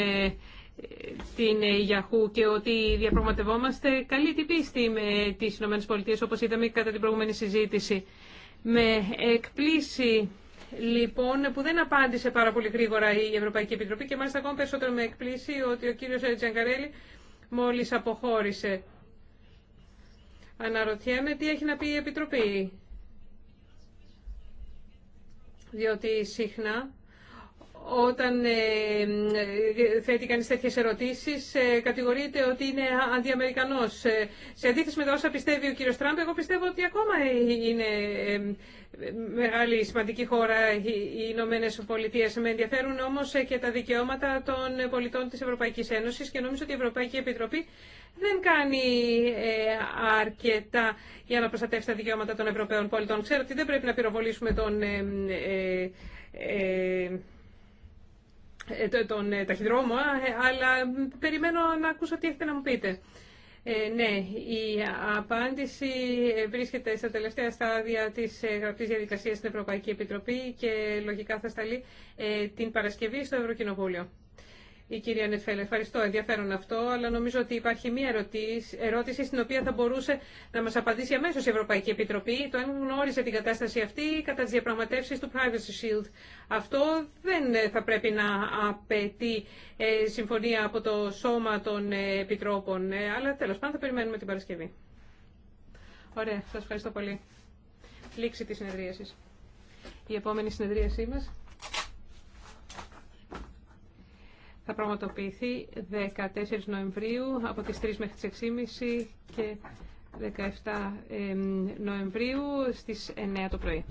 την Yahoo και ότι διαπραγματευόμαστε καλή την πίστη με τις ΗΠΑ όπως είδαμε κατά την προηγούμενη συζήτηση. Με εκπλήση, λοιπόν που δεν απάντησε πάρα πολύ γρήγορα η Ευρωπαϊκή Επιτροπή και μάλιστα ακόμα περισσότερο με εκπλήση, ότι ο κύριος Τζανκαρέλη μόλις αποχώρησε. Αναρωτιέμαι τι έχει να πει η Επιτροπή. Διότι συχνά όταν ε, ε, θέτει κανείς τέτοιες ερωτήσεις ε, κατηγορείται ότι είναι αντιαμερικανός. Σε αντίθεση με τα όσα πιστεύει ο κύριο Τραμπ, εγώ πιστεύω ότι ακόμα είναι μεγάλη σημαντική χώρα οι Ηνωμένε Πολιτείε. Με ενδιαφέρουν όμω και τα δικαιώματα των πολιτών τη Ευρωπαϊκή Ένωση και νομίζω ότι η Ευρωπαϊκή Επιτροπή δεν κάνει αρκετά για να προστατεύσει τα δικαιώματα των Ευρωπαίων πολιτών. Ξέρω ότι δεν πρέπει να πυροβολήσουμε τον ε, τον ε, ταχυδρόμο, ε, αλλά περιμένω να ακούσω τι έχετε να μου πείτε. Ε, ναι, η απάντηση βρίσκεται στα τελευταία στάδια της γραπτής διαδικασίας στην Ευρωπαϊκή Επιτροπή και λογικά θα σταλεί την Παρασκευή στο Ευρωκοινοβούλιο η κυρία Νετφέλε. Ευχαριστώ, ενδιαφέρον αυτό, αλλά νομίζω ότι υπάρχει μία ερωτήση, ερώτηση στην οποία θα μπορούσε να μας απαντήσει αμέσως η Ευρωπαϊκή Επιτροπή. Το αν γνώριζε την κατάσταση αυτή κατά τις διαπραγματεύσεις του Privacy Shield. Αυτό δεν ε, θα πρέπει να απαιτεί ε, συμφωνία από το σώμα των ε, επιτρόπων, αλλά τέλος πάντων θα περιμένουμε την Παρασκευή. Ωραία, σας ευχαριστώ πολύ. Λήξη της συνεδρίασης. Η επόμενη συνεδρίασή μας θα πραγματοποιηθεί 14 Νοεμβρίου από τις 3 μέχρι τις 6.30 και 17 Νοεμβρίου στις 9 το πρωί.